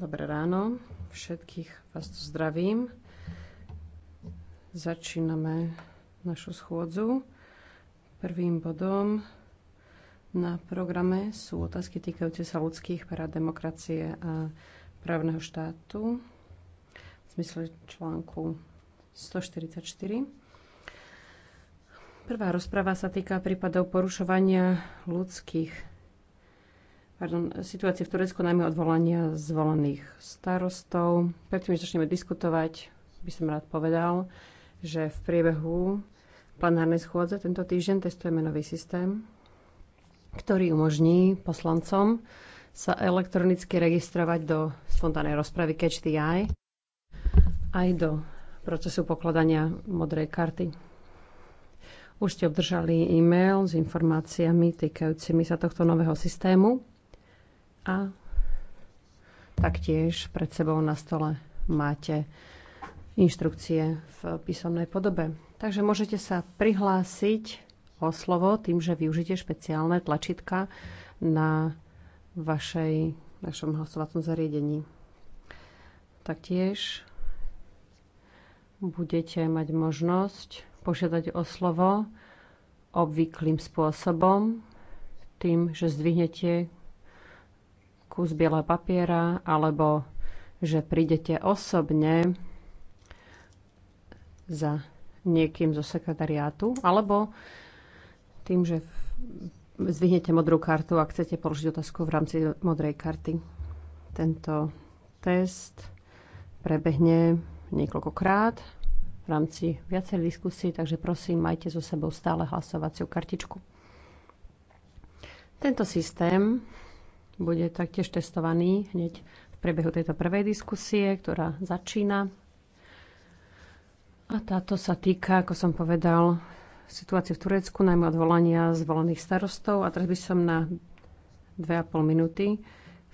Dobré ráno, všetkých vás tu zdravím. Začíname našu schôdzu. Prvým bodom na programe sú otázky týkajúce sa ľudských práv, demokracie a právneho štátu v zmysle článku 144. Prvá rozpráva sa týka prípadov porušovania ľudských pardon, situácie v Turecku, najmä odvolania zvolených starostov. Predtým, než začneme diskutovať, by som rád povedal, že v priebehu plenárnej schôdze tento týždeň testujeme nový systém, ktorý umožní poslancom sa elektronicky registrovať do spontánnej rozpravy Catch the Eye aj do procesu pokladania modrej karty. Už ste obdržali e-mail s informáciami týkajúcimi sa tohto nového systému. A taktiež pred sebou na stole máte inštrukcie v písomnej podobe. Takže môžete sa prihlásiť o slovo tým, že využite špeciálne tlačítka na vašej, vašom hlasovacom zariadení. Taktiež budete mať možnosť požiadať o slovo obvyklým spôsobom, tým, že zdvihnete kus bieleho papiera alebo že prídete osobne za niekým zo sekretariátu alebo tým, že zvihnete modrú kartu a chcete položiť otázku v rámci modrej karty. Tento test prebehne niekoľkokrát v rámci viacerých diskusí, takže prosím, majte so sebou stále hlasovaciu kartičku. Tento systém bude taktiež testovaný hneď v priebehu tejto prvej diskusie, ktorá začína. A táto sa týka, ako som povedal, situácie v Turecku, najmä odvolania zvolených starostov. A teraz by som na 2,5 minúty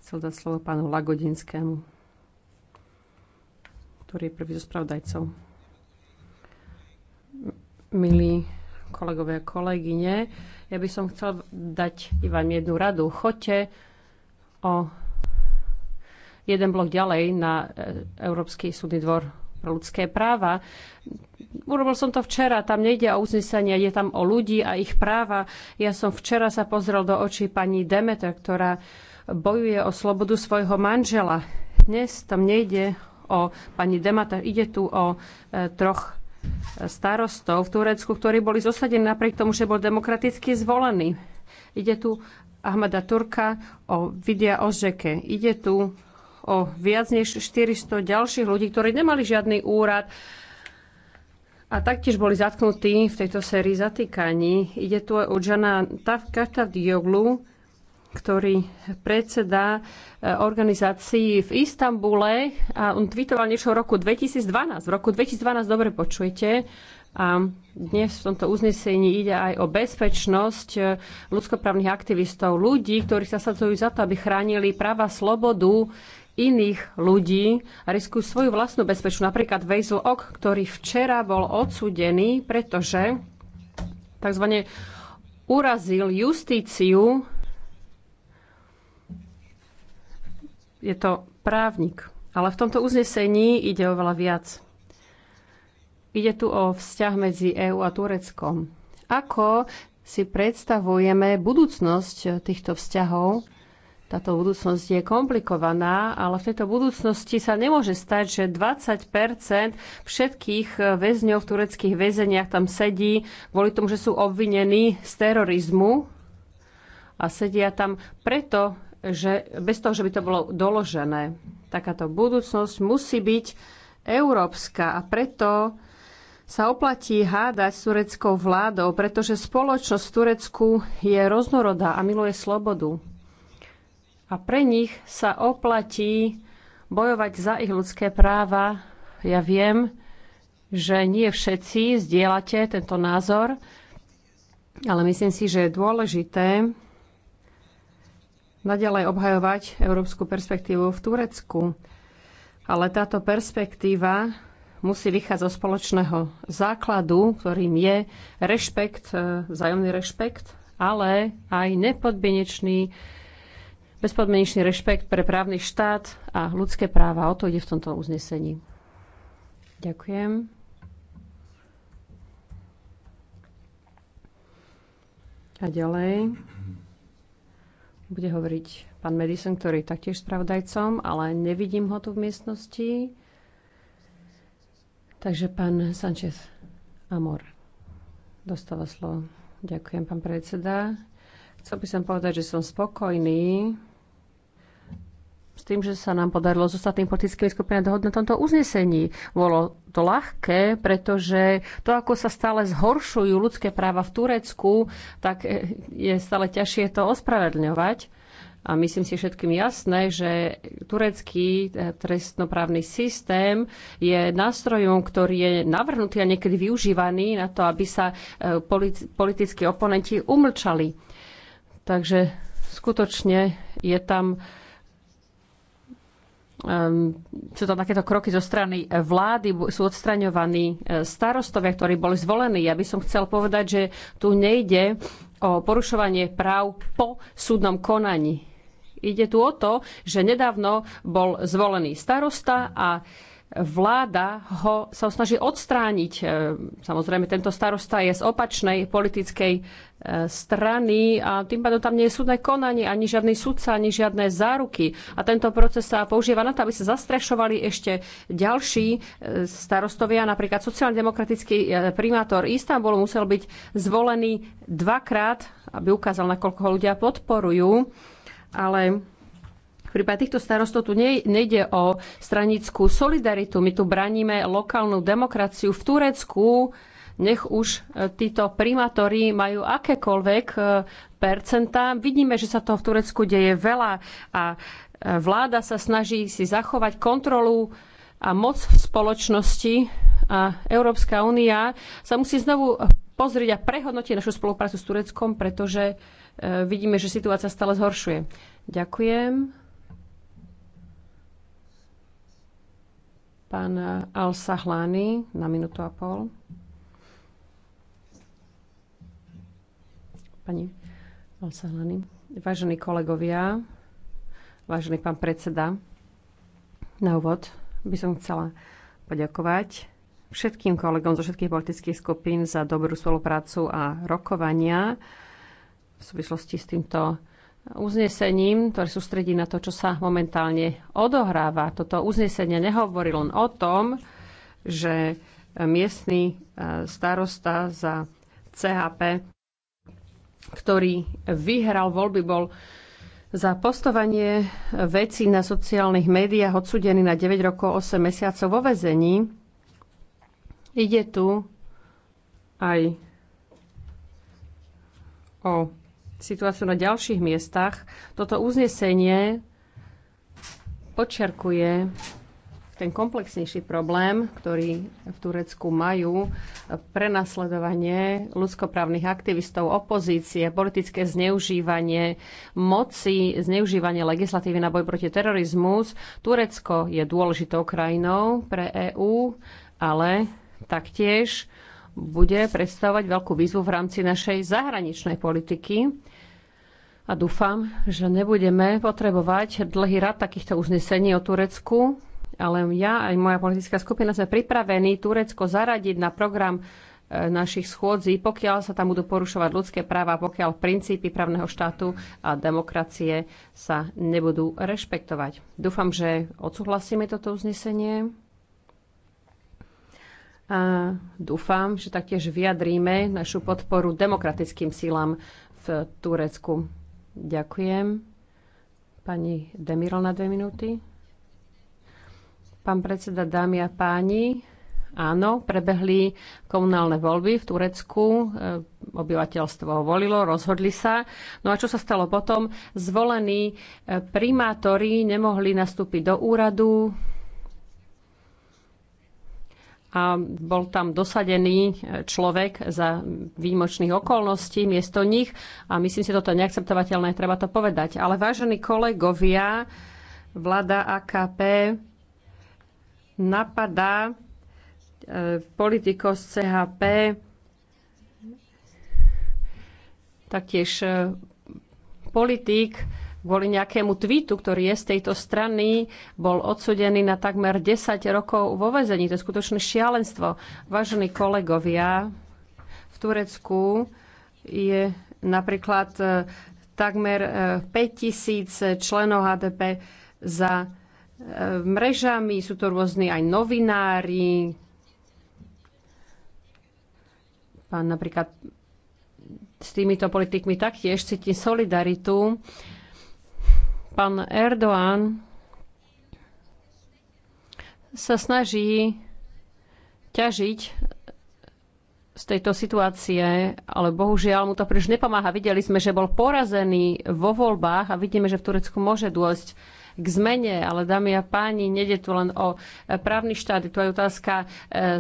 chcel dať slovo pánu Lagodinskému, ktorý je prvý zo spravodajcov. Milí kolegovia a kolegyne, ja by som chcel dať vám jednu radu. Choďte o jeden blok ďalej na e, Európsky súdny dvor pre ľudské práva. Urobil som to včera, tam nejde o uznesenia, je tam o ľudí a ich práva. Ja som včera sa pozrel do očí pani Demeter, ktorá bojuje o slobodu svojho manžela. Dnes tam nejde o pani Demeter, ide tu o e, troch e, starostov v Turecku, ktorí boli zosadení napriek tomu, že bol demokraticky zvolený. Ide tu Ahmada Turka o vidia o Žeke. Ide tu o viac než 400 ďalších ľudí, ktorí nemali žiadny úrad a taktiež boli zatknutí v tejto sérii zatýkaní. Ide tu o Džana Tavkata Dioglu, ktorý predseda e, organizácií v Istambule a on tweetoval niečo v roku 2012. V roku 2012, dobre počujete, a dnes v tomto uznesení ide aj o bezpečnosť eh, ľudskoprávnych aktivistov, ľudí, ktorí sa sadzujú za to, aby chránili práva slobodu iných ľudí a riskujú svoju vlastnú bezpečnosť. Napríklad Vejzl Ok, ktorý včera bol odsudený, pretože tzv. urazil justíciu. Je to právnik. Ale v tomto uznesení ide oveľa viac. Ide tu o vzťah medzi EÚ a Tureckom. Ako si predstavujeme budúcnosť týchto vzťahov? Táto budúcnosť je komplikovaná, ale v tejto budúcnosti sa nemôže stať, že 20 všetkých väzňov v tureckých väzeniach tam sedí kvôli tomu, že sú obvinení z terorizmu a sedia tam preto, že bez toho, že by to bolo doložené. Takáto budúcnosť musí byť európska a preto sa oplatí hádať s tureckou vládou, pretože spoločnosť v Turecku je roznorodá a miluje slobodu. A pre nich sa oplatí bojovať za ich ľudské práva. Ja viem, že nie všetci zdieľate tento názor, ale myslím si, že je dôležité naďalej obhajovať európsku perspektívu v Turecku. Ale táto perspektíva musí vychádzať zo spoločného základu, ktorým je rešpekt, e, vzájomný rešpekt, ale aj nepodmienečný, bezpodmienečný rešpekt pre právny štát a ľudské práva. O to ide v tomto uznesení. Ďakujem. A ďalej bude hovoriť pán Madison, ktorý je taktiež spravodajcom, ale nevidím ho tu v miestnosti. Takže pán Sanchez Amor dostáva slovo. Ďakujem, pán predseda. Chcel by som povedať, že som spokojný s tým, že sa nám podarilo s ostatnými politickými skupinami dohodnúť na tomto uznesení. Bolo to ľahké, pretože to, ako sa stále zhoršujú ľudské práva v Turecku, tak je stále ťažšie to ospravedlňovať a myslím si všetkým jasné, že turecký e, trestnoprávny systém je nástrojom, ktorý je navrhnutý a niekedy využívaný na to, aby sa e, politickí oponenti umlčali. Takže skutočne je tam sú tam takéto kroky zo strany vlády, sú odstraňovaní e, starostovia, ktorí boli zvolení. Ja by som chcel povedať, že tu nejde o porušovanie práv po súdnom konaní Ide tu o to, že nedávno bol zvolený starosta a vláda ho sa snaží odstrániť. E, samozrejme, tento starosta je z opačnej politickej e, strany a tým pádom tam nie je súdne konanie, ani žiadny sudca, ani žiadne záruky. A tento proces sa používa na to, aby sa zastrešovali ešte ďalší e, starostovia. Napríklad sociálne-demokratický primátor Istanbulu musel byť zvolený dvakrát, aby ukázal, nakoľko ho ľudia podporujú ale v prípade týchto starostov tu nejde o stranickú solidaritu. My tu braníme lokálnu demokraciu v Turecku. Nech už e, títo primátori majú akékoľvek e, percentá. Vidíme, že sa toho v Turecku deje veľa a e, vláda sa snaží si zachovať kontrolu a moc v spoločnosti a Európska únia sa musí znovu pozrieť a prehodnotiť našu spoluprácu s Tureckom, pretože E, vidíme, že situácia stále zhoršuje. Ďakujem. Pán al sahlani na minútu a pol. Pani al sahlani Vážení kolegovia, vážený pán predseda, na úvod by som chcela poďakovať všetkým kolegom zo všetkých politických skupín za dobrú spoluprácu a rokovania v súvislosti s týmto uznesením, ktoré sústredí na to, čo sa momentálne odohráva. Toto uznesenie nehovorí len o tom, že miestny e, starosta za CHP, ktorý vyhral voľby, bol za postovanie vecí na sociálnych médiách odsudený na 9 rokov 8 mesiacov vo vezení. Ide tu aj o situáciu na ďalších miestach. Toto uznesenie počerkuje ten komplexnejší problém, ktorý v Turecku majú, prenasledovanie ľudskoprávnych aktivistov, opozície, politické zneužívanie moci, zneužívanie legislatívy na boj proti terorizmu. Turecko je dôležitou krajinou pre EÚ, ale taktiež bude predstavovať veľkú výzvu v rámci našej zahraničnej politiky. A dúfam, že nebudeme potrebovať dlhý rad takýchto uznesení o Turecku, ale ja aj moja politická skupina sme pripravení Turecko zaradiť na program e, našich schôdzí, pokiaľ sa tam budú porušovať ľudské práva, pokiaľ princípy právneho štátu a demokracie sa nebudú rešpektovať. Dúfam, že odsúhlasíme toto uznesenie a dúfam, že taktiež vyjadríme našu podporu demokratickým sílam v Turecku. Ďakujem. Pani Demirol na dve minúty. Pán predseda, dámy a páni, áno, prebehli komunálne voľby v Turecku, e, obyvateľstvo volilo, rozhodli sa. No a čo sa stalo potom? Zvolení e, primátori nemohli nastúpiť do úradu, a bol tam dosadený e, človek za výmočných okolností miesto nich a myslím si, že toto je neakceptovateľné, treba to povedať. Ale vážení kolegovia, vláda AKP napadá e, politiko z CHP, taktiež e, politik, kvôli nejakému tweetu, ktorý je z tejto strany, bol odsudený na takmer 10 rokov vo vezení. To je skutočné šialenstvo. Vážení kolegovia, v Turecku je napríklad e, takmer 5000 e, členov HDP za e, mrežami, sú to rôzni aj novinári, pán napríklad s týmito politikmi taktiež cítim solidaritu Pán Erdoğan sa snaží ťažiť z tejto situácie, ale bohužiaľ mu to príliš nepomáha. Videli sme, že bol porazený vo voľbách a vidíme, že v Turecku môže dôjsť k zmene, ale dámy a páni, nede tu len o právny štát, tu je otázka e,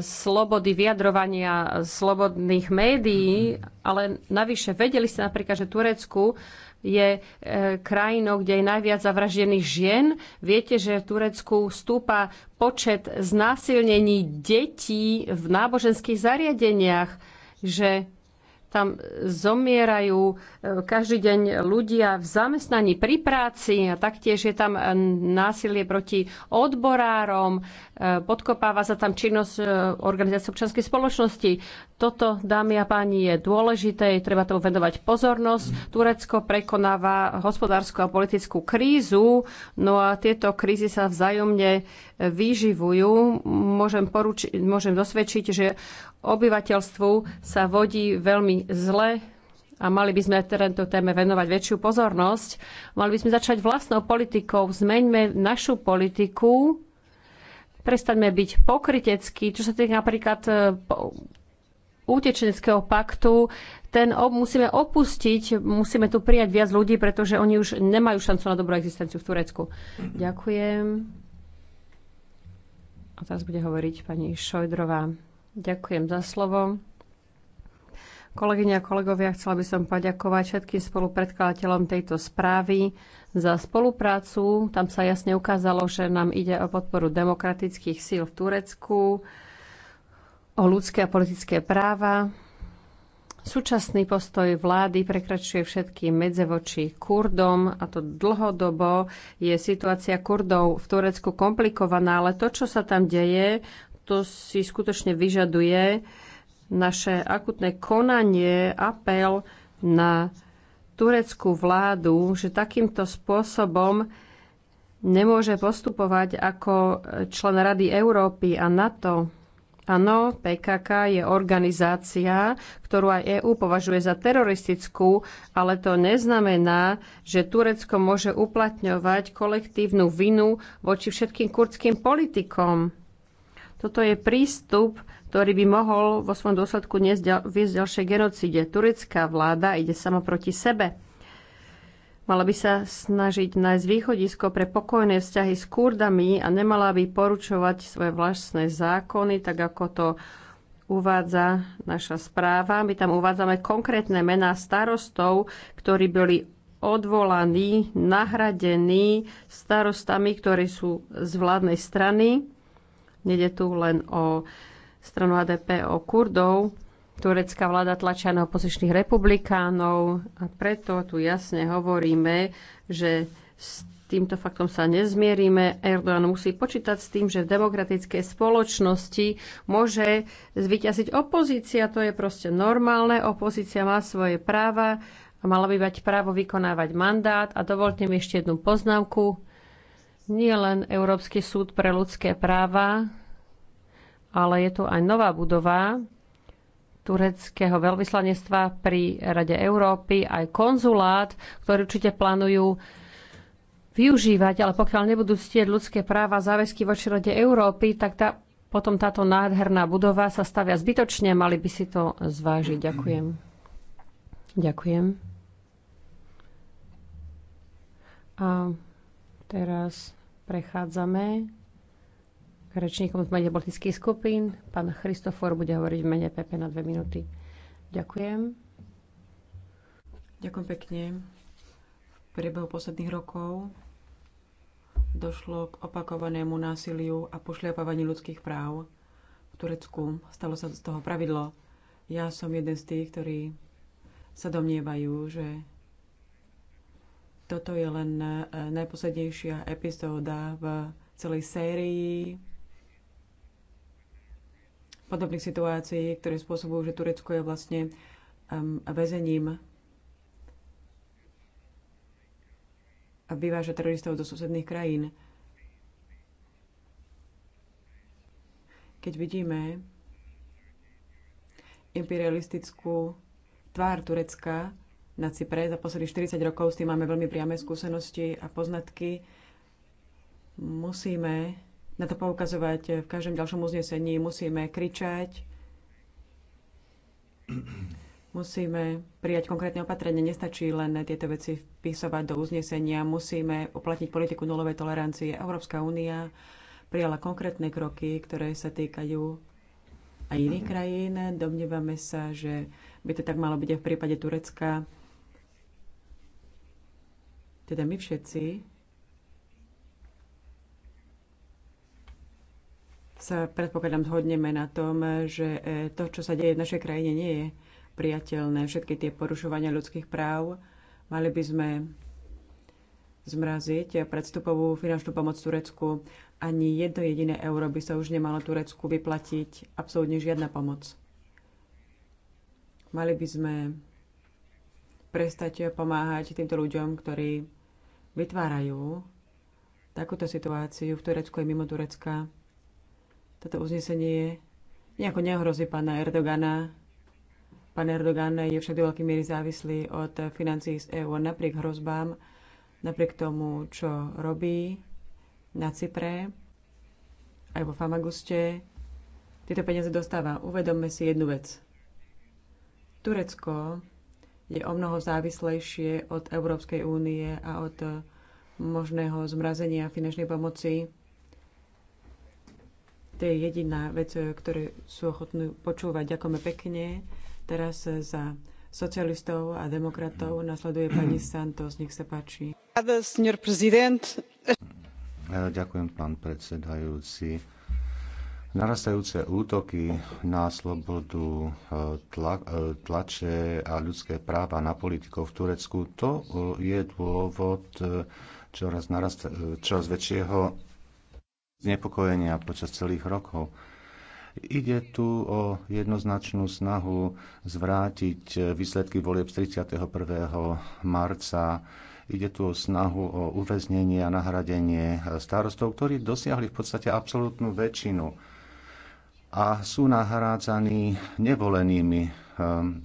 slobody vyjadrovania, slobodných médií, ale navyše vedeli ste napríklad, že Turecku je e, krajinou, kde je najviac zavraždených žien. Viete, že v Turecku stúpa počet znásilnení detí v náboženských zariadeniach, že tam zomierajú e, každý deň ľudia v zamestnaní pri práci a taktiež je tam e, násilie proti odborárom, e, podkopáva sa tam činnosť organizácie občanskej spoločnosti. Toto, dámy a páni, je dôležité, je treba tomu venovať pozornosť. Turecko prekonáva hospodárskú a politickú krízu, no a tieto krízy sa vzájomne vyživujú. Môžem, poruči- môžem dosvedčiť, že obyvateľstvu sa vodí veľmi zle a mali by sme tento téme venovať väčšiu pozornosť. Mali by sme začať vlastnou politikou, zmeňme našu politiku, prestaňme byť pokryteckí, čo sa týka napríklad útečenského e, paktu, ten ob, musíme opustiť, musíme tu prijať viac ľudí, pretože oni už nemajú šancu na dobrú existenciu v Turecku. Ďakujem. A teraz bude hovoriť pani Šojdrová. Ďakujem za slovo. Kolegyne a kolegovia, chcela by som poďakovať všetkým spolupredkladateľom tejto správy za spoluprácu. Tam sa jasne ukázalo, že nám ide o podporu demokratických síl v Turecku, o ľudské a politické práva. Súčasný postoj vlády prekračuje všetky medze voči Kurdom a to dlhodobo je situácia Kurdov v Turecku komplikovaná, ale to, čo sa tam deje, to si skutočne vyžaduje naše akutné konanie, apel na tureckú vládu, že takýmto spôsobom nemôže postupovať ako člen Rady Európy a NATO. Áno, PKK je organizácia, ktorú aj EÚ považuje za teroristickú, ale to neznamená, že Turecko môže uplatňovať kolektívnu vinu voči všetkým kurdským politikom. Toto je prístup, ktorý by mohol vo svojom dôsledku viesť ďalšie genocíde. Turecká vláda ide sama proti sebe. Mala by sa snažiť nájsť východisko pre pokojné vzťahy s Kurdami a nemala by poručovať svoje vlastné zákony, tak ako to uvádza naša správa. My tam uvádzame konkrétne mená starostov, ktorí boli odvolaní, nahradení starostami, ktorí sú z vládnej strany. Nede tu len o stranu ADP, o Kurdov. Turecká vláda tlačia na opozičných republikánov a preto tu jasne hovoríme, že s týmto faktom sa nezmierime. Erdogan musí počítať s tým, že v demokratickej spoločnosti môže zvyťaziť opozícia. To je proste normálne. Opozícia má svoje práva a mala by mať právo vykonávať mandát. A dovolte mi ešte jednu poznámku nie len Európsky súd pre ľudské práva, ale je tu aj nová budova tureckého veľvyslanectva pri Rade Európy, aj konzulát, ktorý určite plánujú využívať, ale pokiaľ nebudú stieť ľudské práva záväzky voči Rade Európy, tak tá, potom táto nádherná budova sa stavia zbytočne, mali by si to zvážiť. Ďakujem. Ďakujem. A teraz Prechádzame k rečníkom z mene politických skupín. Pán Christofor bude hovoriť v mene PP na dve minúty. Ďakujem. Ďakujem pekne. V priebehu posledných rokov došlo k opakovanému násiliu a pošliapávaniu ľudských práv v Turecku. Stalo sa z toho pravidlo. Ja som jeden z tých, ktorí sa domnievajú, že toto je len e, najposlednejšia epizóda v celej sérii podobných situácií, ktoré spôsobujú, že Turecko je vlastne um, väzením a vyváža teroristov do susedných krajín. Keď vidíme imperialistickú tvár Turecka, na Cypre. Za posledných 40 rokov s tým máme veľmi priame skúsenosti a poznatky. Musíme na to poukazovať v každom ďalšom uznesení, musíme kričať, musíme prijať konkrétne opatrenie. Nestačí len tieto veci vpisovať do uznesenia, musíme uplatniť politiku nulovej tolerancie. Európska únia prijala konkrétne kroky, ktoré sa týkajú a iných krajín. Domnievame sa, že by to tak malo byť aj v prípade Turecka. Teda my všetci sa predpokladám zhodneme na tom, že e, to, čo sa deje v našej krajine, nie je priateľné. Všetky tie porušovania ľudských práv mali by sme zmraziť predstupovú finančnú pomoc Turecku. Ani jedno jediné euro by sa už nemalo Turecku vyplatiť, absolútne žiadna pomoc. Mali by sme prestať pomáhať týmto ľuďom, ktorí vytvárajú takúto situáciu v Turecku aj mimo Turecka. Toto uznesenie nejako neohrozí pána Erdogana. Pán Erdogan je však do veľkej miery závislý od financií z EÚ napriek hrozbám, napriek tomu, čo robí na Cypre, aj vo Famaguste. Tieto peniaze dostáva. Uvedomme si jednu vec. Turecko je o mnoho závislejšie od Európskej únie a od možného zmrazenia finančnej pomoci. To je jediná vec, ktoré sú ochotní počúvať. Ďakujeme pekne. Teraz za socialistov a demokratov nasleduje pani Santos. Nech sa páči. Ďakujem, pán predsedajúci. Narastajúce útoky na slobodu eh, tla, eh, tlače a ľudské práva na politikov v Turecku, to eh, je dôvod, čoraz, narast, e, čoraz väčšieho znepokojenia počas celých rokov. Ide tu o jednoznačnú snahu zvrátiť e, výsledky volieb z 31. marca. Ide tu o snahu o uväznenie a nahradenie e, starostov, ktorí dosiahli v podstate absolútnu väčšinu a sú nahrádzaní nevolenými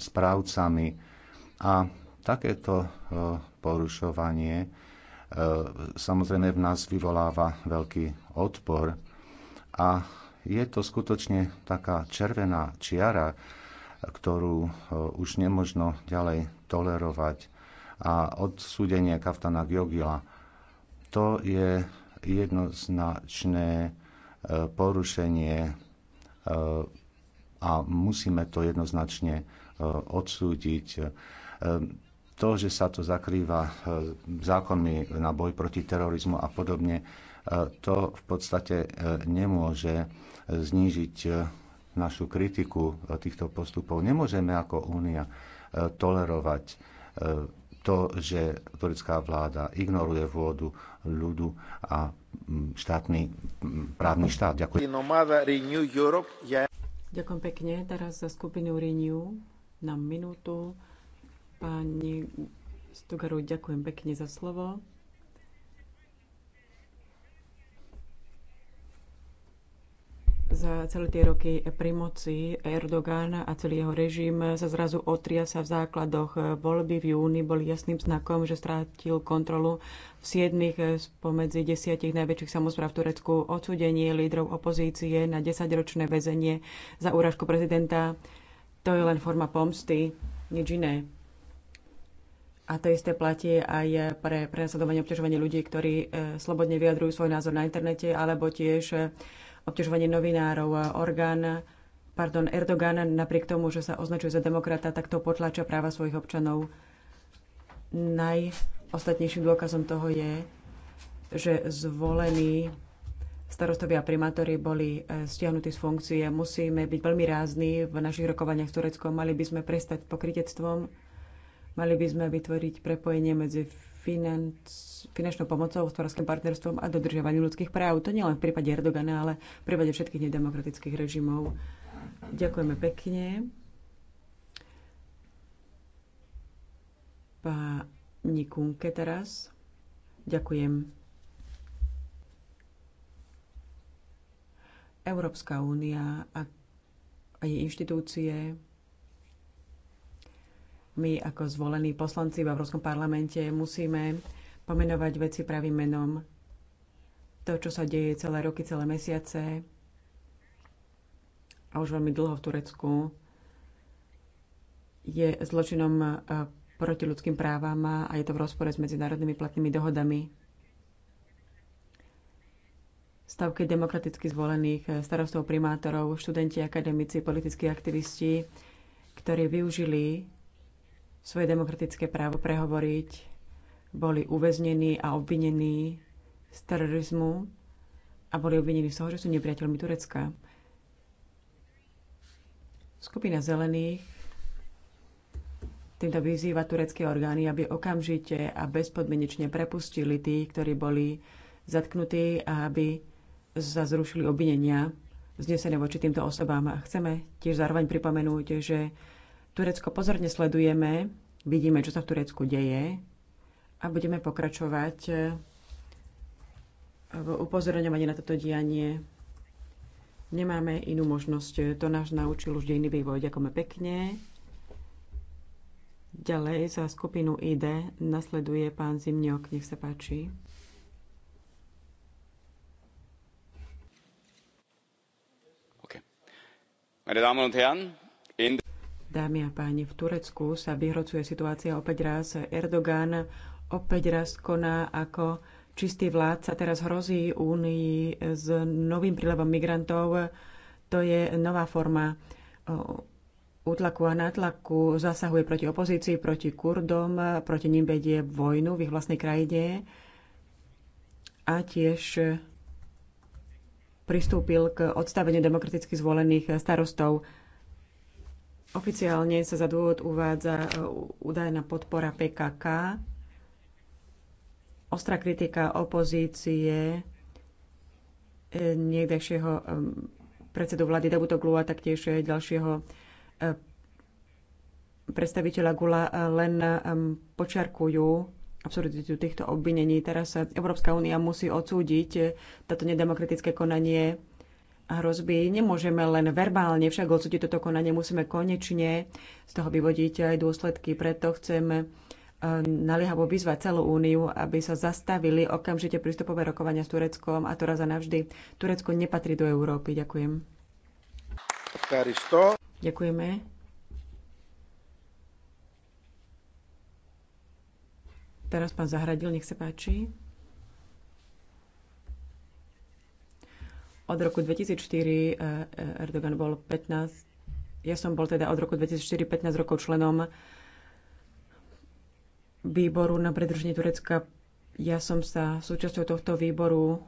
správcami. A takéto porušovanie E, samozrejme v nás vyvoláva veľký odpor. A je to skutočne taká červená čiara, ktorú e, už nemožno ďalej tolerovať. A odsúdenie Kaftana Gyogila, to je jednoznačné e, porušenie a musíme to jednoznačne odsúdiť to, že sa to zakrýva e, zákonmi na boj proti terorizmu a podobne, e, to v podstate e, nemôže znížiť našu kritiku týchto postupov. Nemôžeme ako únia tolerovať to, že turecká vláda ignoruje vôdu ľudu a štátny právny štát. Ďakujem. Ďakujem pekne. Teraz za skupinu Renew na minútu Pani Stugaru, ďakujem pekne za slovo. za celé tie roky pri moci Erdogan a celý jeho režim sa zrazu otria sa v základoch. Voľby v júni boli jasným znakom, že strátil kontrolu v siedmých spomedzi desiatich najväčších samozpráv v Turecku. Odsudenie lídrov opozície na desaťročné väzenie za úražku prezidenta. To je len forma pomsty, nič iné. A to isté platí aj pre prenasledovanie obťažovanie ľudí, ktorí e, slobodne vyjadrujú svoj názor na internete, alebo tiež e, obťažovanie novinárov. Orgán, pardon, Erdogan napriek tomu, že sa označuje za demokrata, takto potlačia práva svojich občanov. Najostatnejším dôkazom toho je, že zvolení starostovia a primátori boli e, stiahnutí z funkcie. Musíme byť veľmi rázni v našich rokovaniach s Tureckom. Mali by sme prestať pokritectvom Mali by sme vytvoriť prepojenie medzi financ, finančnou pomocou, hospodárskym partnerstvom a dodržiavaním ľudských práv. To nie len v prípade Erdogana, ale v prípade všetkých nedemokratických režimov. Ďakujeme pekne. Pani Kunke teraz. Ďakujem. Európska únia a jej inštitúcie my ako zvolení poslanci v Európskom parlamente musíme pomenovať veci pravým menom. To, čo sa deje celé roky, celé mesiace a už veľmi dlho v Turecku, je zločinom e, proti ľudským právam a je to v rozpore s medzinárodnými platnými dohodami. Stavky demokraticky zvolených e, starostov, primátorov, študenti, akademici, politickí aktivisti, ktorí využili svoje demokratické právo prehovoriť, boli uväznení a obvinení z terorizmu a boli obvinení z toho, že sú nepriateľmi Turecka. Skupina zelených týmto vyzýva turecké orgány, aby okamžite a bezpodmienečne prepustili tých, ktorí boli zatknutí a aby sa zrušili obvinenia vznesené voči týmto osobám. A chceme tiež zároveň pripomenúť, že Turecko pozorne sledujeme, vidíme, čo sa v Turecku deje a budeme pokračovať eh, v upozorňovaní na toto dianie. Nemáme inú možnosť. To náš naučil už dejný vývoj. Ďakujeme pekne. Ďalej za skupinu ID nasleduje pán Zimňok. Nech sa páči. Okay. Meine Damen und Herren, Dámy a páni, v Turecku sa vyhrocuje situácia opäť raz. Erdogan opäť raz koná ako čistý vládca. Teraz hrozí Únii s novým prílevom migrantov. To je nová forma útlaku a nátlaku zasahuje proti opozícii, proti Kurdom, proti ním vedie vojnu v ich vlastnej krajine a tiež pristúpil k odstaveniu demokraticky zvolených starostov. Oficiálne sa za dôvod uvádza e, údajná podpora PKK, ostrá kritika opozície e, niekdejšieho e, predsedu vlády Davutoglu a taktiež aj ďalšieho predstaviteľa Gula len počarkujú absurditu týchto obvinení. Teraz Európska únia musí odsúdiť toto nedemokratické konanie hrozby. Nemôžeme len verbálne však odsúdiť toto konanie, musíme konečne z toho vyvodiť aj dôsledky. Preto chcem e, naliehavo vyzvať celú úniu, aby sa zastavili okamžite prístupové rokovania s Tureckom a to raz a navždy. Turecko nepatrí do Európy. Ďakujem. Ďakujeme. Teraz pán Zahradil, nech sa páči. Od roku 2004 eh, eh, Erdogan bol 15, ja som bol teda od roku 2004 15 rokov členom výboru na predrženie Turecka. Ja som sa súčasťou tohto výboru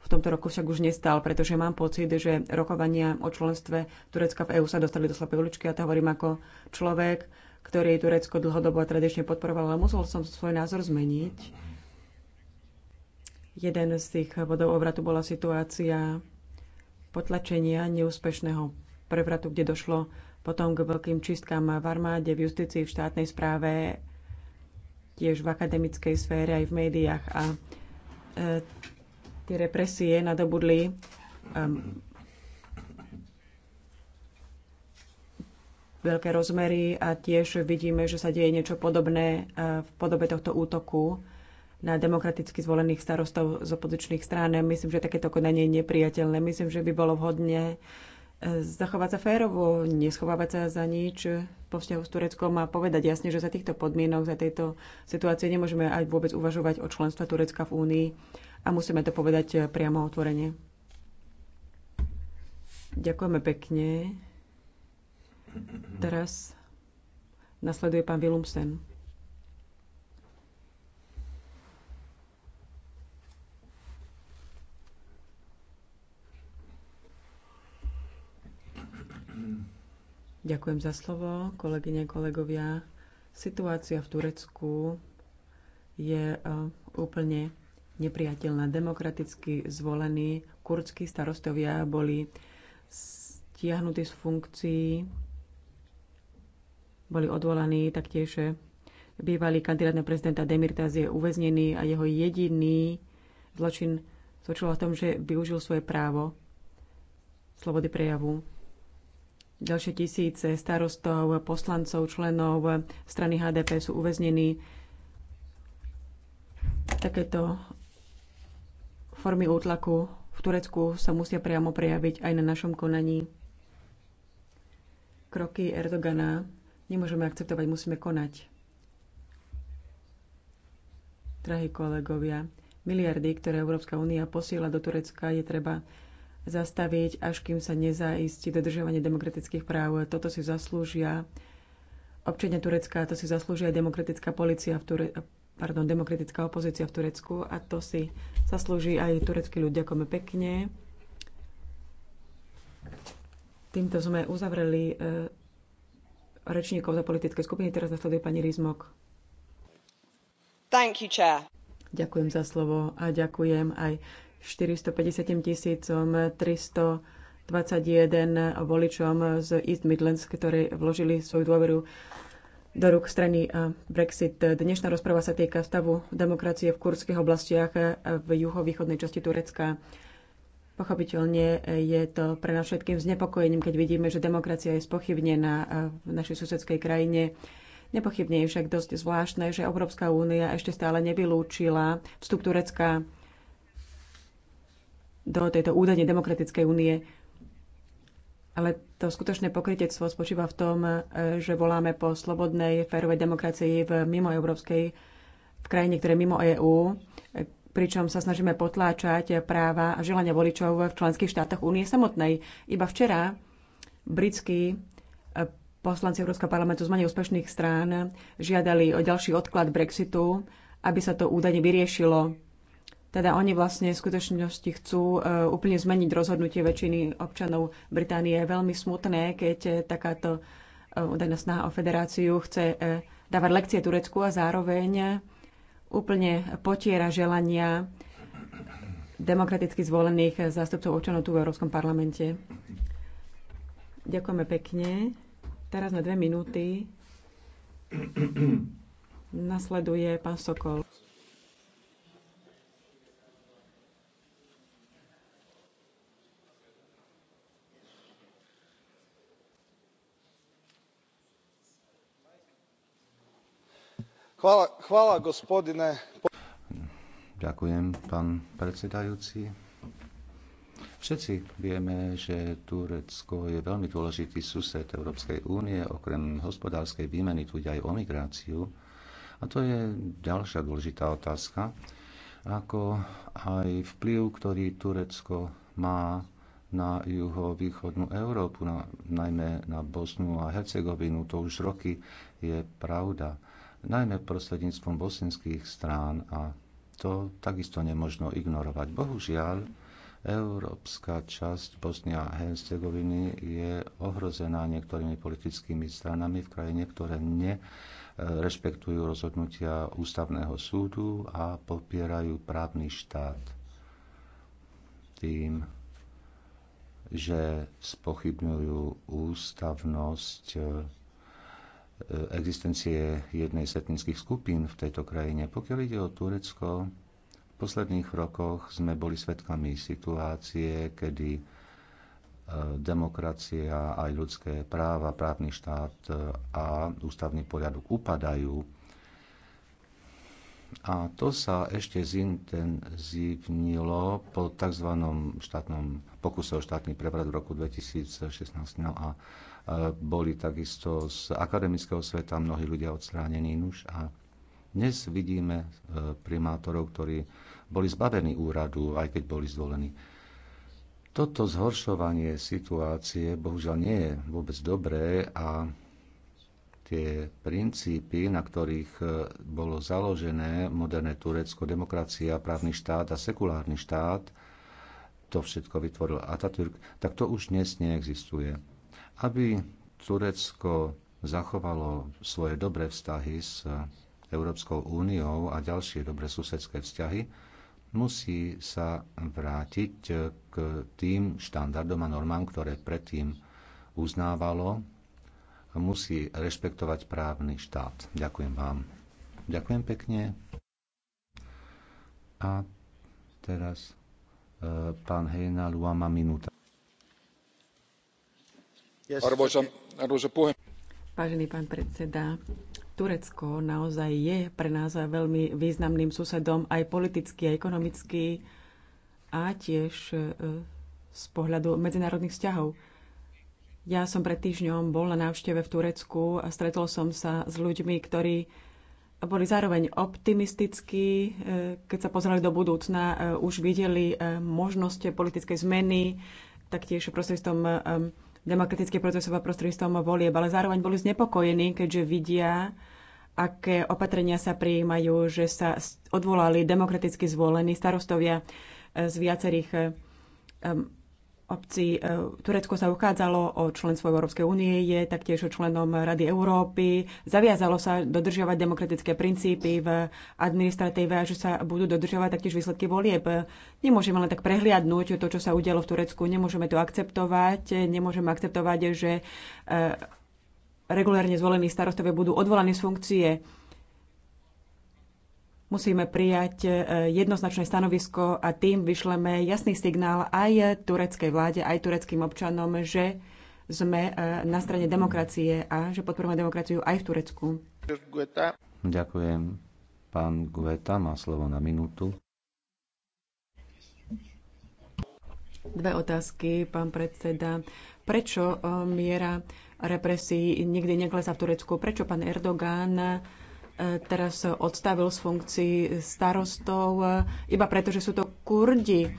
v tomto roku však už nestal, pretože mám pocit, že rokovania o členstve Turecka v EÚ sa dostali do slepej uličky. Ja to hovorím ako človek, ktorý Turecko dlhodobo a tradične podporoval, ale musel som svoj názor zmeniť Jeden z tých bodov obratu bola situácia potlačenia neúspešného prevratu, kde došlo potom k veľkým čistkám v armáde, v justícii, v štátnej správe, tiež v akademickej sfére, aj v médiách. A e, tie represie nadobudli um, veľké rozmery a tiež vidíme, že sa deje niečo podobné e, v podobe tohto útoku na demokraticky zvolených starostov z opozičných strán. Myslím, že takéto konanie je nepriateľné. Myslím, že by bolo vhodné e, zachovať sa férovo, neschovávať sa za nič po vzťahu s Tureckom a povedať jasne, že za týchto podmienok, za tejto situácie nemôžeme aj vôbec uvažovať o členstve Turecka v Únii a musíme to povedať e, priamo otvorene. Ďakujeme pekne. Teraz nasleduje pán Vilumsen. Ďakujem za slovo, kolegyne, kolegovia. Situácia v Turecku je e, úplne nepriateľná. Demokraticky zvolení kurdskí starostovia boli stiahnutí z funkcií, boli odvolaní taktiež bývalý kandidát na prezidenta Demirtaz je uväznený a jeho jediný zločin sočilo v tom, že využil svoje právo slobody prejavu. Ďalšie tisíce starostov, poslancov, členov strany HDP sú uväznení. Takéto formy útlaku v Turecku sa musia priamo prejaviť aj na našom konaní. Kroky Erdogana nemôžeme akceptovať, musíme konať. Drahí kolegovia, miliardy, ktoré Európska únia posiela do Turecka, je treba zastaviť, až kým sa nezaistí dodržovanie demokratických práv. Toto si zaslúžia občania Turecka, to si zaslúžia aj demokratická policia v Ture- pardon, demokratická opozícia v Turecku a to si zaslúži aj turecký ľud. Ďakujeme pekne. Týmto sme uzavreli e, rečníkov za politické skupiny. Teraz nasleduje pani Rizmok. Thank you, chair. Ďakujem za slovo a ďakujem aj 450 321 voličom z East Midlands, ktorí vložili svoju dôveru do rúk strany eh, Brexit. Dnešná rozpráva sa týka stavu demokracie v kurdských oblastiach v juhovýchodnej časti Turecka. Pochopiteľne je to pre nás všetkým znepokojením, keď vidíme, že demokracia je spochybnená eh, v našej susedskej krajine. Nepochybne je však dosť zvláštne, že Európska únia ešte stále nevylúčila vstup Turecka do tejto údajne demokratickej únie. Ale to skutočné pokrytectvo spočíva v tom, že voláme po slobodnej, férovej demokracii v Európskej, v krajine, ktoré mimo EÚ, pričom sa snažíme potláčať práva a želania voličov v členských štátoch únie samotnej. Iba včera britskí poslanci Európskeho parlamentu z menej úspešných strán žiadali o ďalší odklad Brexitu, aby sa to údajne vyriešilo teda oni vlastne v skutočnosti chcú e, úplne zmeniť rozhodnutie väčšiny občanov Británie. Je veľmi smutné, keď e, takáto e, údajná snaha o federáciu chce dávať lekcie Turecku a zároveň úplne potiera želania demokraticky zvolených zástupcov občanov tu v Európskom parlamente. Ďakujeme pekne. Teraz na dve minúty nasleduje pán Sokol. Ďakujem, pán predsedajúci. Všetci vieme, že Turecko je veľmi dôležitý sused Európskej únie, okrem hospodárskej výmeny tu ide aj o migráciu. A to je ďalšia dôležitá otázka, ako aj vplyv, ktorý Turecko má na juhovýchodnú Európu, na, najmä na Bosnu a Hercegovinu. To už roky je pravda najmä prostredníctvom bosenských strán a to takisto nemožno ignorovať. Bohužiaľ, európska časť Bosnia a Hercegoviny je ohrozená niektorými politickými stranami v krajine, ktoré nerešpektujú e, rozhodnutia ústavného súdu a popierajú právny štát tým, že spochybňujú ústavnosť e, E, existencie jednej z etnických skupín v tejto krajine. Pokiaľ ide o Turecko, v posledných rokoch sme boli svedkami situácie, kedy e, demokracia, aj ľudské práva, právny štát e, a ústavný poriadok upadajú. A to sa ešte zintenzívnilo po tzv. štátnom pokuse o štátny prevrat v roku 2016. No a boli takisto z akademického sveta mnohí ľudia odstránení nuž a dnes vidíme e, primátorov, ktorí boli zbavení úradu, aj keď boli zvolení. Toto zhoršovanie situácie bohužiaľ nie je vôbec dobré a tie princípy, na ktorých e, bolo založené moderné Turecko, demokracia, právny štát a sekulárny štát, to všetko vytvoril Atatürk, tak to už dnes neexistuje. Aby Turecko zachovalo svoje dobré vztahy s Európskou úniou a ďalšie dobré susedské vzťahy, musí sa vrátiť k tým štandardom a normám, ktoré predtým uznávalo. Musí rešpektovať právny štát. Ďakujem vám. Ďakujem pekne. A teraz e, pán Hejna Luama minúta vážený pán predseda turecko naozaj je pre nás veľmi významným susedom aj politicky a ekonomicky a tiež e, z pohľadu medzinárodných vzťahov. Ja som pred týždňom bol na návšteve v Turecku a stretol som sa s ľuďmi, ktorí boli zároveň optimistickí, e, keď sa pozerali do budúcna, e, už videli možnosti politickej zmeny, taktiež prostredstvom Demokratické procesové a volieb, ale zároveň boli znepokojení, keďže vidia, aké opatrenia sa prijímajú, že sa odvolali demokraticky zvolení starostovia eh, z viacerých eh, Obci e, Turecko sa uchádzalo o členstvo Európskej únie, je taktiež členom Rady Európy. Zaviazalo sa dodržiavať demokratické princípy v administratíve a že sa budú dodržiavať taktiež výsledky volieb. Nemôžeme len tak prehliadnúť to, čo sa udialo v Turecku. Nemôžeme to akceptovať. Nemôžeme akceptovať, že e, regulárne zvolení starostovia budú odvolaní z funkcie Musíme prijať e, jednoznačné stanovisko a tým vyšleme jasný signál aj tureckej vláde, aj tureckým občanom, že sme e, na strane demokracie a že podporujeme demokraciu aj v Turecku. Ďakujem. Pán Gueta má slovo na minútu. Dve otázky, pán predseda. Prečo e, miera represí nikdy neklesá v Turecku? Prečo pán Erdogan E, teraz odstavil z funkcií starostov e, iba preto, že sú to kurdi.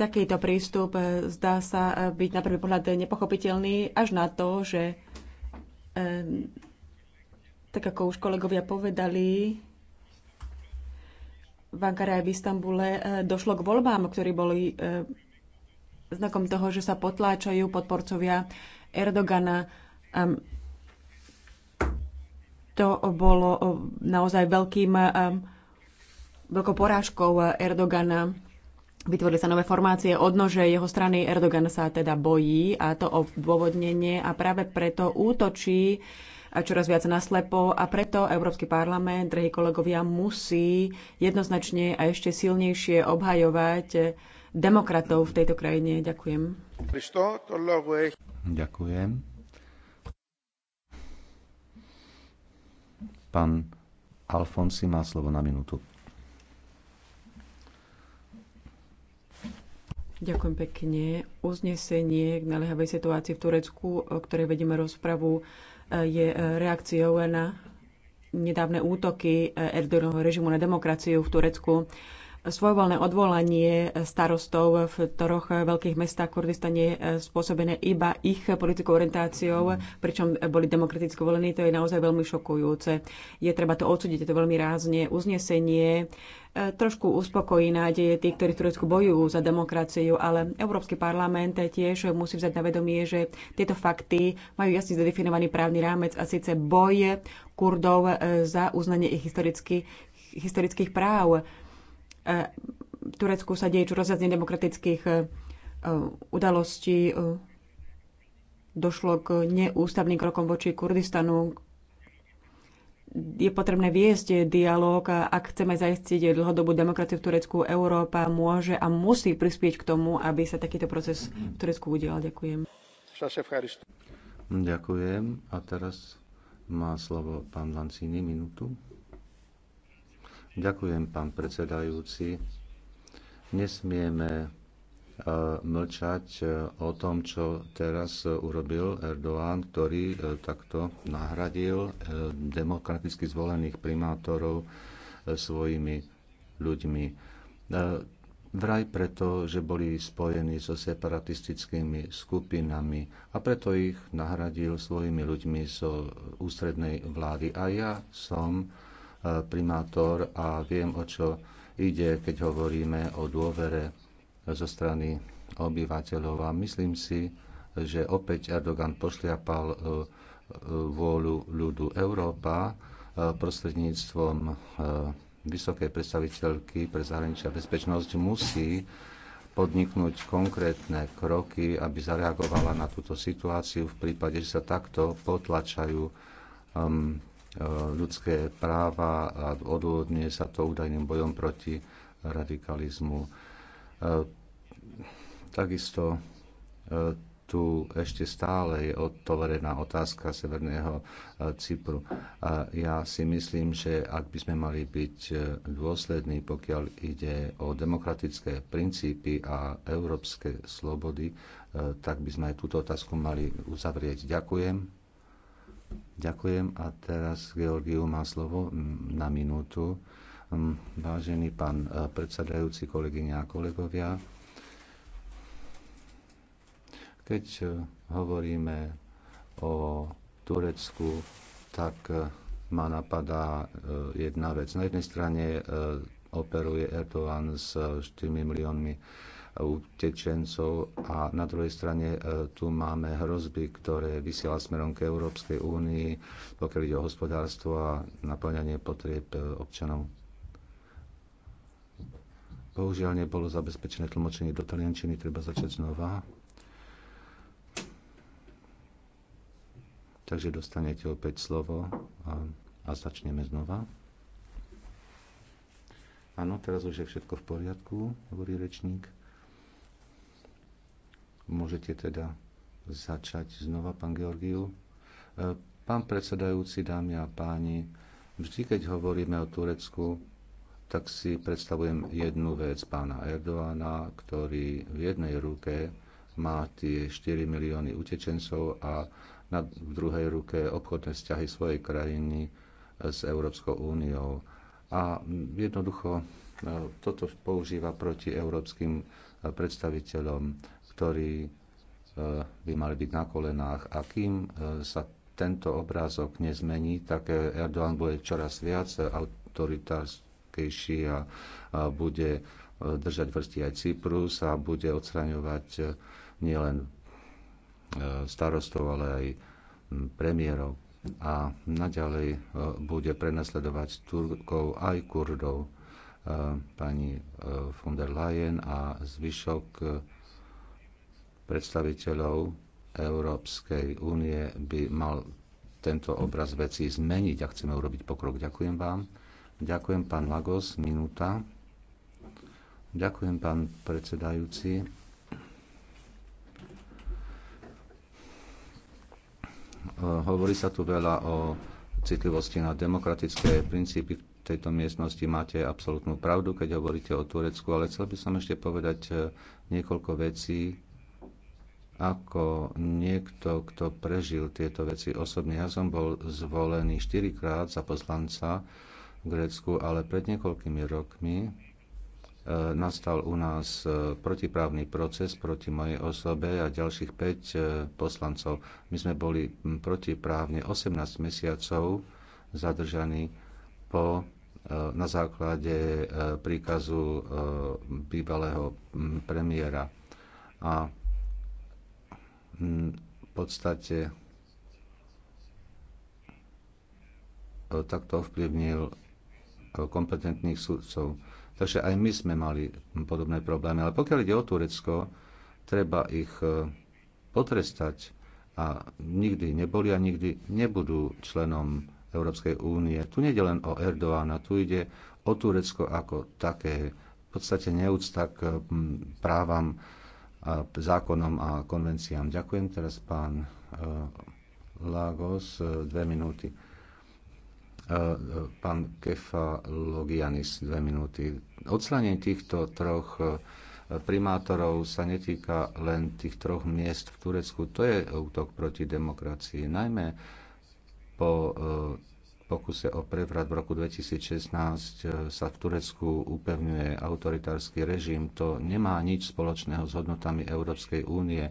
Takýto prístup e, zdá sa byť na prvý pohľad nepochopiteľný až na to, že tak ako už kolegovia povedali, v Ankara aj v Istambule došlo k voľbám, ktorí boli znakom toho, že sa potláčajú podporcovia Erdogana. To bolo eh, naozaj veľkým, eh, veľkou porážkou eh, Erdogana. Vytvorili sa nové formácie odnože jeho strany. Erdogan sa teda bojí a to dôvodnenie a práve preto útočí čoraz viac naslepo a preto Európsky parlament, drahí kolegovia, musí jednoznačne a ešte silnejšie obhajovať demokratov v tejto krajine. Ďakujem. Ďakujem. Pán Alfonsi má slovo na minútu. Ďakujem pekne. Uznesenie k naliehavej situácii v Turecku, o ktorej vedeme rozpravu, je reakciou na nedávne útoky Erdoganovho režimu na demokraciu v Turecku svojvoľné odvolanie starostov v troch veľkých mestách Kurdistane je spôsobené iba ich politickou orientáciou, pričom boli demokraticky volení. To je naozaj veľmi šokujúce. Je treba to odsúdiť, je to veľmi rázne. Uznesenie e, trošku uspokojí nádeje tých, ktorí v Turecku bojujú za demokraciu, ale Európsky parlament tiež musí vziať na vedomie, že tieto fakty majú jasne zadefinovaný právny rámec a síce boje Kurdov e, za uznanie ich historických historických práv. V e, Turecku sa deje čo viac demokratických e, e, udalostí. Došlo k neústavným krokom voči Kurdistanu. Je potrebné viesť dialog a ak chceme zajistiť dlhodobú demokraciu v Turecku, Európa môže a musí prispieť k tomu, aby sa takýto proces v Turecku udial. Ďakujem. Ďakujem. A teraz má slovo pán Lancini minútu. Ďakujem, pán predsedajúci. Nesmieme e, mlčať e, o tom, čo teraz urobil Erdoğan, ktorý e, takto nahradil demokraticky zvolených primátorov svojimi ľuďmi. Vraj preto, že boli spojení so separatistickými skupinami a preto ich nahradil svojimi ľuďmi zo ústrednej vlády. A ja som E, primátor a viem, o čo ide, keď hovoríme o dôvere zo strany obyvateľov. A myslím si, že opäť Erdogan pošliapal e, e, vôľu ľudu Európa prostredníctvom vysokej predstaviteľky pre zahraničia bezpečnosť musí podniknúť konkrétne kroky, aby zareagovala na túto situáciu v prípade, že sa takto potlačajú um, E, ľudské práva a odôvodňuje sa to údajným bojom proti radikalizmu. E, takisto e, tu ešte stále je otvorená otázka Severného Cypru. A ja si myslím, že ak by sme mali byť dôslední, pokiaľ ide o demokratické princípy a európske slobody, tak by sme aj túto otázku mali uzavrieť. Ďakujem. Ďakujem a teraz Georgiu má slovo na minútu. Vážený pán e, predsedajúci, kolegyňa a kolegovia, keď e, hovoríme o Turecku, tak e, ma napadá jedna vec. Na jednej strane operuje Erdogan s 4 miliónmi utečencov a na druhej strane e, tu máme hrozby, ktoré vysiela smerom k Európskej únii, pokiaľ ide o hospodárstvo a naplňanie potrieb e, občanov. Bohužiaľ nebolo zabezpečené tlmočenie do taliančiny, treba začať znova. Takže dostanete opäť slovo a, a začneme znova. Áno, teraz už je všetko v poriadku, hovorí rečník. Môžete teda začať znova, pán Georgiu. E, pán predsedajúci, dámy a páni, vždy, keď hovoríme o Turecku, tak si predstavujem jednu vec pána Erdoána, ktorý v jednej ruke má tie 4 milióny utečencov a na, v druhej ruke obchodné vzťahy svojej krajiny e, s Európskou úniou. A jednoducho e, toto používa proti európskym predstaviteľom ktorí e, by mali byť na kolenách. A kým e, sa tento obrázok nezmení, tak Erdogan bude čoraz viac autoritárskejší a bude e, držať vrsti aj Cyprus a bude odstraňovať nielen starostov, ale aj premiérov a naďalej bude prenasledovať Turkov aj Kurdov. Pani von der Leyen a zvyšok predstaviteľov Európskej únie by mal tento obraz veci zmeniť a chceme urobiť pokrok. Ďakujem vám. Ďakujem pán Lagos, minúta. Ďakujem pán predsedajúci. Hovorí sa tu veľa o citlivosti na demokratické princípy. V tejto miestnosti máte absolútnu pravdu, keď hovoríte o Turecku, ale chcel by som ešte povedať eh, niekoľko vecí ako niekto, kto prežil tieto veci osobne. Ja som bol zvolený štyrikrát za poslanca v Grécku, ale pred niekoľkými rokmi e, nastal u nás e, protiprávny proces proti mojej osobe a ďalších 5 e, poslancov. My sme boli protiprávne 18 mesiacov zadržaní po, na základe príkazu bývalého premiéra. A Hm, v podstate e, takto ovplyvnil e, kompetentných sudcov. Takže aj my sme mali hm, podobné problémy. Ale pokiaľ ide o Turecko, treba ich e, potrestať a nikdy neboli a nikdy nebudú členom Európskej únie. Tu nejde len o Erdoána, tu ide o Turecko ako také. V podstate neúcta k hm, právam zákonom a konvenciám. Ďakujem teraz pán eh, Lagos, eh, dve minúty. Eh, pán Kefa Logianis, dve minúty. Odslanie týchto troch primátorov sa netýka len tých troch miest v Turecku. To je útok proti demokracii. Najmä po pokuse o prevrat v roku 2016 e, sa v Turecku upevňuje autoritársky režim. To nemá nič spoločného s hodnotami Európskej únie.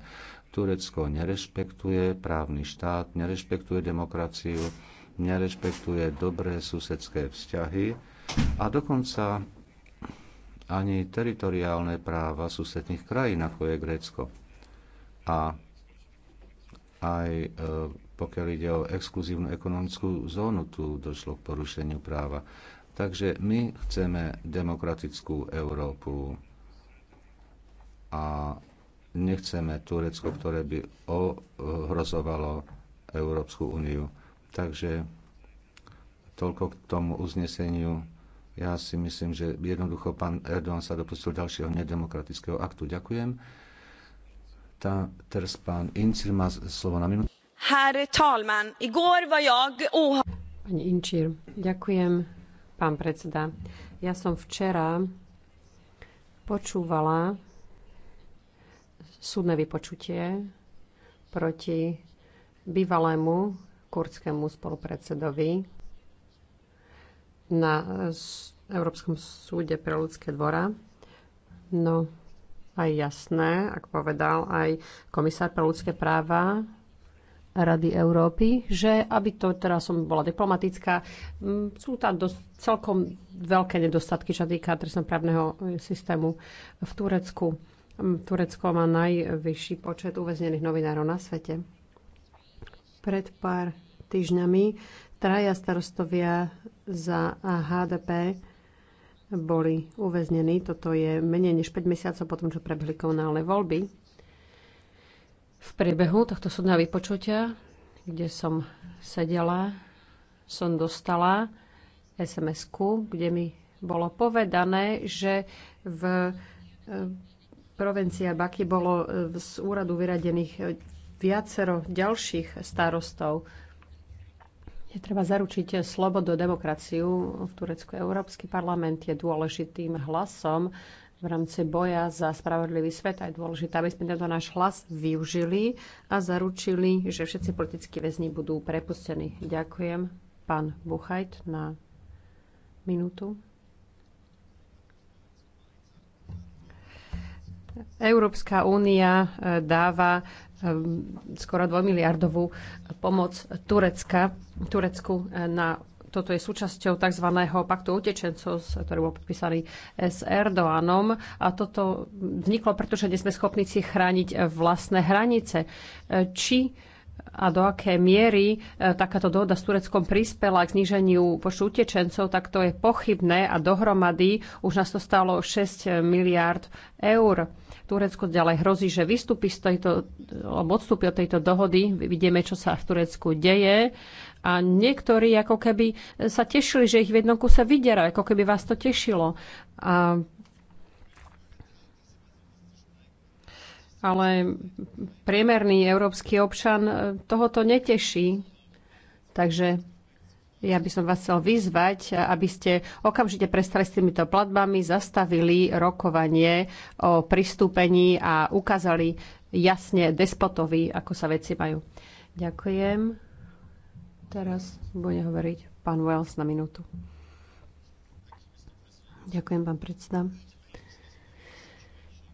Turecko nerešpektuje právny štát, nerešpektuje demokraciu, nerešpektuje dobré susedské vzťahy a dokonca ani teritoriálne práva susedných krajín, ako je Grécko. A aj e, pokiaľ ide o exkluzívnu ekonomickú zónu, tu došlo k porušeniu práva. Takže my chceme demokratickú Európu a nechceme Turecko, ktoré by ohrozovalo Európsku úniu. Takže toľko k tomu uzneseniu. Ja si myslím, že jednoducho pán Erdogan sa dopustil ďalšieho nedemokratického aktu. Ďakujem. Tá, teraz pán Incir má slovo na minútu herr talman. var jag Pani Inčír, ďakujem, pán predseda. Ja som včera počúvala súdne vypočutie proti bývalému kurdskému spolupredsedovi na Európskom súde pre ľudské dvora. No, aj jasné, ako povedal aj komisár pre ľudské práva Rady Európy, že aby to teraz som bola diplomatická, sú tam dosť, celkom veľké nedostatky, čo týka trestnoprávneho e, systému v Turecku. Turecko má najvyšší počet uväznených novinárov na svete. Pred pár týždňami traja starostovia za HDP boli uväznení. Toto je menej než 5 mesiacov potom, čo prebehli komunálne voľby v priebehu tohto súdneho vypočutia, kde som sedela, som dostala sms kde mi bolo povedané, že v e, provincia Baky bolo e, z úradu vyradených e, viacero ďalších starostov. Je treba zaručiť slobodu a demokraciu v Turecku. Európsky parlament je dôležitým hlasom v rámci boja za spravodlivý svet a je dôležité, aby sme tento náš hlas využili a zaručili, že všetci politickí väzni budú prepustení. Ďakujem. Pán Buchajt na minútu. Európska únia e, dáva e, skoro dvojmiliardovú pomoc Turecka, Turecku e, na toto je súčasťou tzv. paktu utečencov, ktorý bol podpísaný s Erdoánom. A toto vzniklo, pretože nie sme schopní si chrániť vlastné hranice. Či a do aké miery e, takáto dohoda s Tureckom prispela k zníženiu počtu utečencov, tak to je pochybné a dohromady už nás to stalo 6 miliárd eur. Turecko ďalej hrozí, že vystúpi z tejto, odstúpi od tejto dohody. Vidíme, čo sa v Turecku deje. A niektorí ako keby sa tešili, že ich v jednom kuse vydera, ako keby vás to tešilo. A ale priemerný európsky občan e, tohoto neteší. Takže ja by som vás chcel vyzvať, aby ste okamžite prestali s týmito platbami, zastavili rokovanie o pristúpení a ukázali jasne despotovi, ako sa veci majú. Ďakujem. Teraz bude hovoriť pán Wells na minútu. Ďakujem, pán predseda.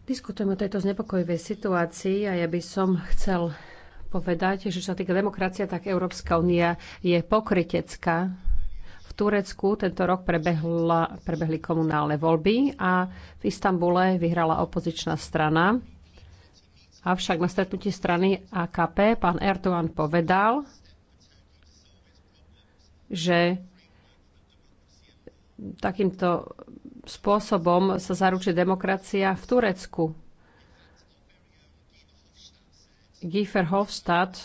Diskutujeme o tejto znepokojivej situácii a ja by som chcel povedať, že čo sa týka demokracia, tak Európska únia je pokritecká. V Turecku tento rok prebehla, prebehli komunálne voľby a v Istambule vyhrala opozičná strana. Avšak na stretnutí strany AKP pán Erdogan povedal, že takýmto spôsobom sa zaručí demokracia v Turecku. Giefer Hofstadt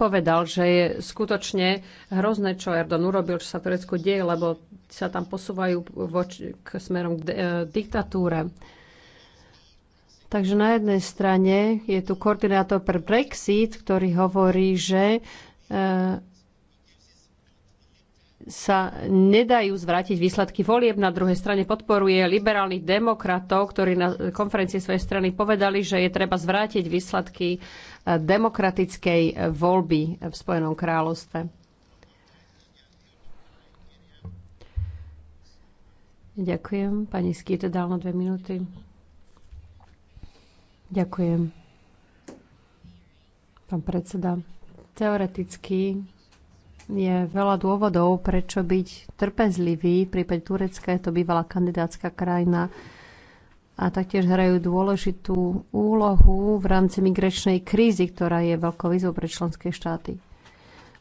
povedal, že je skutočne hrozné, čo Erdogan urobil, čo sa v Turecku deje, lebo sa tam posúvajú voči, k smerom k de- diktatúre. Takže na jednej strane je tu koordinátor pre Brexit, ktorý hovorí, že E, sa nedajú zvrátiť výsledky volieb. Na druhej strane podporuje liberálnych demokratov, ktorí na konferencii svojej strany povedali, že je treba zvrátiť výsledky e, demokratickej voľby v Spojenom kráľovstve. Ďakujem. Pani Skýte dal na dve minúty. Ďakujem. Pán predseda. Teoreticky je veľa dôvodov, prečo byť trpezlivý. V prípade Turecka je to bývalá kandidátska krajina a taktiež hrajú dôležitú úlohu v rámci migračnej krízy, ktorá je veľkou výzvou pre členské štáty.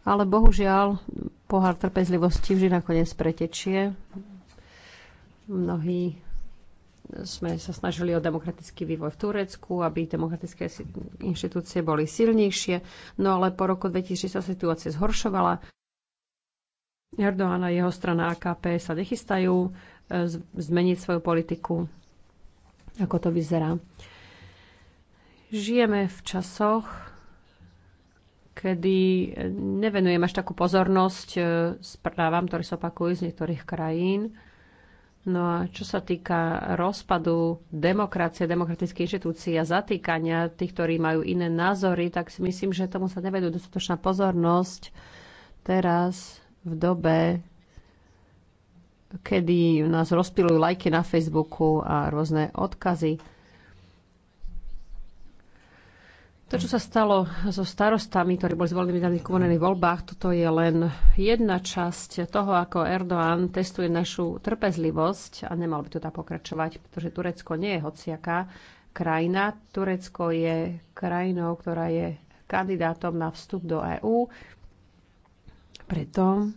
Ale bohužiaľ, pohár trpezlivosti vždy nakoniec pretečie. Mnohí sme sa snažili o demokratický vývoj v Turecku, aby demokratické inštitúcie boli silnejšie, no ale po roku 2006 sa situácia zhoršovala. Erdoána a jeho strana AKP sa nechystajú e, zmeniť svoju politiku. Ako to vyzerá? Žijeme v časoch, kedy nevenujem až takú pozornosť e, správam, ktoré sa opakujú z niektorých krajín No a čo sa týka rozpadu demokracie, demokratických inštitúcií a zatýkania tých, ktorí majú iné názory, tak si myslím, že tomu sa nevedú dostatočná pozornosť teraz v dobe, kedy nás rozpilujú lajky na Facebooku a rôzne odkazy. To, čo sa stalo so starostami, ktorí boli zvolení v daných komunálnych voľbách, toto je len jedna časť toho, ako Erdoğan testuje našu trpezlivosť a nemal by to tak pokračovať, pretože Turecko nie je hociaká krajina. Turecko je krajinou, ktorá je kandidátom na vstup do EÚ. Preto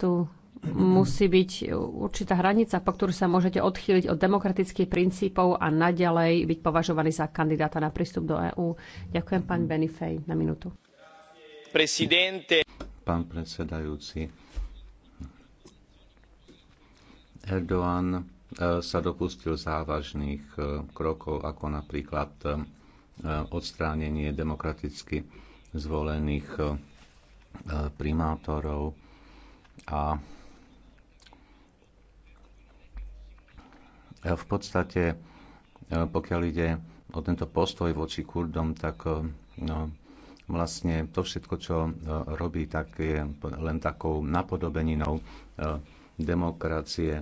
tu musí byť určitá hranica, po ktorú sa môžete odchýliť od demokratických princípov a naďalej byť považovaný za kandidáta na prístup do EÚ. Ďakujem, pán Benifej, na minútu. Presidente. Pán predsedajúci, Erdoğan eh, sa dopustil závažných eh, krokov, ako napríklad eh, odstránenie demokraticky zvolených primátorov a E, v podstate, e, pokiaľ ide o tento postoj voči Kurdom, tak e, no, vlastne to všetko, čo robí, tak je len takou napodobeninou demokracie.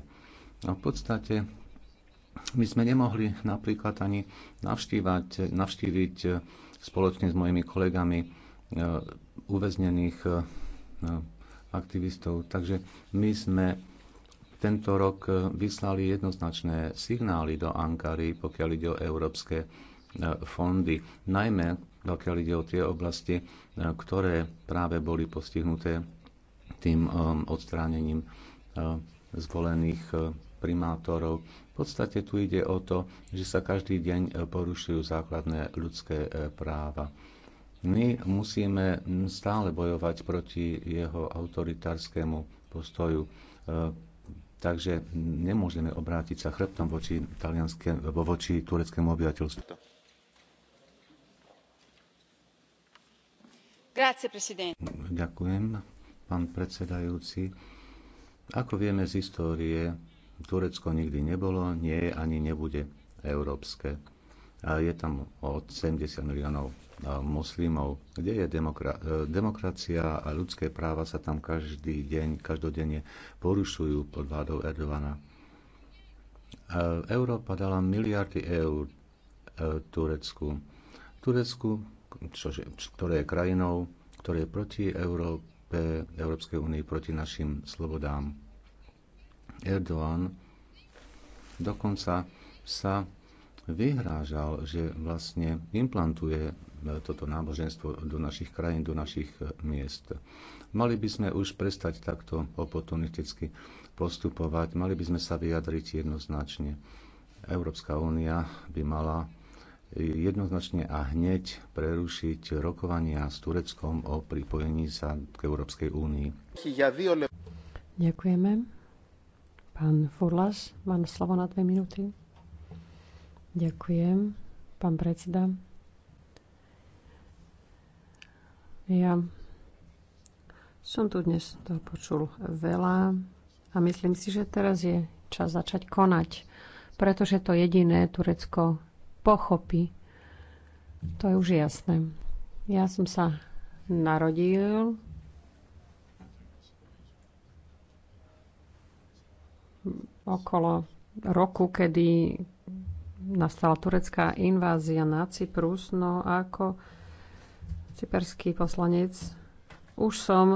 No, v podstate my sme nemohli napríklad ani navštívať, navštíviť spoločne s mojimi kolegami uväznených no, aktivistov. Takže my sme tento rok e, vyslali jednoznačné signály do Ankary, pokiaľ ide o európske e, fondy, najmä pokiaľ ide o tie oblasti, e, ktoré práve boli postihnuté tým odstránením zvolených primátorov. V podstate tu ide o to, že sa každý deň porušujú základné ľudské práva. My musíme stále bojovať proti jeho autoritárskému postoju Takže nemôžeme obrátiť sa chrbtom voči, voči tureckému obyvateľstvu. Ďakujem, pán predsedajúci. Ako vieme z histórie, Turecko nikdy nebolo, nie ani nebude európske. Je tam 70 miliónov moslimov. Kde je demokra- e, demokracia a ľudské práva sa tam každý deň, každodenne porušujú pod vládou Erdovana. E, Európa dala miliardy eur e, Turecku. Turecku, čože, ktoré je krajinou, ktoré je proti Európe, Európskej únii, proti našim slobodám. Erdoğan dokonca sa vyhrážal, že vlastne implantuje e, toto náboženstvo do našich krajín, do našich e, miest. Mali by sme už prestať takto oportunisticky postupovať, mali by sme sa vyjadriť jednoznačne. Európska únia by mala e, jednoznačne a hneď prerušiť rokovania s Tureckom o pripojení sa k Európskej únii. Ďakujeme. Pán Furlas, mám slovo na dve minúty. Ďakujem, pán predseda. Ja som tu dnes toho počul veľa a myslím si, že teraz je čas začať konať, pretože to jediné Turecko pochopí. To je už jasné. Ja som sa narodil okolo roku, kedy nastala turecká invázia na Cyprus, no ako cyperský poslanec už som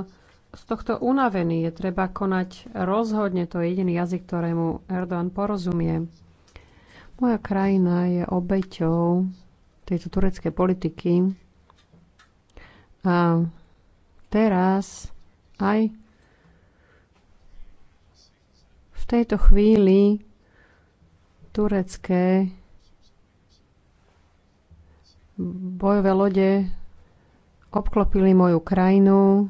z tohto unavený. Je treba konať rozhodne. To je jediný jazyk, ktorému Erdogan porozumie. Moja krajina je obeťou tejto tureckej politiky. A teraz aj v tejto chvíli turecké bojové lode obklopili moju krajinu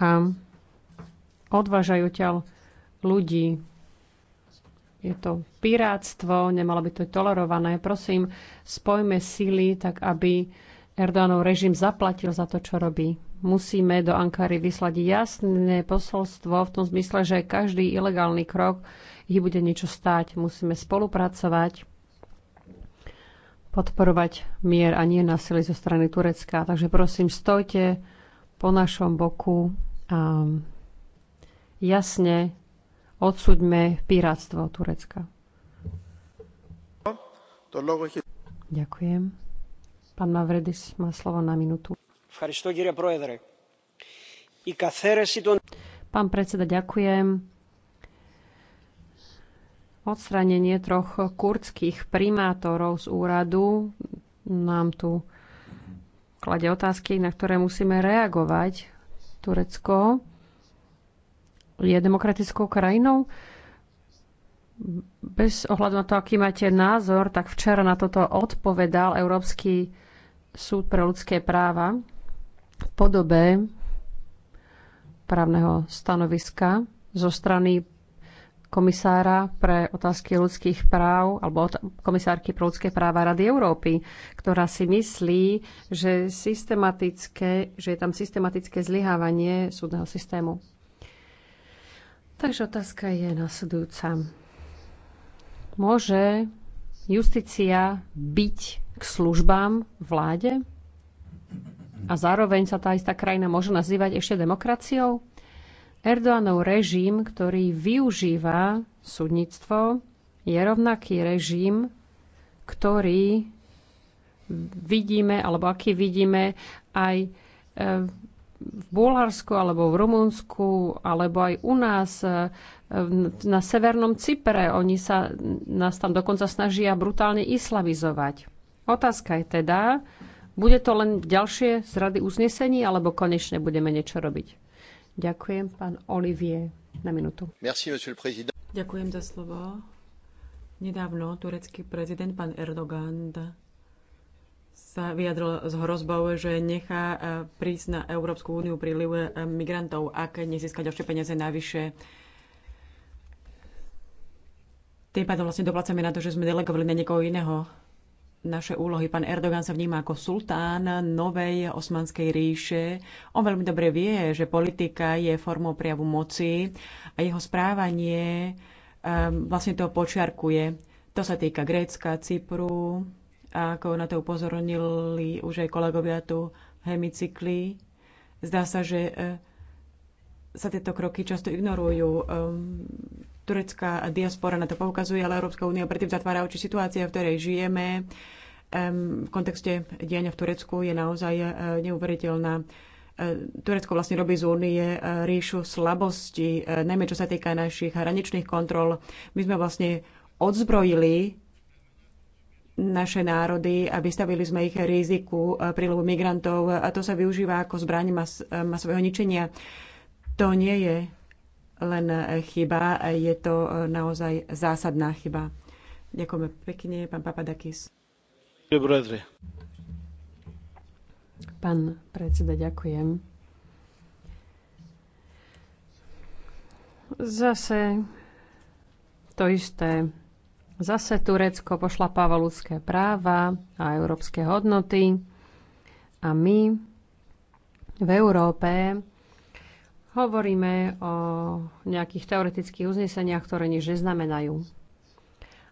a odvážajú ťa ľudí. Je to piráctvo, nemalo by to tolerované. Prosím, spojme síly, tak aby Erdoganov režim zaplatil za to, čo robí. Musíme do Ankary vyslať jasné posolstvo v tom zmysle, že každý ilegálny krok ich bude niečo stáť. Musíme spolupracovať podporovať mier a nie násilie zo strany Turecka. Takže prosím, stojte po našom boku a jasne odsuďme piráctvo Turecka. Ďakujem. Pán Mavredis má slovo na minútu. Pán predseda, ďakujem odstranenie troch kurdských primátorov z úradu nám tu klade otázky, na ktoré musíme reagovať. Turecko je demokratickou krajinou. Bez ohľadu na to, aký máte názor, tak včera na toto odpovedal Európsky súd pre ľudské práva v podobe právneho stanoviska zo strany komisára pre otázky ľudských práv alebo komisárky pre ľudské práva Rady Európy, ktorá si myslí, že, systematické, že je tam systematické zlyhávanie súdneho systému. Takže otázka je nasledujúca. Môže justícia byť k službám vláde? A zároveň sa tá istá krajina môže nazývať ešte demokraciou? Erdoánov režim, ktorý využíva súdnictvo, je rovnaký režim, ktorý vidíme, alebo aký vidíme aj e, v Bulharsku, alebo v Rumunsku, alebo aj u nás e, na Severnom Cypre. Oni sa nás tam dokonca snažia brutálne islamizovať. Otázka je teda, bude to len ďalšie z rady uznesení, alebo konečne budeme niečo robiť? Ďakujem, pán Olivier, na minútu. Merci, Ďakujem za slovo. Nedávno turecký prezident pán Erdogan sa vyjadril s hrozbou, že nechá eh, prísť na Európsku úniu príliv eh, migrantov, ak nezíska ďalšie peniaze navyše. Tým pádom vlastne doplácame na to, že sme delegovali na niekoho iného naše úlohy. Pán Erdogan sa vníma ako sultán novej osmanskej ríše. On veľmi dobre vie, že politika je formou prijavu moci a jeho správanie um, vlastne to počiarkuje. To sa týka Grécka, Cypru, a ako na to upozornili už aj kolegovia tu v hemicykli. Zdá sa, že uh, sa tieto kroky často ignorujú. Um, Turecká diaspora na to poukazuje, ale Európska únia predtým zatvára oči. Situácia, v ktorej žijeme v kontexte diania v Turecku je naozaj eh, neuveriteľná. Eh, Turecko vlastne robí z únie eh, ríšu slabosti, najmä čo sa týka našich hraničných kontrol. My sme vlastne odzbrojili naše národy a vystavili sme ich riziku prílohu migrantov a to sa využíva ako zbraň mas- masového ničenia. To nie je len e, chyba, je to e, naozaj zásadná chyba. Ďakujeme pekne, pán Papadakis. Pán predseda, ďakujem. Zase to isté. Zase Turecko pošlapáva ľudské práva a európske hodnoty a my v Európe Hovoríme o nejakých teoretických uzneseniach, ktoré nič neznamenajú.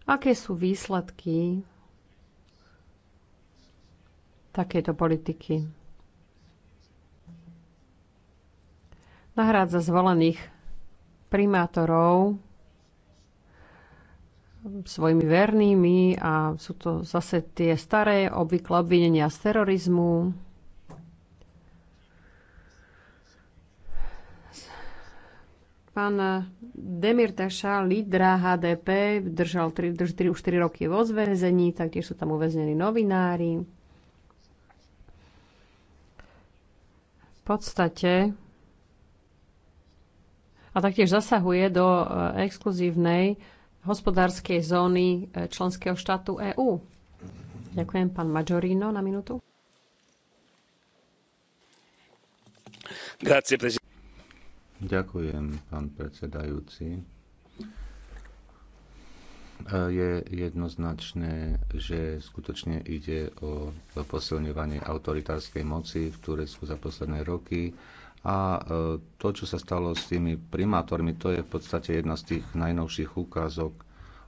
Aké sú výsledky takéto politiky? Nahrádza zvolených primátorov svojimi vernými a sú to zase tie staré obvyklé obvinenia z terorizmu, Pán Demirtaša, lídra HDP, držal 3, drž, 3, už 3 roky vo zväzení, taktiež sú tam uväznení novinári. V podstate a taktiež zasahuje do eh, exkluzívnej hospodárskej zóny eh, členského štátu EÚ. Ďakujem, pán Maggiorino, na minútu. Grazie, Ďakujem, pán predsedajúci. Je jednoznačné, že skutočne ide o posilňovanie autoritárskej moci v Turecku za posledné roky a e, to, čo sa stalo s tými primátormi, to je v podstate jedna z tých najnovších ukázok,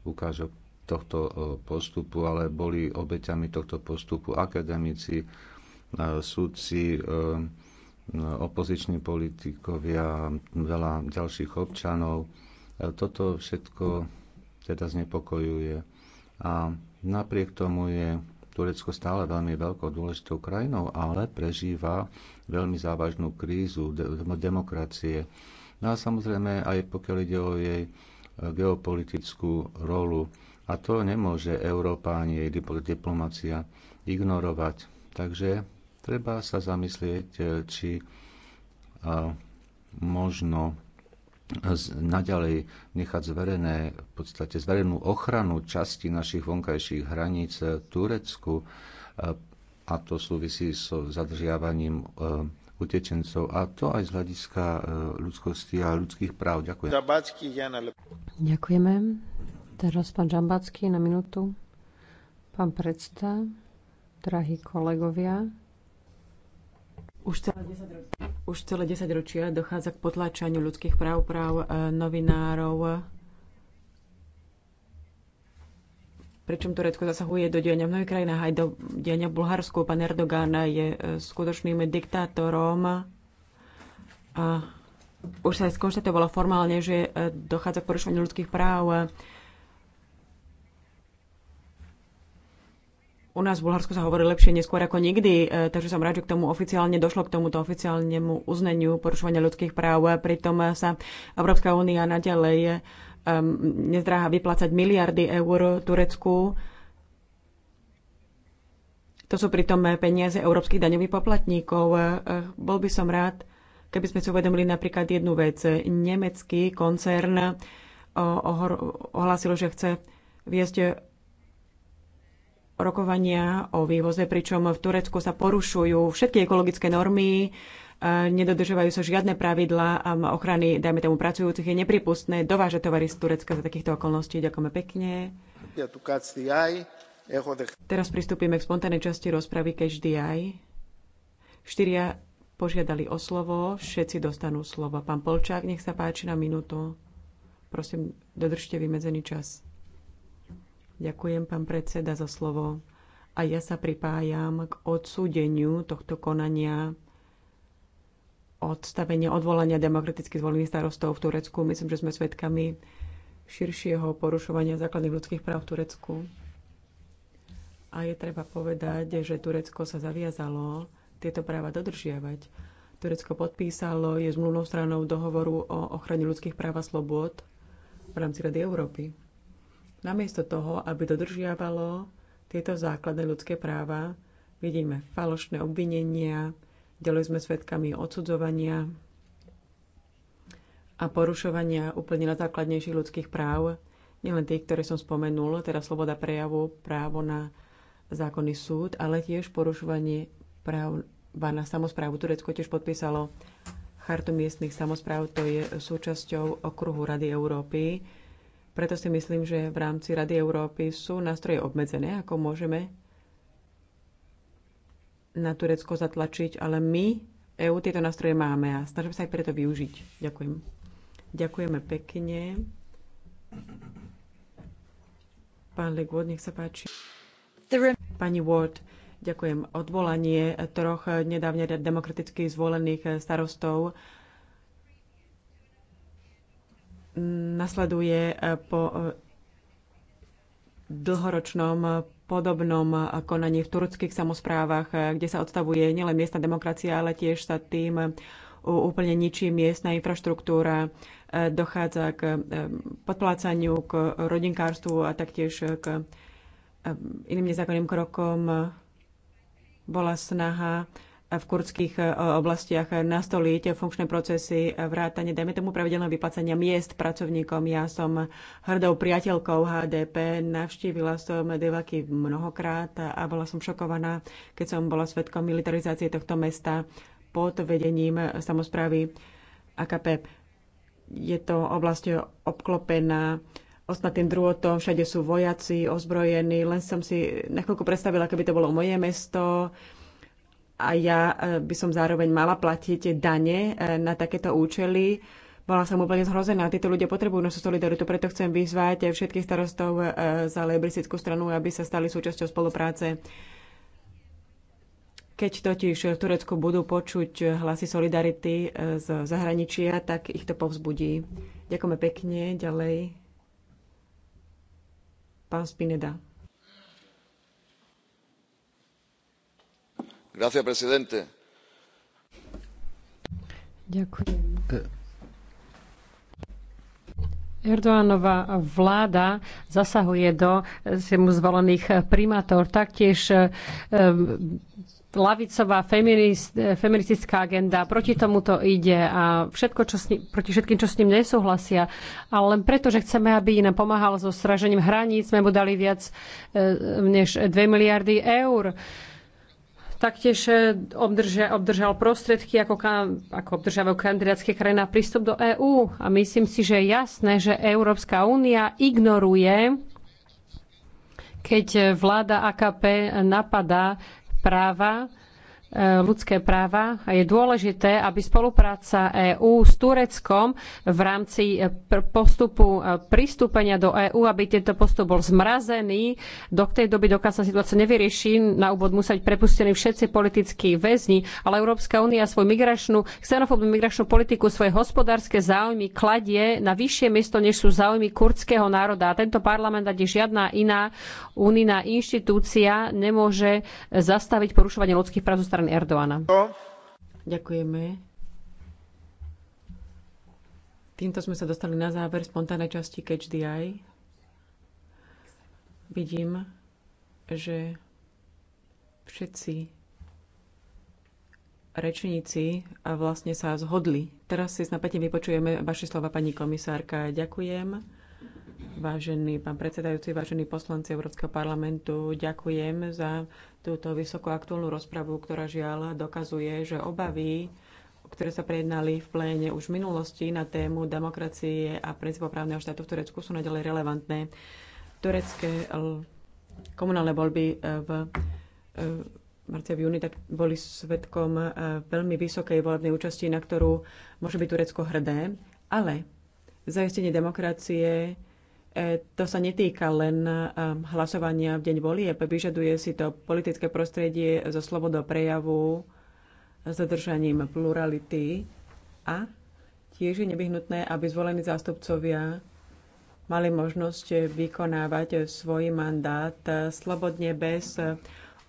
ukážok tohto e, postupu, ale boli obeťami tohto postupu akademici, e, sudci, opoziční politikovia, veľa ďalších občanov. E, toto všetko teda znepokojuje. A napriek tomu je Turecko stále veľmi veľkou dôležitou krajinou, ale prežíva veľmi závažnú krízu demokracie. No a samozrejme aj pokiaľ ide o jej e, geopolitickú rolu. A to nemôže Európa ani jej diplomácia ignorovať. Takže treba sa zamyslieť, e, či e, možno naďalej nechať zverené, v podstate zverenú ochranu časti našich vonkajších hraníc e, Turecku a to súvisí s so zadržiavaním utečencov a to aj z hľadiska ľudskosti a ľudských práv. Ďakujem. Ďakujeme. Teraz pán Žambacký na minútu. Pán predseda, drahí kolegovia, už celé 10 ročia, už celé 10 ročia dochádza k potláčaniu ľudských práv, práv e, novinárov. Pričom Turecko zasahuje do diania v mnohých krajinách, aj do diania v Bulharsku. Pán Erdogan je e, skutočným diktátorom a už sa aj skonštatovalo formálne, že e, dochádza k porušovaniu ľudských práv. U nás v Bulharsku sa hovorí lepšie neskôr ako nikdy, e, takže som rád, že k tomu oficiálne došlo k tomuto oficiálnemu uzneniu porušovania ľudských práv. Pritom sa Európska únia naďalej um, nezdráha vyplácať miliardy eur Turecku. To sú pritom peniaze európskych daňových poplatníkov. E, bol by som rád, keby sme si uvedomili napríklad jednu vec. Nemecký koncern ohlásil, že chce viesť rokovania o vývoze, pričom v Turecku sa porušujú všetky ekologické normy, e, nedodržovajú sa žiadne pravidlá a ochrany, dajme tomu, pracujúcich je nepripustné dovážať tovary z Turecka za takýchto okolností. Ďakujeme pekne. Teraz pristúpime k spontánnej časti rozpravy Každý aj. Štyria požiadali o slovo, všetci dostanú slovo. Pán Polčák, nech sa páči na minútu. Prosím, dodržte vymedzený čas. Ďakujem, pán predseda, za slovo. A ja sa pripájam k odsúdeniu tohto konania odstavenie odvolania demokraticky zvolených starostov v Turecku. Myslím, že sme svedkami širšieho porušovania základných ľudských práv v Turecku. A je treba povedať, že Turecko sa zaviazalo tieto práva dodržiavať. Turecko podpísalo, je zmluvnou stranou dohovoru o ochrane ľudských práv a slobod v rámci Rady Európy. Namiesto toho, aby dodržiavalo tieto základné ľudské práva, vidíme falošné obvinenia, ďalej sme svedkami odsudzovania a porušovania úplne najzákladnejších ľudských práv, nielen tých, ktoré som spomenul, teda sloboda prejavu, právo na zákonný súd, ale tiež porušovanie práv na samozprávu. Turecko tiež podpísalo chartu miestnych samozpráv, to je súčasťou okruhu Rady Európy preto si myslím, že v rámci Rady Európy sú nástroje obmedzené, ako môžeme na Turecko zatlačiť, ale my, EU tieto nástroje máme a snažíme sa aj preto využiť. Ďakujem. Ďakujeme pekne. Pán Legwood, nech sa páči. Pani Ward, ďakujem. Odvolanie troch nedávne demokraticky zvolených starostov nasleduje e, po e, dlhoročnom e, podobnom konaní v turckých samozprávach, kde sa odstavuje nielen miestna demokracia, ale tiež sa tým úplne ničí miestna infraštruktúra, dochádza k podplácaniu, k rodinkárstvu a taktiež k iným nezákonným krokom. Bola snaha v kurdských e, oblastiach nastoliť funkčné procesy vrátane, dajme tomu pravidelného vyplacenia miest pracovníkom. Ja som hrdou priateľkou HDP, navštívila som Devaky mnohokrát a bola som šokovaná, keď som bola svetkom militarizácie tohto mesta pod vedením samozprávy AKP. Je to oblasť obklopená ostatným druhotom, všade sú vojaci, ozbrojení. Len som si na chvíľku predstavila, keby to bolo moje mesto, a ja e, by som zároveň mala platiť dane e, na takéto účely. Bola som úplne zhrozená. Títo ľudia potrebujú našu solidaritu, preto chcem vyzvať všetkých starostov e, za lebristickú stranu, aby sa stali súčasťou spolupráce. Keď totiž v Turecku budú počuť hlasy solidarity z zahraničia, tak ich to povzbudí. Ďakujeme pekne. Ďalej. Pán Spineda. Grazie, Ďakujem. erdoganova vláda zasahuje do mu zvolených primátor. Taktiež eh, lavicová feministická agenda proti tomuto ide a všetko, čo s ním, proti všetkým, čo s ním nesúhlasia. Ale len preto, že chceme, aby nám pomáhal so stražením hraníc, sme mu dali viac eh, než 2 miliardy eur. Taktiež e, obdržia, obdržal prostredky, ako, ako obdržiavajú kandidátske krajiny na prístup do EÚ. A myslím si, že je jasné, že Európska únia ignoruje, keď vláda AKP napadá práva ľudské práva. A je dôležité, aby spolupráca EÚ s Tureckom v rámci eh, postupu eh, pristúpenia do EÚ, aby tento postup bol zmrazený. Do tej doby, dokiaľ sa situácia nevyrieši, na úvod musieť prepustení všetci politickí väzni, ale Európska únia svoju migračnú, xenofóbnu migračnú politiku, svoje hospodárske záujmy kladie na vyššie miesto, než sú záujmy kurdského národa. A tento parlament ani žiadna iná unijná inštitúcia nemôže zastaviť porušovanie ľudských práv zo strany strany Erdoána. Ďakujeme. Týmto sme sa dostali na záver spontánnej časti Catch the Eye. Vidím, že všetci rečníci vlastne sa zhodli. Teraz si s napätím vypočujeme vaše slova, pani komisárka. Ďakujem. Vážený pán predsedajúci, vážení poslanci Európskeho parlamentu, ďakujem za túto vysoko aktuálnu rozpravu, ktorá žiaľ dokazuje, že obavy, ktoré sa prejednali v pléne už v minulosti na tému demokracie a princípov právneho štátu v Turecku sú naďalej relevantné. Turecké eh, komunálne voľby eh, v eh, marci a v júni, tak boli svetkom veľmi vysokej volebnej účasti, na ktorú môže byť Turecko hrdé, ale zaistenie demokracie E, to sa netýka len e, hlasovania v deň volieb. Vyžaduje si to politické prostredie zo slobodou prejavu, zadržaním plurality a tiež je nevyhnutné, aby zvolení zástupcovia mali možnosť vykonávať svoj mandát slobodne bez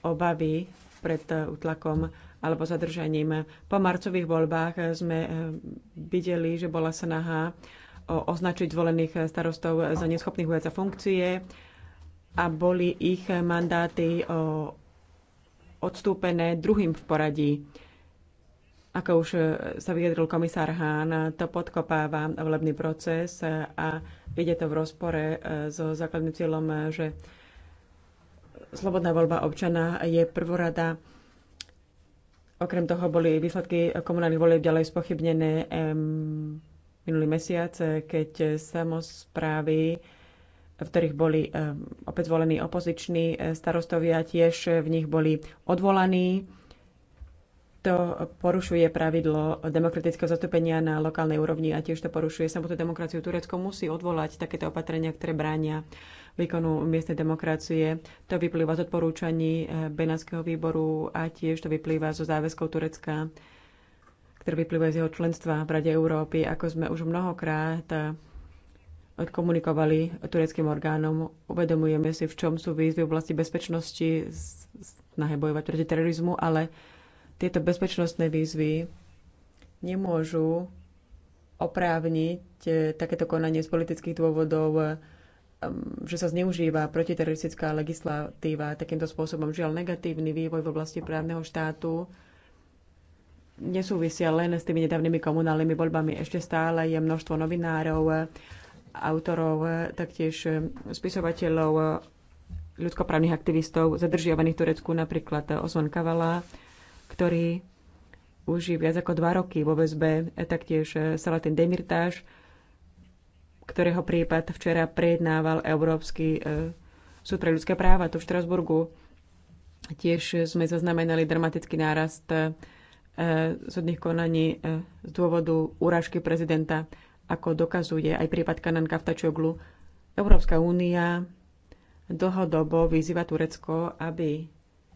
obavy pred utlakom alebo zadržaním. Po marcových voľbách sme e, videli, že bola snaha označiť zvolených starostov za neschopných ujať za funkcie a boli ich mandáty odstúpené druhým v poradí. Ako už e, sa vyjadril komisár Hán, to podkopáva volebný proces a ide to v rozpore e, so základným cieľom, že slobodná voľba občana je prvorada. Okrem toho boli výsledky komunálnych volieb ďalej spochybnené minulý mesiac, keď samozprávy, v ktorých boli eh, opäť zvolení opoziční eh, starostovia, tiež v nich boli odvolaní. To porušuje pravidlo demokratického zastúpenia na lokálnej úrovni a tiež to porušuje samotnú demokraciu. Turecko musí odvolať takéto opatrenia, ktoré bránia výkonu miestnej demokracie. To vyplýva z odporúčaní eh, Benátskeho výboru a tiež to vyplýva zo záväzkov Turecka ktoré vyplývajú z jeho členstva v Rade Európy, ako sme už mnohokrát eh, odkomunikovali tureckým orgánom. Uvedomujeme si, v čom sú výzvy v oblasti bezpečnosti, snahe bojovať proti terorizmu, ale tieto bezpečnostné výzvy nemôžu oprávniť eh, takéto konanie z politických dôvodov, eh, že sa zneužíva protiteroristická legislatíva takýmto spôsobom. Žiaľ, negatívny vývoj v oblasti právneho štátu nesúvisia len s tými nedávnymi komunálnymi voľbami. Ešte stále je množstvo novinárov, autorov, taktiež spisovateľov, ľudskoprávnych aktivistov zadržiavaných v Turecku, napríklad Osman Kavala, ktorý už viac ako dva roky vo VSB, taktiež Salatin Demirtáš, ktorého prípad včera prejednával Európsky e, súd pre ľudské práva tu v Štrasburgu. Tiež sme zaznamenali dramatický nárast E, súdnych konaní e, z dôvodu úražky prezidenta, ako dokazuje aj prípad Kananka v Tačoglu. Európska únia dlhodobo vyzýva Turecko, aby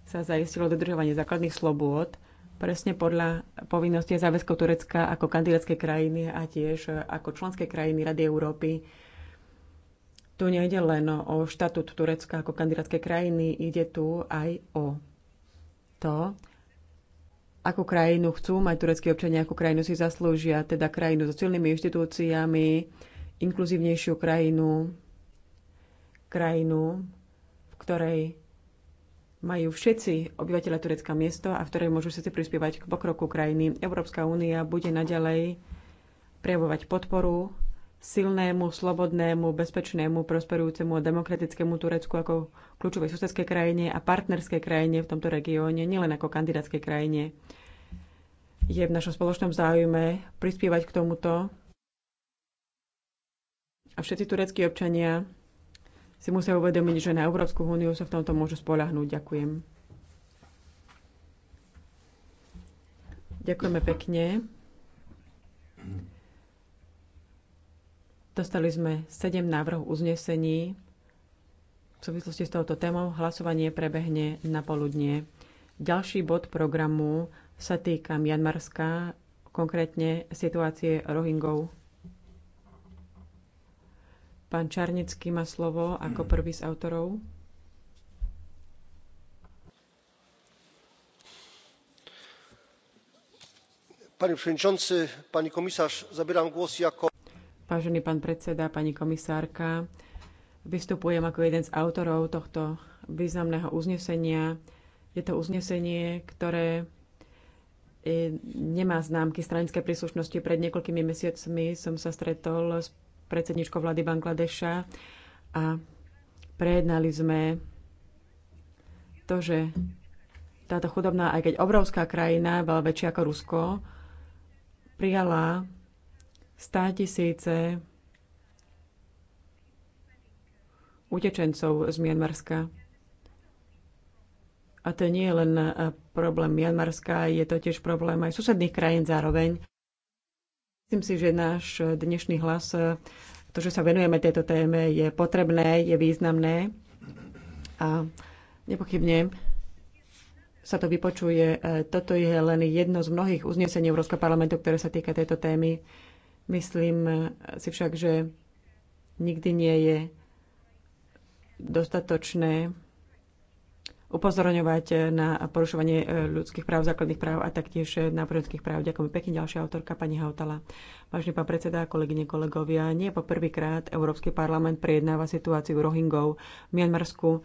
sa zaistilo dodržovanie základných slobôd presne podľa povinnosti a záväzkov Turecka ako kandidátskej krajiny a tiež ako členskej krajiny Rady Európy. Tu nejde len o štatút Turecka ako kandidátskej krajiny, ide tu aj o to, akú krajinu chcú mať tureckí občania, akú krajinu si zaslúžia, teda krajinu so silnými inštitúciami, inkluzívnejšiu krajinu, krajinu, v ktorej majú všetci obyvateľe Turecka miesto a v ktorej môžu všetci prispievať k pokroku krajiny. Európska únia bude naďalej prejavovať podporu silnému, slobodnému, bezpečnému, prosperujúcemu a demokratickému Turecku ako kľúčovej susedskej krajine a partnerskej krajine v tomto regióne, nielen ako kandidátskej krajine je v našom spoločnom záujme prispievať k tomuto. A všetci tureckí občania si musia uvedomiť, že na Európsku úniu sa v tomto môžu spolahnúť. Ďakujem. Ďakujeme pekne. Dostali sme 7 návrhov uznesení. V súvislosti s touto témou hlasovanie prebehne na poludnie. Ďalší bod programu sa týka Mianmarska, konkrétne situácie Rohingov. Pán Čarnecký má slovo ako prvý z autorov. Pani przewodniczący, pani komisarz, zabieram głos jako... Vážený pán predseda, pani komisárka, vystupujem ako jeden z autorov tohto významného uznesenia. Je to uznesenie, ktoré E, nemá známky stranické príslušnosti. Pred niekoľkými mesiacmi som sa stretol s predsedničkou vlády Bangladeša a prejednali sme to, že táto chudobná, aj keď obrovská krajina, veľa väčšia ako Rusko, prijala 100 tisíce utečencov z Mienmarska. A to nie je len e, problém Mianmarska, je to tiež problém aj susedných krajín zároveň. Myslím si, že náš dnešný hlas, e, to, že sa venujeme tejto téme, je potrebné, je významné a nepochybne sa to vypočuje. E, toto je len jedno z mnohých uznesení Európskeho parlamentu, ktoré sa týka tejto témy. Myslím si však, že nikdy nie je dostatočné upozorňovať eh, na porušovanie eh, ľudských práv, základných práv a taktiež eh, náboženských práv. Ďakujem pekne. Ďalšia autorka, pani Hautala. Vážený pán predseda, kolegyne, kolegovia, nie po prvýkrát Európsky parlament prejednáva situáciu Rohingov v Mianmarsku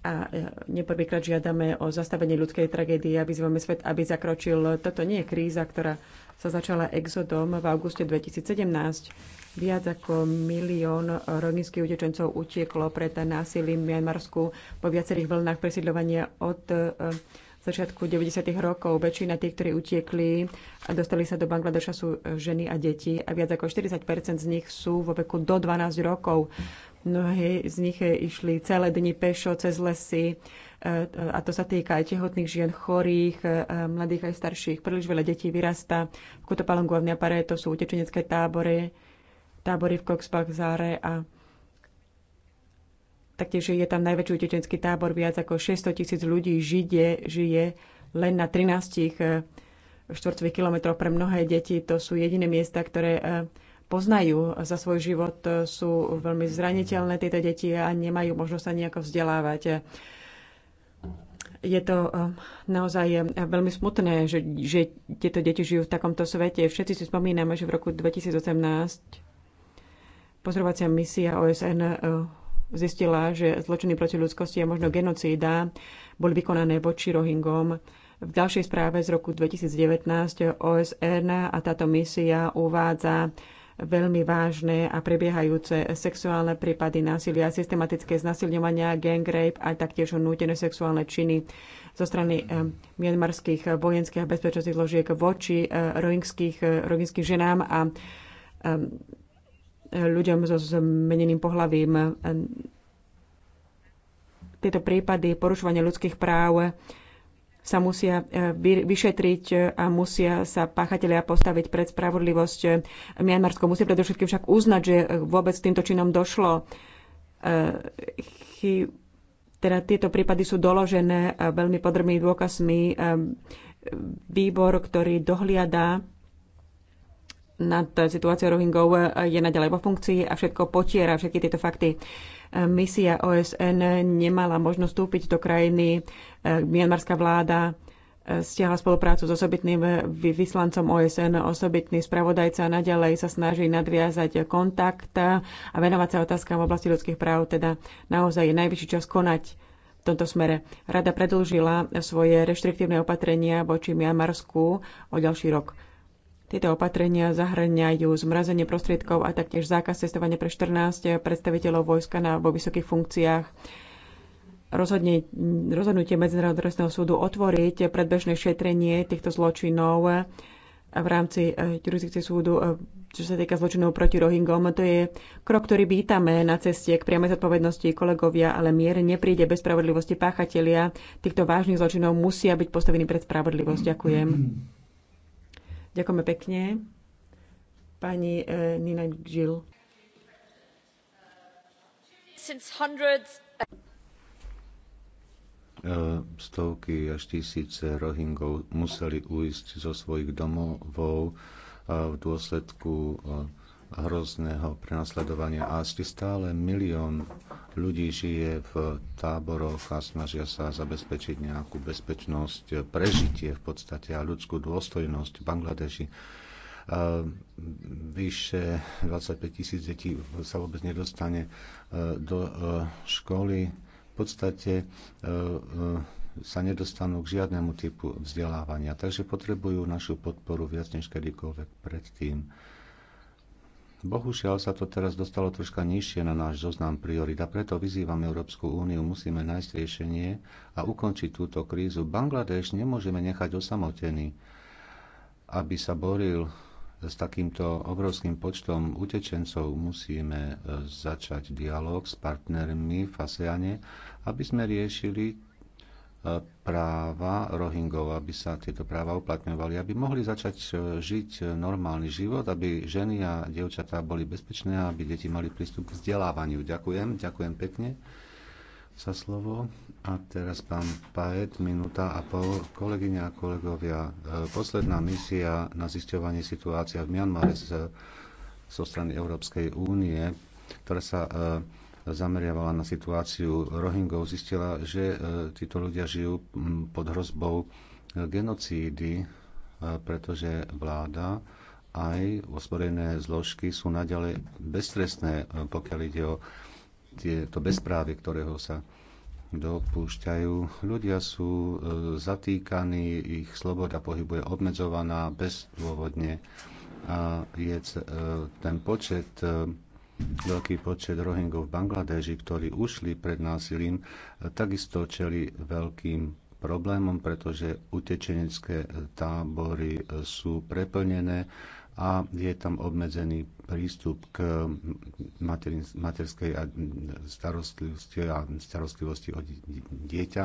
a neprvýkrát žiadame o zastavenie ľudskej tragédie a vyzývame svet, aby zakročil. Toto nie je kríza, ktorá sa začala exodom v auguste 2017. Viac ako milión rohinských utečencov utieklo pred násilím v Mianmarsku po viacerých vlnách presídľovania od e, začiatku 90. rokov. Väčšina tých, ktorí utiekli a dostali sa do Bangladeša, sú ženy a deti a viac ako 40 z nich sú vo veku do 12 rokov. Mnohí z nich išli celé dni pešo cez lesy a to sa týka aj tehotných žien, chorých, e, mladých aj starších. Príliš veľa detí vyrastá v Kutopalongu a v Neapare, to sú utečenecké tábory, tábory v Coxbach, Záre a taktiež je tam najväčší utečenský tábor, viac ako 600 tisíc ľudí žije, žije len na 13 e, štvorcových kilometroch pre mnohé deti. To sú jediné miesta, ktoré e, poznajú za svoj život, sú veľmi zraniteľné tieto deti a nemajú možnosť sa nejako vzdelávať je to eh, naozaj eh, veľmi smutné, že, že tieto deti žijú v takomto svete. Všetci si spomíname, že v roku 2018 pozorovacia misia OSN eh, zistila, že zločiny proti ľudskosti a možno genocída boli vykonané voči Rohingom. V ďalšej správe z roku 2019 OSN a táto misia uvádza veľmi vážne a prebiehajúce sexuálne prípady násilia, systematické znasilňovania, gang rape a taktiež nútené sexuálne činy zo strany eh, mienmarských vojenských a bezpečnostných zložiek voči eh, eh, rohingským ženám a ľuďom so zmeneným pohlavím. Tieto prípady porušovania ľudských práv sa musia e, vyšetriť e, a musia sa páchatelia postaviť pred spravodlivosť. Mianmarsko musí predovšetkým však uznať, že e, vôbec týmto činom došlo. Teda tieto prípady sú doložené veľmi podrobnými dôkazmi. Výbor, ktorý dohliada nad situáciou Rohingov, je naďalej vo funkcii a všetko potiera, všetky tieto fakty. Misia OSN nemala možnosť vstúpiť do krajiny. Eh, Mianmarská vláda eh, stiahla spoluprácu s osobitným eh, vyslancom OSN. Osobitný spravodajca a naďalej sa snaží nadviazať kontakt a venovať sa otázkam v oblasti ľudských práv. Teda naozaj je najvyšší čas konať v tomto smere. Rada predlžila svoje reštriktívne opatrenia voči Mianmarsku o ďalší rok. Tieto opatrenia zahrňajú zmrazenie prostriedkov a taktiež zákaz cestovania pre 14 predstaviteľov vojska na, vo vysokých funkciách. Rozhodne, rozhodnutie Medzinárodného trestného súdu otvoriť predbežné šetrenie týchto zločinov v rámci eh, jurisdikcie súdu, eh, čo sa týka zločinov proti Rohingom, to je krok, ktorý vítame na ceste k priamej zodpovednosti kolegovia, ale mier nepríde bez spravodlivosti páchatelia. Týchto vážnych zločinov musia byť postavení pred spravodlivosť. Ďakujem. Ďakujeme pekne. Pani eh, Nina Gil. Eh, stovky až tisíce Rohingov museli uísť zo svojich a eh, v dôsledku hrozného prenasledovania a ešte stále milión ľudí žije v táboroch a snažia sa zabezpečiť nejakú bezpečnosť, prežitie v podstate a ľudskú dôstojnosť v Bangladeši. Vyše 25 tisíc detí sa vôbec nedostane e, do e, školy. V podstate e, sa nedostanú k žiadnemu typu vzdelávania, takže potrebujú našu podporu viac než kedykoľvek predtým Bohužiaľ sa to teraz dostalo troška nižšie na náš zoznam priorit a preto vyzývam Európsku úniu, musíme nájsť riešenie a ukončiť túto krízu. Bangladeš nemôžeme nechať osamotený, aby sa boril s takýmto obrovským počtom utečencov. Musíme e, začať dialog s partnermi v ASEANe, aby sme riešili práva Rohingov, aby sa tieto práva uplatňovali, aby mohli začať e, žiť e, normálny život, aby ženy a dievčatá boli bezpečné a aby deti mali prístup k vzdelávaniu. Ďakujem, ďakujem pekne za slovo. A teraz pán Paet, minúta a pol. Kolegyne a kolegovia, e, posledná misia na zisťovanie situácia v Mianmare zo strany Európskej únie, ktorá sa zameriavala na situáciu Rohingov, zistila, že e, títo ľudia žijú pod hrozbou e, genocídy, e, pretože vláda aj ozbrojené zložky sú naďalej beztrestné, pokiaľ ide o tieto bezprávy, ktorého sa dopúšťajú. Ľudia sú zatýkaní, ich sloboda pohybu je obmedzovaná bezdôvodne a je ten počet Veľký počet Rohingov v Bangladeži, ktorí ušli pred násilím, takisto čeli veľkým problémom, pretože utečenecké tábory sú preplnené a je tam obmedzený prístup k materskej starostlivosti, a starostlivosti o dieťa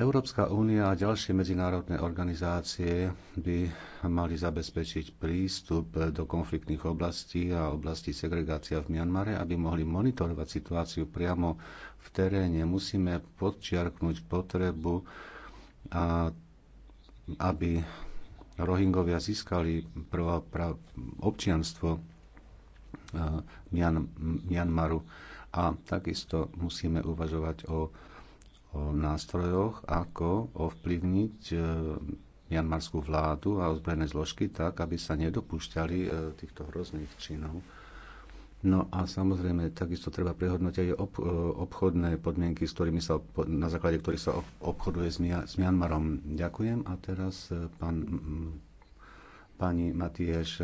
Európska únia a ďalšie medzinárodné organizácie by mali zabezpečiť prístup do konfliktných oblastí a oblastí segregácia v Mianmare, aby mohli monitorovať situáciu priamo v teréne. Musíme podčiarknúť potrebu, a, aby Rohingovia získali prvá občianstvo Mianmaru. A takisto musíme uvažovať o o nástrojoch, ako ovplyvniť e, mianmarskú vládu a ozbrojené zložky tak, aby sa nedopúšťali e, týchto hrozných činov. No a samozrejme, takisto treba prehodnotiť aj ob, e, obchodné podmienky, s ktorými sa, na základe ktorých sa obchoduje s, s Mianmarom. Ďakujem. A teraz pán, pani Matieš,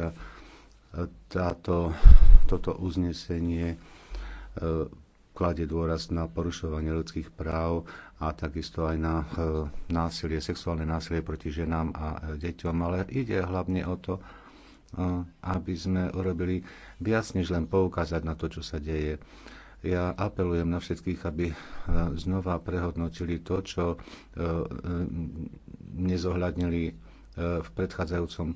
táto, toto uznesenie kladie dôraz na porušovanie ľudských práv a takisto aj na e, násilie, sexuálne násilie proti ženám a e, deťom, ale ide hlavne o to, e, aby sme urobili viac, než len poukázať na to, čo sa deje. Ja apelujem na všetkých, aby znova prehodnotili to, čo nezohľadnili v predchádzajúcom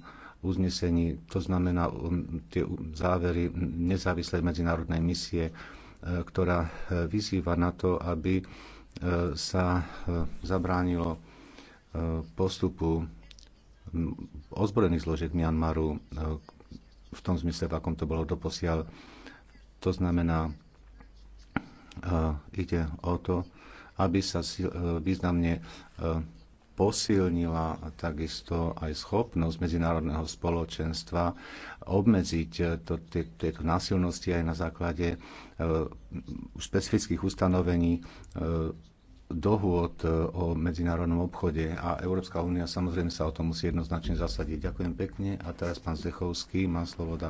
uznesení. To znamená um, tie závery nezávislej medzinárodnej misie E, ktorá e, vyzýva na to, aby e, sa zabránilo postupu ozbrojených zložiek Mianmaru v tom zmysle, v akom to bolo doposiaľ. To znamená, ide o to, aby sa významne posilnila takisto aj schopnosť medzinárodného spoločenstva obmedziť to, tieto násilnosti aj na základe e, špecifických ustanovení e, dohôd e, o medzinárodnom obchode a Európska únia samozrejme sa o tom musí jednoznačne zasadiť. Ďakujem pekne a teraz pán Zdechovský má slovo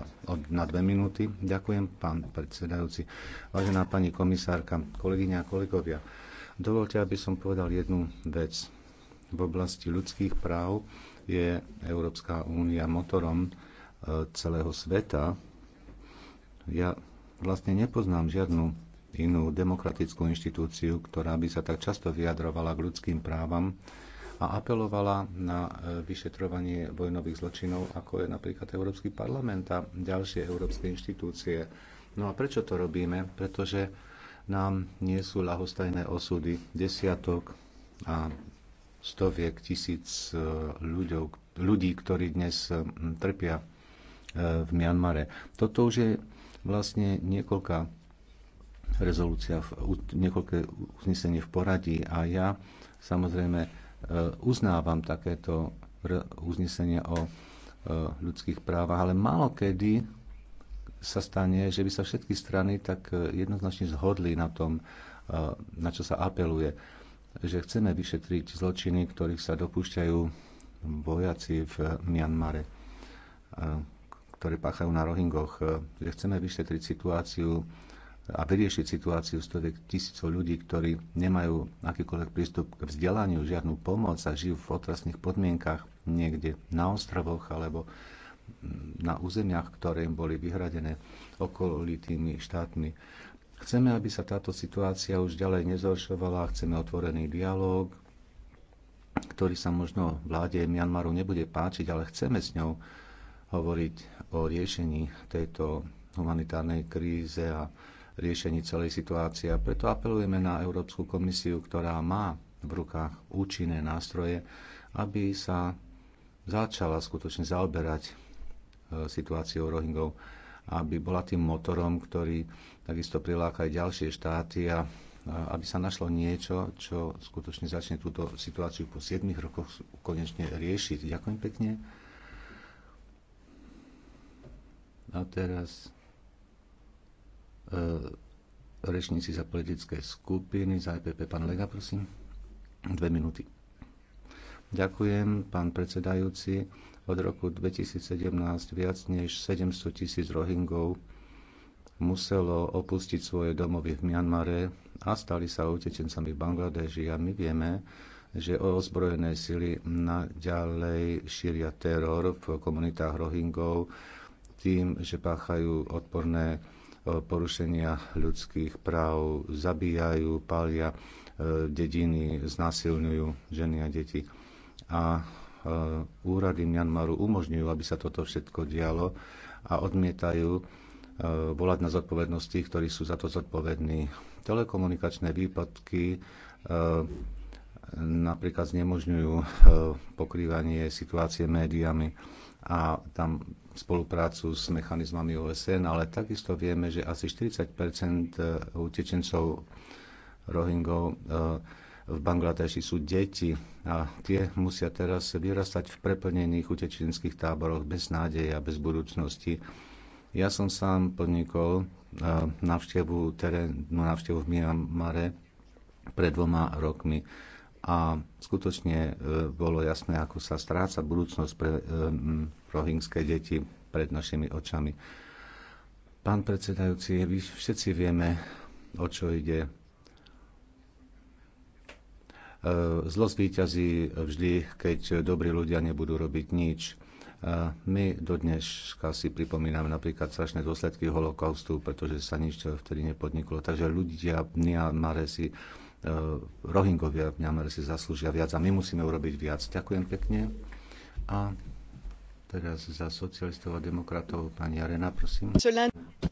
na dve minúty. Ďakujem, pán predsedajúci. Vážená pani komisárka, kolegyňa a kolegovia, dovolte, aby som povedal jednu vec v oblasti ľudských práv je Európska únia motorom e, celého sveta. Ja vlastne nepoznám žiadnu inú demokratickú inštitúciu, ktorá by sa tak často vyjadrovala k ľudským právam a apelovala na e, vyšetrovanie vojnových zločinov, ako je napríklad Európsky parlament a ďalšie európske inštitúcie. No a prečo to robíme? Pretože nám nie sú ľahostajné osudy desiatok a stoviek tisíc e, ľuďov, ľudí, ktorí dnes e, trpia e, v Mianmare. Toto už je vlastne niekoľká rezolúcia, niekoľké uznesenie v poradí a ja samozrejme uznávam takéto uznesenie o ľudských právach, ale málo kedy sa stane, že by sa všetky strany tak jednoznačne zhodli na tom, na čo sa apeluje že chceme vyšetriť zločiny, ktorých sa dopúšťajú vojaci v Mianmare, ktorí páchajú na Rohingoch, že chceme vyšetriť situáciu a vyriešiť situáciu stoviek tisícov ľudí, ktorí nemajú akýkoľvek prístup k vzdelaniu, žiadnu pomoc a žijú v otrasných podmienkach niekde na ostrovoch alebo na územiach, ktoré im boli vyhradené okolitými štátmi Chceme, aby sa táto situácia už ďalej nezhoršovala, chceme otvorený dialog, ktorý sa možno vláde Mianmaru nebude páčiť, ale chceme s ňou hovoriť o riešení tejto humanitárnej kríze a riešení celej situácie. A preto apelujeme na Európsku komisiu, ktorá má v rukách účinné nástroje, aby sa začala skutočne zaoberať e, situáciou Rohingov, aby bola tým motorom, ktorý takisto priláka aj ďalšie štáty a aby sa našlo niečo, čo skutočne začne túto situáciu po 7 rokoch konečne riešiť. Ďakujem pekne. A teraz e, rečníci za politické skupiny, za EPP, pán Lega, prosím. Dve minúty. Ďakujem, pán predsedajúci. Od roku 2017 viac než 700 tisíc rohingov muselo opustiť svoje domovy v Mianmare a stali sa utečencami v Bangladeži. A my vieme, že ozbrojené sily naďalej šíria teror v komunitách Rohingov tým, že páchajú odporné e, porušenia ľudských práv, zabíjajú, pália e, dediny, znásilňujú ženy a deti. A e, úrady Myanmaru umožňujú, aby sa toto všetko dialo a odmietajú Eh, volať na zodpovednosť tých, ktorí sú za to zodpovední. Telekomunikačné výpadky eh, napríklad znemožňujú eh, pokrývanie situácie médiami a tam spoluprácu s mechanizmami OSN, ale takisto vieme, že asi 40 utečencov Rohingov v Bangladeši sú deti a tie musia teraz vyrastať v preplnených utečenských táboroch bez nádeje a bez budúcnosti ja som sám podnikol návštevu terénu, návštevu no, v Myanmare pred dvoma rokmi a skutočne e, bolo jasné, ako sa stráca budúcnosť pre e, rohingské deti pred našimi očami. Pán predsedajúci, vy všetci vieme, o čo ide. E, Zlo zvýťazí vždy, keď dobrí ľudia nebudú robiť nič my dodnes si pripomíname napríklad strašné dôsledky holokaustu, pretože sa nič vtedy nepodniklo. Takže ľudia v Niamare si, e, Rohingovia v Niamare si zaslúžia viac a my musíme urobiť viac. Ďakujem pekne. A Teraz za socialistov a demokratov pani Arena, prosím.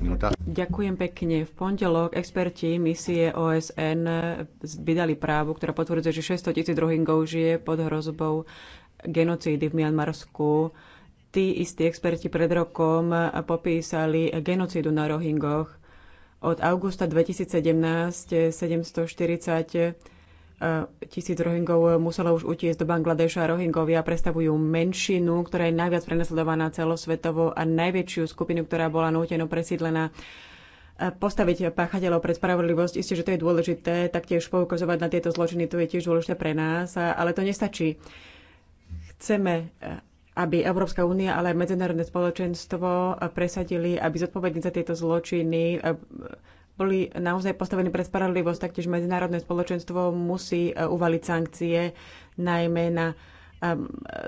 Minúta. Ďakujem pekne. V pondelok experti misie OSN vydali právu, ktorá potvrdzuje, že 600 tisíc Rohingov žije pod hrozbou genocídy v Mianmarsku tí istí experti pred rokom popísali genocídu na Rohingoch. Od augusta 2017 740 eh, tisíc Rohingov muselo už utiecť do Bangladeša. Rohingovia predstavujú menšinu, ktorá je najviac prenasledovaná celosvetovo a najväčšiu skupinu, ktorá bola núteno presídlená eh, postaviť páchateľov pred spravodlivosť. Isté, že to je dôležité, taktiež poukazovať na tieto zločiny, to je tiež dôležité pre nás, ale to nestačí. Chceme eh, aby Európska únia, ale aj medzinárodné spoločenstvo presadili, aby zodpovední za tieto zločiny eh, boli naozaj postavení pre spravodlivosť, taktiež medzinárodné spoločenstvo musí eh, uvaliť sankcie najmä na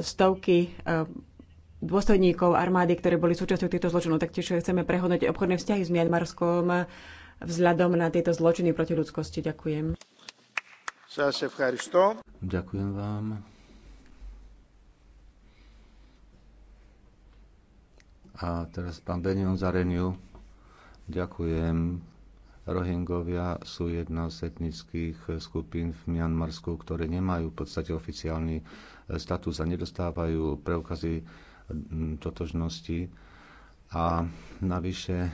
stovky eh, dôstojníkov armády, ktoré boli súčasťou týchto zločinov. Taktiež chceme prehodnotiť obchodné vzťahy s Mianmarskom vzhľadom na tieto zločiny proti ľudskosti. Ďakujem. Ďakujem vám. A teraz pán Benion Zareniu. Ďakujem. Rohingovia sú jedna z etnických skupín v Mianmarsku, ktoré nemajú v podstate oficiálny e, status a nedostávajú preukazy totožnosti. A navyše e,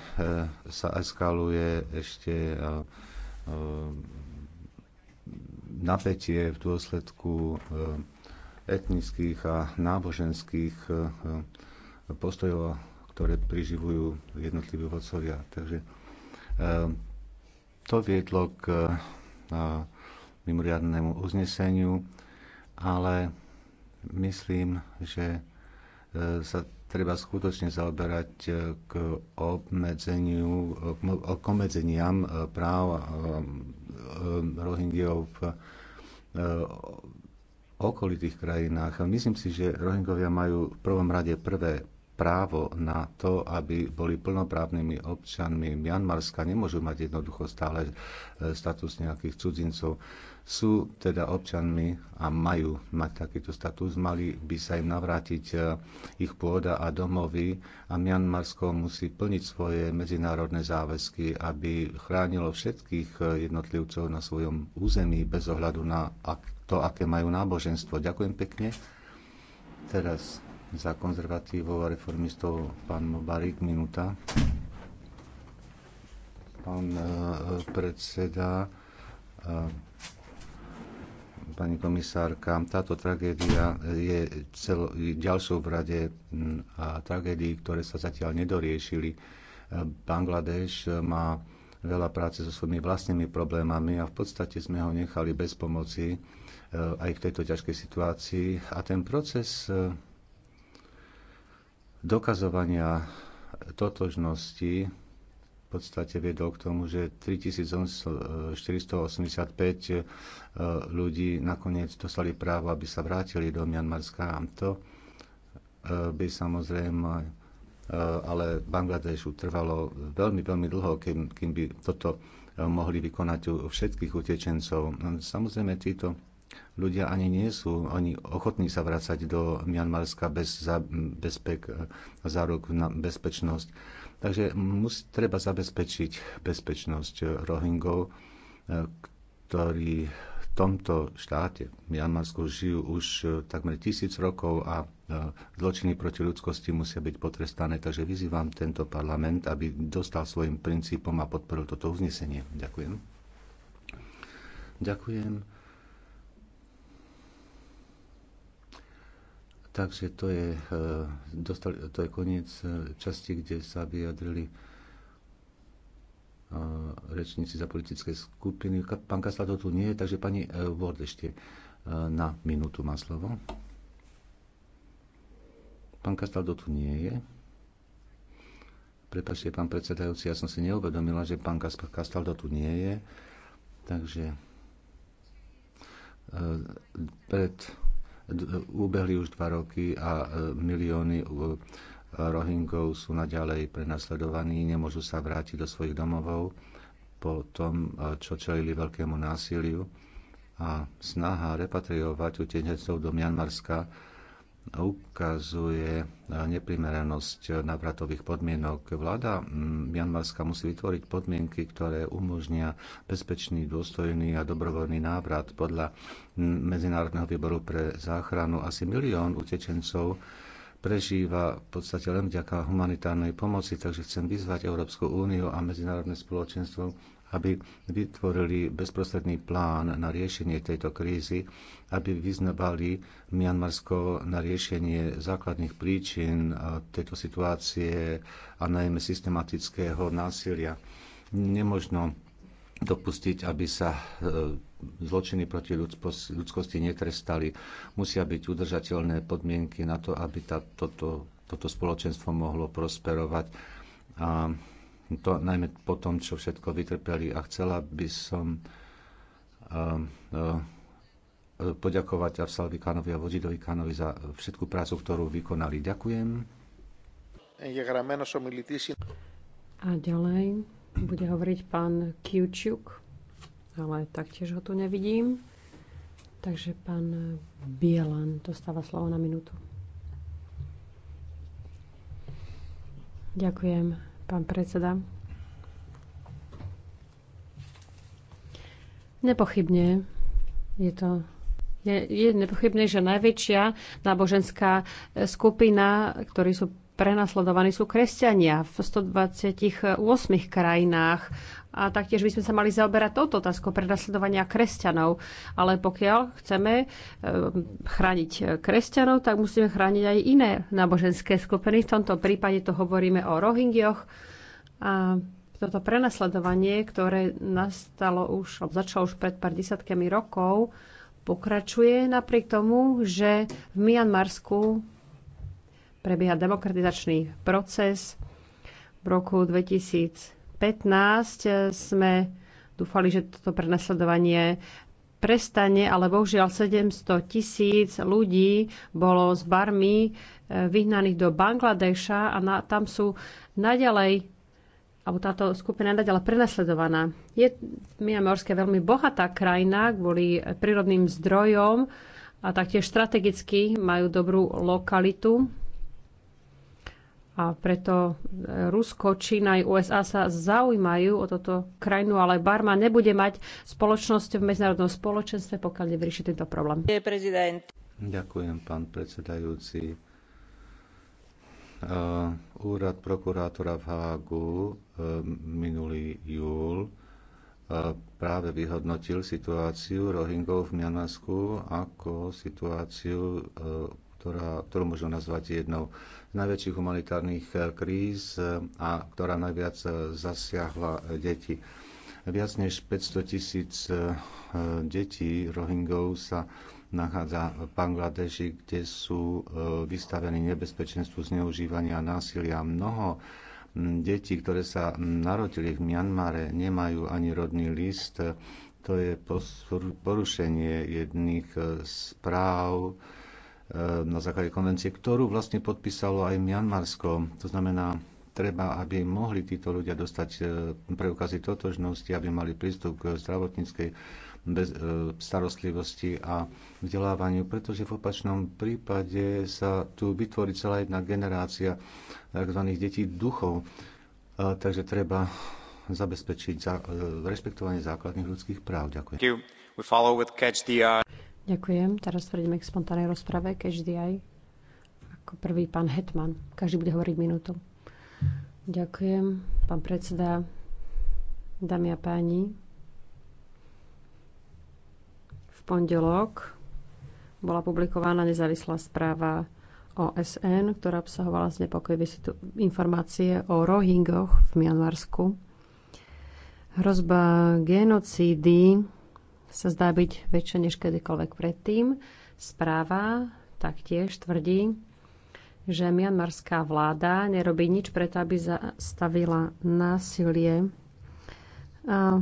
sa eskaluje ešte e, napätie v dôsledku etnických a náboženských postojov ktoré priživujú jednotliví vodcovia. Takže eh, to viedlo k eh, mimoriadnému uzneseniu, ale myslím, že eh, sa treba skutočne zaoberať k obmedzeniu, k obmedzeniam práv Rohingyov v okolitých krajinách. Myslím si, že Rohingovia majú v prvom rade prvé právo na to, aby boli plnoprávnymi občanmi Mianmarska, nemôžu mať jednoducho stále e, status nejakých cudzincov. Sú teda občanmi a majú mať takýto status, mali by sa im navrátiť e, ich pôda a domovy a Mianmarsko musí plniť svoje medzinárodné záväzky, aby chránilo všetkých e, jednotlivcov na svojom území bez ohľadu na to, aké majú náboženstvo. Ďakujem pekne. Teraz za konzervatívov a reformistov pán Barík, minúta. Pán e, predseda, e, pani komisárka, táto tragédia je celo, ďalšou v rade a tragédií, ktoré sa zatiaľ nedoriešili. E, Bangladeš má veľa práce so svojimi vlastnými problémami a v podstate sme ho nechali bez pomoci aj v tejto ťažkej situácii. A ten proces dokazovania totožnosti v podstate viedol k tomu, že 3485 e, ľudí nakoniec dostali právo, aby sa vrátili do Mianmarska. To e, by samozrejme e, ale Bangladešu trvalo veľmi, veľmi dlho, kým, kým by toto mohli vykonať u všetkých utečencov. Samozrejme, títo ľudia ani nie sú oni ochotní sa vrácať do Mianmarska bez, za, bezpek, záruk na bezpečnosť. Takže mus, treba zabezpečiť bezpečnosť Rohingov, eh, ktorí v tomto štáte, v Mianmarsku, žijú už eh, takmer tisíc rokov a eh, zločiny proti ľudskosti musia byť potrestané. Takže vyzývam tento parlament, aby dostal svojim princípom a podporil toto uznesenie. Ďakujem. Ďakujem. Takže to je, e, dostali, to je koniec e, časti, kde sa vyjadrili e, rečníci za politické skupiny. Pán to tu nie je, takže pani Ward ešte na minútu má slovo. Pán Kastaldo tu nie je. Prepačte, pán predsedajúci, ja som si neuvedomila, že pán Kastaldo tu nie je. Takže pred ubehli už dva roky a e, milióny e, Rohingov sú naďalej prenasledovaní, nemôžu sa vrátiť do svojich domovov po tom, e, čo čelili veľkému násiliu. A snaha repatriovať utečencov do Mianmarska ukazuje neprimeranosť návratových podmienok. Vláda mm, Mianmarska musí vytvoriť podmienky, ktoré umožnia bezpečný, dôstojný a dobrovoľný návrat. Podľa mm, Medzinárodného výboru pre záchranu asi milión utečencov prežíva v podstate len vďaka humanitárnej pomoci, takže chcem vyzvať Európsku úniu a medzinárodné spoločenstvo, aby vytvorili bezprostredný plán na riešenie tejto krízy, aby vyznavali Mianmarsko na riešenie základných príčin tejto situácie a najmä systematického násilia. Nemožno dopustiť, aby sa e, zločiny proti ľudskosti netrestali. Musia byť udržateľné podmienky na to, aby tá, toto, toto spoločenstvo mohlo prosperovať. A to najmä po tom, čo všetko vytrpeli. A chcela by som um, uh, poďakovať Avsalovi Kánovi a Vodidovi Kánovi za všetku prácu, ktorú vykonali. Ďakujem. A ďalej bude hovoriť pán Kiučuk, ale taktiež ho tu nevidím. Takže pán Bielan dostáva slovo na minútu. Ďakujem pán predseda. Nepochybne je to je, je nepochybné, že najväčšia náboženská skupina, ktorí sú prenasledovaní sú kresťania v 128 krajinách. A taktiež by sme sa mali zaoberať touto otázkou prenasledovania kresťanov. Ale pokiaľ chceme e, chrániť kresťanov, tak musíme chrániť aj iné náboženské skupiny. V tomto prípade to hovoríme o Rohingyoch. A toto prenasledovanie, ktoré nastalo už, začalo už pred pár desiatkami rokov, pokračuje napriek tomu, že v Mianmarsku prebieha demokratizačný proces. V roku 2015 sme dúfali, že toto prenasledovanie prestane, ale bohužiaľ 700 tisíc ľudí bolo z barmy eh, vyhnaných do Bangladeša a na, tam sú naďalej alebo táto skupina je naďalej prenasledovaná. Je Miamorské veľmi bohatá krajina kvôli prírodným zdrojom a taktiež strategicky majú dobrú lokalitu. A preto e, Rusko, Čína aj USA sa zaujímajú o toto krajinu, ale Barma nebude mať spoločnosť v medzinárodnom spoločenstve, pokiaľ nevyrieši tento problém. Ďakujem, pán predsedajúci. E, úrad prokurátora v Hágu e, minulý júl práve vyhodnotil situáciu Rohingov v Mianasku ako situáciu, ktorá, ktorú možno nazvať jednou najväčších humanitárnych eh, kríz eh, a ktorá najviac eh, zasiahla deti. Viac než 500 tisíc detí Rohingov sa nachádza v Bangladeži, kde sú vystavení nebezpečenstvu zneužívania a násilia. Mnoho hm, detí, ktoré sa hm, narodili v Mianmare, nemajú ani rodný list. To je porušenie jedných z práv Eh, na základe konvencie, ktorú vlastne podpísalo aj Mianmarsko. To znamená, treba, aby mohli títo ľudia dostať eh, preukazy totožnosti, aby mali prístup k zdravotníckej bez, eh, starostlivosti a vzdelávaniu, pretože v opačnom prípade sa tu vytvorí celá jedna generácia tzv. detí duchov. Takže treba zabezpečiť rešpektovanie základných ľudských práv. Ďakujem. Ďakujem. Teraz prejdeme k spontánnej rozprave, každý aj ako prvý pán Hetman. Každý bude hovoriť minútu. Ďakujem, pán predseda, dámy a páni. V pondelok bola publikovaná nezávislá správa OSN, ktorá obsahovala znepokojivé informácie o Rohingoch v Mianmarsku. Hrozba genocídy sa zdá byť väčšia než kedykoľvek predtým. Správa taktiež tvrdí, že mianmarská vláda nerobí nič preto, aby zastavila násilie. A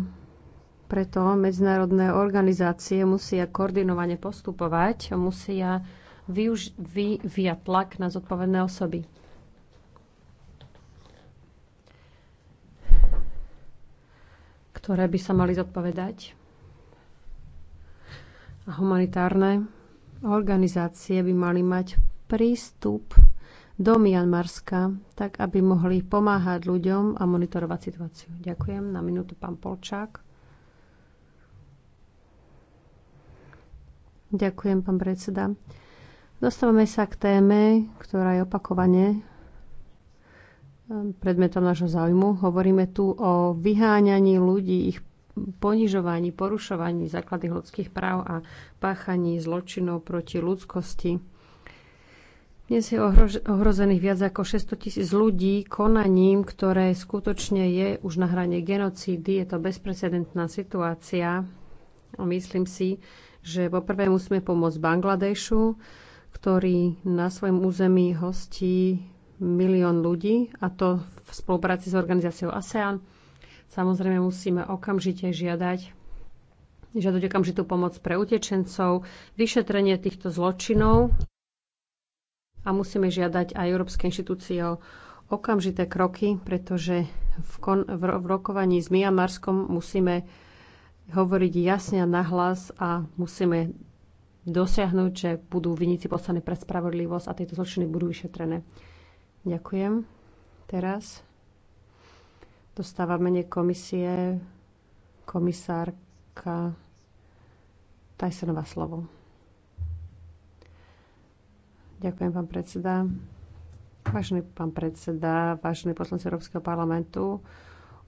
preto medzinárodné organizácie musia koordinovane postupovať, musia využ- vyvíjať tlak na zodpovedné osoby. ktoré by sa mali zodpovedať a humanitárne organizácie by mali mať prístup do Mianmarska, tak aby mohli pomáhať ľuďom a monitorovať situáciu. Ďakujem. Na minútu pán Polčák. Ďakujem, pán predseda. Dostávame sa k téme, ktorá je opakovane ehm, predmetom nášho záujmu. Hovoríme tu o vyháňaní ľudí, ich ponižovaní, porušovaní základných ľudských práv a páchaní zločinov proti ľudskosti. Dnes je ohrozených viac ako 600 tisíc ľudí konaním, ktoré skutočne je už na hrane genocídy. Je to bezprecedentná situácia. Myslím si, že poprvé musíme pomôcť Bangladešu, ktorý na svojom území hostí milión ľudí, a to v spolupráci s organizáciou ASEAN. Samozrejme musíme okamžite žiadať žiadať okamžitú pomoc pre utečencov, vyšetrenie týchto zločinov a musíme žiadať aj európske inštitúcie o okamžité kroky, pretože v, kon, v, v rokovaní s Mianmarskom musíme hovoriť jasne a nahlas a musíme dosiahnuť, že budú vinníci poslaní pred spravodlivosť a tieto zločiny budú vyšetrené. Ďakujem. Teraz dostáva menej komisie komisárka Tajsenová slovo. Ďakujem, pán predseda. Vážený pán predseda, vážení poslanci Európskeho parlamentu,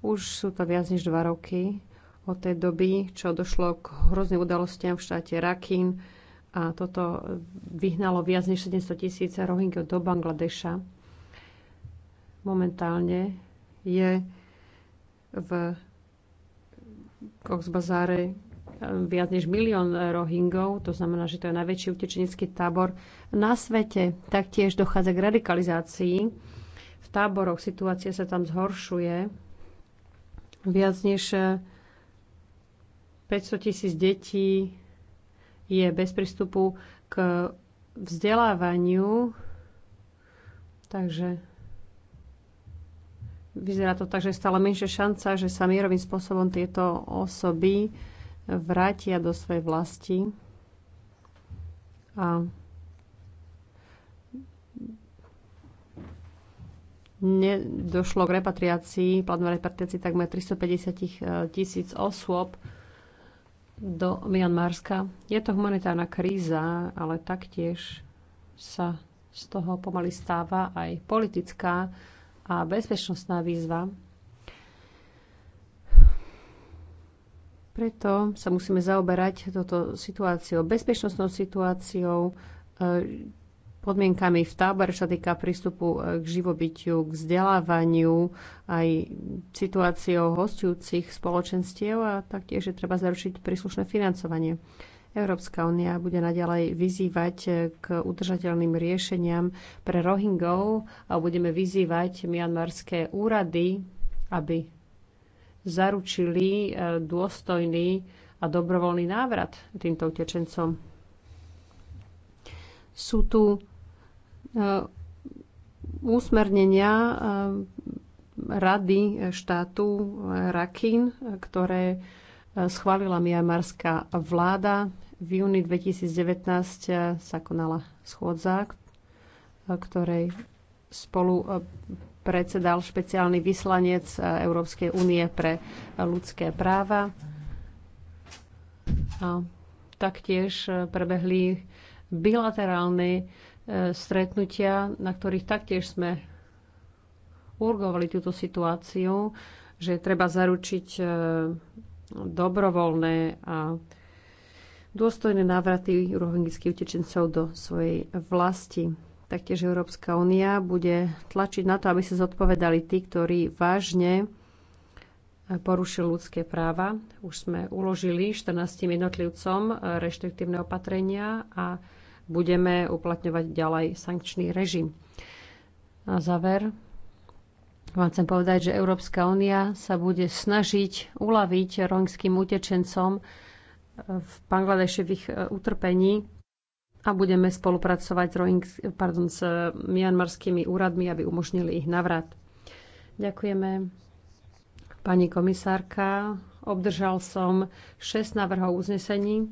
už sú to viac než dva roky od tej doby, čo došlo k hrozným udalostiam v štáte Rakin a toto vyhnalo viac než 700 tisíc rohingov do Bangladeša. Momentálne je v Bazare eh, viac než milión eh, Rohingov, to znamená, že to je najväčší utečenecký tábor na svete. Taktiež dochádza k radikalizácii. V táboroch situácia sa tam zhoršuje. Viac než 500 eh, tisíc detí je bez prístupu k vzdelávaniu. Takže Vyzerá to tak, že je stále menšia šanca, že sa mierovým spôsobom tieto osoby vrátia do svojej vlasti. A nedošlo k repatriácii, plánové repatriácii takmer 350 tisíc osôb do Mianmarska. Je to humanitárna kríza, ale taktiež sa z toho pomaly stáva aj politická a bezpečnostná výzva. Preto sa musíme zaoberať toto situáciou, bezpečnostnou situáciou, e, podmienkami v tábore, čo sa týka prístupu e, k živobytiu, k vzdelávaniu, aj situáciou hostujúcich spoločenstiev a taktiež je treba zaručiť príslušné financovanie. Európska únia bude naďalej vyzývať eh, k udržateľným riešeniam pre Rohingov a budeme vyzývať mianmarské úrady, aby zaručili eh, dôstojný a dobrovoľný návrat týmto utečencom. Sú tu úsmernenia eh, rady štátu Rakin, ktoré schválila mianmarská vláda. V júni 2019 eh, sa konala schôdza, eh, ktorej spolu eh, predsedal špeciálny vyslanec Európskej únie pre ľudské práva. A taktiež prebehli bilaterálne stretnutia, na ktorých taktiež sme urgovali túto situáciu, že treba zaručiť dobrovoľné a dôstojné návraty rohingyských utečencov do svojej vlasti. Taktiež Európska únia bude tlačiť na to, aby sa zodpovedali tí, ktorí vážne porušil ľudské práva. Už sme uložili 14 jednotlivcom reštriktívne opatrenia a budeme uplatňovať ďalej sankčný režim. Na záver vám chcem povedať, že Európska únia sa bude snažiť uľaviť rohingským utečencom v Bangladeševých e, utrpení a budeme spolupracovať pardon, s mianmarskými úradmi, aby umožnili ich navrat. Ďakujeme. Pani komisárka, obdržal som 6 návrhov uznesení.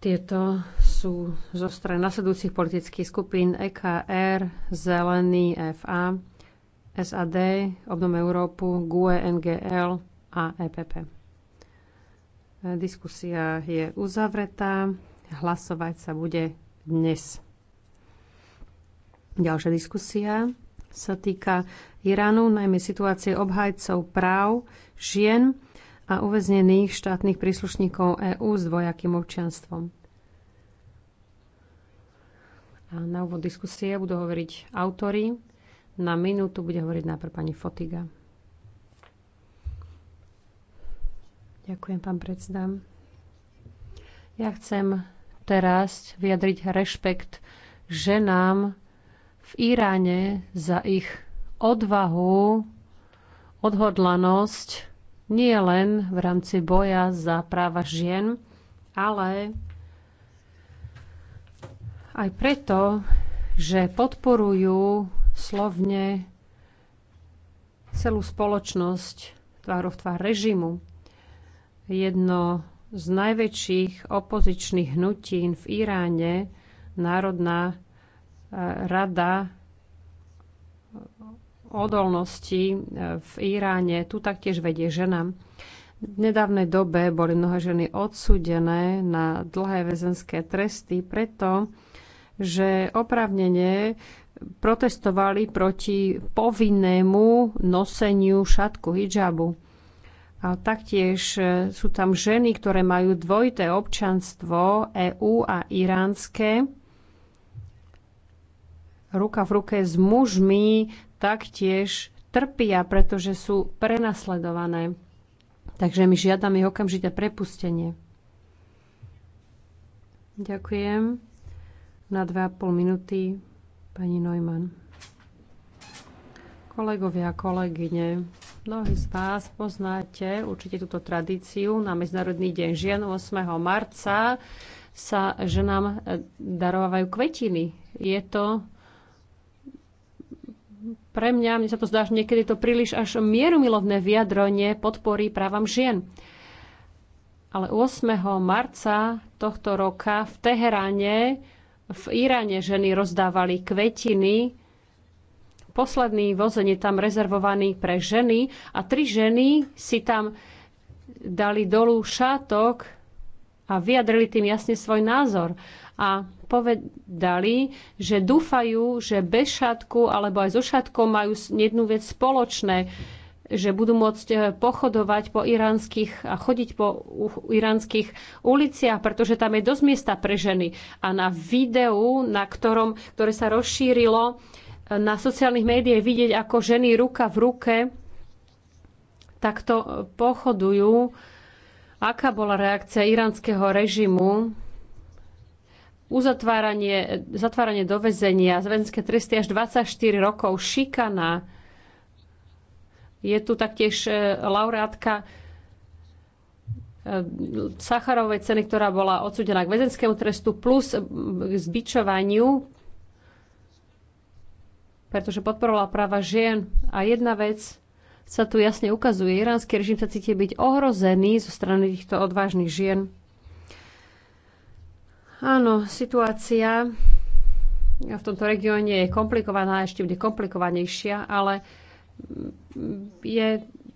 Tieto sú zo strany nasledujúcich politických skupín EKR, Zelený, FA, SAD, Obnom Európu, GUE, NGL a EPP. Diskusia je uzavretá. Hlasovať sa bude dnes. Ďalšia diskusia sa týka Iránu, najmä situácie obhajcov práv žien a uväznených štátnych príslušníkov EÚ s dvojakým občianstvom. A na úvod diskusie budú hovoriť autory. Na minútu bude hovoriť najprv pani Fotiga. Ďakujem, pán predseda. Ja chcem teraz vyjadriť rešpekt ženám v Iráne za ich odvahu, odhodlanosť nie len v rámci boja za práva žien, ale aj preto, že podporujú slovne celú spoločnosť tvárov tvár režimu jedno z najväčších opozičných hnutín v Iráne, Národná e, rada odolnosti e, v Iráne. Tu taktiež vedie žena. V nedávnej dobe boli mnohé ženy odsúdené na dlhé väzenské tresty preto, že opravnene protestovali proti povinnému noseniu šatku hijabu. A taktiež e, sú tam ženy, ktoré majú dvojité občanstvo EÚ a iránske, ruka v ruke s mužmi, taktiež trpia, pretože sú prenasledované. Takže my žiadame okamžite prepustenie. Ďakujem. Na 2,5 minúty pani Neumann. Kolegovia a kolegyne, Mnohí z vás poznáte určite túto tradíciu. Na Medzinárodný deň žien 8. marca sa ženám e, darovávajú kvetiny. Je to pre mňa, mne sa to zdá, že niekedy to príliš až mierumilovné vyjadrenie podpory právam žien. Ale 8. marca tohto roka v Teheráne, v Iráne ženy rozdávali kvetiny Posledný vozeň je tam rezervovaný pre ženy a tri ženy si tam dali dolu šátok a vyjadrili tým jasne svoj názor. A povedali, že dúfajú, že bez šatku alebo aj so šatkom majú jednu vec spoločné, že budú môcť eh, pochodovať po iránskych a chodiť po iránskych uliciach, pretože tam je dosť miesta pre ženy. A na videu, na ktorom, ktoré sa rozšírilo, na sociálnych médiách vidieť, ako ženy ruka v ruke takto pochodujú. Aká bola reakcia iránskeho režimu? Uzatváranie, zatváranie do väzenia, zväzenské tresty až 24 rokov, šikana. Je tu taktiež e, laureátka e, Sacharovej ceny, ktorá bola odsudená k väzenskému trestu plus k zbičovaniu pretože podporovala práva žien. A jedna vec sa tu jasne ukazuje. Iránsky režim sa cíti byť ohrozený zo strany týchto odvážnych žien. Áno, situácia v tomto regióne je komplikovaná, ešte bude komplikovanejšia, ale je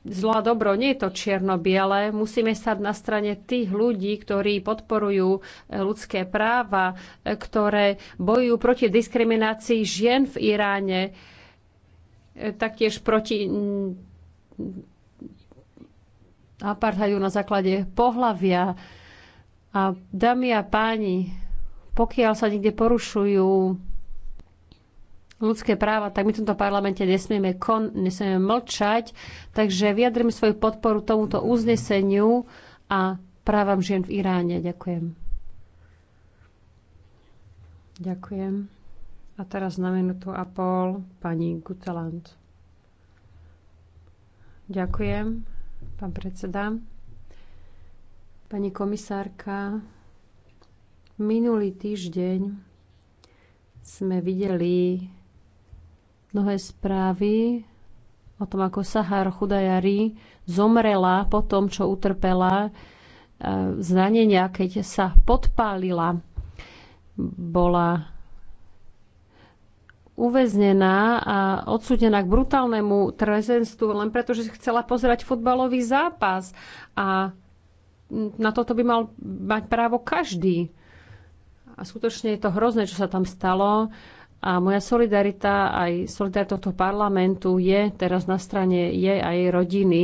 zlo a dobro, nie je to čierno-biele. Musíme stať na strane tých ľudí, ktorí podporujú e, ľudské práva, e, ktoré bojujú proti diskriminácii žien v Iráne, e, taktiež proti apartheidu na základe pohlavia. A dámy a páni, pokiaľ sa niekde porušujú ľudské práva, tak my v tomto parlamente nesmieme, kon, nesmieme mlčať. Takže vyjadrím svoju podporu tomuto uzneseniu a právam žien v Iráne. Ďakujem. Ďakujem. A teraz na minútu a pol pani Guteland. Ďakujem, pán predseda. Pani komisárka, minulý týždeň sme videli Mnohé správy o tom, ako Sahar Chudajari zomrela po tom, čo utrpela e, zranenia, keď sa podpálila, bola uväznená a odsudená k brutálnemu trezenstvu len preto, že chcela pozerať futbalový zápas. A na toto by mal mať právo každý. A skutočne je to hrozné, čo sa tam stalo. A moja solidarita, aj solidarita tohto parlamentu je teraz na strane jej a jej rodiny.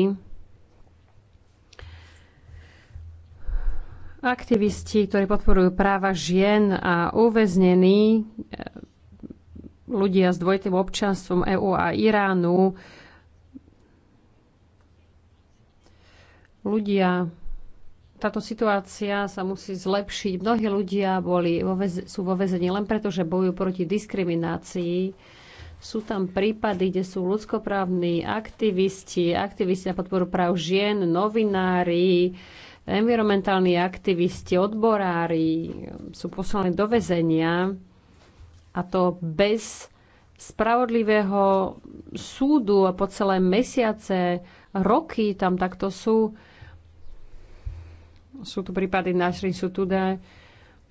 Aktivisti, ktorí podporujú práva žien a uväznení ľudia s dvojitým občanstvom EÚ a Iránu, ľudia, táto situácia sa musí zlepšiť. Mnohí ľudia boli vo väze- sú vo väzení len preto, že bojujú proti diskriminácii. Sú tam prípady, kde sú ľudskoprávni aktivisti, aktivisti na podporu práv žien, novinári, environmentálni aktivisti, odborári sú poslaní do väzenia a to bez spravodlivého súdu a po celé mesiace, roky tam takto sú sú tu prípady Nasrin Sutude,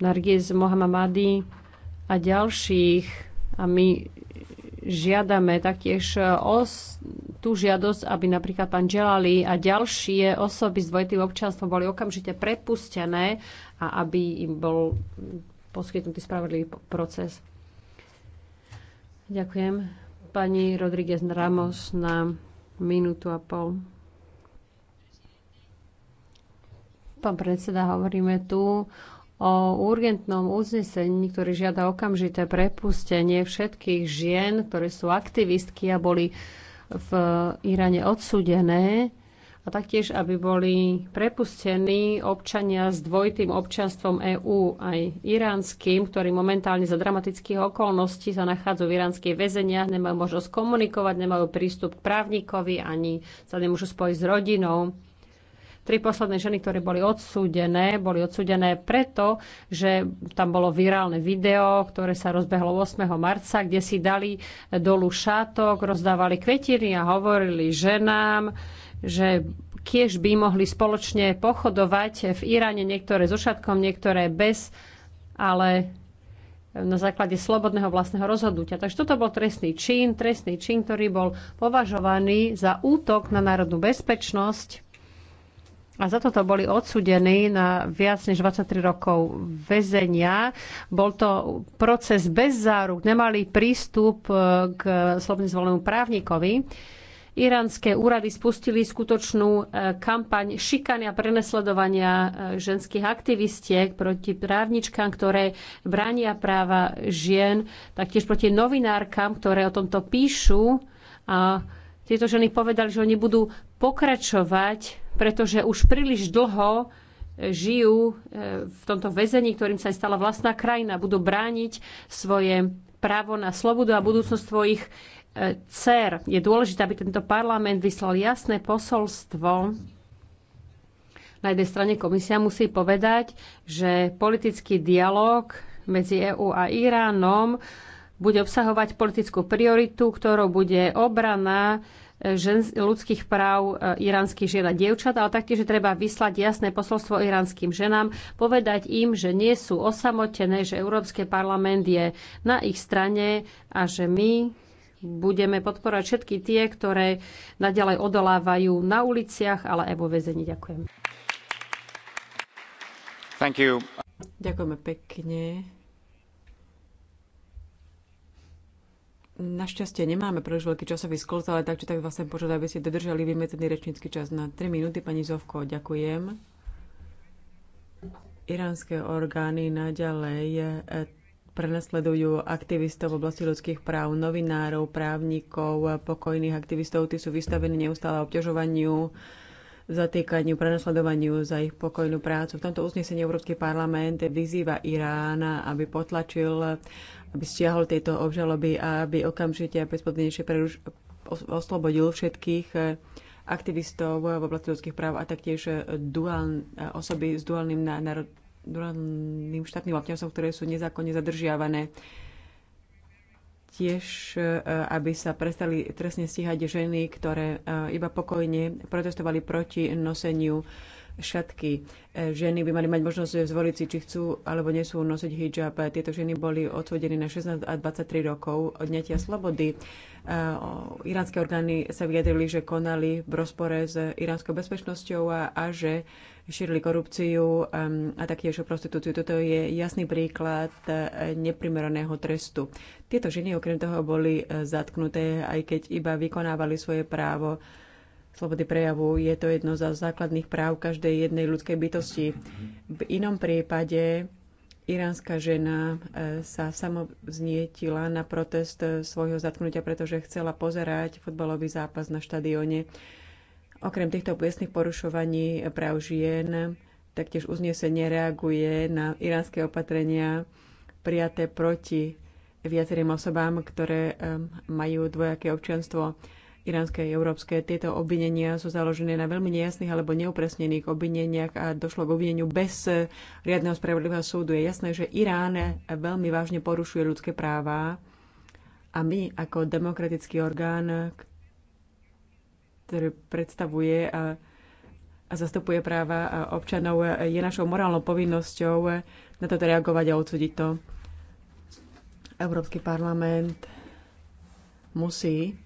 Nargiz Mohamadi a ďalších. A my žiadame taktiež os, tú žiadosť, aby napríklad pán Dželali a ďalšie osoby s dvojitým občanstvom boli okamžite prepustené a aby im bol poskytnutý spravodlivý proces. Ďakujem. Pani Rodríguez Ramos na minútu a pol. pán predseda, hovoríme tu o urgentnom uznesení, ktorý žiada okamžité prepustenie všetkých žien, ktoré sú aktivistky a boli v Iráne odsúdené a taktiež, aby boli prepustení občania s dvojitým občanstvom EÚ aj iránskym, ktorí momentálne za dramatických okolností sa nachádzajú v iránskej väzeniach, nemajú možnosť komunikovať, nemajú prístup k právnikovi, ani sa nemôžu spojiť s rodinou tri posledné ženy, ktoré boli odsúdené, boli odsúdené preto, že tam bolo virálne video, ktoré sa rozbehlo 8. marca, kde si dali dolu šátok, rozdávali kvetiny a hovorili ženám, že kiež by mohli spoločne pochodovať v Iráne, niektoré so šatkom, niektoré bez, ale na základe slobodného vlastného rozhodnutia. Takže toto bol trestný čin, trestný čin, ktorý bol považovaný za útok na národnú bezpečnosť a za toto boli odsudení na viac než 23 rokov väzenia. Bol to proces bez záruk, nemali prístup e, k slobne zvolenému právnikovi. Iránske úrady spustili skutočnú e, kampaň šikania prenasledovania e, ženských aktivistiek proti právničkám, ktoré bránia práva žien, taktiež proti novinárkam, ktoré o tomto píšu. A tieto ženy povedali, že oni budú pokračovať, pretože už príliš dlho e, žijú e, v tomto väzení, ktorým sa stala vlastná krajina, budú brániť svoje právo na slobodu a budúcnosť svojich e, dcer. Je dôležité, aby tento parlament vyslal jasné posolstvo. Na jednej strane komisia musí povedať, že politický dialog medzi EÚ a Iránom bude obsahovať politickú prioritu, ktorou bude obrana eh, žen, ľudských práv eh, iránskych žien a dievčat, ale taktiež treba vyslať jasné posolstvo iránskym ženám, povedať im, že nie sú osamotené, že Európsky parlament je na ich strane a že my budeme podporovať všetky tie, ktoré naďalej odolávajú na uliciach, ale aj vo väzení. Ďakujem. Thank you. Ďakujeme pekne. Našťastie nemáme príliš veľký časový sklos, ale tak či tak vás sem požiadať, aby ste dodržali vymedzený rečnícky čas na 3 minúty. Pani Zovko, ďakujem. Iránske orgány naďalej e, prenasledujú aktivistov v oblasti ľudských práv, novinárov, právnikov, pokojných aktivistov. Tí sú vystavení neustále obťažovaniu, zatýkaniu, prenasledovaniu za ich pokojnú prácu. V tomto uznesení Európsky parlament vyzýva Irána, aby potlačil aby stiahol tieto obžaloby a aby okamžite a bezpodmienečne oslobodil všetkých eh, aktivistov v oblasti ľudských práv a taktiež eh, duál, eh, osoby s duálnym, na, duálnym štátnym občanstvom, ktoré sú nezákonne zadržiavané. Tiež, aby sa prestali trestne stíhať ženy, ktoré iba pokojne protestovali proti noseniu šatky. E, ženy by mali mať možnosť zvoliť si, či chcú alebo nesú nosiť hijab. Tieto ženy boli odsúdené na 16 a 23 rokov odňatia slobody. E, iránske orgány sa vyjadrili, že konali v rozpore s iránskou bezpečnosťou a, a že šírili korupciu a taktiež prostitúciu. Toto je jasný príklad e, neprimeraného trestu. Tieto ženy okrem toho boli zatknuté, aj keď iba vykonávali svoje právo slobody prejavu. Je to jedno za základných práv každej jednej ľudskej bytosti. V inom prípade iránska žena e, sa samoznietila na protest e, svojho zatknutia, pretože chcela pozerať futbalový zápas na štadióne. Okrem týchto piesných porušovaní práv žien, taktiež uznesenie reaguje na iránske opatrenia prijaté proti viacerým osobám, ktoré e, majú dvojaké občianstvo iránskej a európske. Tieto obvinenia sú založené na veľmi nejasných alebo neupresnených obvineniach a došlo k obvineniu bez riadneho spravodlivého súdu. Je jasné, že Irán veľmi vážne porušuje ľudské práva a my ako demokratický orgán, ktorý predstavuje a, a zastupuje práva občanov, je našou morálnou povinnosťou na toto reagovať a odsúdiť to. Európsky parlament musí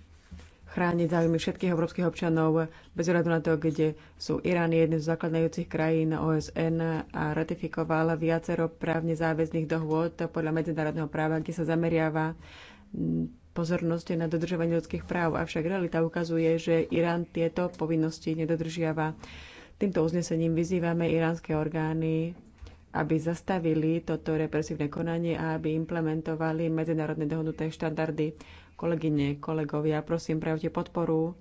chrániť záujmy všetkých európskych občanov bez ohľadu na to, kde sú. Irán je jedným z zakladajúcich krajín OSN a ratifikoval viacero právne záväzných dohôd podľa medzinárodného práva, kde sa zameriava pozornosť na dodržovanie ľudských práv. Avšak realita ukazuje, že Irán tieto povinnosti nedodržiava. Týmto uznesením vyzývame iránske orgány, aby zastavili toto represívne konanie a aby implementovali medzinárodne dohodnuté štandardy Kolegyne, kolegovia, prosím, prejavte podporu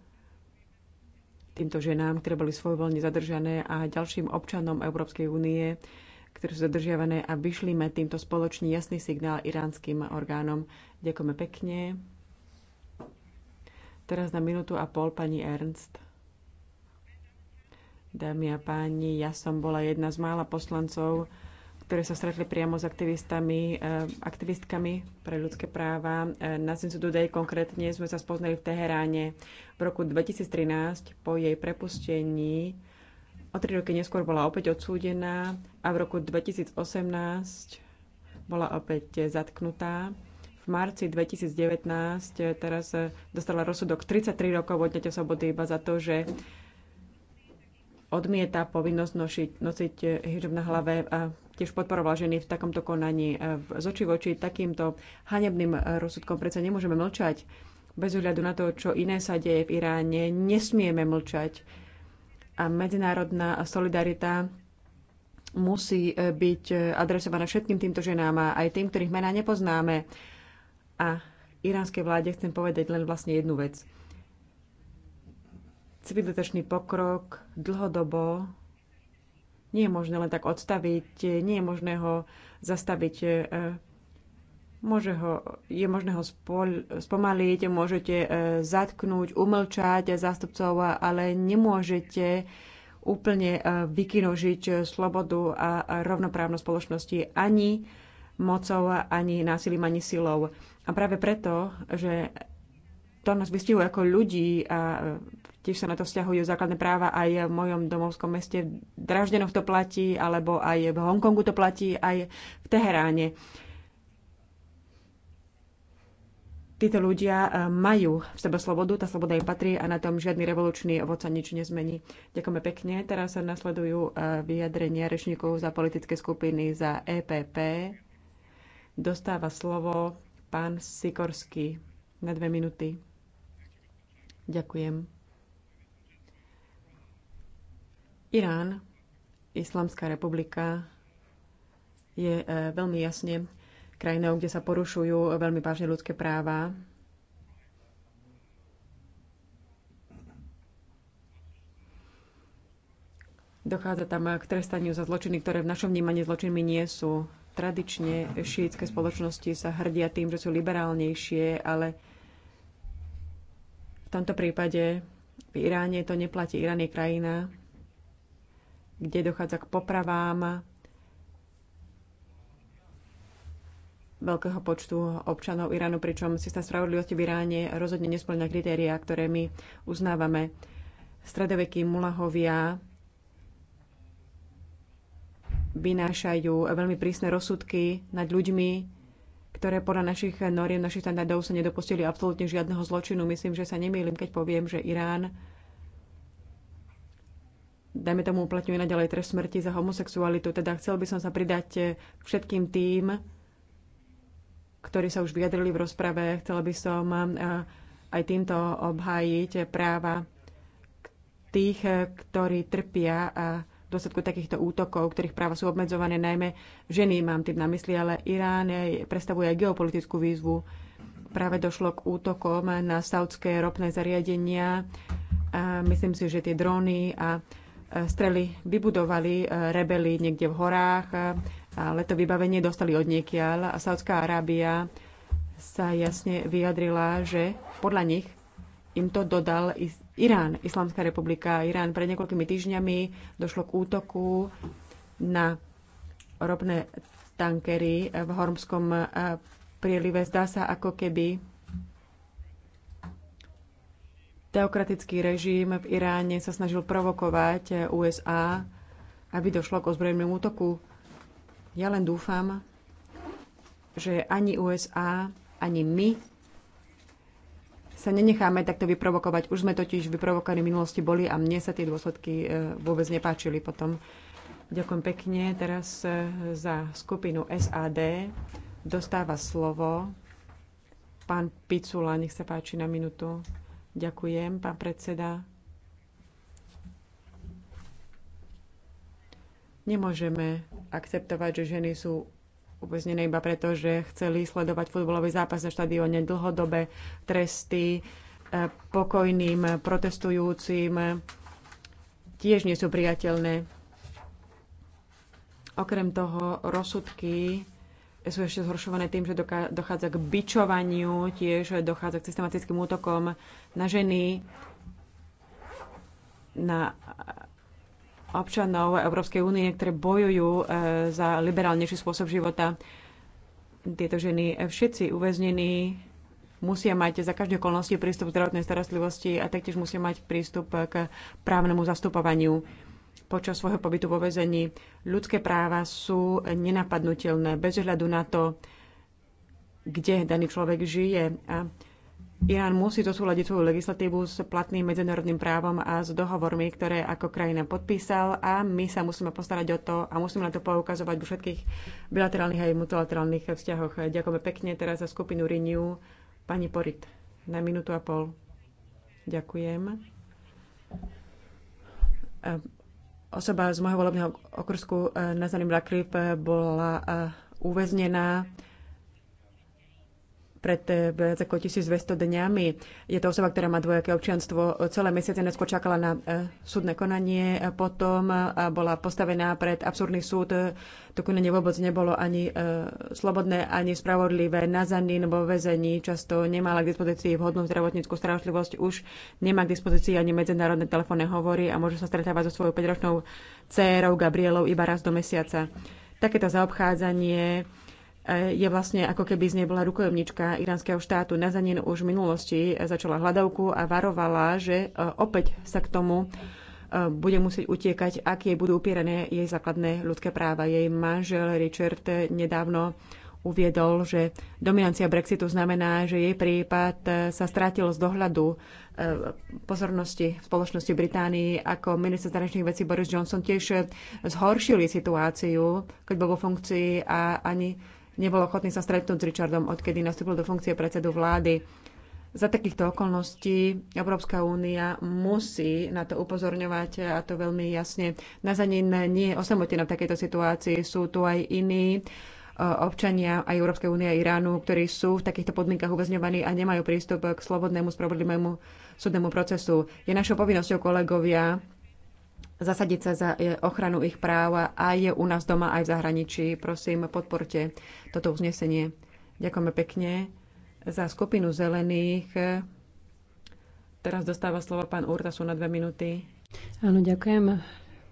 týmto ženám, ktoré boli svojvoľne zadržané a ďalším občanom Európskej únie, ktoré sú zadržiavané a vyšlíme týmto spoločný jasný signál iránskym orgánom. Ďakujeme pekne. Teraz na minútu a pol pani Ernst. Dámy a páni, ja som bola jedna z mála poslancov, ktoré sa stretli priamo s aktivistami, eh, aktivistkami pre ľudské práva. Eh, na Sinsu Today konkrétne sme sa spoznali v Teheráne v roku 2013 po jej prepustení. O tri roky neskôr bola opäť odsúdená a v roku 2018 bola opäť zatknutá. V marci 2019 eh, teraz dostala rozsudok 33 rokov odňatia slobody iba za to, že odmieta povinnosť nosiť, nosiť hijab na hlave a tiež podporovala ženy v takomto konaní. E, z očí v oči takýmto hanebným e, rozsudkom Prečo nemôžeme mlčať. Bez ohľadu na to, čo iné sa deje v Iráne, nesmieme mlčať. A medzinárodná solidarita musí e, byť adresovaná všetkým týmto ženám a aj tým, ktorých mená nepoznáme. A iránskej vláde chcem povedať len vlastne jednu vec. Civilizačný pokrok dlhodobo nie je možné len tak odstaviť, nie je možné ho zastaviť. E, môže ho, je možné ho spol, spomaliť, môžete e, zatknúť, umlčať zástupcov, ale nemôžete úplne e, vykinožiť slobodu a rovnoprávnosť spoločnosti ani mocou, ani násilím, ani silou. A práve preto, že to nás vystihuje ako ľudí a e, tiež sa na to vzťahujú základné práva aj v mojom domovskom meste. V Draždenoch to platí, alebo aj v Hongkongu to platí, aj v Teheráne. Títo ľudia e, majú v sebe slobodu, tá sloboda im patrí a na tom žiadny revolučný ovoca nič nezmení. Ďakujeme pekne. Teraz sa nasledujú e, vyjadrenia rečníkov za politické skupiny za EPP. Dostáva slovo pán Sikorský na dve minúty. Ďakujem. Irán, Islamská republika, je e, veľmi jasne krajinou, kde sa porušujú veľmi vážne ľudské práva. Dochádza tam k trestaniu za zločiny, ktoré v našom vnímaní zločinmi nie sú. Tradične šítske spoločnosti sa hrdia tým, že sú liberálnejšie, ale v tomto prípade v Iráne to neplatí. Irán je krajina, kde dochádza k popravám veľkého počtu občanov Iránu, pričom systém spravodlivosti v Iráne rozhodne nesplňa kritériá, ktoré my uznávame. Stredoveky mulahovia vynášajú veľmi prísne rozsudky nad ľuďmi, ktoré podľa našich noriem, našich standardov sa nedopustili absolútne žiadneho zločinu. Myslím, že sa nemýlim, keď poviem, že Irán dajme tomu uplatňuje naďalej trest smrti za homosexualitu. Teda chcel by som sa pridať k všetkým tým, ktorí sa už vyjadrili v rozprave. Chcela by som aj týmto obhájiť práva tých, ktorí trpia a dôsledku takýchto útokov, ktorých práva sú obmedzované najmä ženy, mám tým na mysli, ale Irán predstavuje aj geopolitickú výzvu. Práve došlo k útokom na saudské ropné zariadenia. A myslím si, že tie dróny a strely vybudovali e, rebeli niekde v horách, ale to vybavenie dostali od niekiaľ a Saudská Arábia sa jasne vyjadrila, že podľa nich im to dodal Irán, Islamská republika, Irán pred niekoľkými týždňami došlo k útoku na ropné tankery v Hormskom eh, prielive. Zdá sa, ako keby teokratický režim v Iráne sa snažil provokovať eh, USA, aby došlo k ozbrojenému útoku. Ja len dúfam, že ani USA, ani my sa nenecháme takto vyprovokovať. Už sme totiž vyprovokovaní v minulosti boli a mne sa tie dôsledky e, vôbec nepáčili potom. Ďakujem pekne. Teraz e, za skupinu SAD dostáva slovo pán Picula. Nech sa páči na minútu. Ďakujem, pán predseda. Nemôžeme akceptovať, že ženy sú uväznené iba preto, že chceli sledovať futbolový zápas na štadióne dlhodobé tresty e, pokojným protestujúcim tiež nie sú priateľné. Okrem toho rozsudky sú ešte zhoršované tým, že dochádza k bičovaniu, tiež dochádza k systematickým útokom na ženy, na občanov Európskej únie, ktoré bojujú e, za liberálnejší spôsob života. Tieto ženy, e, všetci uväznení, musia mať za každé okolnosti prístup k zdravotnej starostlivosti a taktiež musia mať prístup k právnemu zastupovaniu počas svojho pobytu vo väzení. Ľudské práva sú nenapadnutelné bez ohľadu na to, kde daný človek žije. A Irán musí dosúľadiť svoju legislatívu s platným medzinárodným právom a s dohovormi, ktoré ako krajina podpísal a my sa musíme postarať o to a musíme na to poukazovať vo všetkých bilaterálnych aj multilaterálnych vzťahoch. Ďakujeme pekne teraz za skupinu Renew. Pani Porit, na minútu a pol. Ďakujem. Ehm, osoba z môjho volebného okrsku eh, Nazarim Lakrip eh, bola eh, uväznená pred eh, viac ako 1200 dňami. Je to osoba, ktorá má dvojaké občianstvo. Celé mesiace neskôr čakala na eh, súdne konanie, potom eh, bola postavená pred absurdný súd. To konanie vôbec nebolo ani slobodné, ani spravodlivé. Na nebo vo väzení často nemala k dispozícii vhodnú zdravotníckú starostlivosť, už nemá k dispozícii ani medzinárodné telefónne hovory a môže sa stretávať so svojou 5-ročnou dcérou Gabrielou iba raz do mesiaca. Takéto zaobchádzanie je vlastne ako keby z nej bola rukojemnička iránskeho štátu. Nazanin už v minulosti začala hľadavku a varovala, že e, opäť sa k tomu e, bude musieť utiekať, ak jej budú upierané jej základné ľudské práva. Jej manžel Richard nedávno uviedol, že dominancia Brexitu znamená, že jej prípad e, sa strátil z dohľadu pozornosti v spoločnosti Británii. Ako minister zahraničných vecí Boris Johnson tiež zhoršili situáciu, keď bol vo funkcii a ani nebol ochotný sa stretnúť s Richardom, odkedy nastúpil do funkcie predsedu vlády. Za takýchto okolností Európska únia musí na to upozorňovať a to veľmi jasne. Nazanin nie je osamotená v takejto situácii. Sú tu aj iní e, občania aj Európskej únie a Iránu, ktorí sú v takýchto podmienkach uväzňovaní a nemajú prístup k slobodnému, spravodlivému súdnemu procesu. Je našou povinnosťou kolegovia zasadiť sa za e, ochranu ich práv aj u nás doma, aj v zahraničí. Prosím, podporte toto uznesenie. Ďakujeme pekne. Za skupinu zelených e, teraz dostáva slovo pán Urtasu na dve minúty. Áno, ďakujem.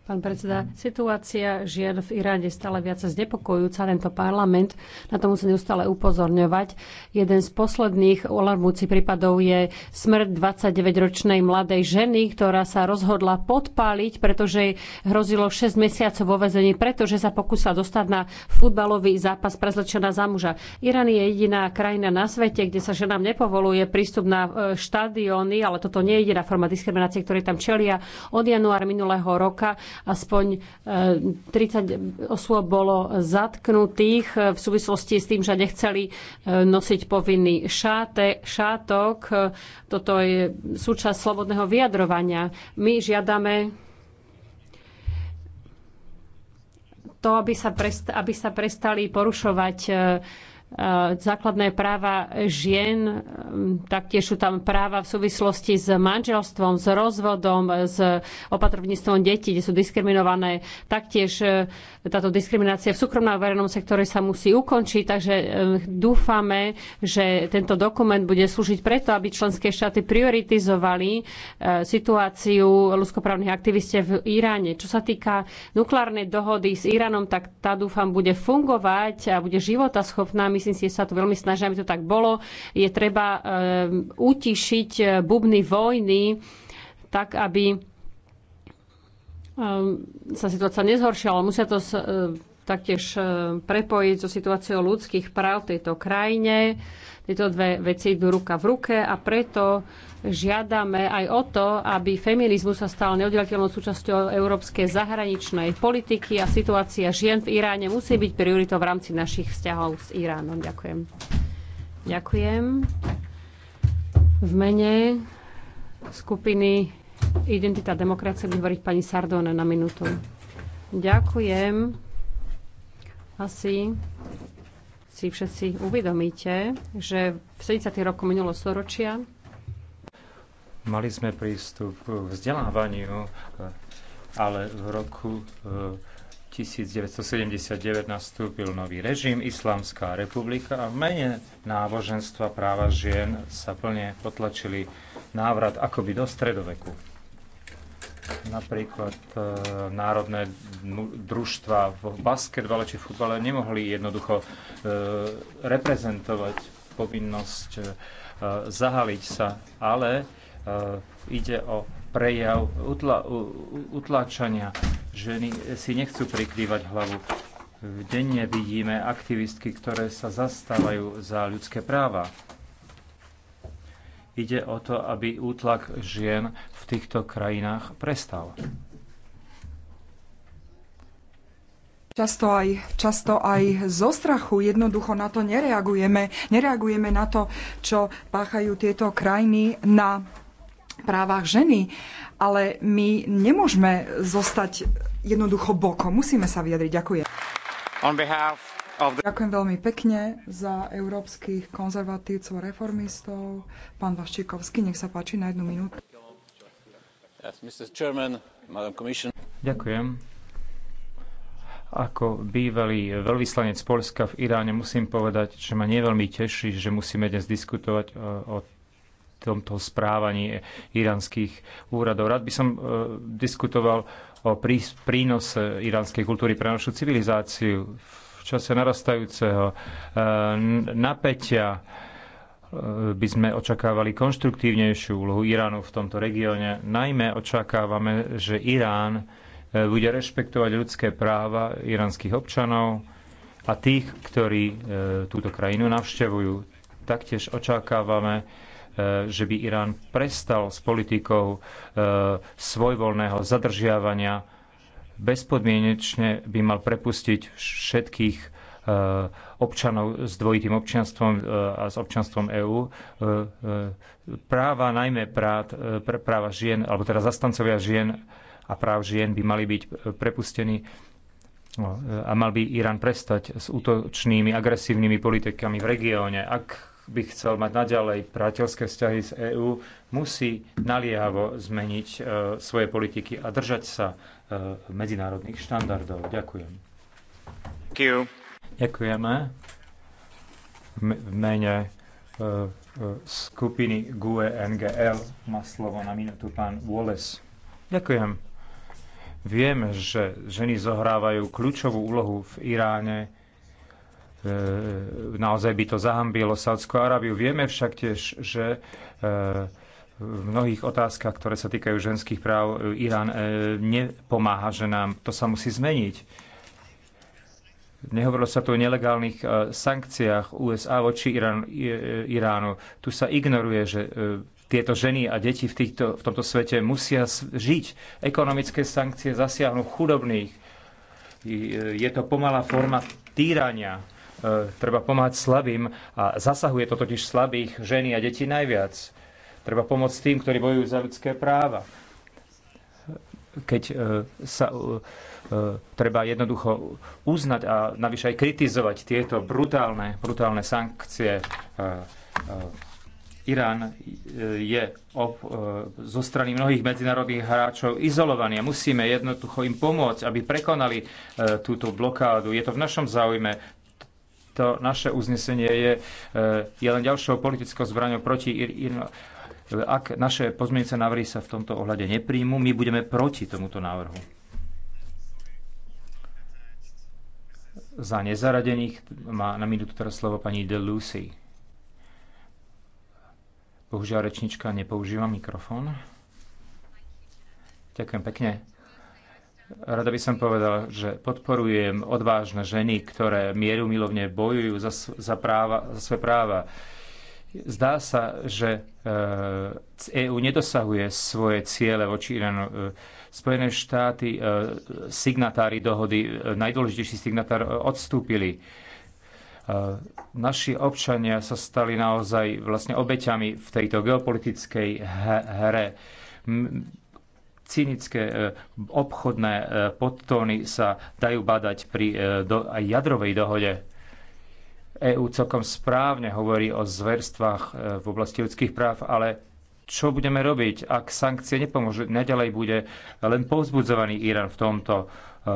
Pán predseda, situácia žien v Iráne stále viac znepokojujúca. Tento parlament na to musí neustále upozorňovať. Jeden z posledných alarmujúcich prípadov je smrť 29-ročnej mladej ženy, ktorá sa rozhodla podpáliť, pretože jej hrozilo 6 mesiacov vo vezení, pretože sa pokúsila dostať na futbalový zápas prezlečená za muža. Irán je jediná krajina na svete, kde sa ženám nepovoluje prístup na e, štadióny, ale toto nie je jediná forma diskriminácie, ktoré tam čelia od januára minulého roka Aspoň 30 e, osôb bolo zatknutých e, v súvislosti s tým, že nechceli e, nosiť povinný šáte, šátok. Toto je súčasť slobodného vyjadrovania. My žiadame to, aby sa, aby sa prestali porušovať Eh, základné práva žien, eh, taktiež sú tam práva v súvislosti s manželstvom, s rozvodom, s opatrovníctvom detí, kde sú diskriminované, taktiež eh, táto diskriminácia v súkromnom a verejnom sektore sa musí ukončiť, takže eh, dúfame, že tento dokument bude slúžiť preto, aby členské štáty prioritizovali eh, situáciu ľudskoprávnych aktivistov v Iráne. Čo sa týka nukleárnej dohody s Iránom, tak tá dúfam bude fungovať a bude životaschopná. Myslím si, že sa tu veľmi snažia, aby to tak bolo. Je treba eh, utišiť bubny vojny tak, aby Ehm, sa situácia nezhoršila, ale musia to e, taktiež e, prepojiť so situáciou ľudských práv v tejto krajine. Tieto dve veci idú ruka v ruke a preto žiadame aj o to, aby feminizmus sa stal neoddeliteľnou súčasťou európskej zahraničnej politiky a situácia žien v Iráne musí byť prioritou v rámci našich vzťahov s Iránom. Ďakujem. Ďakujem. V mene skupiny Identita demokracie bude hovoriť pani Sardone na minútu. Ďakujem. Asi si všetci uvedomíte, že v 70. roku minulo storočia mali sme prístup k vzdelávaniu, ale v roku 1979 eh, nastúpil nový režim, Islamská republika a v mene náboženstva práva žien sa plne potlačili návrat akoby do stredoveku. Napríklad e, národné družstva v basketbale či v futbale nemohli jednoducho e, reprezentovať povinnosť e, zahaliť sa, ale e, ide o prejav utla, utláčania. Ženy si nechcú prikrývať hlavu. V Denne vidíme aktivistky, ktoré sa zastávajú za ľudské práva. Ide o to, aby útlak žien v týchto krajinách prestal. Často aj, často aj zo strachu jednoducho na to nereagujeme. Nereagujeme na to, čo páchajú tieto krajiny na právach ženy. Ale my nemôžeme zostať jednoducho bokom. Musíme sa vyjadriť. Ďakujem. On behalf Ďakujem veľmi pekne za európskych konzervatívcov a reformistov. Pán Vaščíkovský, nech sa páči na jednu minútu. Ďakujem. Ako bývalý veľvyslanec Polska v Iráne musím povedať, že ma neveľmi teší, že musíme dnes diskutovať e, o tomto správaní iránskych úradov. Rád by som e, diskutoval o prínose iránskej kultúry pre našu civilizáciu. V čase narastajúceho e, napätia e, by sme očakávali konštruktívnejšiu úlohu Iránu v tomto regióne. Najmä očakávame, že Irán e, bude rešpektovať ľudské práva iránskych občanov a tých, ktorí túto krajinu navštevujú. Taktiež očakávame, že by Irán prestal s politikou svojvoľného zadržiavania bezpodmienečne by mal prepustiť všetkých eh, občanov s dvojitým občianstvom eh, a s občanstvom EÚ. Eh, práva, najmä prát, práva žien, alebo teda zastancovia žien a práv žien by mali byť prepustení no, a mal by Irán prestať s útočnými, agresívnymi politikami v regióne. Ak by chcel mať naďalej priateľské vzťahy z EÚ, musí naliehavo zmeniť e, svoje politiky a držať sa e, medzinárodných štandardov. Ďakujem. Ďakujeme. V mene e, skupiny GUE NGL má slovo na minútu pán Wallace. Ďakujem. Viem, že ženy zohrávajú kľúčovú úlohu v Iráne E, naozaj by to zahambilo Sádskú Arábiu. Vieme však tiež, že e, v mnohých otázkach, ktoré sa týkajú ženských práv, Irán e, nepomáha ženám. To sa musí zmeniť. Nehovorilo sa tu o nelegálnych sankciách USA voči Irán, Iránu. Tu sa ignoruje, že tieto ženy a deti v, týchto, v tomto svete musia žiť. Ekonomické sankcie zasiahnu chudobných. Je to pomalá forma týrania E, treba pomáhať slabým a zasahuje to totiž slabých ženy a detí najviac. Treba pomôcť tým, ktorí bojujú za ľudské práva. Keď e, sa e, treba jednoducho uznať a navyše aj kritizovať tieto brutálne, brutálne sankcie. Irán je ob, zo strany mnohých medzinárodných hráčov izolovaný a musíme jednoducho im pomôcť, aby prekonali túto blokádu. Je to v našom záujme to naše uznesenie je, eh, je len ďalšou politickou zbraňou proti Iránu. Ak naše pozmienice návrhy sa v tomto ohľade nepríjmu, my budeme proti tomuto návrhu. Za nezaradených má na minútu teraz slovo pani De Lucy. Bohužiaľ, rečnička nepoužíva mikrofón. Ďakujem pekne. Rada by som povedala, že podporujem odvážne ženy, ktoré mieru milovne bojujú za, za, práva, za svoje práva. Zdá sa, že EÚ e nedosahuje svoje ciele voči Iránu. E, Spojené štáty, e, signatári dohody, najdôležitejší signatár, odstúpili naši občania sa stali naozaj vlastne obeťami v tejto geopolitickej hre cynické e, obchodné e, podtóny sa dajú badať pri e, aj jadrovej dohode. EÚ celkom správne hovorí o zverstvách v oblasti ľudských práv, ale čo budeme robiť, ak sankcie nepomôžu? Nadalej bude len povzbudzovaný Irán v tomto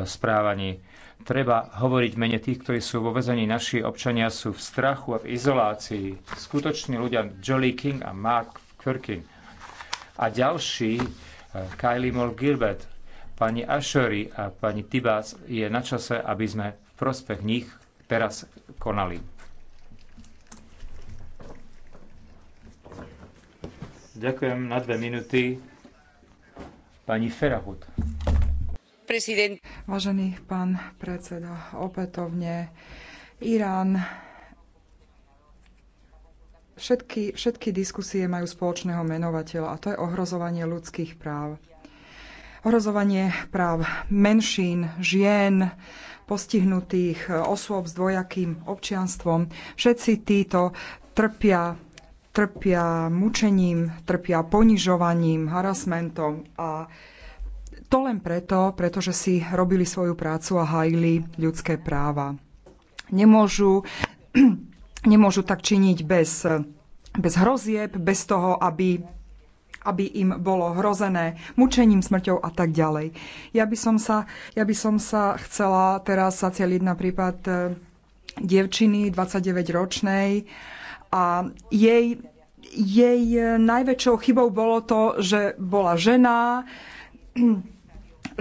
správaní. Treba hovoriť mene tých, ktorí sú vo vezení. Naši občania sú v strachu a v izolácii. Skutoční ľudia Jolie King a Mark Kirkin a ďalší Kylie Moll Gilbert, pani Ashery a pani Tibas je na čase, aby sme v prospech nich teraz konali. Ďakujem na dve minúty. Pani Ferahut. Vážený pán predseda, opätovne Irán Všetky, všetky diskusie majú spoločného menovateľa a to je ohrozovanie ľudských práv. Ohrozovanie práv menšín, žien, postihnutých osôb s dvojakým občianstvom. Všetci títo trpia trpia mučením, trpia ponižovaním, harasmentom a to len preto, pretože si robili svoju prácu a hajili ľudské práva. Nemôžu nemôžu tak činiť bez, bez hrozieb, bez toho, aby aby im bolo hrozené mučením, smrťou a tak ďalej. Ja by som sa, ja by som sa chcela teraz zacieliť na prípad e, dievčiny 29-ročnej a jej, jej najväčšou chybou bolo to, že bola žena,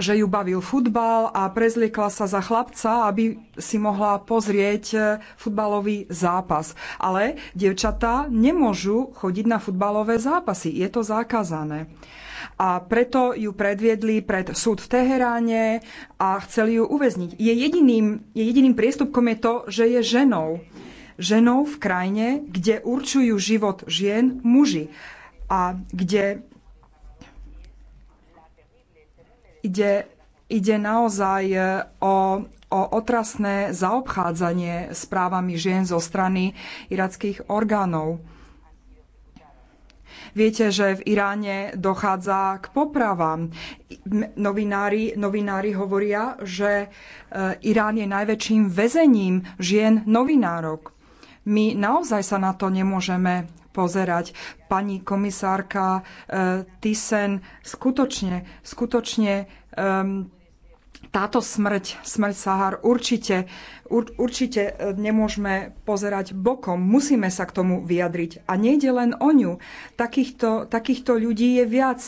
že ju bavil futbal a prezliekla sa za chlapca, aby si mohla pozrieť e, futbalový zápas. Ale dievčatá nemôžu chodiť na futbalové zápasy. Je to zakázané. A preto ju predviedli pred súd v Teheráne a chceli ju uväzniť. Je jediným, je jediným priestupkom je to, že je ženou. Ženou v krajine, kde určujú život žien muži a kde Ide, ide naozaj e, o, o otrasné zaobchádzanie s právami žien zo strany irackých orgánov. Viete, že v Iráne dochádza k popravám. Novinári, novinári hovoria, že e, Irán je najväčším väzením žien novinárok. My naozaj sa na to nemôžeme pozerať. Pani komisárka e, Thyssen, skutočne, skutočne um, táto smrť, smrť Sahar, určite, ur, určite e, nemôžeme pozerať bokom. Musíme sa k tomu vyjadriť. A nejde len o ňu. Takýchto, takýchto ľudí je viac.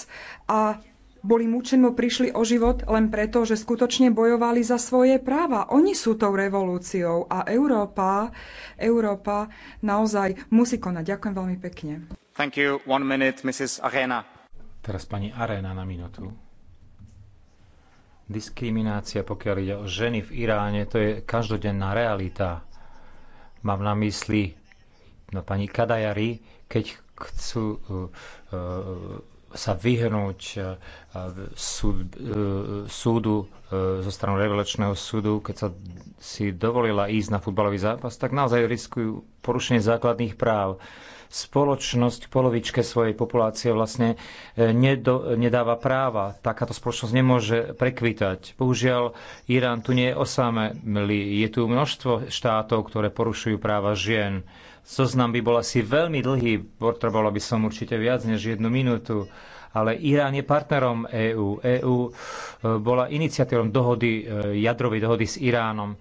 A boli mučenmo prišli o život len preto, že skutočne bojovali za svoje práva. Oni sú tou revolúciou a Európa, Európa naozaj musí konať. Ďakujem veľmi pekne. Thank you. One minute, Mrs. Arena. Teraz pani Arena na minútu. Diskriminácia, pokiaľ ide o ženy v Iráne, to je každodenná realita. Mám na mysli no, pani Kadajari, keď chcú uh, uh, sa vyhnúť e, súd, e, súdu e, zo strany revelačného súdu, keď sa si dovolila ísť na futbalový zápas, tak naozaj riskujú porušenie základných práv. Spoločnosť polovičke svojej populácie vlastne nedo, nedáva práva. Takáto spoločnosť nemôže prekvitať. Bohužiaľ, Irán tu nie je osamelý. Je tu množstvo štátov, ktoré porušujú práva žien Zoznam by bol asi veľmi dlhý, potrebovalo by som určite viac než jednu minútu, ale Irán je partnerom EÚ. EÚ e, bola iniciatívom dohody, e, jadrovej dohody s Iránom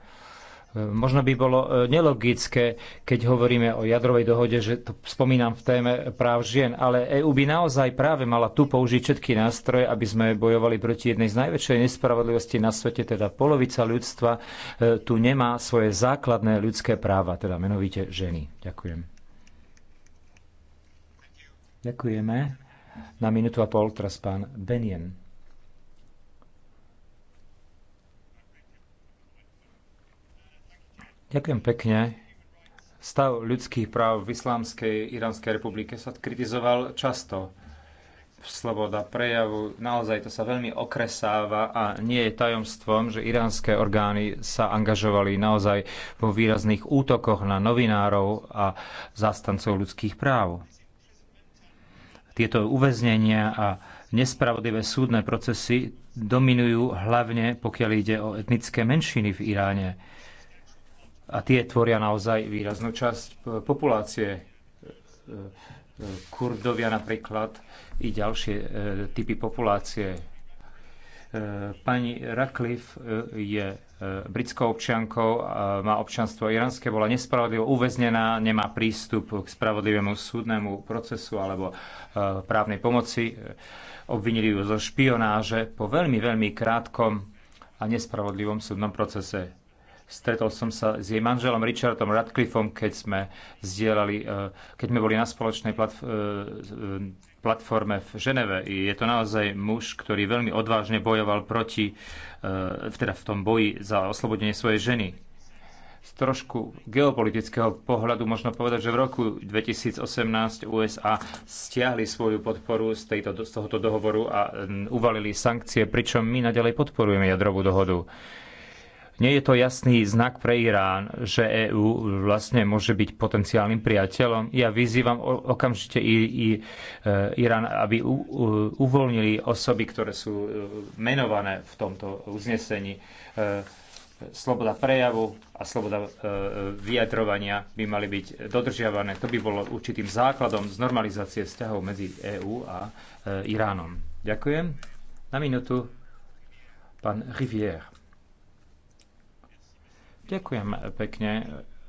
E, možno by bolo e, nelogické, keď hovoríme o jadrovej dohode, že to spomínam v téme práv žien, ale EÚ by naozaj práve mala tu použiť všetky nástroje, aby sme bojovali proti jednej z najväčšej nespravodlivosti na svete, teda polovica ľudstva e, tu nemá svoje základné ľudské práva, teda menovite ženy. Ďakujem. Ďakujeme. Na minútu a pol teraz pán Benien. Ďakujem pekne. Stav ľudských práv v Islámskej Iránskej republike sa kritizoval často. Sloboda prejavu, naozaj to sa veľmi okresáva a nie je tajomstvom, že iránske orgány sa angažovali naozaj vo výrazných útokoch na novinárov a zastancov ľudských práv. Tieto uväznenia a nespravodlivé súdne procesy dominujú hlavne, pokiaľ ide o etnické menšiny v Iráne a tie tvoria naozaj výraznú časť populácie. E, e, kurdovia napríklad i ďalšie e, typy populácie. Pani Ratcliffe je britskou občiankou, má občanstvo iránske, bola nespravodlivo uväznená, nemá prístup k spravodlivému súdnemu procesu alebo právnej pomoci. Obvinili ju zo špionáže po veľmi, veľmi krátkom a nespravodlivom súdnom procese Stretol som sa s jej manželom Richardom Radcliffom, keď sme zdieľali, e, keď sme boli na spoločnej e, e, platforme v Ženeve. Je to naozaj muž, ktorý veľmi odvážne bojoval proti, teda v tom boji za oslobodenie svojej ženy z trošku geopolitického pohľadu možno povedať, že v roku 2018 USA stiahli svoju podporu z, tejto, z tohoto dohovoru a uvalili sankcie, pričom my nadalej podporujeme jadrovú dohodu. Nie je to jasný znak pre Irán, že EÚ vlastne môže byť potenciálnym priateľom. Ja vyzývam okamžite i, i e, Irán, aby u, u, uvoľnili osoby, ktoré sú e, menované v tomto uznesení. E, sloboda prejavu a sloboda vyjadrovania by mali byť dodržiavané. To by bolo určitým základom z normalizácie vzťahov medzi EÚ a Iránom. Ďakujem. Na minútu pán Rivière. Ďakujem pekne.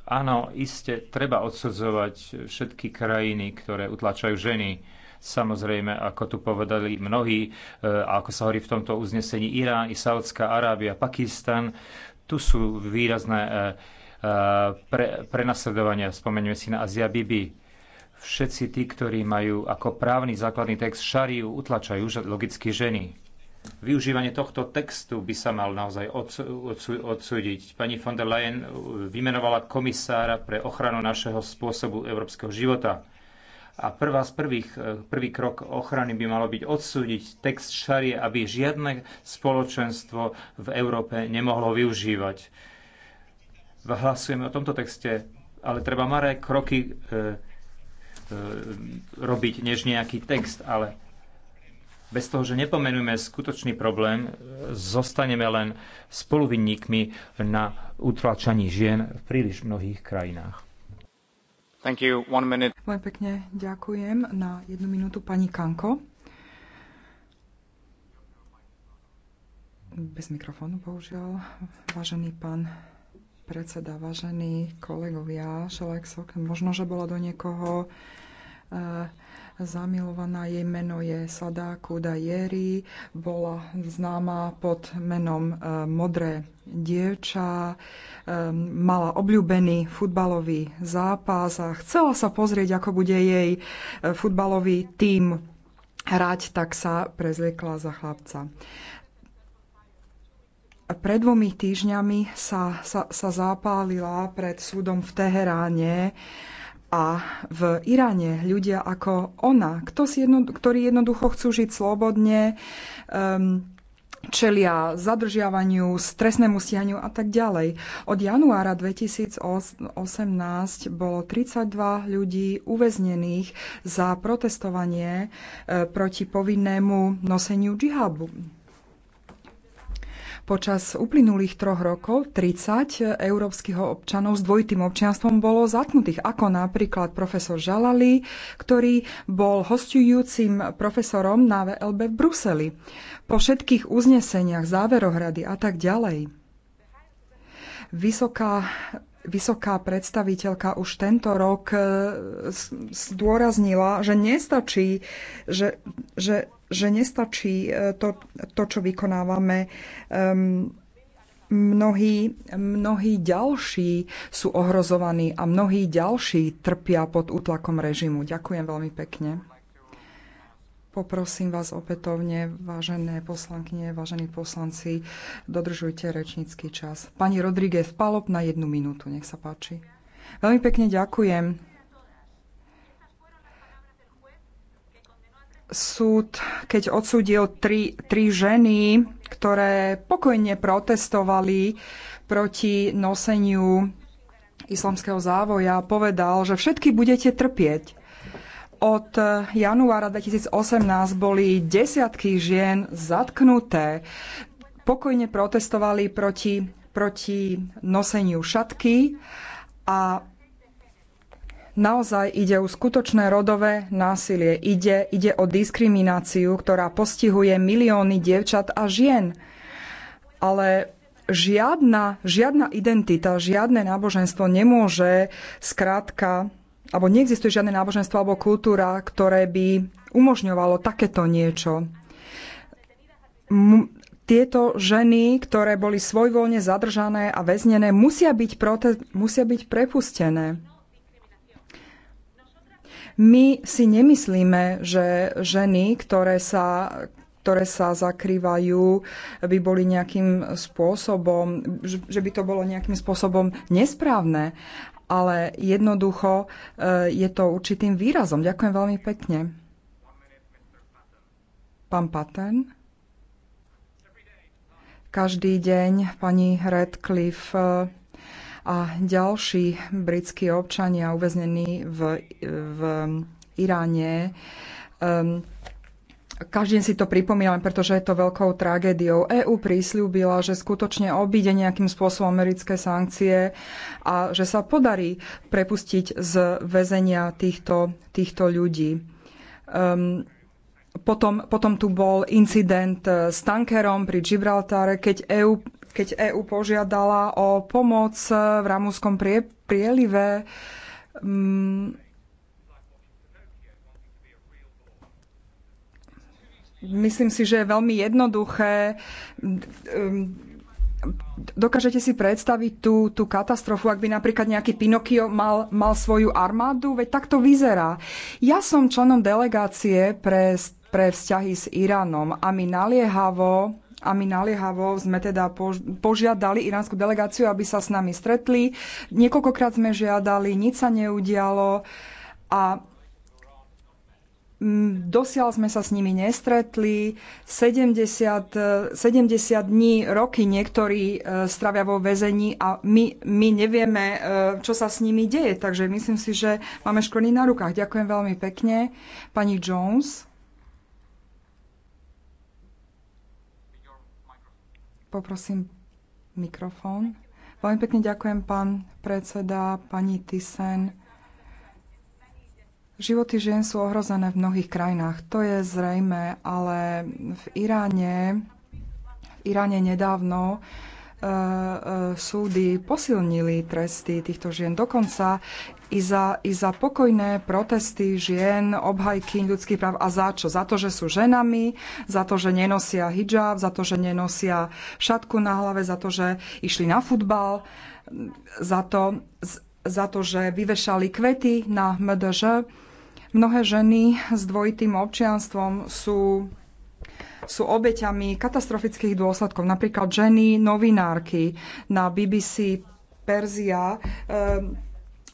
Áno, iste treba odsudzovať všetky krajiny, ktoré utlačajú ženy. Samozrejme, ako tu povedali mnohí, e, a ako sa hovorí v tomto uznesení, Irán i Saudská Arábia, Pakistan, tu sú výrazné e, e, pre, prenasledovania. Spomeňme si na Azia Bibi, všetci tí, ktorí majú ako právny základný text šariu, utlačajú logicky ženy. Využívanie tohto textu by sa mal naozaj odsúdiť. Pani von der Leyen vymenovala komisára pre ochranu našeho spôsobu európskeho života. A prvá z prvých, e, prvý krok ochrany by malo byť odsúdiť text šarie, aby žiadne spoločenstvo v Európe nemohlo využívať. Hlasujeme o tomto texte, ale treba maré kroky e, e, robiť, než nejaký text, ale bez toho, že nepomenujeme skutočný problém, zostaneme len spoluvinníkmi na utlačaní žien v príliš mnohých krajinách. Thank you. One minute. Len pekne ďakujem. Na jednu minútu pani Kanko. Bez mikrofónu, bohužiaľ. Vážený pán predseda, vážení kolegovia, Šelek možno, že bola do niekoho uh, zamilovaná. Jej meno je Sadáku Dajeri. Bola známa pod menom e, Modré dievča. E, mala obľúbený futbalový zápas a chcela sa pozrieť, ako bude jej e, futbalový tím hrať, tak sa prezliekla za chlapca pred dvomi týždňami sa, sa, sa zapálila pred súdom v Teheráne a v Iráne ľudia ako ona, kto si jedno, ktorí jednoducho chcú žiť slobodne, um, čelia zadržiavaniu, stresnému stianiu a tak ďalej. Od januára 2018 bolo 32 ľudí uväznených za protestovanie e, proti povinnému noseniu džihabu Počas uplynulých troch rokov 30 európskych občanov s dvojitým občianstvom bolo zatknutých, ako napríklad profesor Žalali, ktorý bol hostujúcim profesorom na VLB v Bruseli. Po všetkých uzneseniach, rady a tak ďalej. Vysoká vysoká predstaviteľka už tento rok e, zdôraznila, že nestačí, že, že, že nestačí e, to, to, čo vykonávame. Ehm, mnohí, mnohí ďalší sú ohrozovaní a mnohí ďalší trpia pod útlakom režimu. Ďakujem veľmi pekne. Poprosím vás opätovne, vážené poslankyne, vážení poslanci, dodržujte rečnícky čas. Pani Rodríguez Palop na jednu minútu, nech sa páči. Veľmi pekne ďakujem. Súd, keď odsúdil tri, tri ženy, ktoré pokojne protestovali proti noseniu islamského závoja, povedal, že všetky budete trpieť od januára 2018 boli desiatky žien zatknuté. Pokojne protestovali proti, proti noseniu šatky a naozaj ide o skutočné rodové násilie. Ide, ide o diskrimináciu, ktorá postihuje milióny dievčat a žien. Ale žiadna, žiadna identita, žiadne náboženstvo nemôže skrátka alebo neexistuje žiadne náboženstvo alebo kultúra, ktoré by umožňovalo takéto niečo. M tieto ženy, ktoré boli svojvoľne zadržané a väznené, musia byť, prote- musia byť prepustené. My si nemyslíme, že ženy, ktoré sa, ktoré sa zakrývajú, by boli nejakým spôsobom, že by to bolo nejakým spôsobom nesprávne ale jednoducho e, je to určitým výrazom. Ďakujem veľmi pekne. Pán Paten. Každý deň pani Radcliffe e, a ďalší britskí občania uväznení v, v Iráne um, každý si to pripomínam, pretože je to veľkou tragédiou. EÚ prísľubila, že skutočne obíde nejakým spôsobom americké sankcie a že sa podarí prepustiť z väzenia týchto, týchto ľudí. Um, potom, potom tu bol incident e, s tankerom pri Gibraltare, keď EÚ keď EU požiadala o pomoc e, v Ramúskom prie, prielive. Um, myslím si, že je veľmi jednoduché. Dokážete si predstaviť tú, tú katastrofu, ak by napríklad nejaký Pinokio mal, mal svoju armádu? Veď tak to vyzerá. Ja som členom delegácie pre, pre vzťahy s Iránom a my naliehavo a my naliehavo sme teda požiadali iránsku delegáciu, aby sa s nami stretli. Niekoľkokrát sme žiadali, nič sa neudialo a Mm, dosiaľ sme sa s nimi nestretli. 70, 70 e, dní, roky niektorí e, stravia vo väzení a my, my nevieme, e, čo sa s nimi deje. Takže myslím si, že máme školy na rukách. Ďakujem veľmi pekne. Pani Jones. Poprosím mikrofón. Veľmi pekne ďakujem, pán predseda, pani Tysen Životy žien sú ohrozené v mnohých krajinách, to je zrejme, ale v Iráne, v Iráne nedávno e, e, súdy posilnili tresty týchto žien. Dokonca i za, i za pokojné protesty žien, obhajky ľudských práv. A za čo? Za to, že sú ženami, za to, že nenosia hijab, za to, že nenosia šatku na hlave, za to, že išli na futbal, za to, za to že vyvešali kvety na MDŽ. Mnohé ženy s dvojitým občianstvom sú sú obeťami katastrofických dôsledkov. Napríklad ženy, novinárky na BBC Perzia e,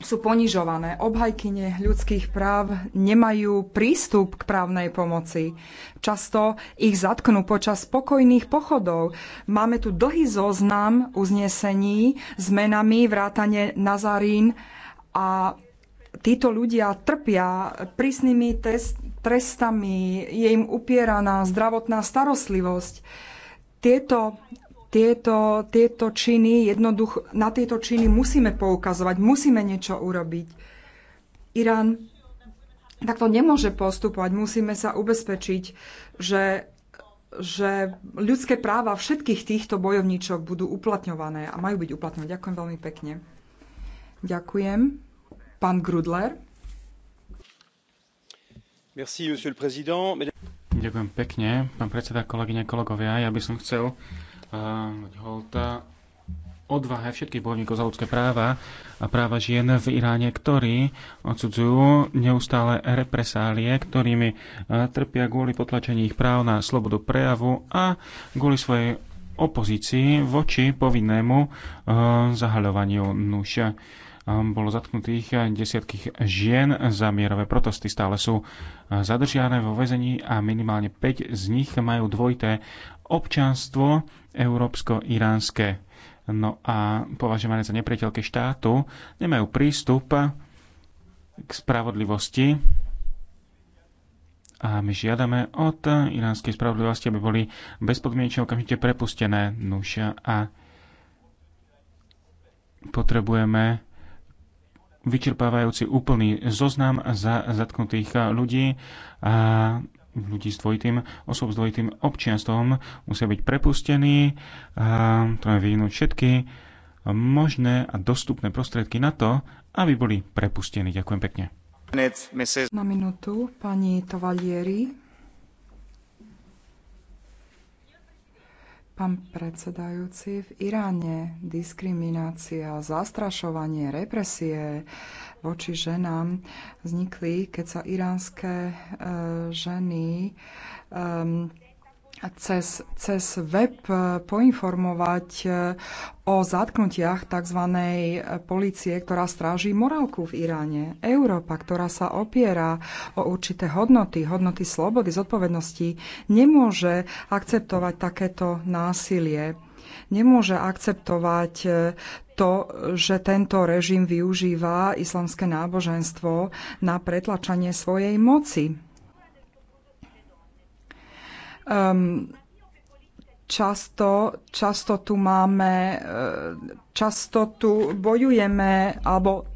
sú ponižované. Obhajkyne ľudských práv nemajú prístup k právnej pomoci. Často ich zatknú počas spokojných pochodov. Máme tu dlhý zoznam uznesení s menami vrátane Nazarín a títo ľudia trpia prísnymi test, trestami, je im upieraná zdravotná starostlivosť. Tieto, tieto, tieto činy, jednoducho, na tieto činy musíme poukazovať, musíme niečo urobiť. Irán takto nemôže postupovať. Musíme sa ubezpečiť, že, že ľudské práva všetkých týchto bojovníčok budú uplatňované a majú byť uplatňované. Ďakujem veľmi pekne. Ďakujem. Pán Grudler. monsieur le président. Ďakujem pekne, pán predseda, kolegyne, kolegovia. Ja by som chcel uh, eh, holta odvahe všetkých bojovníkov za ľudské práva a práva žien v Iráne, ktorí odsudzujú neustále represálie, ktorými eh, trpia kvôli potlačení ich práv na slobodu prejavu a kvôli svojej opozícii voči povinnému eh, zahaľovaniu nuša Ehm, bolo zatknutých eh, desiatky žien za mierové protesty. Stále sú eh, zadržiané vo väzení a minimálne 5 z nich majú dvojité občanstvo európsko-iránske. No a považované za nepriateľky štátu nemajú prístup k spravodlivosti a my žiadame od iránskej spravodlivosti, aby boli bezpodmienečne okamžite prepustené nuša a potrebujeme vyčerpávajúci úplný zoznam za zatknutých ľudí a ľudí s dvojitým, osob s dvojitým občianstvom musia byť prepustení a treba vyvinúť všetky možné a dostupné prostriedky na to, aby boli prepustení. Ďakujem pekne. Na minútu pani Tovalieri. Pán predsedajúci, v Iráne diskriminácia, zastrašovanie, represie voči ženám vznikli, keď sa iránske e, ženy e, cez, cez web eh, poinformovať eh, o zatknutiach tzv. Eh, policie, ktorá stráži morálku v Iráne. Európa, ktorá sa opiera o určité hodnoty, hodnoty slobody, zodpovednosti, nemôže akceptovať takéto násilie. Nemôže akceptovať to, že tento režim využíva islamské náboženstvo na pretlačanie svojej moci Um, často, často tu máme, eh, často tu bojujeme, alebo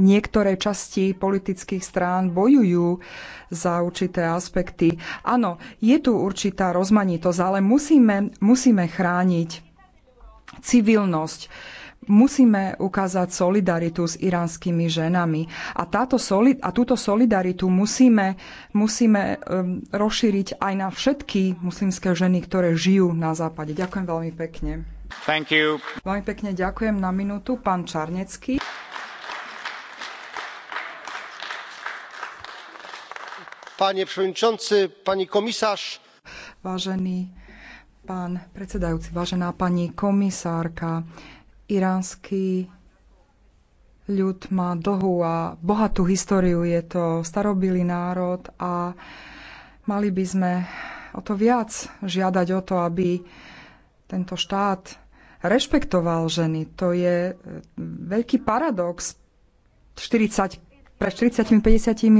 niektoré časti politických strán bojujú za určité aspekty. Áno, je tu určitá rozmanitosť, ale musíme, musíme chrániť civilnosť musíme ukázať solidaritu s iránskymi ženami. A, táto soli- a túto solidaritu musíme, musíme um, rozšíriť aj na všetky muslimské ženy, ktoré žijú na západe. Ďakujem veľmi pekne. Thank you. Veľmi pekne ďakujem na minútu, pán Čarnecký. Panie przewodniczący, pani komisarz. Vážený pán predsedajúci, vážená pani komisárka, iránsky ľud má dlhú a bohatú históriu. Je to starobilý národ a mali by sme o to viac žiadať o to, aby tento štát rešpektoval ženy. To je e, veľký paradox. 40, pre 40-50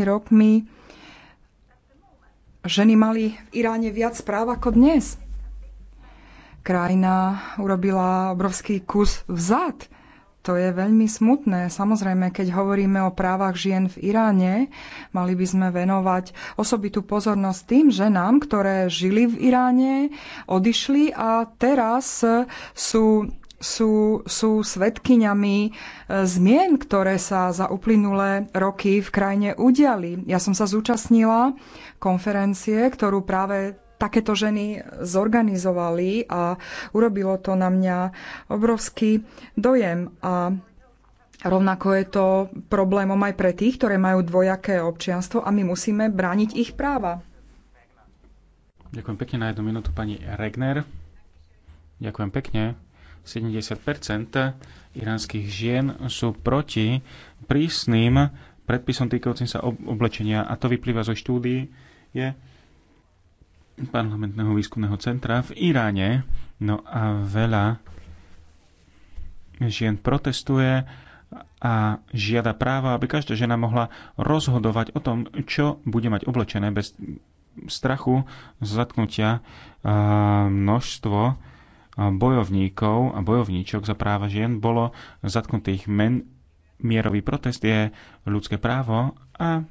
rokmi ženy mali v Iráne viac práv ako dnes krajina urobila obrovský kus vzad. To je veľmi smutné. Samozrejme, keď hovoríme o právach žien v Iráne, mali by sme venovať osobitú pozornosť tým ženám, ktoré žili v Iráne, odišli a teraz sú sú, sú svetkyňami e, zmien, ktoré sa za uplynulé roky v krajine udiali. Ja som sa zúčastnila konferencie, ktorú práve takéto ženy zorganizovali a urobilo to na mňa obrovský dojem. A Rovnako je to problémom aj pre tých, ktoré majú dvojaké občianstvo a my musíme brániť ich práva. Ďakujem pekne na jednu minútu pani Regner. Ďakujem pekne. 70 iránskych žien sú proti prísnym predpisom týkajúcim sa oblečenia a to vyplýva zo štúdií, je, parlamentného výskumného centra v Iráne. No a veľa žien protestuje a žiada práva, aby každá žena mohla rozhodovať o tom, čo bude mať oblečené bez strachu z zatknutia množstvo bojovníkov a bojovníčok za práva žien bolo zatknutých men. Mierový protest je ľudské právo a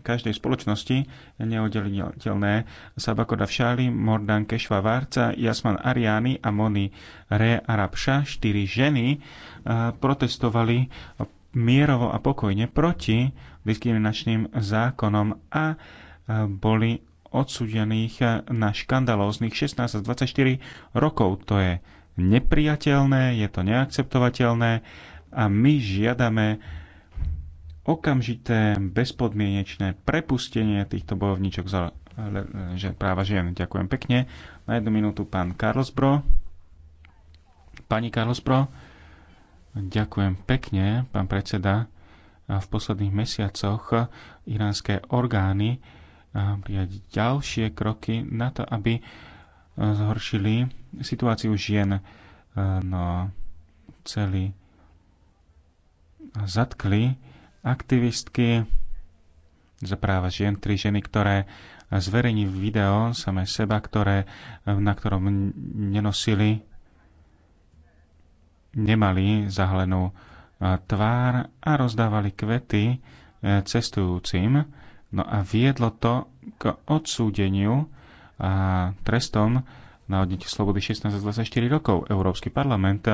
každej spoločnosti neoddeliteľné Sabakoda Všali, Mordan Kešva Várca, Jasman Ariány a Moni Re Arabša, štyri ženy, eh, protestovali mierovo a pokojne proti diskriminačným zákonom a eh, boli odsúdených na škandalóznych 16 až 24 rokov. To je nepriateľné, je to neakceptovateľné a my žiadame okamžité, bezpodmienečné prepustenie týchto bojovníčok za že práva žien. Ďakujem pekne. Na jednu minútu pán Carlos Bro. Pani Carlos Bro, ďakujem pekne, pán predseda. V posledných mesiacoch iránske orgány prijať ďalšie kroky na to, aby zhoršili situáciu žien. No, celý zatkli aktivistky za práva žien, tri ženy, ktoré zverejní video samé seba, ktoré, na ktorom nenosili, nemali zahlenú e, tvár a rozdávali kvety e, cestujúcim. No a viedlo to k odsúdeniu a trestom na odnete slobody 16 24 rokov. Európsky parlament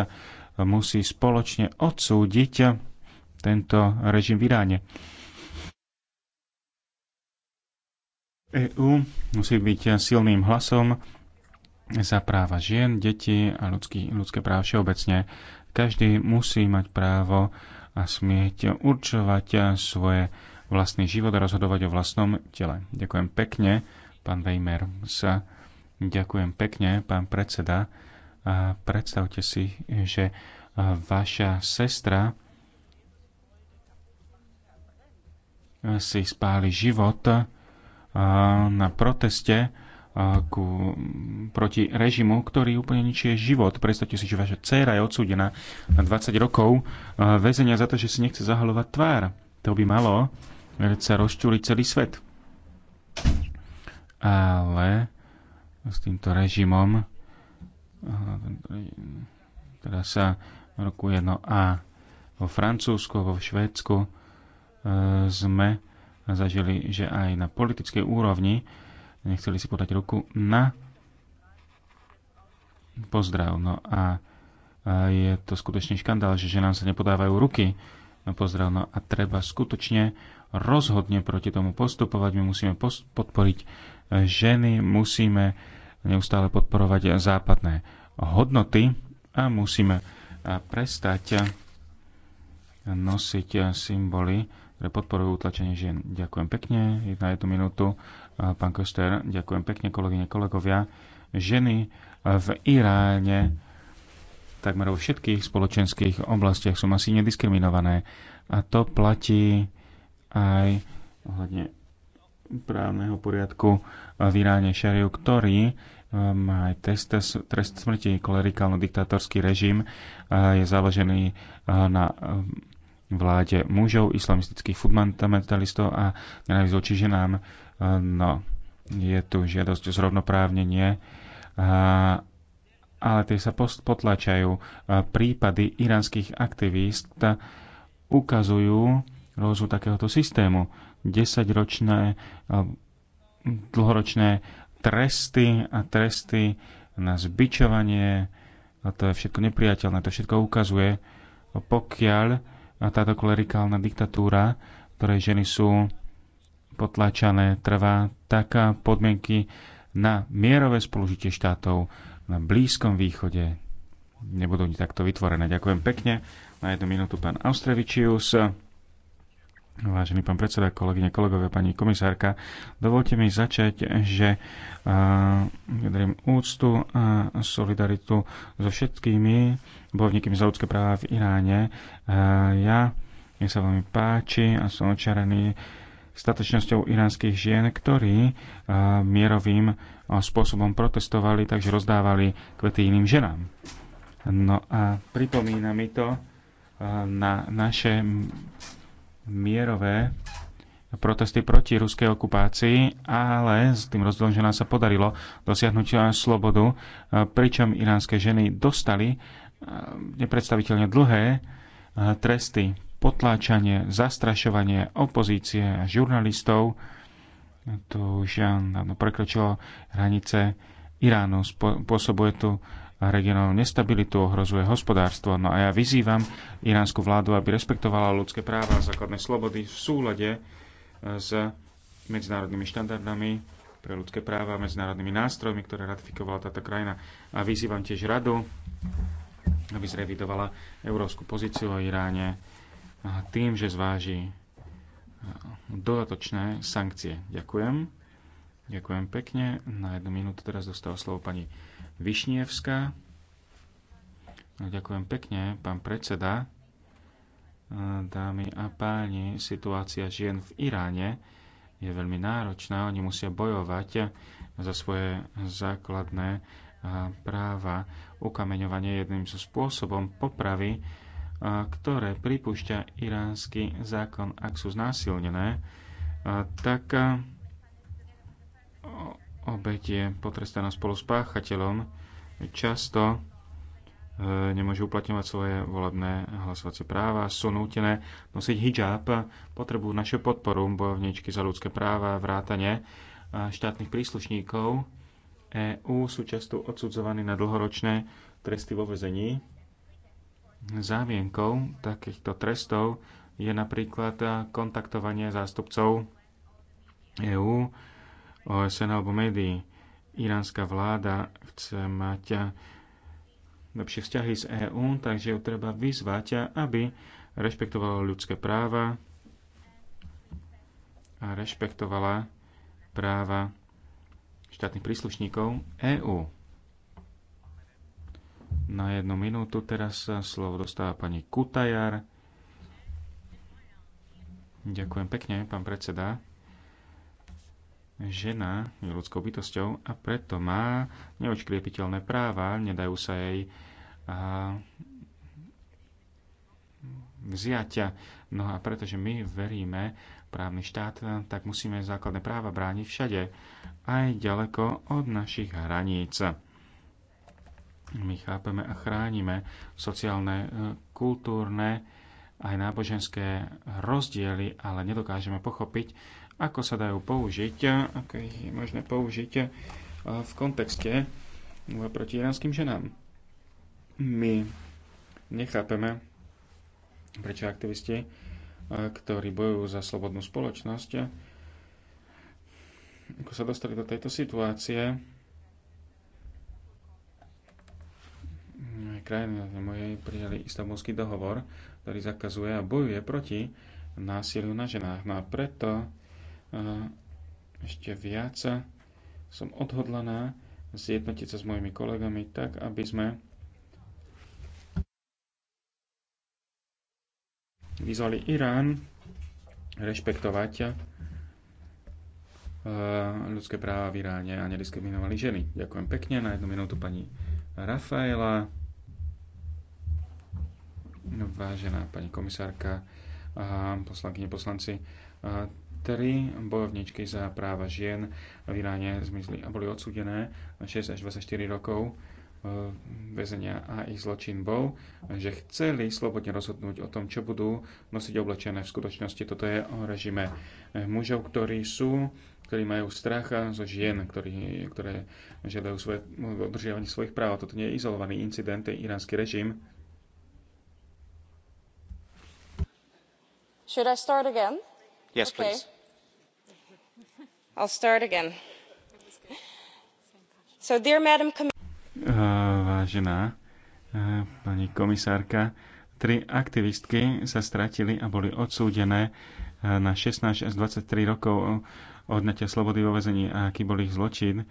musí spoločne odsúdiť tento režim v Iráne. EU musí byť silným hlasom za práva žien, detí a ľudský, ľudské práva všeobecne. Každý musí mať právo a smieť určovať svoje vlastný život a rozhodovať o vlastnom tele. Ďakujem pekne, pán Weimer. Sa ďakujem pekne, pán predseda. A predstavte si, že vaša sestra si spáli život na proteste ku, proti režimu, ktorý úplne ničie život. Predstavte si, že vaša dcéra je odsúdená na 20 rokov väzenia za to, že si nechce zahalovať tvár. To by malo sa rozčúliť celý svet. Ale s týmto režimom teda sa rokuje no a vo Francúzsku, vo Švédsku E, sme zažili, že aj na politickej úrovni nechceli si podať ruku na pozdrav. No a je to skutočný škandál, že ženám sa nepodávajú ruky na pozdrav. No a treba skutočne rozhodne proti tomu postupovať. My musíme podporiť ženy, musíme neustále podporovať západné hodnoty a musíme prestať nosiť symboly ktoré podporujú utlačenie žien. Ďakujem pekne, na jednu minútu. Pán Košter, ďakujem pekne, kolegyne, kolegovia. Ženy v Iráne takmer vo všetkých spoločenských oblastiach sú asi nediskriminované. A to platí aj ohľadne právneho poriadku v Iráne Šariu, ktorý eh, má aj test, trest smrti, klerikálno-diktátorský režim eh, je založený eh, na vláde mužov, islamistických fundamentalistov a nenávisť voči ženám. E, no, je tu žiadosť o zrovnoprávnenie, e, ale tie sa potlačajú. E, prípady iránskych aktivist ukazujú rozhu takéhoto systému. 10-ročné, dlhoročné tresty a tresty na zbičovanie, a to je všetko nepriateľné, to všetko ukazuje, pokiaľ táto klerikálna diktatúra, ktorej ženy sú potlačané, trvá taká podmienky na mierové spolužitie štátov na Blízkom východe nebudú takto vytvorené. Ďakujem pekne. Na jednu minútu pán Austrevičius. Vážený pán predseda, kolegyne, kolegovia, pani komisárka, dovolte mi začať, že uh, úctu a solidaritu so všetkými bojovníkmi za ľudské práva v Iráne. Ja, mi sa veľmi páči a som očarený statočnosťou iránskych žien, ktorí mierovým spôsobom protestovali, takže rozdávali kvety iným ženám. No a pripomína mi to na naše mierové protesty proti ruskej okupácii, ale s tým rozdielom, že nám sa podarilo dosiahnuť eh, slobodu, eh, pričom iránske ženy dostali eh, nepredstaviteľne dlhé tresty, potláčanie, zastrašovanie opozície a žurnalistov. To už dávno prekročilo hranice Iránu. Spôsobuje tu a regionálnu nestabilitu, ohrozuje hospodárstvo. No a ja vyzývam iránsku vládu, aby respektovala ľudské práva a základné slobody v súlade e, s medzinárodnými štandardami pre ľudské práva a medzinárodnými nástrojmi, ktoré ratifikovala táto krajina. A vyzývam tiež radu, aby zrevidovala európsku pozíciu o Iráne tým, že zváži e, dodatočné sankcie. Ďakujem. Ďakujem pekne. Na jednu minútu teraz dostal slovo pani Višnievská. No, ďakujem pekne, pán predseda. E, dámy a páni, situácia žien v Iráne je veľmi náročná. Oni musia bojovať za svoje základné e, práva. Ukameňovanie jedným zo spôsobom popravy, e, ktoré pripúšťa iránsky zákon, ak sú znásilnené, tak Obeď je potrestaná spolu s páchateľom. Často e, nemôže uplatňovať svoje volebné hlasovacie práva, sú nútené nosiť hijab, potrebujú našu podporu bojovníčky za ľudské práva, vrátane e, štátnych príslušníkov. EÚ sú často odsudzovaní na dlhoročné tresty vo vezení. Zámienkou takýchto trestov je napríklad kontaktovanie zástupcov EÚ OSN alebo médií. Iránska vláda chce mať lepšie vzťahy s EÚ, takže ju treba vyzvať, aby rešpektovala ľudské práva a rešpektovala práva štátnych príslušníkov EÚ. Na jednu minútu teraz sa slovo dostáva pani Kutajar. Ďakujem pekne, pán predseda žena je ľudskou bytosťou a preto má neočkriepiteľné práva, nedajú sa jej a, vziaťa. No a pretože my veríme právny štát, tak musíme základné práva brániť všade, aj ďaleko od našich hraníc. My chápeme a chránime sociálne, e, kultúrne, aj náboženské rozdiely, ale nedokážeme pochopiť, ako sa dajú použiť, ako ich je možné použiť eh, v kontexte proti iránskym ženám. My nechápeme, prečo aktivisti, eh, ktorí bojujú za slobodnú spoločnosť, eh, ako sa dostali do tejto situácie, krajiny mojej prijali istambulský dohovor, ktorý zakazuje a bojuje proti násiliu na ženách. No a preto ešte viac. Som odhodlaná zjednotiť sa s mojimi kolegami tak, aby sme vyzvali Irán rešpektovať e, ľudské práva v Iráne a nediskriminovali ženy. Ďakujem pekne. Na jednu minútu pani Rafaela. Vážená pani komisárka, poslankyne, poslanci, Tri bojovničky za práva žien v Iráne zmizli a boli odsúdené 6 až 24 rokov e, väzenia a ich zločin bol, že chceli slobodne rozhodnúť o tom, čo budú nosiť oblečené. V skutočnosti toto je o režime e, mužov, ktorí sú, ktorí majú strach zo žien, ktorí, ktoré želajú svoje, održiavanie svojich práv. Toto nie je izolovaný incident, je iránsky režim. Should I start again? Yes, okay. please. Uh, vážená uh, pani komisárka, tri aktivistky sa stratili a boli odsúdené uh, na 16 až 23 rokov odňatia slobody vo vezení a aký bol ich zločin.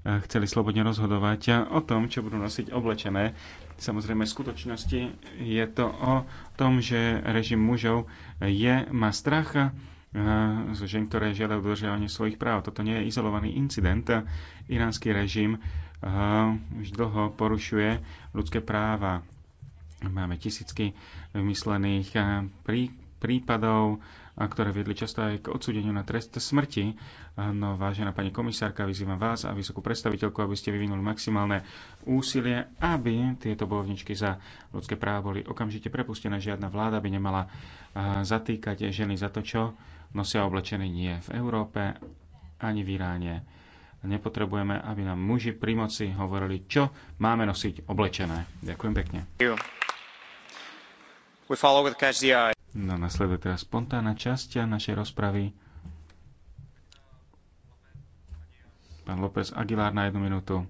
Chceli slobodne rozhodovať o tom, čo budú nosiť oblečené. Samozrejme, v skutočnosti je to o tom, že režim mužov je, má strach z žen, ktoré žiadajú dodržiavanie svojich práv. Toto nie je izolovaný incident. Iránsky režim už dlho porušuje ľudské práva. Máme tisícky vymyslených prí, prípadov, ktoré viedli často aj k odsúdeniu na trest smrti. No, vážená pani komisárka, vyzývam vás a vysokú predstaviteľku, aby ste vyvinuli maximálne úsilie, aby tieto bojovničky za ľudské práva boli okamžite prepustené. Žiadna vláda by nemala zatýkať ženy za to, čo nosia oblečený nie v Európe ani v Iráne. Nepotrebujeme, aby nám muži pri moci hovorili, čo máme nosiť oblečené. Ďakujem pekne. No, nasleduje teraz spontánna časť našej rozpravy. Pán López Aguilar na jednu minútu.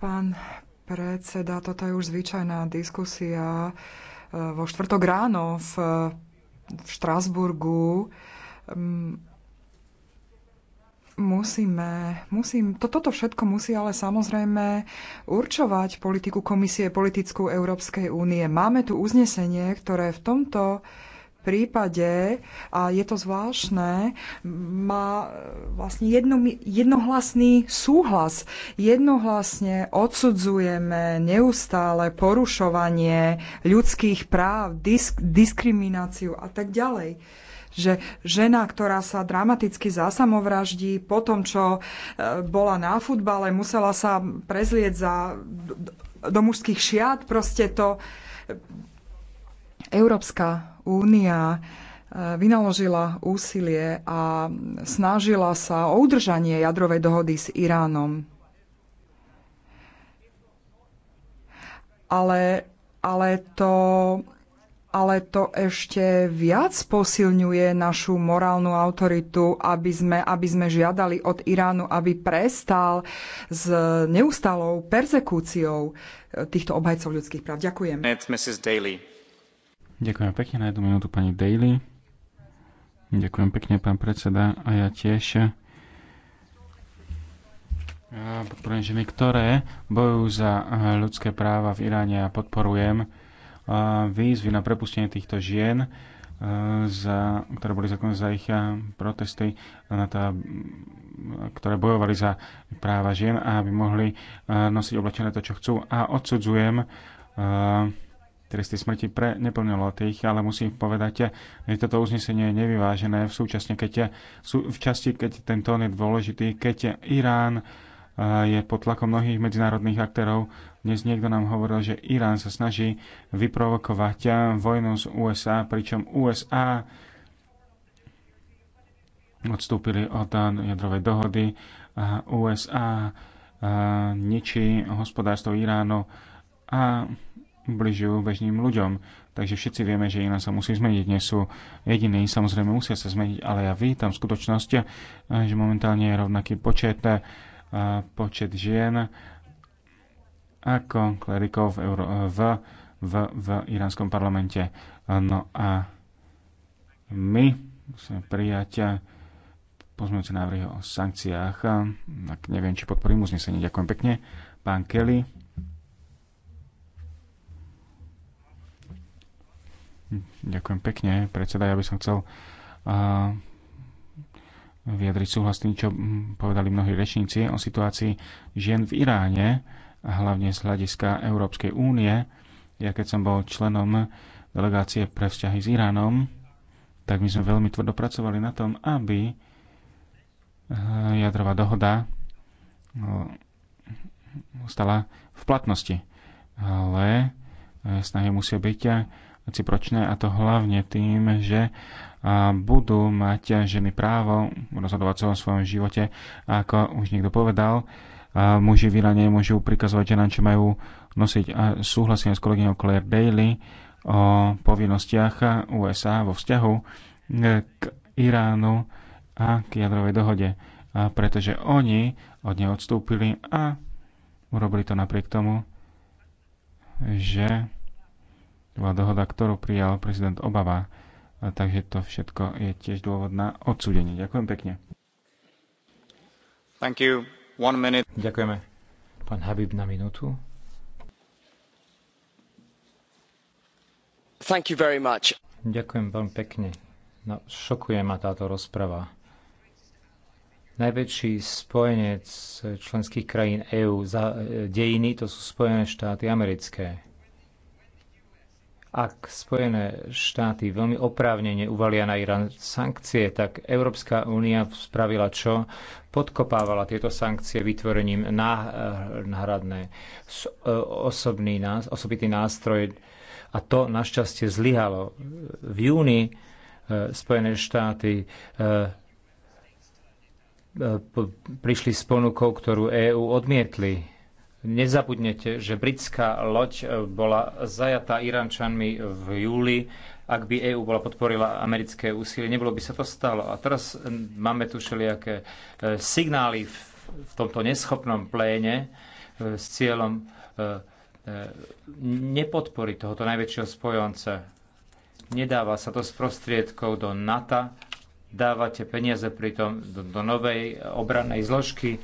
Pán predseda, toto je už zvyčajná diskusia eh, vo štvrtok ráno v, v Štrásburgu. Mm, musíme, musím, to, toto všetko musí ale samozrejme určovať politiku Komisie politickú Európskej únie. Máme tu uznesenie, ktoré v tomto prípade, a je to zvláštne, má vlastne jedno, jednohlasný súhlas. Jednohlasne odsudzujeme neustále porušovanie ľudských práv, disk, diskrimináciu a tak ďalej že žena, ktorá sa dramaticky zasamovraždí po tom, čo e, bola na futbale, musela sa prezlieť za, do mužských šiat, proste to e, Európska únia e, vynaložila úsilie a snažila sa o udržanie jadrovej dohody s Iránom. Ale, ale, to, ale to ešte viac posilňuje našu morálnu autoritu, aby sme, aby sme žiadali od Iránu, aby prestal s neustalou persekúciou e, týchto obhajcov ľudských práv. Ďakujem. Ďakujem pekne na jednu minútu pani Daly. Ďakujem pekne, pán predseda. A ja tiež eh, podporujem ženy, ktoré bojujú za eh, ľudské práva v Iráne a podporujem eh, výzvy na prepustenie týchto žien, za, ktoré boli zákon za ich protesty, na tá, ktoré bojovali za práva žien a aby mohli nosiť oblečené to, čo chcú. A odsudzujem tresty smrti pre neplnoletých, ale musím povedať, že toto uznesenie je nevyvážené v, súčasne, keď, v časti, keď ten tón je dôležitý, keď Irán eh, je pod tlakom mnohých medzinárodných aktérov. Dnes niekto nám hovoril, že Irán sa snaží vyprovokovať eh, vojnu z USA, pričom USA odstúpili od eh, jadrovej dohody a USA ničí hospodárstvo Iránu a ubližujú bežným ľuďom. Takže všetci vieme, že iná sa musí zmeniť. nie sú jediní, samozrejme musia sa zmeniť, ale ja vítam skutočnosť, eh, že momentálne je rovnaký počet, eh, počet žien ako klerikov v, Euro, eh, v, v, v iránskom parlamente. No a my musíme prijať pozmeňujúce návrhy o sankciách. Tak neviem, či podporím uznesenie. Ďakujem pekne. Pán Kelly. Ďakujem pekne, predseda. Ja by som chcel uh, vyjadriť súhlas tým, čo povedali mnohí rečníci o situácii žien v Iráne, hlavne z hľadiska Európskej únie. Ja keď som bol členom delegácie pre vzťahy s Iránom, tak my sme veľmi tvrdo pracovali na tom, aby e, jadrová dohoda e, stala v platnosti. Ale e, snahy musia byť recipročné a to hlavne tým, že budú mať ženy právo rozhodovať o svojom živote. A ako už niekto povedal, muži v Iráne môžu prikazovať ženám, čo majú nosiť. A súhlasím s kolegyňou Claire Daly o povinnostiach USA vo vzťahu e, k Iránu a k jadrovej dohode. A pretože oni od neho odstúpili a urobili to napriek tomu, že bola dohoda, ktorú prijal prezident Obama. takže to všetko je tiež dôvod na odsúdenie. Ďakujem pekne. Thank you. One minute. Ďakujeme. Pán Habib na minútu. Thank you very much. Ďakujem veľmi pekne. No, šokuje ma táto rozprava. Najväčší spojenec členských krajín EÚ za e, dejiny to sú Spojené štáty americké ak Spojené štáty veľmi oprávnene uvalia na Irán sankcie, tak Európska únia spravila čo? Podkopávala tieto sankcie vytvorením náhradné e, osobný, osobitý nástroj a to našťastie zlyhalo. V júni e, Spojené štáty e, prišli s ponukou, ktorú EÚ odmietli Nezabudnete, že britská loď eh, bola zajatá Irančanmi v júli. Ak by EÚ bola podporila americké úsilie, nebolo by sa to stalo. A teraz hm, máme tu všelijaké eh, signály v tomto neschopnom pléne eh, s cieľom nepodporiť tohoto najväčšieho spojonca. Nedáva sa to z prostriedkov do NATO, dávate peniaze pritom do, do novej obrannej zložky,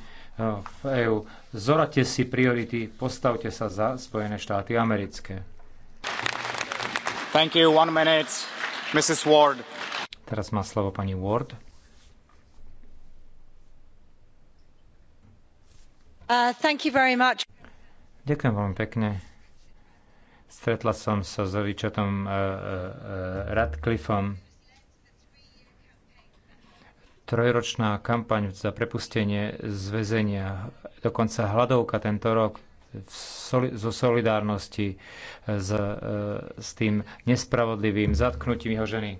v EÚ. Zorate si priority, postavte sa za Spojené štáty americké. Thank you. One minute. Mrs. Ward. Teraz má slovo pani Ward. Uh, thank you very much. Ďakujem veľmi pekne. Stretla som sa s Richardom uh, uh, uh Radcliffom trojročná kampaň za prepustenie z väzenia, dokonca hladovka tento rok soli, zo solidárnosti s, e, e, s tým nespravodlivým zatknutím jeho ženy.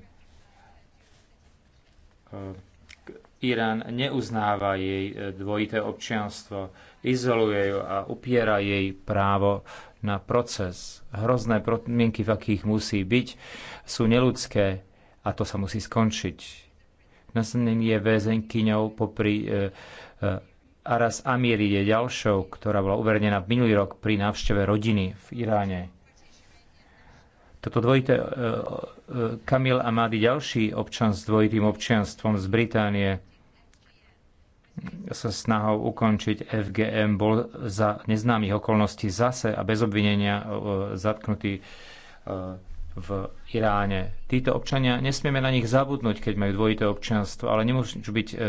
E, Irán neuznáva jej dvojité občianstvo, izoluje ju a upiera jej právo na proces. Hrozné podmienky, v akých musí byť, sú neludské a to sa musí skončiť Nasledným je väzenkyňou popri e, e, Aras Amiri je ďalšou, ktorá bola uverejnená minulý rok pri návšteve rodiny v Iráne. Toto dvojité, e, Kamil Amadi, ďalší občan s dvojitým občianstvom z Británie, sa snahou ukončiť FGM, bol za neznámych okolností zase a bez obvinenia zatknutý v Iráne. Títo občania, nesmieme na nich zabudnúť, keď majú dvojité občianstvo, ale nemôžu byť e, e,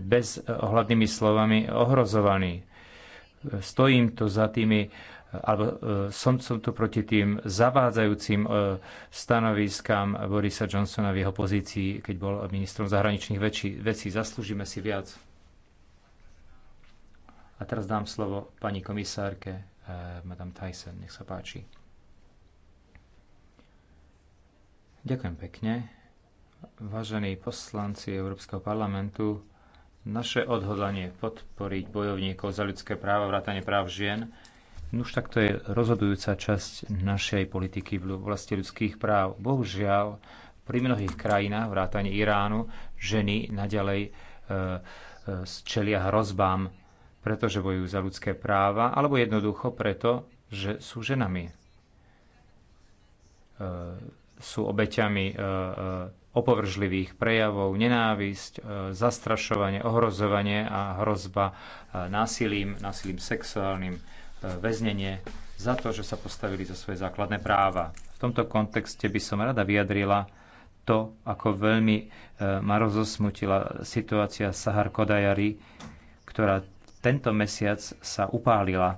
bezohľadnými slovami ohrozovaní. Stojím to za tými, alebo e, som, som tu proti tým zavádzajúcim stanoviskám Borisa Johnsona v jeho pozícii, keď bol ministrom zahraničných vecí. vecí. Zaslúžime si viac. A teraz dám slovo pani komisárke, madame Tyson. Nech sa páči. Ďakujem pekne. Vážení poslanci Európskeho parlamentu, naše odhodlanie podporiť bojovníkov za ľudské práva, vrátanie práv žien, no už takto je rozhodujúca časť našej politiky v oblasti ľudských práv. Bohužiaľ, pri mnohých krajinách, vrátanie Iránu, ženy naďalej e, e, čelia hrozbám, pretože bojujú za ľudské práva, alebo jednoducho preto, že sú ženami. E, sú obeťami e, e, opovržlivých prejavov, nenávisť, e, zastrašovanie, ohrozovanie a hrozba násilím, násilím sexuálnym, väznenie za to, že sa postavili za svoje základné práva. V tomto kontexte by som rada vyjadrila to, ako veľmi ma rozosmutila situácia Sahar Kodajary, ktorá tento mesiac sa upálila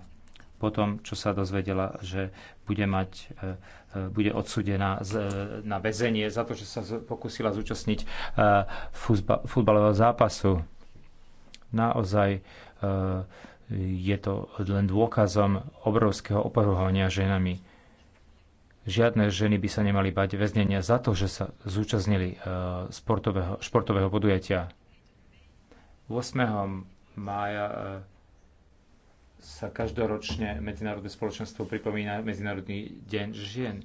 po tom, čo sa dozvedela, že bude, mať, e, e, bude odsudená e, na väzenie za to, že sa pokusila zúčastniť futbalového zápasu. Naozaj je to len dôkazom obrovského opovrhovania ženami. Žiadne ženy by sa nemali bať väznenia za to, že sa zúčastnili športového, športového podujatia. 8. mája sa každoročne medzinárodné spoločenstvo pripomína Medzinárodný deň žien. E, e,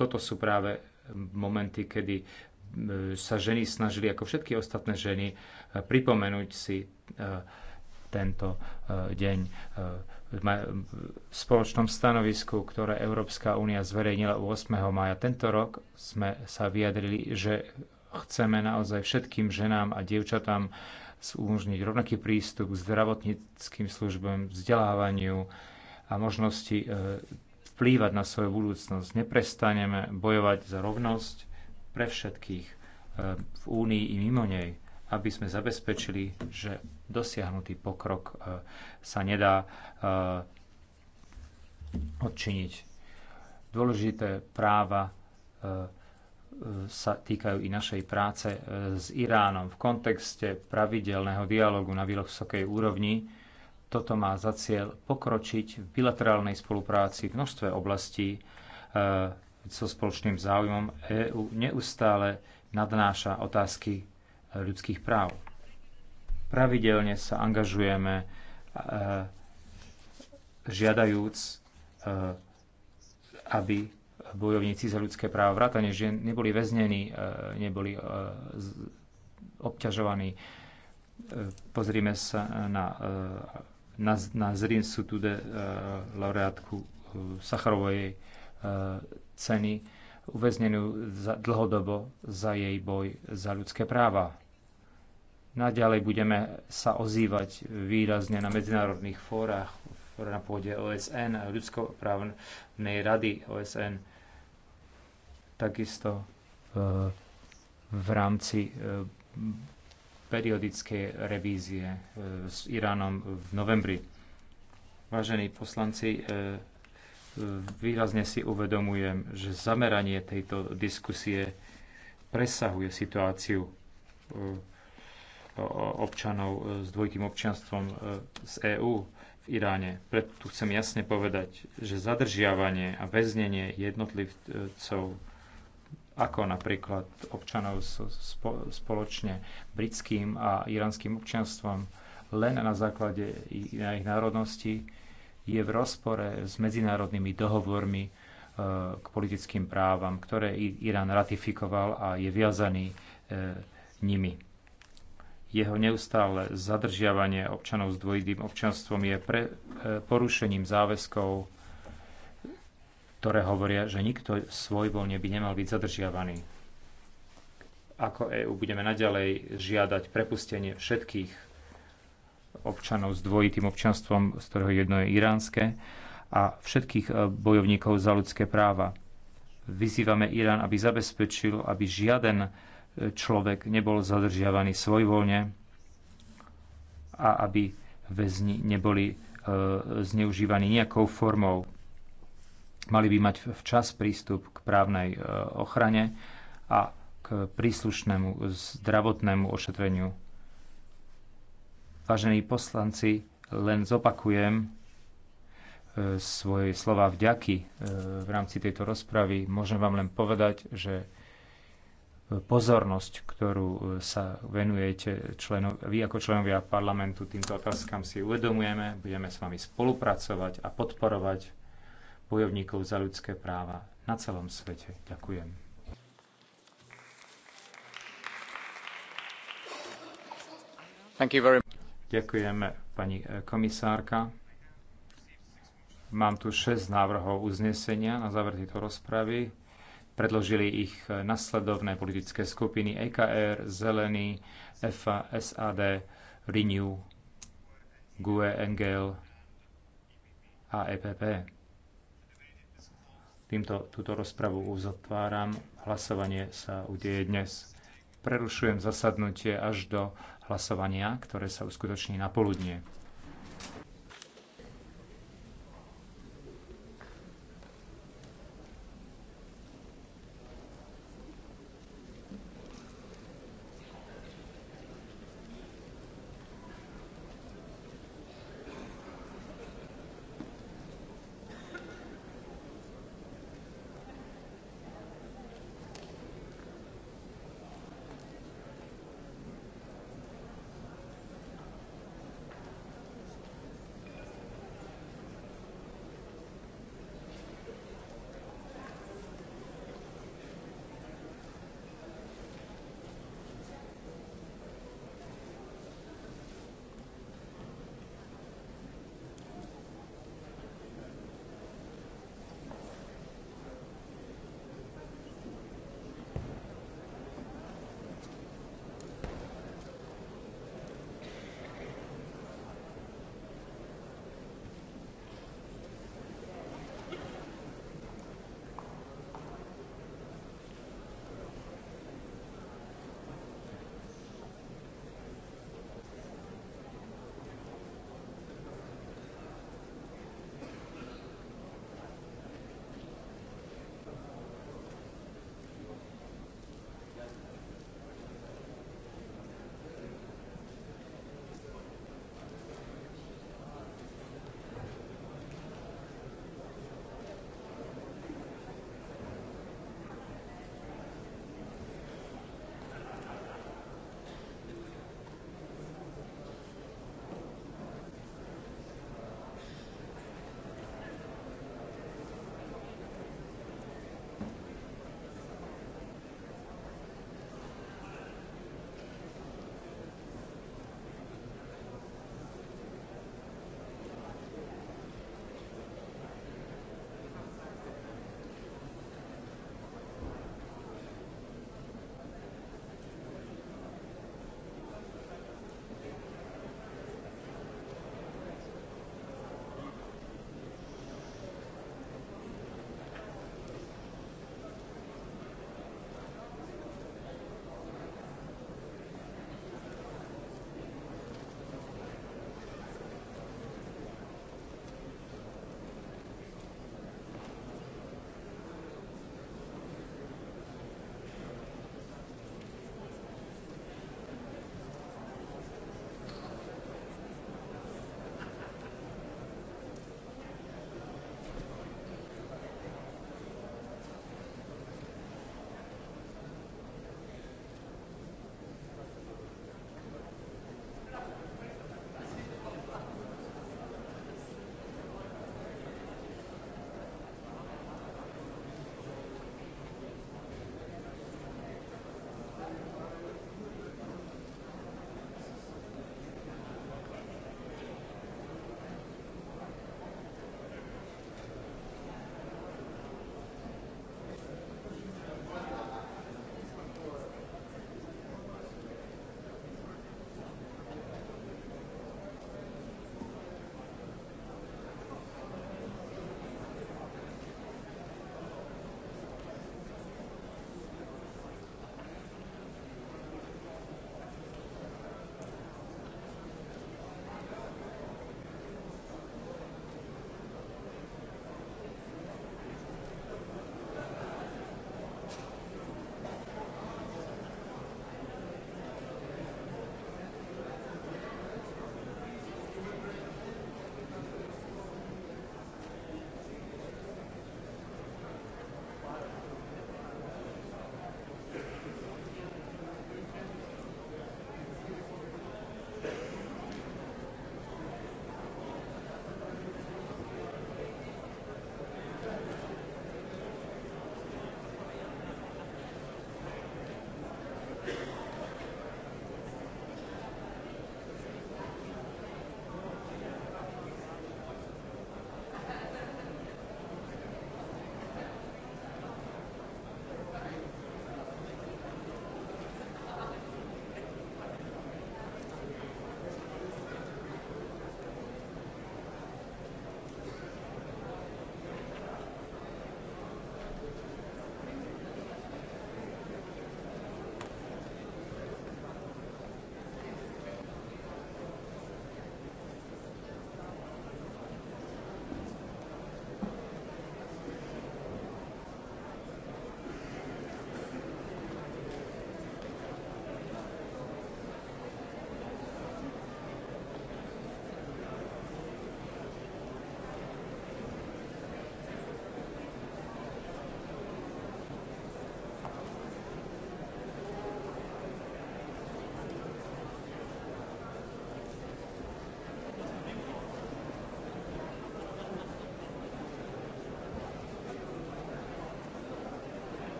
toto sú práve momenty, kedy e, sa ženy snažili, ako všetky ostatné ženy, pripomenúť si tento deň. V spoločnom stanovisku, ktoré Európska únia zverejnila 8. maja tento rok, sme sa vyjadrili, že chceme naozaj všetkým ženám a dievčatám umožniť rovnaký prístup k zdravotníckým službám, vzdelávaniu a možnosti e, vplývať na svoju budúcnosť. Neprestaneme bojovať za rovnosť pre všetkých e, v Únii i mimo nej, aby sme zabezpečili, že dosiahnutý pokrok e, sa nedá odčiniť. Dôležité práva sa týkajú i našej práce e, s Iránom v kontexte pravidelného dialogu na vysokej úrovni. Toto má za cieľ pokročiť v bilaterálnej spolupráci v množstve oblastí e, so spoločným záujmom EÚ neustále nadnáša otázky e, ľudských práv. Pravidelne sa angažujeme žiadajúc, aby bojovníci za ľudské práva, vrátane žien, neboli väznení, e, neboli e, obťažovaní. E, pozrime sa na, na, na Zrin Sutude, laureátku Sacharovej ceny, uväznenú za, dlhodobo za jej boj za ľudské práva. Naďalej budeme sa ozývať výrazne na medzinárodných fórach, na pôde OSN, ľudskoprávnej rady OSN Takisto e, v rámci e, periodickej revízie e, s Iránom v novembri. Vážení poslanci, výrazne si uvedomujem, že zameranie tejto diskusie presahuje situáciu občanov s dvojitým občianstvom z EÚ v Iráne. Preto tu chcem jasne povedať, že zadržiavanie a väznenie jednotlivcov ako napríklad občanov so spoločne britským a iránským občanstvom, len na základe na ich národnosti je v rozpore s medzinárodnými dohovormi e, k politickým právam, ktoré Irán ratifikoval a je viazaný e, nimi. Jeho neustále zadržiavanie občanov s dvojitým občanstvom je pre, e, porušením záväzkov ktoré hovoria, že nikto svojvoľne by nemal byť zadržiavaný. Ako EÚ budeme naďalej žiadať prepustenie všetkých občanov s dvojitým občanstvom, z ktorého jedno je iránske, a všetkých e, bojovníkov za ľudské práva. Vyzývame Irán, aby zabezpečil, aby žiaden e, človek nebol zadržiavaný svojvoľne a aby väzni neboli e, zneužívaní nejakou formou Mali by mať včas prístup k právnej e, ochrane a k príslušnému zdravotnému ošetreniu. Vážení poslanci, len zopakujem e, svoje slova vďaky e, v rámci tejto rozpravy. Môžem vám len povedať, že pozornosť, ktorú sa venujete členo- vy ako členovia parlamentu týmto otázkam si uvedomujeme, budeme s vami spolupracovať a podporovať bojovníkov za ľudské práva na celom svete. Ďakujem. Ďakujem, pani eh, komisárka. Mám tu 6 návrhov uznesenia na záver tejto rozpravy. Predložili ich eh, nasledovné politické skupiny EKR, Zelený, EFA, SAD, Renew, GUE, NGL a EPP. Týmto túto rozpravu uzatváram. Hlasovanie sa udeje dnes. Prerušujem zasadnutie až do hlasovania, ktoré sa uskutoční na poludnie.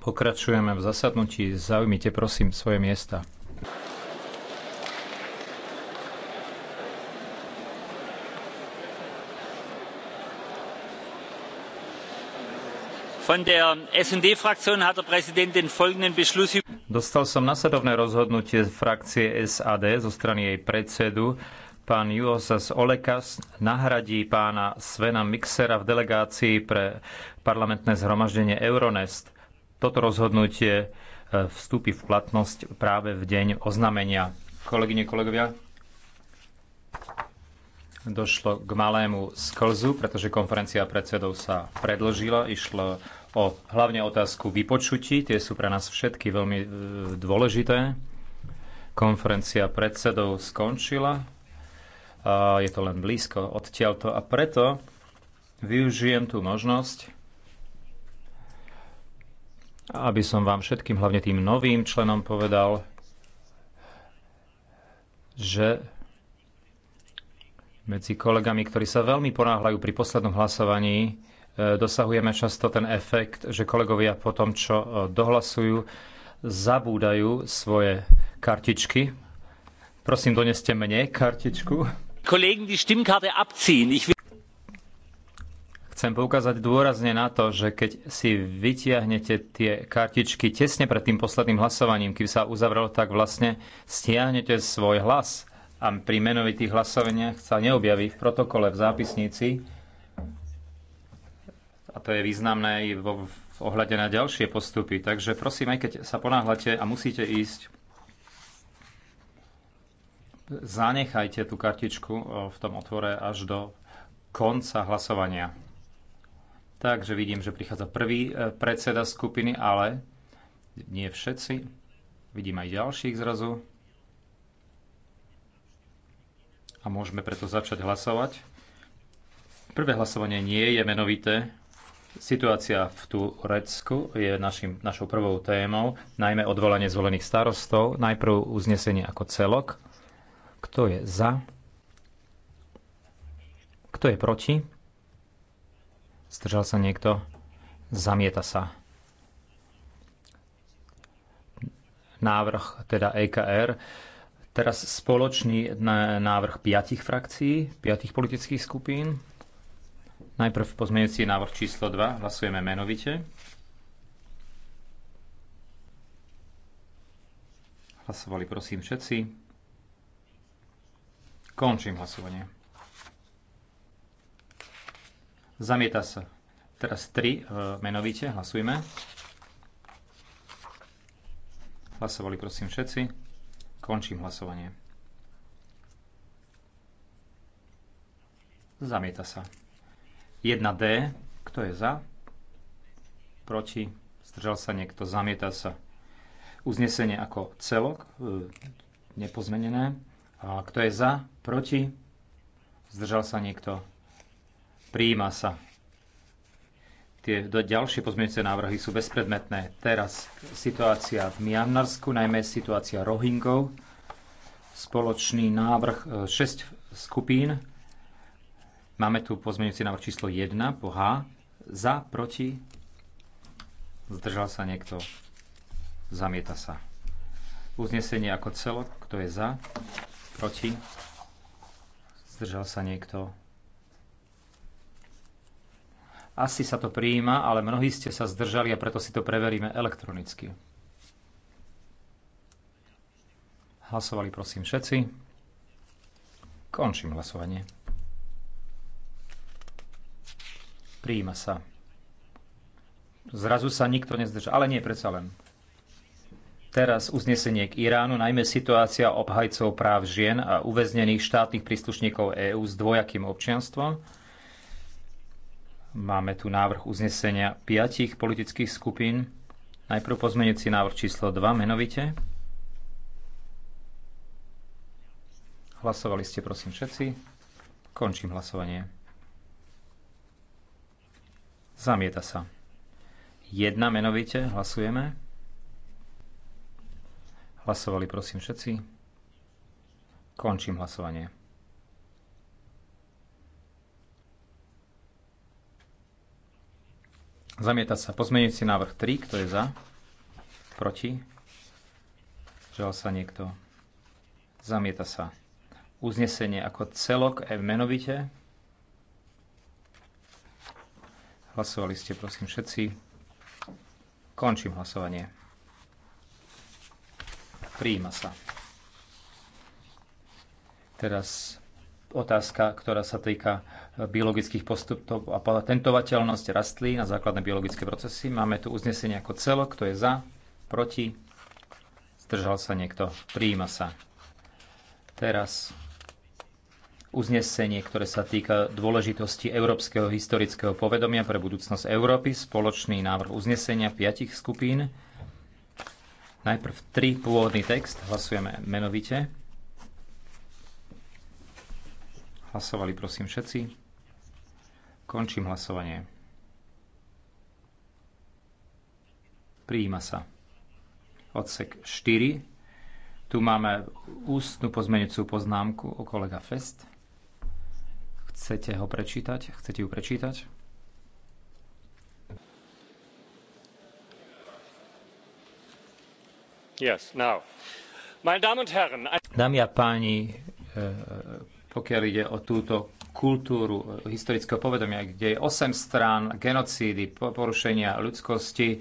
Pokračujeme v zasadnutí. Zaujmite prosím svoje miesta. Dostal som nasledovné rozhodnutie frakcie SAD zo strany jej predsedu. Pán Juosas Olekas nahradí pána Svena Mixera v delegácii pre parlamentné zhromaždenie Euronest. Toto rozhodnutie e, vstúpi v platnosť práve v deň oznamenia. Kolegyne, kolegovia, došlo k malému sklzu, pretože konferencia predsedov sa predlžila. Išlo o hlavne otázku vypočutí, tie sú pre nás všetky veľmi e, dôležité. Konferencia predsedov skončila, je to len blízko odtiaľto a preto využijem tú možnosť aby som vám všetkým, hlavne tým novým členom povedal, že medzi kolegami, ktorí sa veľmi ponáhľajú pri poslednom hlasovaní, e, dosahujeme často ten efekt, že kolegovia po tom, čo e, dohlasujú, zabúdajú svoje kartičky. Prosím, doneste mne kartičku. Kollegen, die Stimmkarte abziehen. Ich Chcem poukázať dôrazne na to, že keď si vytiahnete tie kartičky tesne pred tým posledným hlasovaním, kým sa uzavrelo, tak vlastne stiahnete svoj hlas a pri menovitých hlasoveniach sa neobjaví v protokole, v zápisnici. A to je významné i vo, v ohľade na ďalšie postupy. Takže prosím, aj keď sa ponáhľate a musíte ísť, zanechajte tú kartičku eh, v tom otvore až do konca hlasovania. Takže vidím, že prichádza prvý e, predseda skupiny, ale nie všetci. Vidím aj ďalších zrazu. A môžeme preto začať hlasovať. Prvé hlasovanie nie je menovité. Situácia v Turecku je našim, našou prvou témou, najmä odvolanie zvolených starostov, najprv uznesenie ako celok. Kto je za? Kto je proti? Zdržal sa niekto? Zamieta sa. Návrh teda EKR. Teraz spoločný návrh piatich frakcií, piatich politických skupín. Najprv pozmeňujúci návrh číslo 2. Hlasujeme menovite. Hlasovali prosím všetci. Končím hlasovanie. Zamieta sa. Teraz tri e, menovite. Hlasujme. Hlasovali prosím všetci. Končím hlasovanie. Zamieta sa. 1D. Kto je za? Proti? Zdržal sa niekto? Zamieta sa. Uznesenie ako celok. E, nepozmenené. Kto je za? Proti? Zdržal sa niekto? Príjima sa. Tie ďalšie pozmeňujúce návrhy sú bezpredmetné. Teraz situácia v Mianmarsku, najmä situácia Rohingov. Spoločný návrh 6 e, skupín. Máme tu pozmeňujúci návrh číslo 1 po H. Za, proti, zdržal sa niekto, zamieta sa. Uznesenie ako celok, kto je za, proti, zdržal sa niekto, asi sa to prijíma, ale mnohí ste sa zdržali a preto si to preveríme elektronicky. Hlasovali prosím všetci. Končím hlasovanie. Prijíma sa. Zrazu sa nikto nezdržal, ale nie predsa len. Teraz uznesenie k Iránu, najmä situácia obhajcov práv žien a uväznených štátnych príslušníkov EÚ s dvojakým občianstvom. Máme tu návrh uznesenia piatich politických skupín. Najprv pozmenujúci návrh číslo 2 menovite. Hlasovali ste prosím všetci. Končím hlasovanie. Zamieta sa. Jedna, menovite hlasujeme. Hlasovali prosím všetci. Končím hlasovanie. Zamieta sa pozmeňujúci návrh 3, kto je za? Proti? Žal sa niekto. Zamieta sa. Uznesenie ako celok aj menovite. Hlasovali ste prosím všetci. Končím hlasovanie. Prijíma sa. Teraz otázka, ktorá sa týka eh, biologických postupov a patentovateľnosť rastlín a základné biologické procesy. Máme tu uznesenie ako celo, kto je za, proti, zdržal sa niekto, prijíma sa. Teraz uznesenie, ktoré sa týka dôležitosti európskeho historického povedomia pre budúcnosť Európy, spoločný návrh uznesenia piatich skupín. Najprv tri pôvodný text, hlasujeme menovite. Hlasovali prosím všetci. Končím hlasovanie. Prijíma sa. Odsek 4. Tu máme ústnu pozmeňujúcu poznámku o kolega Fest. Chcete ho prečítať? Chcete ju prečítať? Yes, now. Meine Damen und Herren, Dámy a páni, eh, pokiaľ ide o túto kultúru historického povedomia, kde je 8 strán genocídy, porušenia ľudskosti,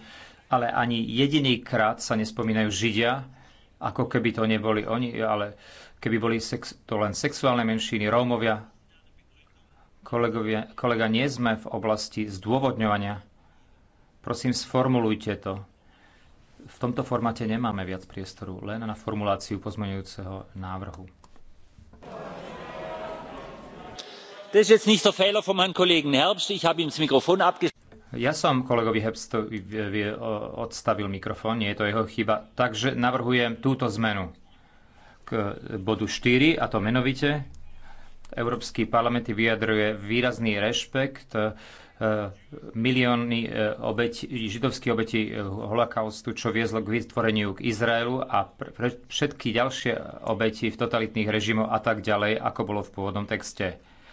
ale ani jediný krát sa nespomínajú Židia, ako keby to neboli oni, ale keby boli sex, to len sexuálne menšiny, Rómovia. Kolegovia, kolega, nie sme v oblasti zdôvodňovania. Prosím, sformulujte to. V tomto formáte nemáme viac priestoru, len na formuláciu pozmeňujúceho návrhu. Ja som kolegovi Herbstovi odstavil mikrofón, nie je to jeho chyba. Takže navrhujem túto zmenu k bodu 4, a to menovite. Európsky parlament vyjadruje výrazný rešpekt e, milióny e, obeti, židovských obetí e, holokaustu, čo viezlo k vytvoreniu k Izraelu a pre všetky ďalšie obeti v totalitných režimoch a tak ďalej, ako bolo v pôvodnom texte.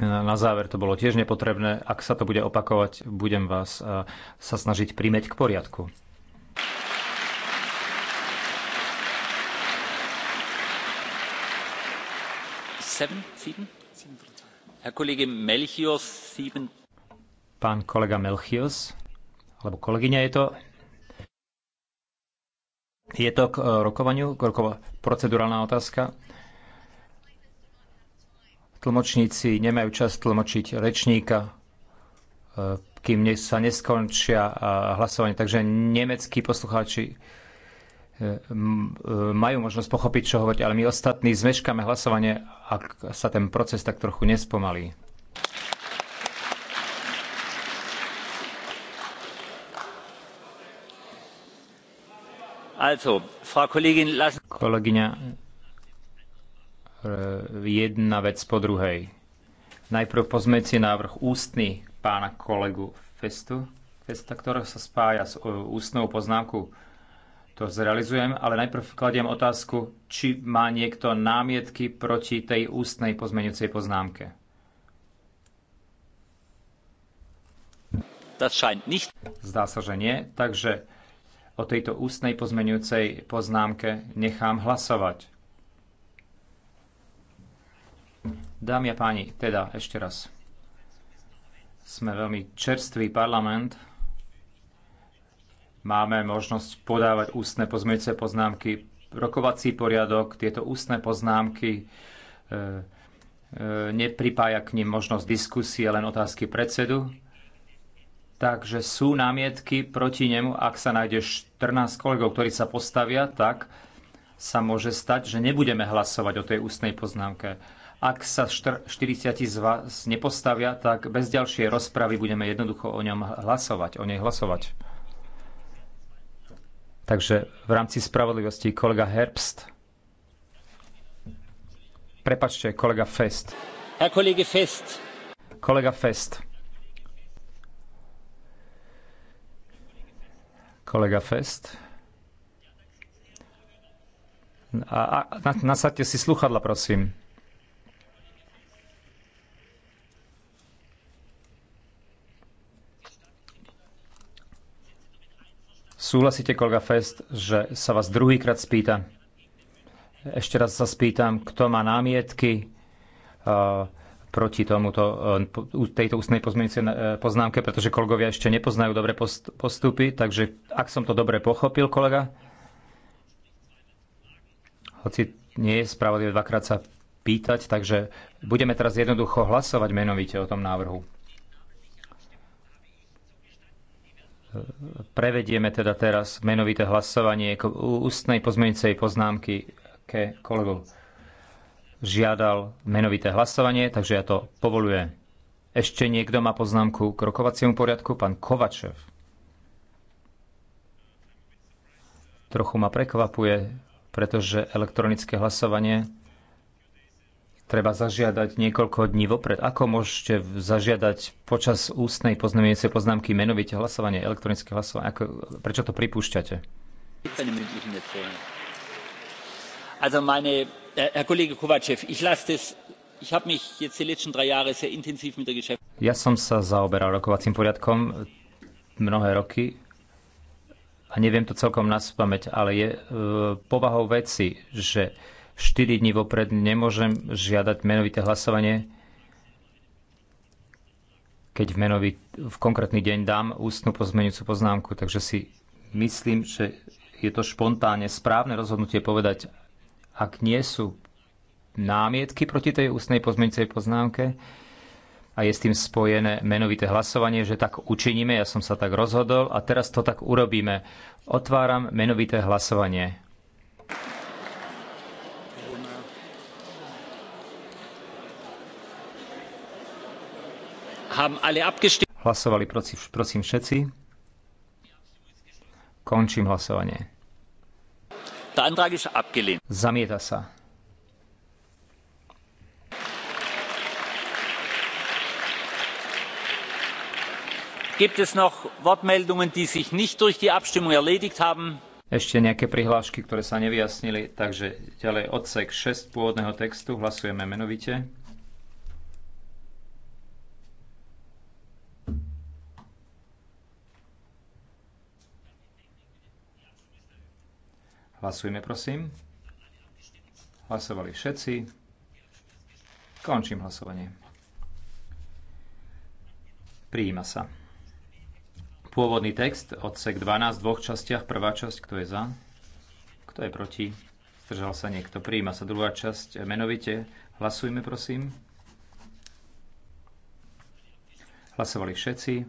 na záver to bolo tiež nepotrebné. Ak sa to bude opakovať, budem vás e, sa snažiť prímeť k poriadku. Pán kolega Melchios, alebo kolegyňa je to. Je to k e, rokovaniu, k roko, procedurálna otázka. Tlmočníci nemajú čas tlmočiť rečníka, e, kým sa neskončia e, hlasovanie. Takže nemeckí poslucháči e, majú možnosť pochopiť, čo hovoriť, ale my ostatní zmeškáme hlasovanie, ak sa ten proces tak trochu nespomalí. Also, Frau Kollegin, lassen... Kolegyňa, jedna vec po druhej. Najprv pozmeci návrh ústny pána kolegu Festu, Festa, ktorá sa spája s e, ústnou poznámkou. To zrealizujem, ale najprv kladiem otázku, či má niekto námietky proti tej ústnej pozmeňujúcej poznámke. Zdá sa, že nie, takže o tejto ústnej pozmeňujúcej poznámke nechám hlasovať. Dámy a páni, teda ešte raz. Sme veľmi čerstvý parlament. Máme možnosť podávať ústne pozmeňujúce poznámky, rokovací poriadok, tieto ústne poznámky e, e nepripája k ním možnosť diskusie, len otázky predsedu. Takže sú námietky proti nemu, ak sa nájde 14 kolegov, ktorí sa postavia, tak sa môže stať, že nebudeme hlasovať o tej ústnej poznámke. Ak sa 40 z vás nepostavia, tak bez ďalšej rozpravy budeme jednoducho o ňom hlasovať, o nej hlasovať. Takže v rámci spravodlivosti kolega Herbst. Prepačte, kolega Fest. Herr Kollege Fest. Kolega Fest. Kolega Fest. A, a, nasadte si sluchadla, prosím. Súhlasíte, kolega Fest, že sa vás druhýkrát spýtam? Ešte raz sa spýtam, kto má námietky uh, proti tomuto, uh, tejto ústnej uh, poznámke, pretože kolegovia ešte nepoznajú dobre postupy, takže ak som to dobre pochopil, kolega, hoci nie je spravodlivé dvakrát sa pýtať, takže budeme teraz jednoducho hlasovať menovite o tom návrhu. prevedieme teda teraz menovité hlasovanie k ústnej pozmeňujúcej poznámky ke kolegu Žiadal menovité hlasovanie, takže ja to povolujem. Ešte niekto má poznámku k rokovaciemu poriadku? Pán Kovačev. Trochu ma prekvapuje, pretože elektronické hlasovanie treba zažiadať niekoľko dní vopred. Ako môžete zažiadať počas ústnej poznamienice poznámky menovite hlasovanie, elektronické hlasovanie? Ako, prečo to pripúšťate? Also meine, äh, Herr Kollege Kovacev, ich lasse das ja som sa zaoberal rokovacím poriadkom mnohé roky a neviem to celkom na spameť, ale je e, povahou veci, že 4 dní vopred nemôžem žiadať menovité hlasovanie, keď v, menový, v konkrétny deň dám ústnu pozmeňujúcu poznámku. Takže si myslím, že je to špontánne správne rozhodnutie povedať, ak nie sú námietky proti tej ústnej pozmeňujúcej poznámke a je s tým spojené menovité hlasovanie, že tak učiníme, ja som sa tak rozhodol a teraz to tak urobíme. Otváram menovité hlasovanie. Hlasovali prosím, prosím všetci. Končím hlasovanie. Zamieta sa. Gibt es noch Wortmeldungen, die sich nicht durch die Abstimmung erledigt haben? Ešte nejaké prihlášky, ktoré sa nevyjasnili, takže ďalej odsek 6 pôvodného textu hlasujeme menovite. Hlasujme, prosím. Hlasovali všetci. Končím hlasovanie. Prijíma sa. Pôvodný text, odsek 12 v dvoch častiach. Prvá časť, kto je za? Kto je proti? Zdržal sa niekto. Prijíma sa druhá časť. Menovite. Hlasujme, prosím. Hlasovali všetci.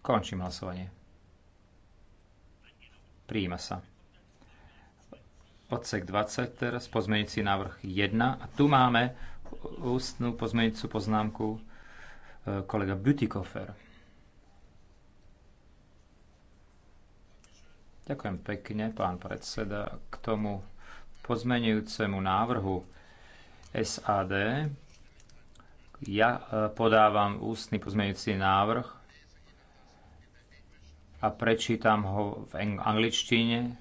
Končím hlasovanie. Prijíma sa odsek 20, teraz pozmeňujúci návrh 1. A tu máme ústnú pozmeňujúcu poznámku e, kolega Butikofer. Ďakujem pekne, pán predseda. K tomu pozmenujúcemu návrhu SAD ja e, podávam ústny pozmenujúci návrh a prečítam ho v angličtine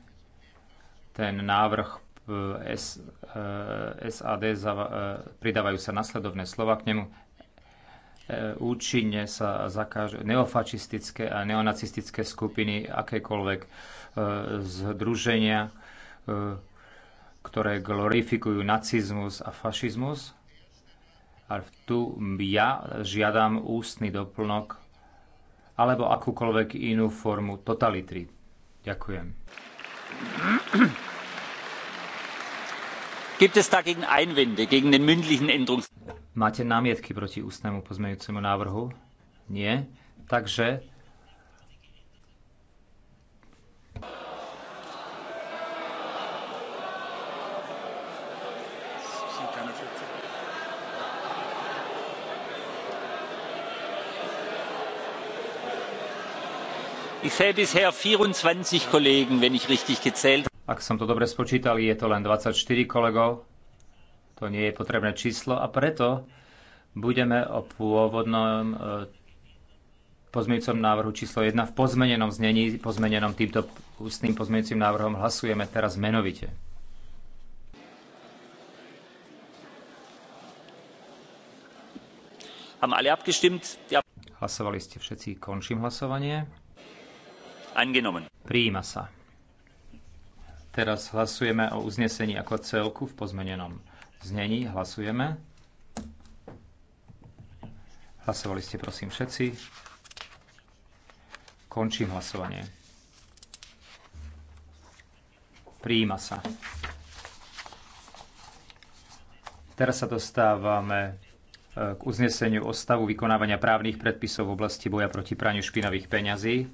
ten návrh eh, S, eh, SAD eh, pridávajú sa nasledovné slova k nemu. Účinne sa zakážu neofačistické a neonacistické skupiny, akékoľvek združenia, ktoré glorifikujú nacizmus a fašizmus. A tu ja žiadam ústny doplnok alebo akúkoľvek inú formu totality. Ďakujem. Gibt es dagegen Einwände gegen den mündlichen Änderungsantrag? Máte námietky proti ústnemu pozmeňujúcemu návrhu? Nie. Takže Ak som to dobre spočítal, je to len 24 kolegov. To nie je potrebné číslo a preto budeme o pôvodnom e, pozmeňujúcom návrhu číslo 1 v pozmenenom znení, pozmenenom týmto ústnym pozmeňujúcim návrhom hlasujeme teraz menovite. Hlasovali ste všetci, končím hlasovanie. Angenommen. Prijíma sa. Teraz hlasujeme o uznesení ako celku v pozmenenom znení. Hlasujeme. Hlasovali ste prosím všetci. Končím hlasovanie. Prijíma sa. Teraz sa dostávame e, k uzneseniu o stavu vykonávania právnych predpisov v oblasti boja proti praniu špinavých peňazí.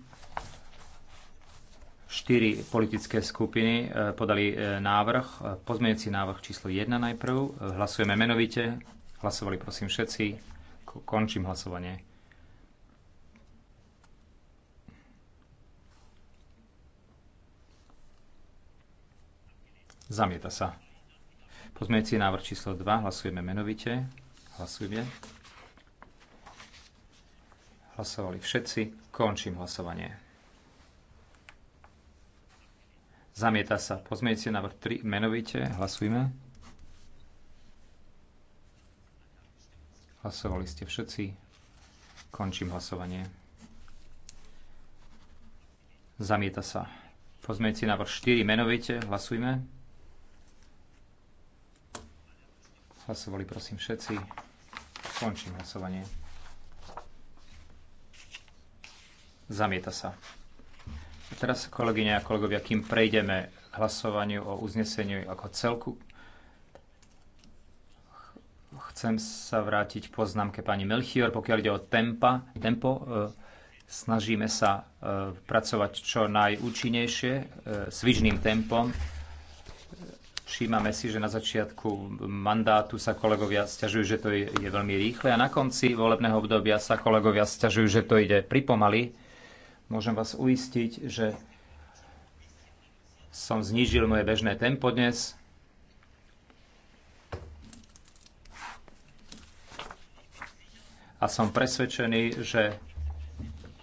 Štyri politické skupiny e, podali e, návrh, e, pozmeňujúci návrh číslo 1 najprv. Hlasujeme menovite. Hlasovali prosím všetci. Končím hlasovanie. Zamieta sa. Pozmeňujúci návrh číslo 2. Hlasujeme menovite. Hlasujeme. Hlasovali všetci. Končím hlasovanie. Zamieta sa. Pozmejte návrh 3 menovite. Hlasujme. Hlasovali ste všetci. Končím hlasovanie. Zamieta sa. Pozmejte návrh 4 menovite. Hlasujme. Hlasovali prosím všetci. Končím hlasovanie. Zamieta sa. Teraz, kolegyne a kolegovia, kým prejdeme k hlasovaniu o uzneseniu ako celku, chcem sa vrátiť k poznámke pani Melchior, pokiaľ ide o tempa, tempo. E, snažíme sa e, pracovať čo najúčinnejšie, e, vyžným tempom. Všímame si, že na začiatku mandátu sa kolegovia stiažujú, že to je veľmi rýchle a na konci volebného obdobia sa kolegovia stiažujú, že to ide pripomaly. Môžem vás uistiť, že som znížil moje bežné tempo dnes. A som presvedčený, že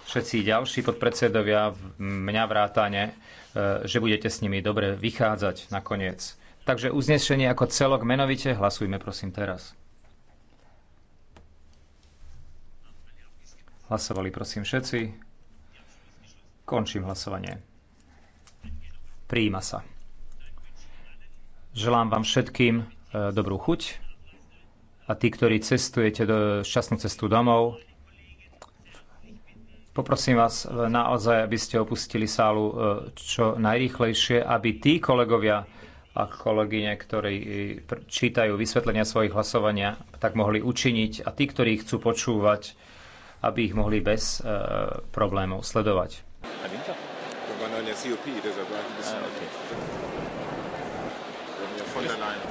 všetci ďalší podpredsedovia, mňa vrátane, e, že budete s nimi dobre vychádzať nakoniec. Takže uznesenie ako celok menovite hlasujme prosím teraz. Hlasovali prosím všetci. Končím hlasovanie. Príjima sa. Želám vám všetkým e, dobrú chuť a tí, ktorí cestujete do šťastnú cestu domov, poprosím vás e, naozaj, aby ste opustili sálu e, čo najrýchlejšie, aby tí kolegovia, a kolegyne, ktorí čítajú vysvetlenia svojich hlasovania, tak mohli učiniť a tí, ktorí chcú počúvať, aby ich mohli bez problémov sledovať. Herr Wir waren an der COP, deshalb war ich Ah, okay. Von der Leyen.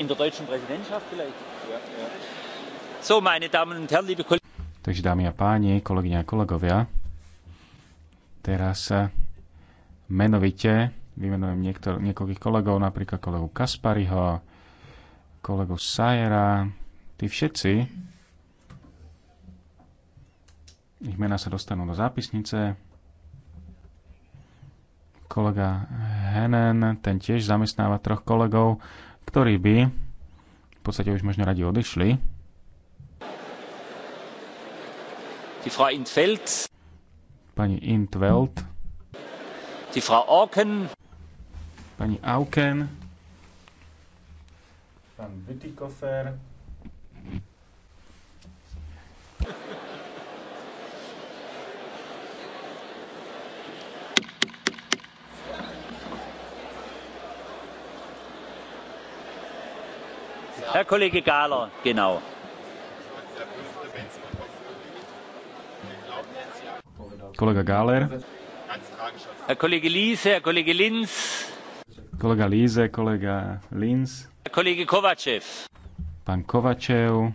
In der deutschen Präsidentschaft vielleicht? Ja, ja. So, meine Damen und Herren, liebe Kollegen. Takže dámy a páni, kolegyne a kolegovia, teraz eh, menovite vymenujem niektor, niekoľkých kolegov, napríklad kolegu Kaspariho, kolegu Sajera. Tí všetci, ich mená sa dostanú do zápisnice. Kolega Henen, ten tiež zamestnáva troch kolegov ktorí by v podstate už možno radi odišli. Die Frau Intveld. Pani Intveld. Die Frau Auken. Pani Auken. Pán Bütikofer. Herr Kollege Gahler, genau. Kolega Gáler. Herr Kollege Liese, Herr Kollege lins Kolega Líze, kolega Linz. Herr Kollege Kovačev. Pán Kovačev.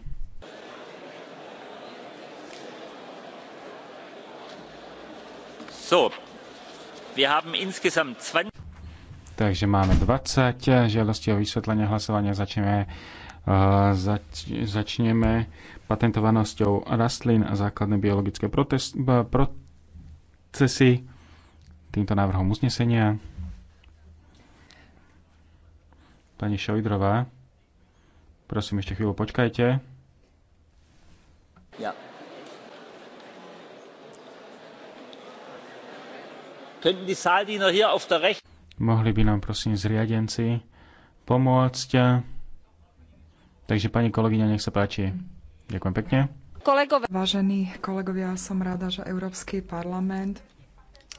So, wir haben insgesamt 20... Takže máme 20 žiadosti o vysvetlenie hlasovania. Začneme, uh, zač, začneme patentovanosťou rastlín a základné biologické protest, procesy týmto návrhom uznesenia. Pani Šojdrová, prosím ešte chvíľu počkajte. Ja. Können die Saaldiener hier auf der rechten Mohli by nám prosím zriadenci pomôcť. Takže pani kolegyňa, nech sa páči. Ďakujem pekne. Kolegovia. Vážení kolegovia, som rada, že Európsky parlament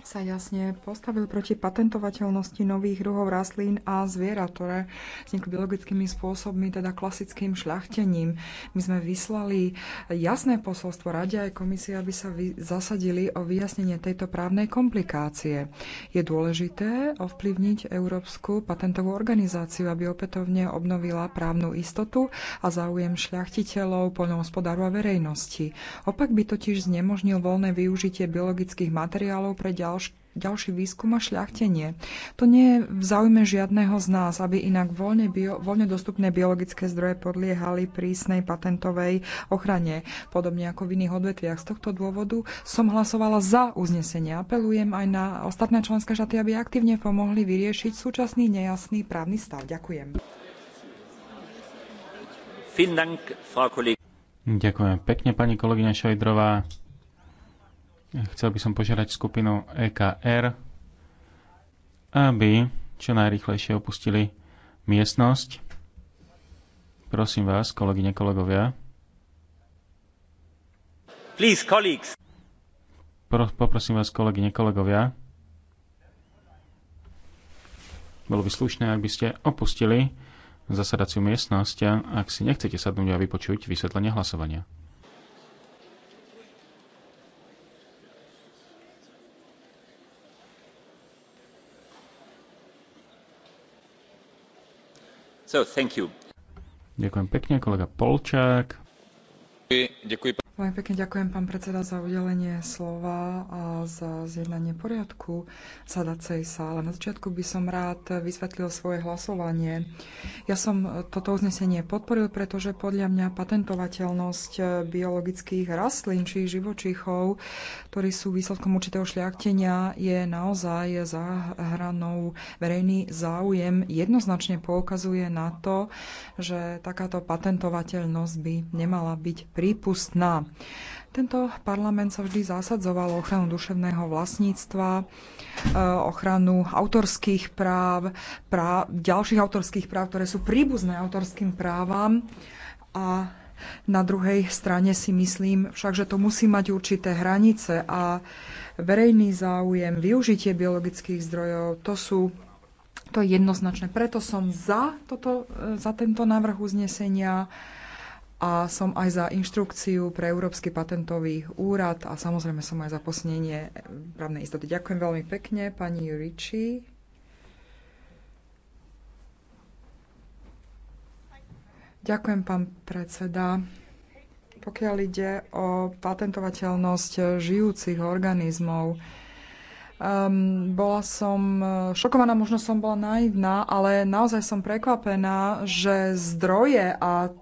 sa jasne postavil proti patentovateľnosti nových druhov rastlín a zvierat, ktoré vznikli biologickými spôsobmi, teda klasickým šľachtením. My sme vyslali jasné posolstvo Rade aj komisie, aby sa zasadili o vyjasnenie tejto právnej komplikácie. Je dôležité ovplyvniť Európsku patentovú organizáciu, aby opätovne obnovila právnu istotu a záujem šľachtiteľov, poľnohospodárov a verejnosti. Opak by totiž znemožnil voľné využitie biologických materiálov pre ďalšie ďalš, ďalší výskum a šľachtenie. To nie je v záujme žiadného z nás, aby inak voľne, bio, voľne dostupné biologické zdroje podliehali prísnej patentovej ochrane, podobne ako v iných odvetviach. Z tohto dôvodu som hlasovala za uznesenie. Apelujem aj na ostatné členské štáty, aby aktívne pomohli vyriešiť súčasný nejasný právny stav. Ďakujem. Ďakujem pekne, pani kolegyňa Šojdrová. Chcel by som požiadať skupinu EKR, aby čo najrychlejšie opustili miestnosť. Prosím vás, kolegyne, kolegovia. Please, colleagues. Pro, poprosím vás, kolegyne, kolegovia. Bolo by slušné, ak by ste opustili zasadaciu miestnosť, ak si nechcete sadnúť a vypočuť vysvetlenie hlasovania. So, Ďakujem pekne, kolega Polčák. Veľmi pekne ďakujem, pán predseda, za udelenie slova a za zjednanie poriadku sadacej sále. Na začiatku by som rád vysvetlil svoje hlasovanie. Ja som toto uznesenie podporil, pretože podľa mňa patentovateľnosť biologických rastlín či živočíchov, ktorí sú výsledkom určitého šľaktenia, je naozaj za hranou verejný záujem. Jednoznačne poukazuje na to, že takáto patentovateľnosť by nemala byť prípustná. Tento parlament sa vždy zasadzoval o ochranu duševného vlastníctva, e, ochranu autorských práv, práv, ďalších autorských práv, ktoré sú príbuzné autorským právam. A na druhej strane si myslím však, že to musí mať určité hranice a verejný záujem, využitie biologických zdrojov, to sú to je jednoznačné. Preto som za, toto, e, za tento návrh uznesenia a som aj za inštrukciu pre Európsky patentový úrad a samozrejme som aj za posnenie právnej istoty. Ďakujem veľmi pekne, pani Juriči. Ďakujem, pán predseda. Pokiaľ ide o patentovateľnosť žijúcich organizmov, Um, bola som šokovaná, možno som bola naivná, ale naozaj som prekvapená, že zdroje a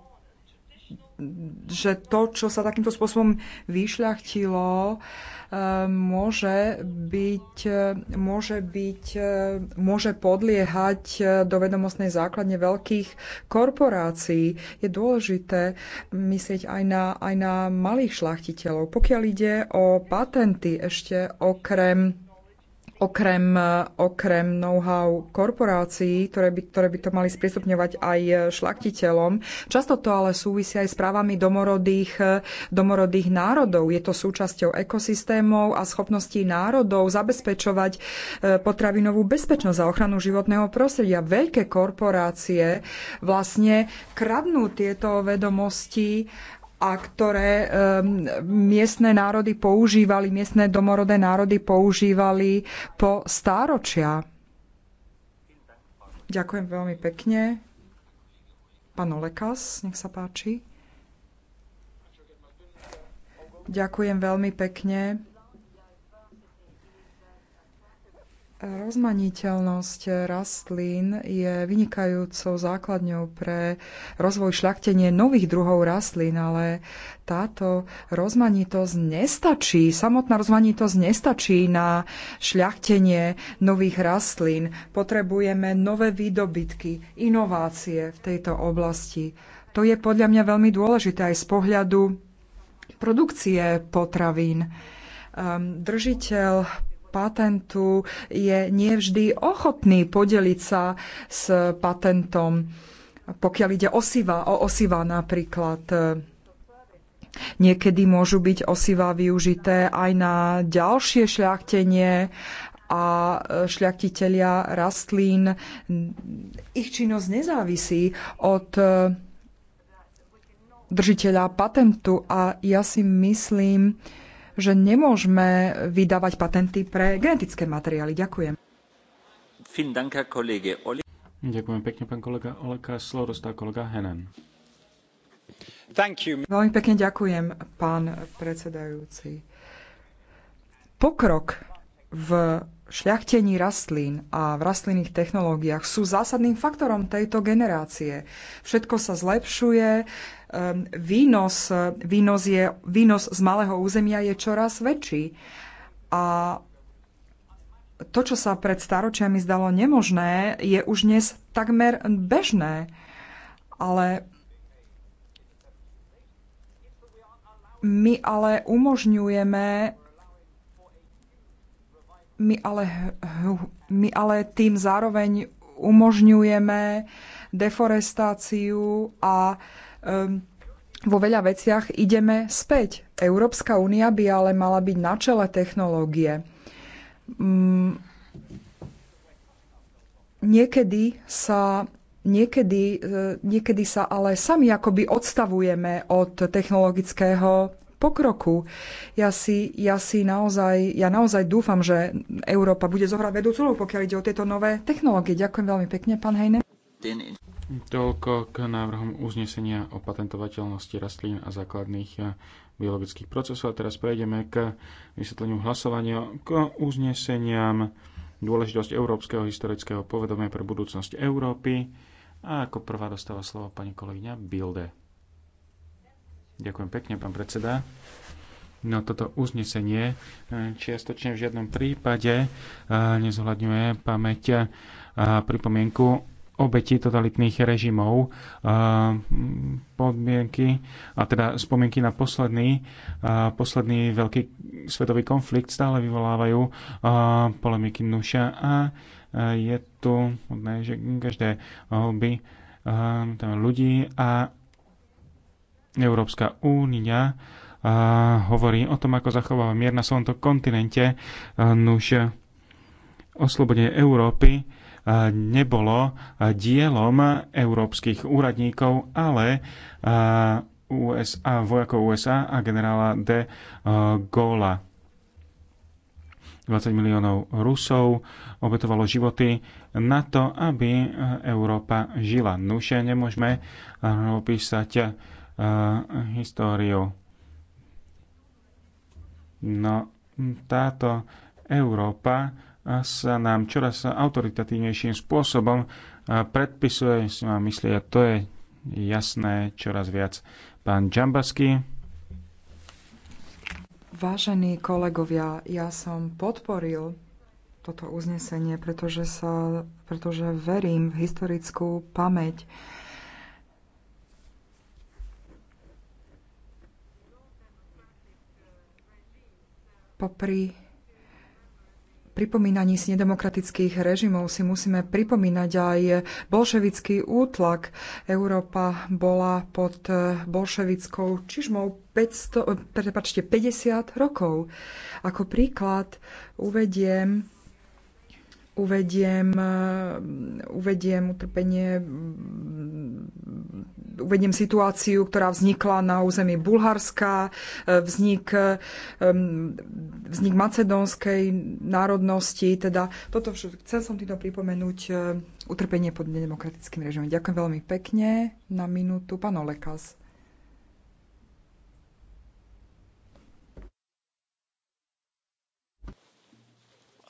že to, čo sa takýmto spôsobom vyšľachtilo, eh, môže byť, eh, môže byť, eh, môže podliehať do vedomostnej základne veľkých korporácií. Je dôležité myslieť aj na, aj na malých šlachtiteľov. Pokiaľ ide o patenty, ešte okrem okrem, okrem know-how korporácií, ktoré by, ktoré by to mali sprístupňovať aj šlaktiteľom. Často to ale súvisí aj s právami domorodých, domorodých národov. Je to súčasťou ekosystémov a schopností národov zabezpečovať e, potravinovú bezpečnosť a ochranu životného prostredia. Veľké korporácie vlastne kradnú tieto vedomosti a ktoré um, miestne národy používali, miestne domorodé národy používali po stáročia. Ďakujem veľmi pekne. Pán Olekas, nech sa páči. Ďakujem veľmi pekne. Rozmaniteľnosť rastlín je vynikajúcou základňou pre rozvoj šľaktenie nových druhov rastlín, ale táto rozmanitosť nestačí, samotná rozmanitosť nestačí na šľachtenie nových rastlín. Potrebujeme nové výdobytky, inovácie v tejto oblasti. To je podľa mňa veľmi dôležité aj z pohľadu produkcie potravín. Ehm, držiteľ patentu je nevždy ochotný podeliť sa s patentom, pokiaľ ide osiva, o osiva napríklad. Niekedy môžu byť osiva využité aj na ďalšie šľachtenie a e, šľachtitelia rastlín. Ich činnosť nezávisí od e, držiteľa patentu a ja si myslím, že nemôžeme vydávať patenty pre genetické materiály. Ďakujem. Ďakujem pekne, pán kolega Oleka. Slovo dostá kolega Henen. Veľmi pekne ďakujem, pán predsedajúci. Pokrok v šľachtení rastlín a v rastlinných technológiách sú zásadným faktorom tejto generácie. Všetko sa zlepšuje, výnos, výnos, je, výnos z malého územia je čoraz väčší. A to, čo sa pred staročiami zdalo nemožné, je už dnes takmer bežné. Ale my ale umožňujeme my ale, my ale tým zároveň umožňujeme deforestáciu a um, vo veľa veciach ideme späť. Európska únia by ale mala byť na čele technológie. Um, niekedy sa Niekedy, e, niekedy sa ale sami akoby odstavujeme od technologického pokroku. Ja si, ja si naozaj, ja naozaj dúfam, že Európa bude zohrať vedúcu pokiaľ ide o tieto nové technológie. Ďakujem veľmi pekne, pán Hejne. Toľko k návrhom uznesenia o patentovateľnosti rastlín a základných eh, biologických procesov. A teraz prejdeme k vysvetleniu hlasovania k uzneseniam dôležitosť európskeho historického povedomia pre budúcnosť Európy. A ako prvá dostáva slovo pani kolegyňa Bilde. Ďakujem pekne, pán predseda. No toto uznesenie eh, čiastočne v žiadnom prípade eh, nezohľadňuje pamäť a pripomienku obeti totalitných režimov eh, podmienky, a teda spomienky na posledný, eh, posledný veľký svetový konflikt stále vyvolávajú eh, polemiky Nuša a je tu že každé by ľudí a Európska únia hovorí o tom, ako zachováva mier na svojom kontinente, nuž oslobodenie Európy nebolo dielom európskych úradníkov, ale USA, vojakov USA a generála de Gola. 20 miliónov Rusov obetovalo životy na to, aby Európa žila. Nuže nemôžeme opísať históriu. No, táto Európa sa nám čoraz autoritatívnejším spôsobom predpisuje, si mám myslí, a to je jasné čoraz viac. Pán Džambasky. Vážení kolegovia, ja som podporil toto uznesenie, pretože, sa, pretože verím v historickú pamäť popri pripomínaní si nedemokratických režimov si musíme pripomínať aj bolševický útlak. Európa bola pod bolševickou čižmou 500, prepáčte, 50 rokov. Ako príklad uvediem uvediem, eh, uvediem utrpenie, uvediem situáciu, ktorá vznikla na území Bulharska, eh, vznik, vznik macedónskej národnosti, teda toto všetko, chcel som týmto pripomenúť eh, utrpenie pod nedemokratickým režimom. Ďakujem veľmi pekne. Na minútu pán Olekas.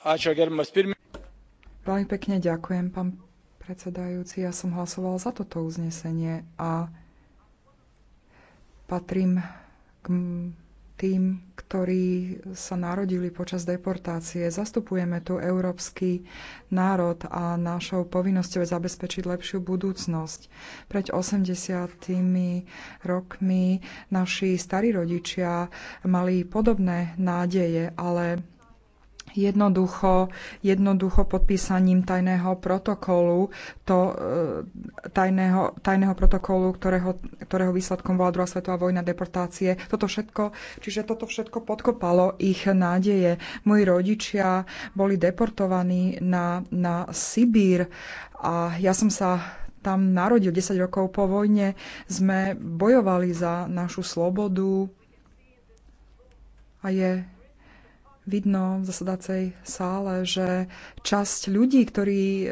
Ačiū, gerbiamas pirmininkas. Veľmi pekne ďakujem, pán predsedajúci. Ja som hlasovala za toto uznesenie a patrím k tým, ktorí sa narodili počas deportácie. Zastupujeme tu európsky národ a našou povinnosťou je zabezpečiť lepšiu budúcnosť. Pred 80 rokmi naši starí rodičia mali podobné nádeje, ale jednoducho, jednoducho podpísaním tajného protokolu, to, e, tajného, tajného protokolu, ktorého, ktorého výsledkom bola druhá svetová vojna, deportácie. Toto všetko, čiže toto všetko podkopalo ich nádeje. Moji rodičia boli deportovaní na, na Sibír a ja som sa tam narodil 10 rokov po vojne, sme bojovali za našu slobodu a je vidno v zasadacej sále, že časť ľudí, ktorí e,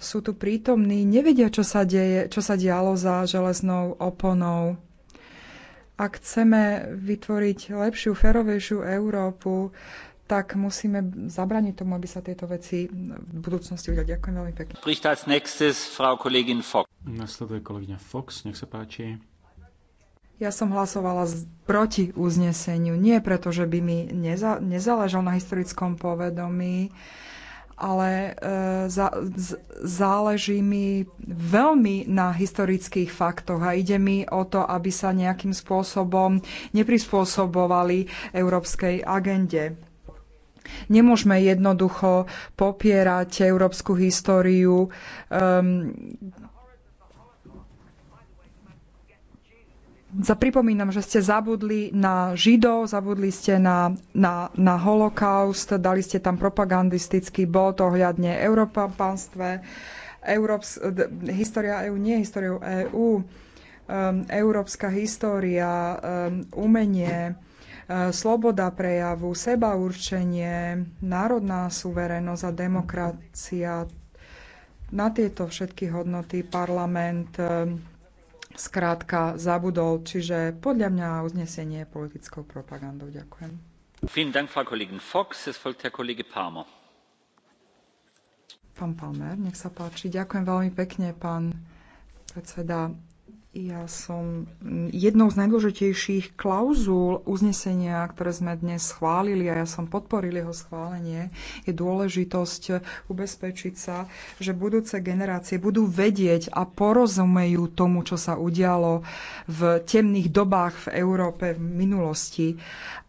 sú tu prítomní, nevedia, čo sa, deje, čo sa dialo za železnou oponou. Ak chceme vytvoriť lepšiu, ferovejšiu Európu, tak musíme zabraniť tomu, aby sa tieto veci v budúcnosti udiali. Ďakujem veľmi pekne. Nasleduje kolegyňa Fox, nech sa páči. Ja som hlasovala z, proti uzneseniu, nie preto, že by mi neza, nezáležal na historickom povedomí, ale e, za, z, záleží mi veľmi na historických faktoch a ide mi o to, aby sa nejakým spôsobom neprispôsobovali európskej agende. Nemôžeme jednoducho popierať európsku históriu. Ehm, Pripomínam, že ste zabudli na Židov, zabudli ste na, na, na holokaust, dali ste tam propagandistický bod ohľadne európanstve, Európs, história EU, nie históriou EÚ, um, európska história, um, umenie, um, sloboda prejavu, sebaurčenie, národná suverenosť a demokracia. Na tieto všetky hodnoty parlament um, skrátka zabudol. Čiže podľa mňa uznesenie je politickou propagandou. Ďakujem. Pán Palmer, nech sa páči. Ďakujem veľmi pekne, pán predseda. Ja som jednou z najdôležitejších klauzul uznesenia, ktoré sme dnes schválili a ja som podporil jeho schválenie, je dôležitosť ubezpečiť sa, že budúce generácie budú vedieť a porozumejú tomu, čo sa udialo v temných dobách v Európe v minulosti.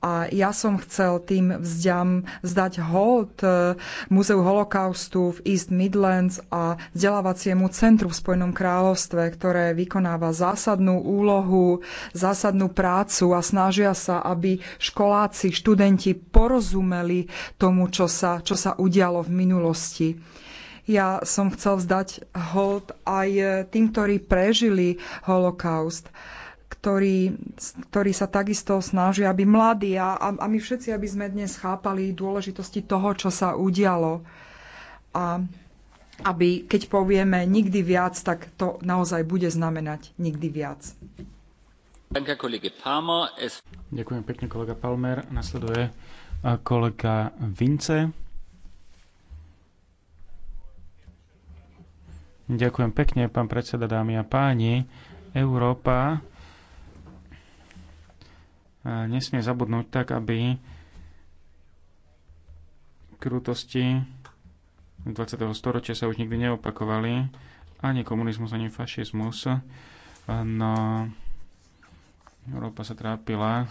A ja som chcel tým vzďam zdať hold eh, Múzeu holokaustu v East Midlands a vzdelávaciemu centru v Spojenom kráľovstve, ktoré vykonáva zásadnú úlohu, zásadnú prácu a snažia sa, aby školáci, študenti porozumeli tomu, čo sa, čo sa udialo v minulosti. Ja som chcel vzdať hold aj tým, ktorí prežili holokaust ktorí, ktorí sa takisto snažia, aby mladí a, a my všetci, aby sme dnes chápali dôležitosti toho, čo sa udialo. A aby keď povieme nikdy viac, tak to naozaj bude znamenať nikdy viac. Ďakujem pekne, kolega Palmer. Nasleduje e, kolega Vince. Ďakujem pekne, pán predseda, dámy a páni. Európa e, nesmie zabudnúť tak, aby krutosti 20. storočia sa už nikdy neopakovali, ani komunizmus, ani fašizmus. No, Európa sa trápila,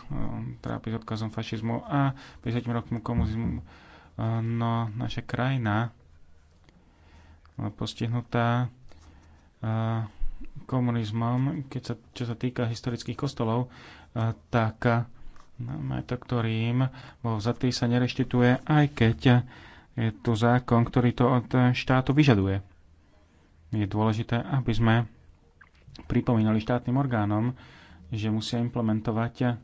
trápi s odkazom fašizmu a 50 rokom komunizmu. No, naša krajina postihnutá eh, komunizmom, keď sa, čo sa týka historických kostolov, eh, tak eh, majetok, ktorým bol vzatý, sa nereštituje, aj keď je to zákon, ktorý to od štátu vyžaduje. Je dôležité, aby sme pripomínali štátnym orgánom, že musia implementovať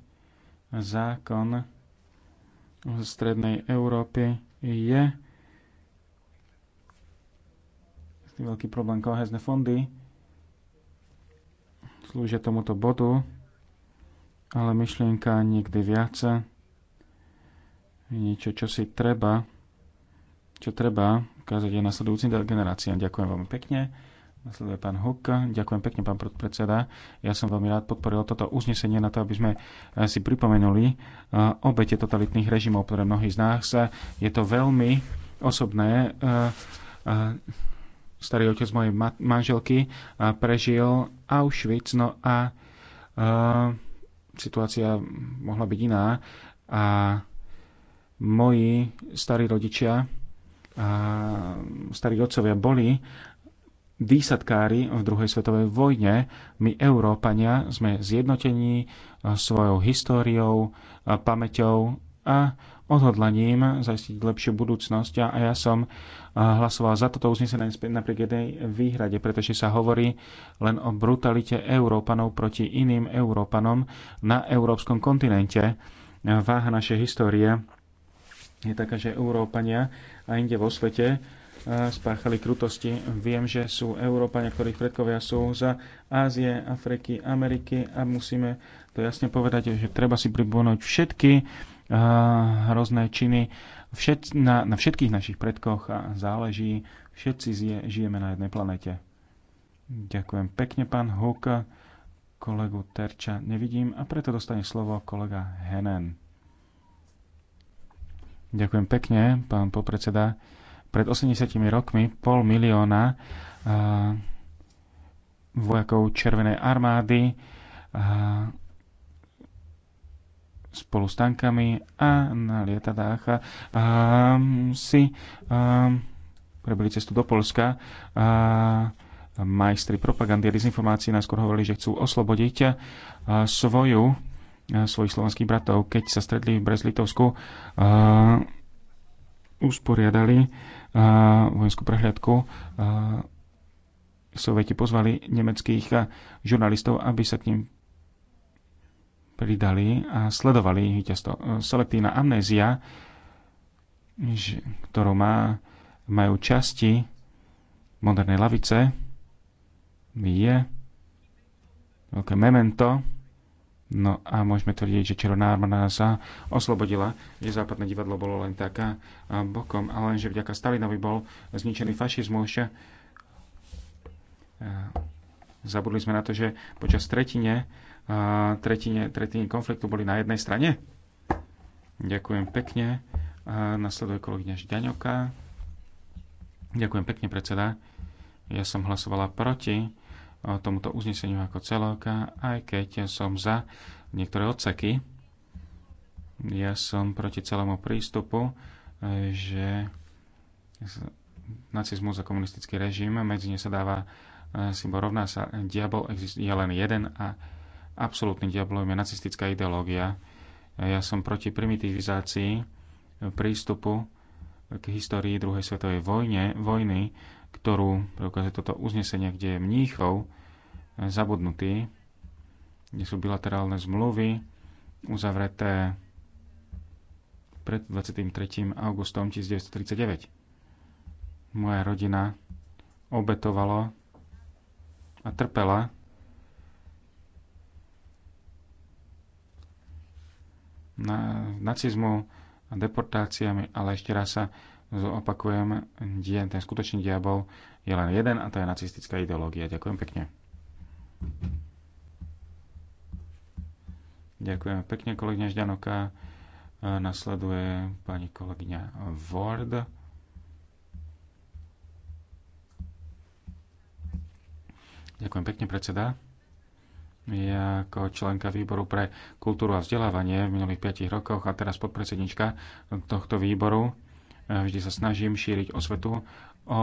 zákon v strednej Európy je veľký problém kohezné fondy slúžia tomuto bodu, ale myšlienka niekdy viac niečo, čo si treba čo treba ukázať aj nasledujúcim generáciám. Ďakujem veľmi pekne. Nasleduje pán Huk. Ďakujem pekne, pán predseda. Ja som veľmi rád podporil toto uznesenie na to, aby sme eh, si pripomenuli eh, obete totalitných režimov pre mnohí z nás. Eh, je to veľmi osobné. Starý otec mojej manželky prežil Auschwitz, no a situácia mohla byť iná. A moji starí rodičia a mm, starí otcovia boli výsadkári v druhej svetovej vojne. My, Európania, sme zjednotení e, svojou históriou, e, pamäťou a odhodlaním zajistiť lepšiu budúcnosť. A ja som e, hlasoval za toto uznesenie napriek jednej výhrade, pretože sa hovorí len o brutalite Európanov proti iným Európanom na európskom kontinente. Váha našej histórie je taká, že Európania a inde vo svete e, spáchali krutosti. Viem, že sú Európania, ktorých predkovia sú za Ázie, Afriky, Ameriky a musíme to jasne povedať, že treba si pripomnúť všetky e, hrozné činy všet, na, na všetkých našich predkoch a záleží. Všetci zje, žijeme na jednej planete. Ďakujem pekne, pán Huk, Kolegu Terča nevidím a preto dostane slovo kolega Henen. Ďakujem pekne, pán popredseda. Pred 80 rokmi pol milióna vojakov Červenej armády spolu s tankami a na lietadách si prebili cestu do Polska. Majstri propagandy a dezinformácií nás skôr hovorili, že chcú oslobodiť svoju E, svojich slovenských bratov, keď sa stretli v Brezlitovsku, e, usporiadali e, vojenskú prehliadku. Sovieti pozvali nemeckých žurnalistov, aby sa k ním pridali a sledovali víťazstvo. Selektívna amnézia, ktorú má, majú časti modernej lavice, je veľké memento, No a môžeme tvrdiť, že Červená armáda sa oslobodila, že západné divadlo bolo len taká bokom, ale že vďaka Stalinovi bol zničený fašizmus. Zabudli sme na to, že počas tretine, tretine, tretine konfliktu boli na jednej strane. Ďakujem pekne. Nasleduje kolegyňa Žďaňoka. Ďakujem pekne, predseda. Ja som hlasovala proti tomuto uzneseniu ako celovka, aj keď som za niektoré odseky. Ja som proti celému prístupu, e, že nacizmus a komunistický režim, medzi ne sa dáva e, symbol rovná sa, diabol je len jeden a absolútny diablom je nacistická ideológia. Ja som proti primitivizácii prístupu k histórii druhej svetovej vojne, vojny ktorú preukazuje toto uznesenie, kde je mníchov zabudnutý, kde sú bilaterálne zmluvy uzavreté pred 23. augustom 1939. Moja rodina obetovala a trpela na nacizmu a deportáciami, ale ešte raz sa Zopakujem, dien, ten skutočný diabol je len jeden a to je nacistická ideológia. Ďakujem pekne. Ďakujem pekne, kolegyňa Žďanoka. E, nasleduje pani kolegyňa Ward. Ďakujem pekne, predseda. Ja ako členka výboru pre kultúru a vzdelávanie v minulých 5 rokoch a teraz podpredsednička tohto výboru Vždy sa snažím šíriť osvetu o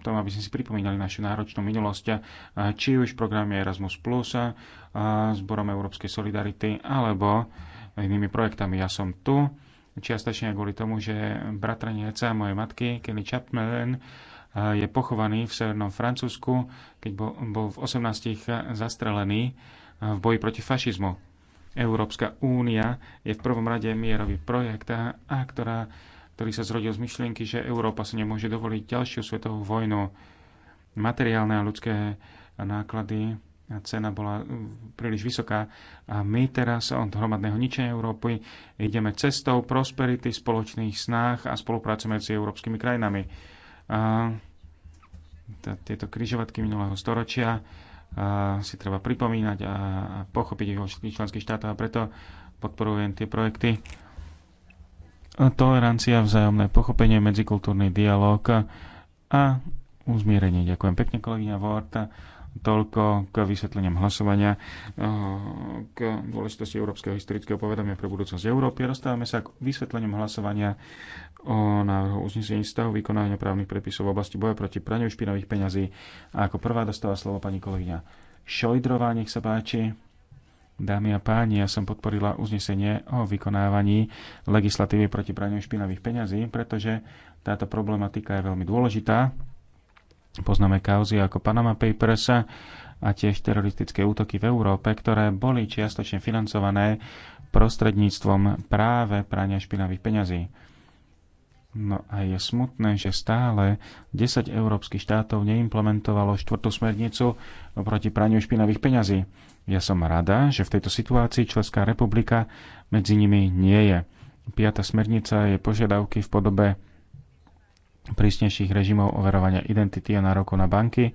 tom, aby sme si pripomínali našu náročnú minulosť, či už v programe Erasmus+, Plus, zborom Európskej solidarity, alebo inými projektami. Ja som tu čiastočne kvôli tomu, že bratranec mojej matky, Kenny Chapman, je pochovaný v severnom Francúzsku, keď bol, bol v 18. zastrelený v boji proti fašizmu. Európska únia je v prvom rade mierový projekt, a ktorá ktorý sa zrodil z myšlienky, že Európa si nemôže dovoliť ďalšiu svetovú vojnu. Materiálne a ľudské náklady a cena bola príliš vysoká. A my teraz od hromadného ničenia Európy ideme cestou prosperity, spoločných snách a spolupráce medzi európskymi krajinami. A tieto križovatky minulého storočia a si treba pripomínať a pochopiť ich všetkých členských štátov a preto podporujem tie projekty tolerancia, vzájomné pochopenie, medzikultúrny dialog a uzmierenie. Ďakujem pekne, kolegyňa Vorta. Toľko k vysvetleniam hlasovania eh, k dôležitosti európskeho historického povedomia pre budúcnosť Európy. Rozstávame sa k vysvetleniam hlasovania o návrhu uznesení stavu vykonávania právnych predpisov v oblasti boja proti praniu špinavých peňazí. A ako prvá dostáva slovo pani kolegyňa Šojdrová, nech sa páči. Dámy a páni, ja som podporila uznesenie o vykonávaní legislatívy proti praniu špinavých peňazí, pretože táto problematika je veľmi dôležitá. Poznáme kauzy ako Panama Papers a tiež teroristické útoky v Európe, ktoré boli čiastočne financované prostredníctvom práve prania špinavých peňazí. No a je smutné, že stále 10 európskych štátov neimplementovalo štvrtú smernicu proti praniu špinavých peňazí. Ja som rada, že v tejto situácii Česká republika medzi nimi nie je. Piata smernica je požiadavky v podobe prísnejších režimov overovania identity a nároku na banky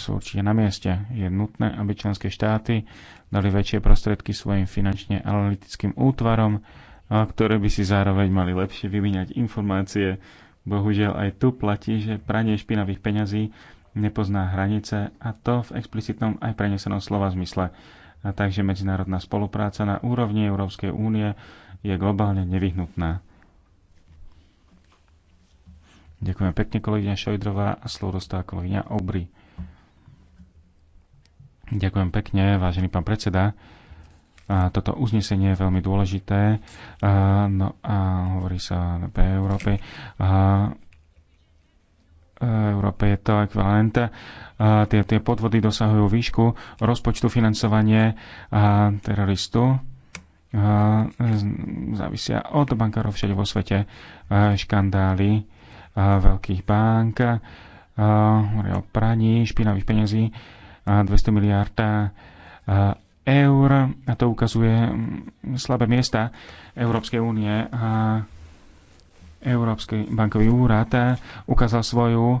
sú určite na mieste. Je nutné, aby členské štáty dali väčšie prostriedky svojim finančne analytickým útvarom, ktoré by si zároveň mali lepšie vymieňať informácie. Bohužiaľ aj tu platí, že pranie špinavých peňazí nepozná hranice a to v explicitnom aj prenesenom slova zmysle. A takže medzinárodná spolupráca na úrovni Európskej únie je globálne nevyhnutná. Ďakujem pekne kolegyňa Šojdrová a slovo dostá kolegyňa Obry. Ďakujem pekne, vážený pán predseda toto uznesenie je veľmi dôležité. No a hovorí sa o Európy. E, Európe je to ekvivalent. Tie, tie podvody dosahujú výšku rozpočtu financovanie teroristu. E, závisia od bankárov všade vo svete škandály veľkých bank, o praní špinavých peňazí 200 miliárd eur a to ukazuje mm, slabé miesta Európskej únie a Európsky bankový úrad e, ukázal svoju e,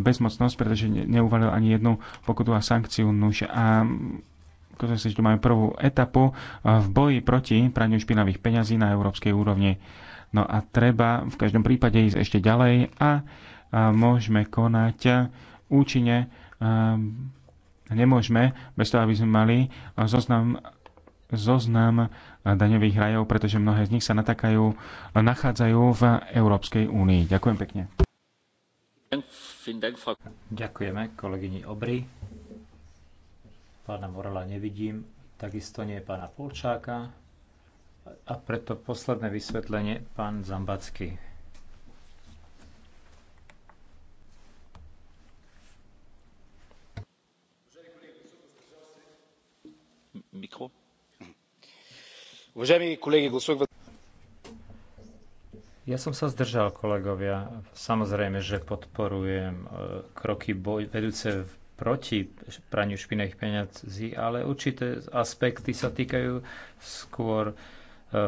bezmocnosť, pretože neuvalil ani jednu pokutu a sankciu. Nuž a mm, akože si tu máme prvú etapu e, v boji proti praniu špinavých peňazí na európskej úrovni. No a treba v každom prípade ísť ešte ďalej a môžeme konať účinne Nemôžeme, bez toho, aby sme mali e, zoznam, zoznam e, daňových rajov, pretože mnohé z nich sa natakajú, e, nachádzajú v Európskej únii. Ďakujem pekne. Ďakujeme kolegyni Obry. Pána Morela nevidím, takisto nie pána Polčáka. A preto posledné vysvetlenie, pán Zambacký. Уважаеми колеги, гласувах ja som sa zdržal, kolegovia. Samozrejme, že podporujem e, kroky boj, vedúce proti praniu špinavých peňazí, ale určité aspekty sa týkajú skôr e,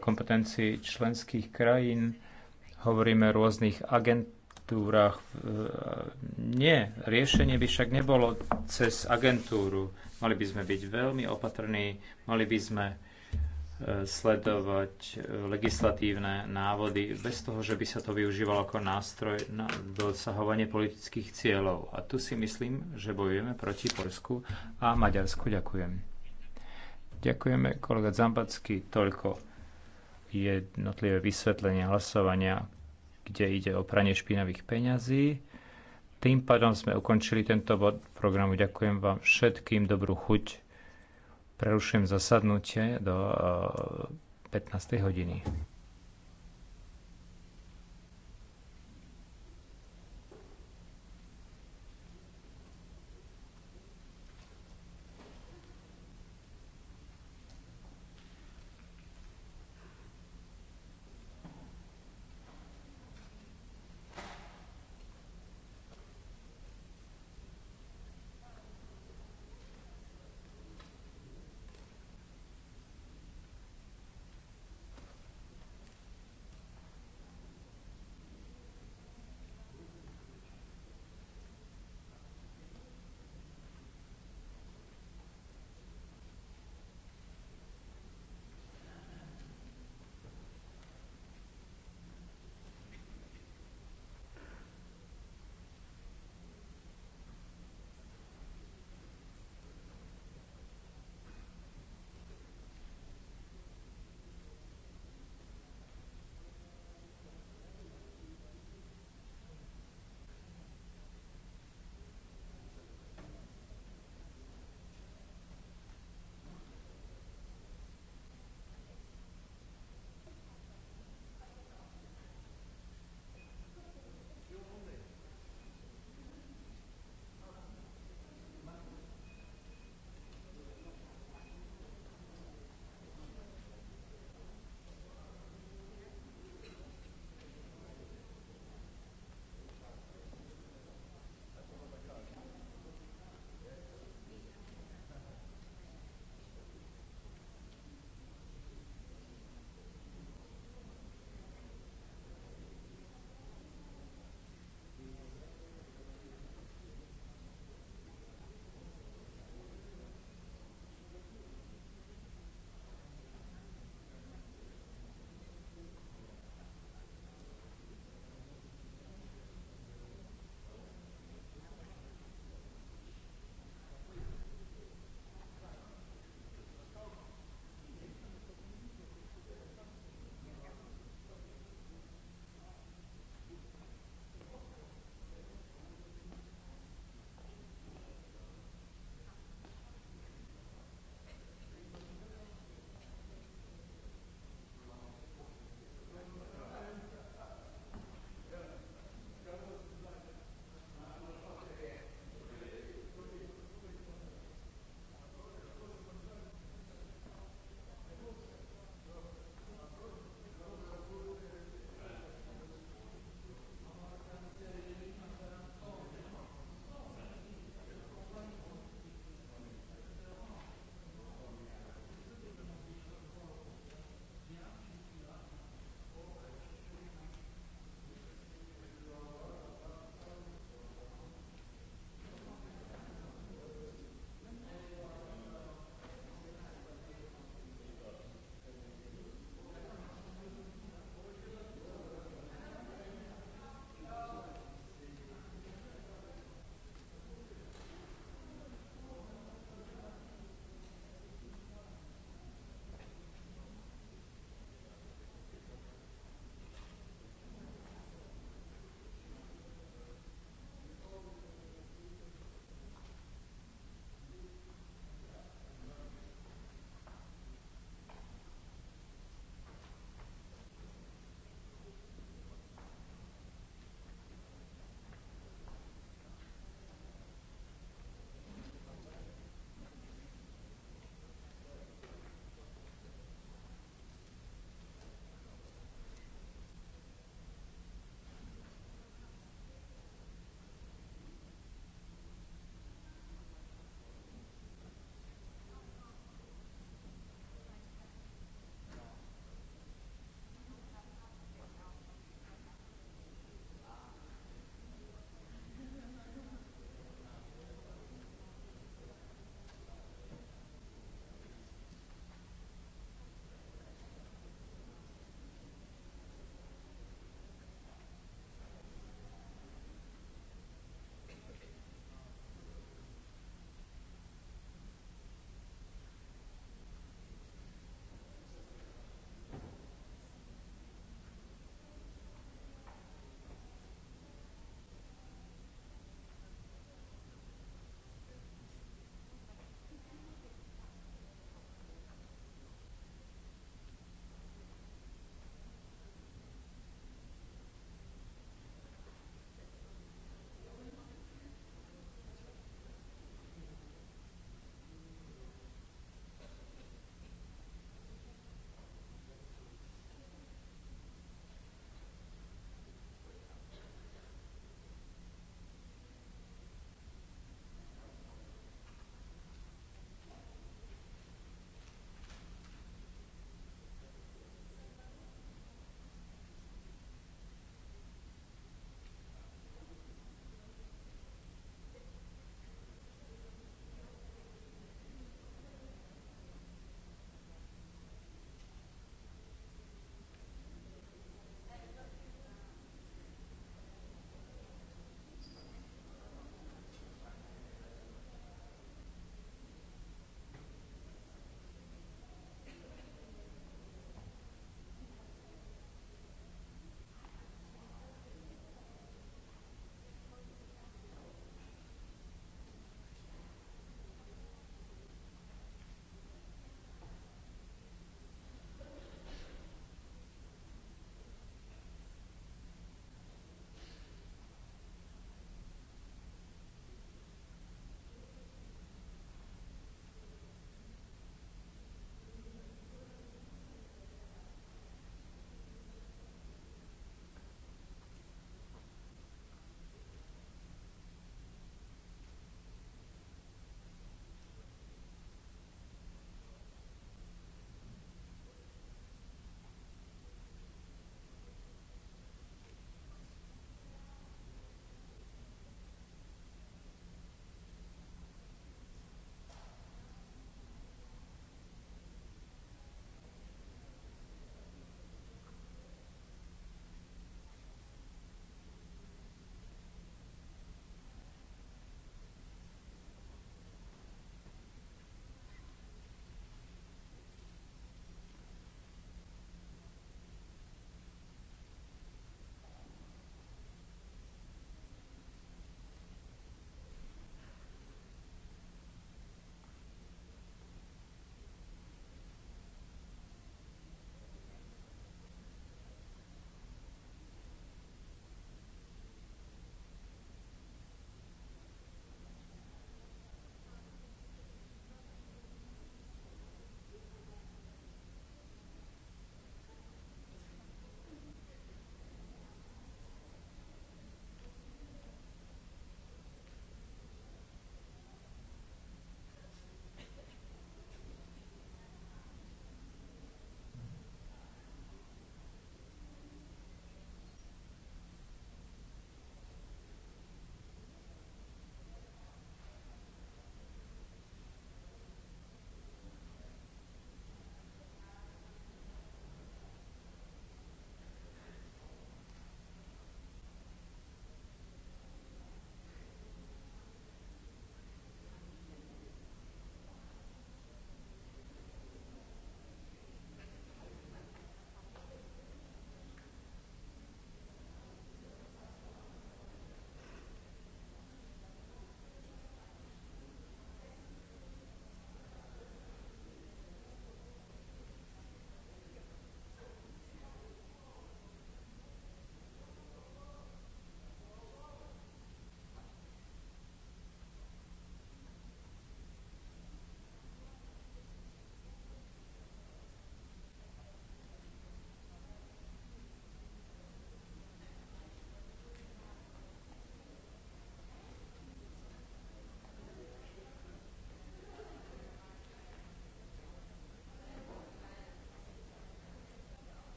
kompetencií členských krajín. Hovoríme o rôznych agent, agentúrach. E, nie, riešenie by však nebolo cez agentúru. Mali by sme byť veľmi opatrní, mali by sme e, sledovať e, legislatívne návody bez toho, že by sa to využívalo ako nástroj na dosahovanie politických cieľov. A tu si myslím, že bojujeme proti Polsku a Maďarsku. Ďakujem. Ďakujeme, kolega Zambacký, toľko jednotlivé vysvetlenie hlasovania kde ide o pranie špinavých peňazí. Tým pádom sme ukončili tento bod programu. Ďakujem vám všetkým dobrú chuť. Prerušujem zasadnutie do 15. Eh, hodiny.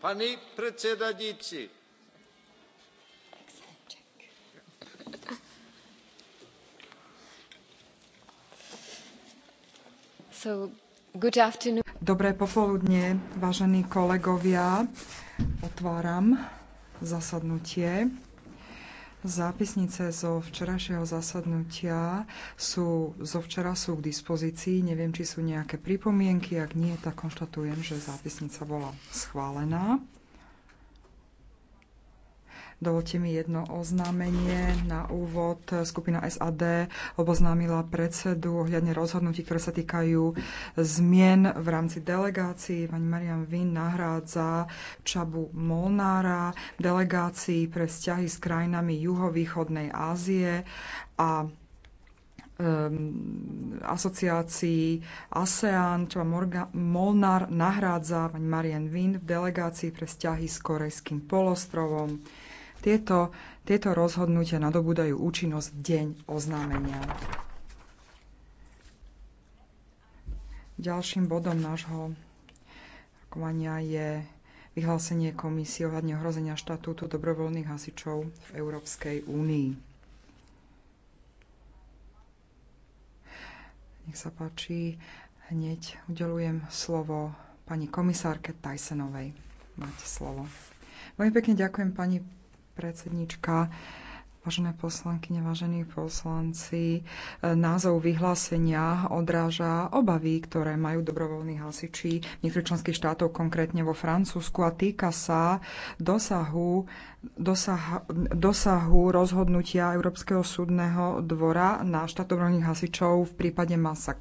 pani predsedajúca dobré popoludnie vážení kolegovia otváram zasadnutie. Zápisnice zo včerajšieho zasadnutia sú, zo včera sú k dispozícii. Neviem, či sú nejaké pripomienky. Ak nie, tak konštatujem, že zápisnica bola schválená. Dovolte mi jedno oznámenie. Na úvod skupina SAD oboznámila predsedu ohľadne rozhodnutí, ktoré sa týkajú zmien v rámci delegácií. Pani Marian Vin nahrádza Čabu Molnára delegácii pre vzťahy s krajinami juhovýchodnej Ázie a asociácií ASEAN, čo Molnár nahrádza pani Marian Win v delegácii pre vzťahy s Korejským polostrovom. Tieto, tieto rozhodnutia nadobúdajú účinnosť deň oznámenia. Ďalším bodom nášho rokovania je vyhlásenie komisie ohľadne ohrozenia štatútu dobrovoľných hasičov v Európskej únii. Nech sa páči, hneď udelujem slovo pani komisárke Tajsenovej. Máte slovo. Veľmi pekne ďakujem pani predsednička. Vážené poslankyne, vážení poslanci, názov vyhlásenia odráža obavy, ktoré majú dobrovoľní hasiči v niektorých členských štátov, konkrétne vo Francúzsku, a týka sa dosahu dosah, dosahu rozhodnutia Európskeho súdneho dvora na štátovrovných hasičov v prípade masak.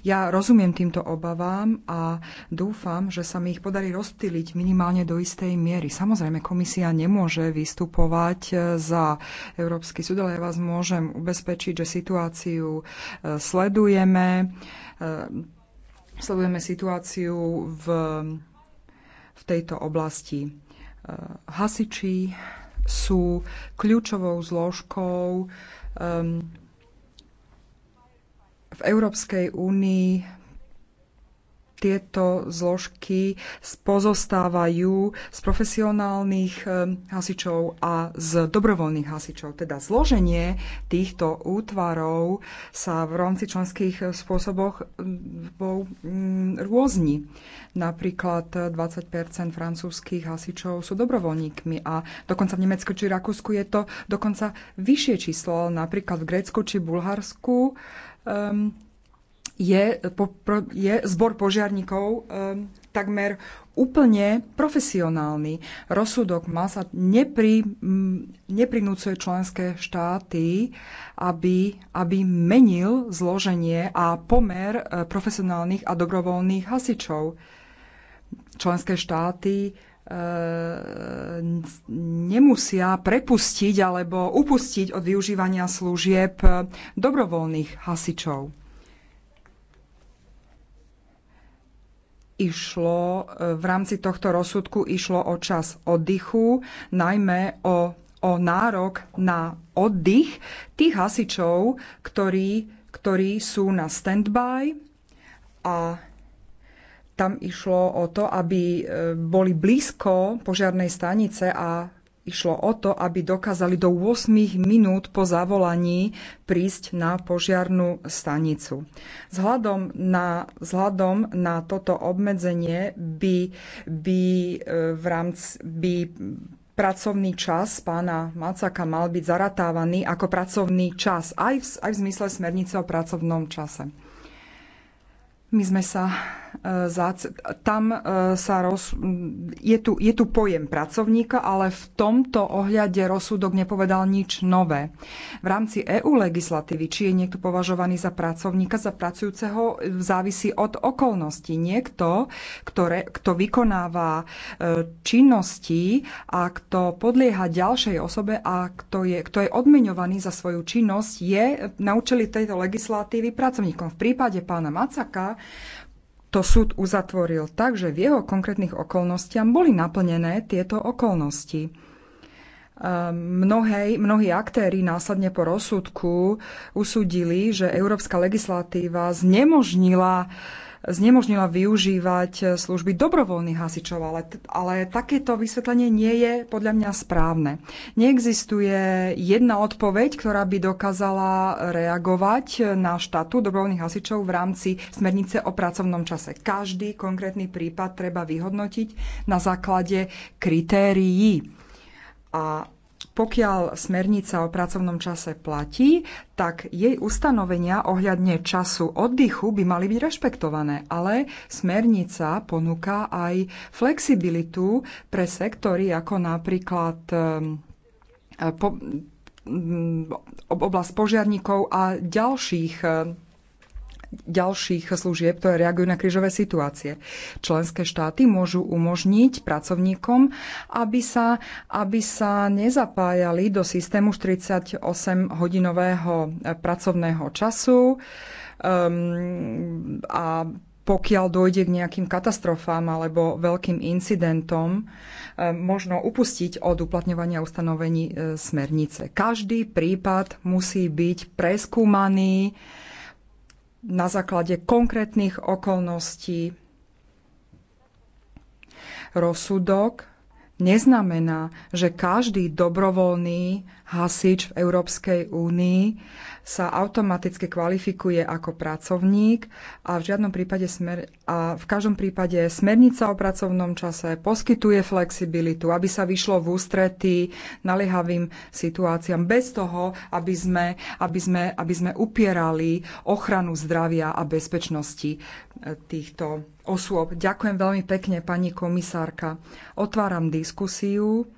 Ja rozumiem týmto obavám a dúfam, že sa mi ich podarí rozptýliť minimálne do istej miery. Samozrejme, komisia nemôže vystupovať e, za Európsky súd, ale ja vás môžem ubezpečiť, že situáciu e, sledujeme. E, sledujeme situáciu v, v tejto oblasti. Eh, hasiči sú kľúčovou zložkou ehm, v Európskej únii tieto zložky pozostávajú z profesionálnych eh, hasičov a z dobrovoľných hasičov. Teda zloženie týchto útvarov sa v rámci členských eh, spôsoboch mm, mm, rôzni. Napríklad 20 eh, francúzských hasičov sú dobrovoľníkmi a dokonca v Nemecku či Rakúsku je to dokonca vyššie číslo, napríklad v Grécku či Bulharsku. Um, je, po, pro, je zbor požiarníkov um, takmer úplne profesionálny. Rozsudok má sa nepri, neprinúcuje členské štáty, aby, aby menil zloženie a pomer e, profesionálnych a dobrovoľných hasičov. Členské štáty e, nemusia prepustiť alebo upustiť od využívania služieb e, dobrovoľných hasičov. išlo, e, v rámci tohto rozsudku išlo o čas oddychu, najmä o, o nárok na oddych tých hasičov, ktorí, ktorí sú na standby a tam išlo o to, aby e, boli blízko požiarnej stanice a Išlo o to, aby dokázali do 8 minút po zavolaní prísť na požiarnú stanicu. Vzhľadom na, vzhľadom na toto obmedzenie by, by, e, v rámci, by pracovný čas pána Macaka mal byť zaratávaný ako pracovný čas aj v, aj v zmysle smernice o pracovnom čase. My sme sa e, tam e, sa roz, je, tu, je tu pojem pracovníka, ale v tomto ohľade rozsudok nepovedal nič nové. V rámci EU legislatívy, či je niekto považovaný za pracovníka, za pracujúceho, závisí od okolností. Niekto, ktoré, kto vykonáva e, činnosti a kto podlieha ďalšej osobe a kto je, kto je odmeňovaný za svoju činnosť, je na účely tejto legislatívy pracovníkom. V prípade pána Macaka to súd uzatvoril tak, že v jeho konkrétnych okolnostiach boli naplnené tieto okolnosti. Ehm, mnohej, mnohí aktéry následne po rozsudku usúdili, že európska legislatíva znemožnila znemožnila využívať eh, služby dobrovoľných hasičov, ale, ale takéto vysvetlenie nie je podľa mňa správne. Neexistuje jedna odpoveď, ktorá by dokázala reagovať eh, na štátu dobrovoľných hasičov v rámci smernice o pracovnom čase. Každý konkrétny prípad treba vyhodnotiť na základe kritérií. A pokiaľ smernica o pracovnom čase platí, tak jej ustanovenia ohľadne času oddychu by mali byť rešpektované, ale smernica ponúka aj flexibilitu pre sektory ako napríklad ehm, oblasť požiarníkov a ďalších ehm, ďalších služieb, ktoré reagujú na krížové situácie. Členské štáty môžu umožniť pracovníkom, aby sa, aby sa nezapájali do systému 48-hodinového eh, pracovného času um, a pokiaľ dojde k nejakým katastrofám alebo veľkým incidentom, eh, možno upustiť od uplatňovania ustanovení eh, smernice. Každý prípad musí byť preskúmaný na základe konkrétnych okolností. Rozsudok neznamená, že každý dobrovoľný hasič v Európskej únii sa automaticky kvalifikuje ako pracovník a v žiadnom prípade smer- a v každom prípade smernica o pracovnom čase poskytuje flexibilitu, aby sa vyšlo v ústretí naliehavým situáciám bez toho, aby sme, aby sme, aby sme upierali ochranu zdravia a bezpečnosti e, týchto osôb. Ďakujem veľmi pekne, pani komisárka. Otváram diskusiu.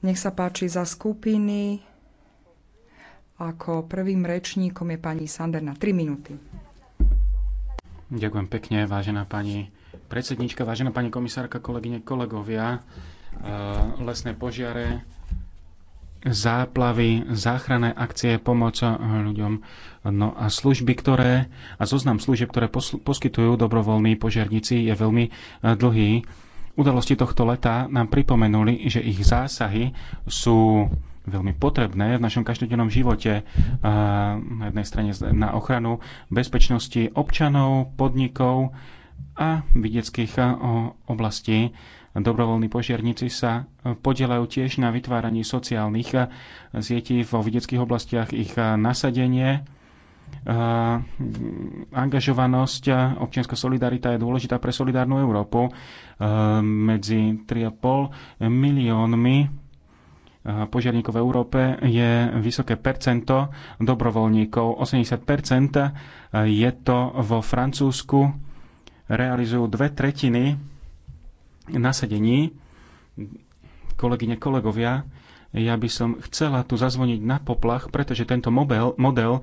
Nech sa páči za skupiny. Ako prvým rečníkom je pani Sander na 3 minúty. Ďakujem pekne, vážená pani predsednička, vážená pani komisárka, kolegyne, kolegovia. E, lesné požiare, záplavy, záchranné akcie, pomoc ľuďom, no a služby, ktoré, a zoznam služieb, ktoré poskytujú dobrovoľní požiarníci, je veľmi e, dlhý. Udalosti tohto leta nám pripomenuli, že ich zásahy sú veľmi potrebné v našom každodennom živote. Na jednej strane na ochranu bezpečnosti občanov, podnikov a vidieckých oblastí. Dobrovoľní požiarníci sa podielajú tiež na vytváraní sociálnych sietí vo vidieckých oblastiach, ich nasadenie, angažovanosť, občianská solidarita je dôležitá pre solidárnu Európu. Medzi 3,5 miliónmi požiarníkov v Európe je vysoké percento dobrovoľníkov. 80% eh, je to vo Francúzsku. Realizujú dve tretiny nasadení. Kolegyne, kolegovia, ja by som chcela tu zazvoniť na poplach, pretože tento model, model eh,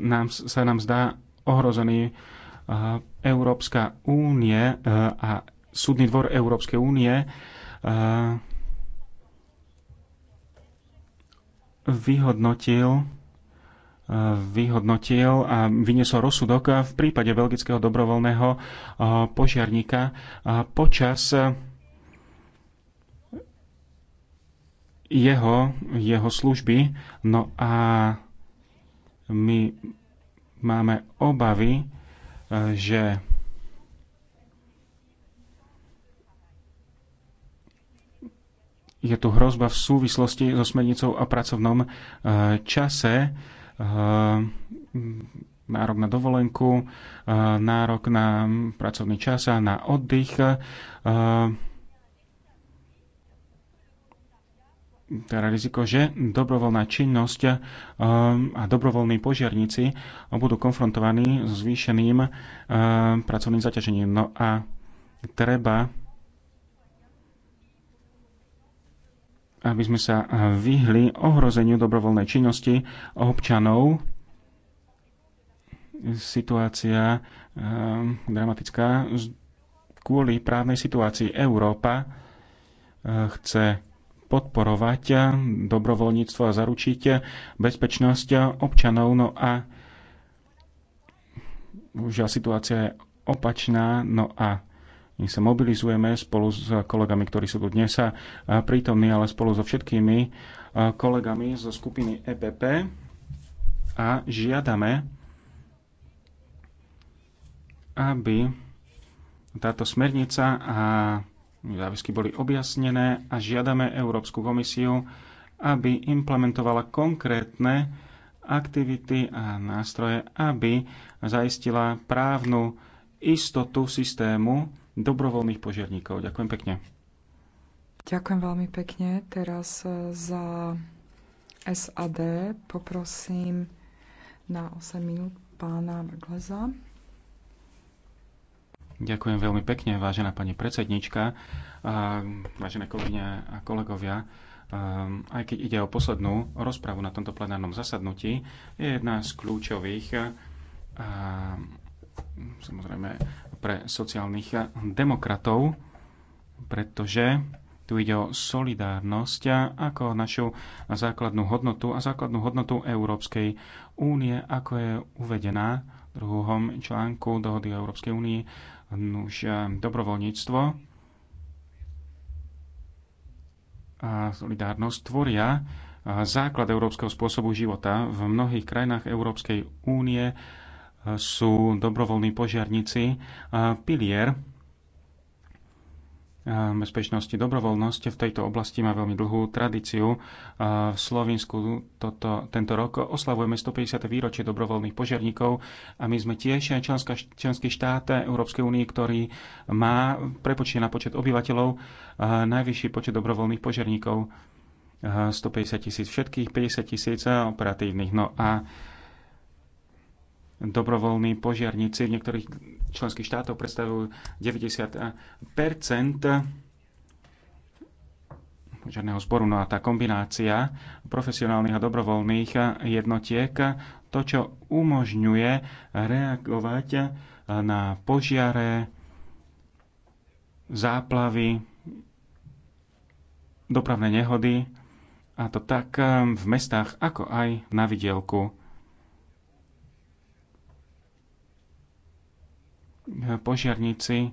nám, sa nám zdá ohrozený. Eh, Európska únie a Súdny dvor Európskej únie vyhodnotil, vyhodnotil a vyniesol rozsudok v prípade belgického dobrovoľného eh, požiarníka eh, počas eh, jeho, jeho služby. No a my máme obavy, že je tu hrozba v súvislosti so smernicou a pracovnom e, čase, e, nárok na dovolenku, e, nárok na pracovný čas a na oddych. teda riziko, že dobrovoľná činnosť a dobrovoľní požiarníci budú konfrontovaní so zvýšeným pracovným zaťažením. No a treba aby sme sa vyhli ohrozeniu dobrovoľnej činnosti občanov. Situácia eh, dramatická kvôli právnej situácii Európa eh, chce podporovať dobrovoľníctvo a zaručiť bezpečnosť občanov. No a už situácia je opačná. No a my sa mobilizujeme spolu s kolegami, ktorí sú tu dnes prítomní, ale spolu so všetkými kolegami zo skupiny EPP a žiadame, aby táto smernica a záväzky boli objasnené a žiadame Európsku komisiu, aby implementovala konkrétne aktivity a nástroje, aby zaistila právnu istotu systému, dobrovoľných požiarníkov. Ďakujem pekne. Ďakujem veľmi pekne. Teraz e, za SAD poprosím na 8 minút pána Gleza. Ďakujem veľmi pekne, vážená pani predsednička, vážené kolegyne a kolegovia e, aj keď ide o poslednú rozpravu na tomto plenárnom zasadnutí, je jedna z kľúčových samozrejme pre sociálnych demokratov, pretože tu ide o solidárnosť ako našu základnú hodnotu a základnú hodnotu Európskej únie, ako je uvedená v druhom článku dohody o Európskej únii, už eh, dobrovoľníctvo a solidárnosť tvoria eh, základ európskeho spôsobu života. V mnohých krajinách Európskej únie sú dobrovoľní požiarníci pilier bezpečnosti. Dobrovoľnosť v tejto oblasti má veľmi dlhú tradíciu. V Slovensku toto, tento rok oslavujeme 150. výročie dobrovoľných požiarníkov a my sme tiež členská, členský štát Európskej únie, ktorý má prepočne na počet obyvateľov najvyšší počet dobrovoľných požiarníkov. 150 tisíc všetkých, 50 tisíc operatívnych. No a dobrovoľní požiarníci v niektorých členských štátoch predstavujú 90 požiarného zboru. No a tá kombinácia profesionálnych a dobrovoľných jednotiek, to, čo umožňuje reagovať na požiare, záplavy, dopravné nehody, a to tak v mestách, ako aj na vidielku. požiarníci eh,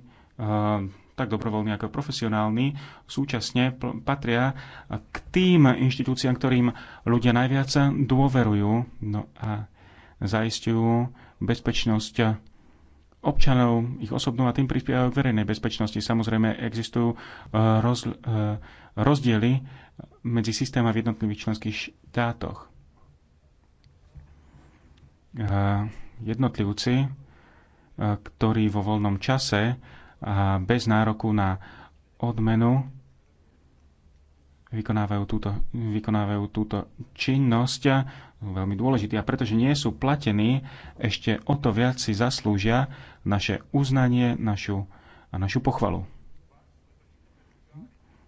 tak dobrovoľní ako profesionálni, súčasne patria k tým inštitúciám, ktorým ľudia najviac dôverujú no a zaistujú bezpečnosť občanov, ich osobnú a tým prispievajú k verejnej bezpečnosti. Samozrejme, existujú eh, roz, eh, rozdiely medzi systémami v jednotlivých členských štátoch. Jednotlivci ktorí vo voľnom čase a bez nároku na odmenu vykonávajú túto, vykonávajú túto činnosť veľmi dôležitý. a pretože nie sú platení, ešte o to viac si zaslúžia naše uznanie našu, a našu pochvalu.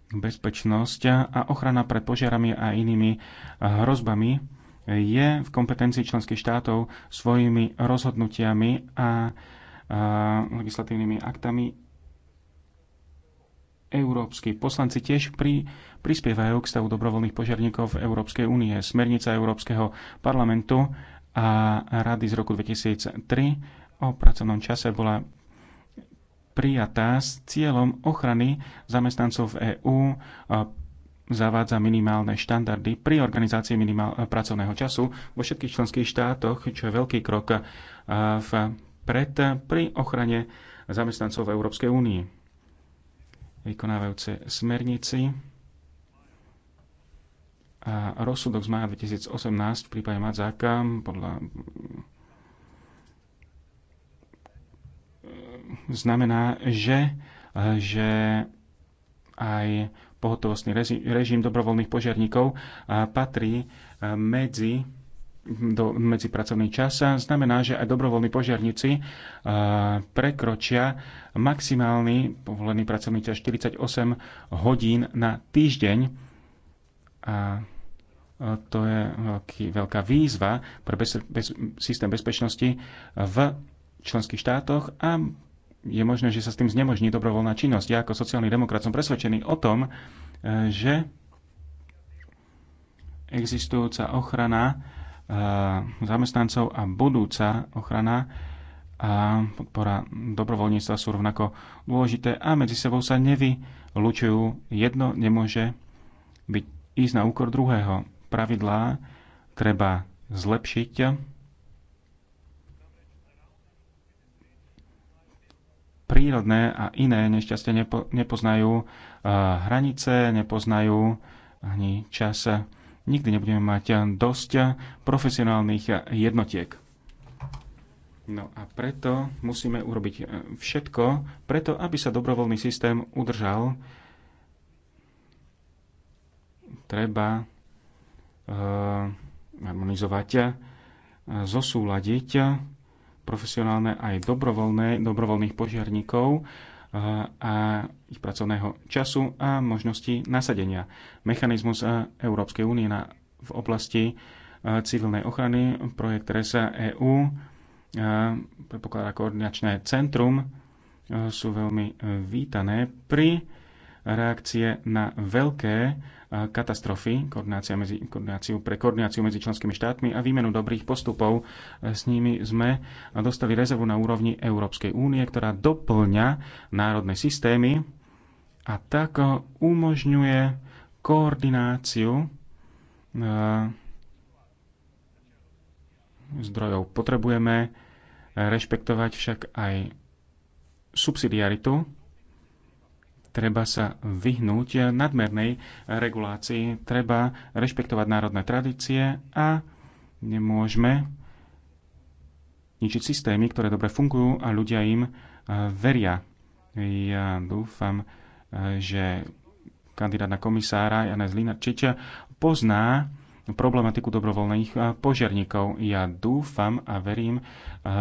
Bezpečnosť a ochrana pred požiarami a inými hrozbami je v kompetencii členských štátov svojimi rozhodnutiami a, a legislatívnymi aktami. Európsky poslanci tiež pri, prispievajú k stavu dobrovoľných požiarníkov Európskej únie. Smernica Európskeho parlamentu a rady z roku 2003 o pracovnom čase bola prijatá s cieľom ochrany zamestnancov v EÚ zavádza minimálne štandardy pri organizácii minimál, eh, pracovného času vo všetkých členských štátoch, čo je veľký krok eh, v pred eh, pri ochrane zamestnancov v Európskej únii. Vykonávajúce smernici a rozsudok z maja 2018 v prípade Madzáka hm, podľa hm, znamená, že, že aj pohotovostný režim dobrovoľných požiarníkov patrí medzi do, medzi pracovný čas znamená, že aj dobrovoľní požiarníci prekročia maximálny povolený pracovný čas 48 hodín na týždeň. A to je veľký, veľká výzva pre bez, bez, systém bezpečnosti v členských štátoch a je možné, že sa s tým znemožní dobrovoľná činnosť. Ja ako sociálny demokrat som presvedčený o tom, e, že existujúca ochrana e, zamestnancov a budúca ochrana a podpora dobrovoľníctva sú rovnako dôležité a medzi sebou sa nevylučujú. Jedno nemôže byť ísť na úkor druhého. Pravidlá treba zlepšiť prírodné a iné nešťastie nepo, nepoznajú uh, hranice, nepoznajú ani čas. Nikdy nebudeme mať dosť profesionálnych jednotiek. No a preto musíme urobiť uh, všetko, preto aby sa dobrovoľný systém udržal. Treba uh, harmonizovať, zosúľadiť profesionálne aj dobrovoľné, dobrovoľných požiarníkov eh, a ich pracovného času a možnosti nasadenia. Mechanizmus eh, Európskej únie na, v oblasti eh, civilnej ochrany, projekt RESA EU, predpokladá koordinačné centrum, sú veľmi vítané pri reakcie na veľké e, katastrofy, koordinácia medzi, koordináciu, pre koordináciu medzi členskými štátmi a výmenu dobrých postupov. E, s nimi sme dostali rezervu na úrovni Európskej únie, ktorá doplňa národné systémy a tak e, umožňuje koordináciu zdrojov. Potrebujeme rešpektovať však aj subsidiaritu, treba sa vyhnúť nadmernej regulácii, treba rešpektovať národné tradície a nemôžeme ničiť systémy, ktoré dobre fungujú a ľudia im e, veria. Ja dúfam, e, že kandidát na komisára Janez Linarčič pozná problematiku dobrovoľných e, požiarníkov. Ja dúfam a verím,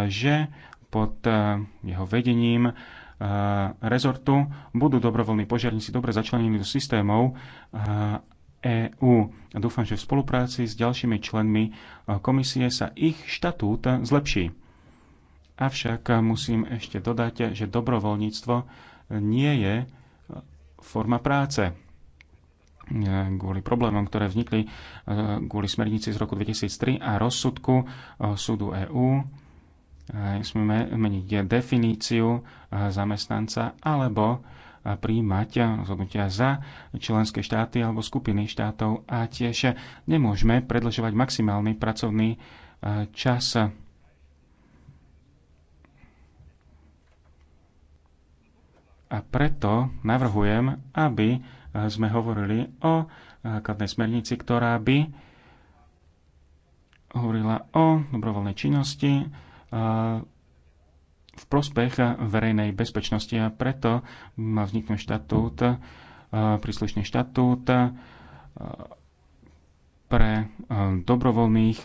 že pod jeho vedením rezortu budú dobrovoľní požiarníci dobre začlenení do systémov EÚ. Dúfam, že v spolupráci s ďalšími členmi komisie sa ich štatút zlepší. Avšak musím ešte dodať, že dobrovoľníctvo nie je forma práce kvôli problémom, ktoré vznikli kvôli smernici z roku 2003 a rozsudku súdu EÚ nesmieme meniť definíciu eh, zamestnanca alebo eh, príjmať eh, rozhodnutia za členské štáty alebo skupiny štátov a tiež nemôžeme predlžovať maximálny pracovný čas. A preto navrhujem, aby sme hovorili o základnej smernici, ktorá by hovorila o dobrovoľnej činnosti, v prospech verejnej bezpečnosti a preto má vzniknúť štatút, príslušný štatút pre dobrovoľných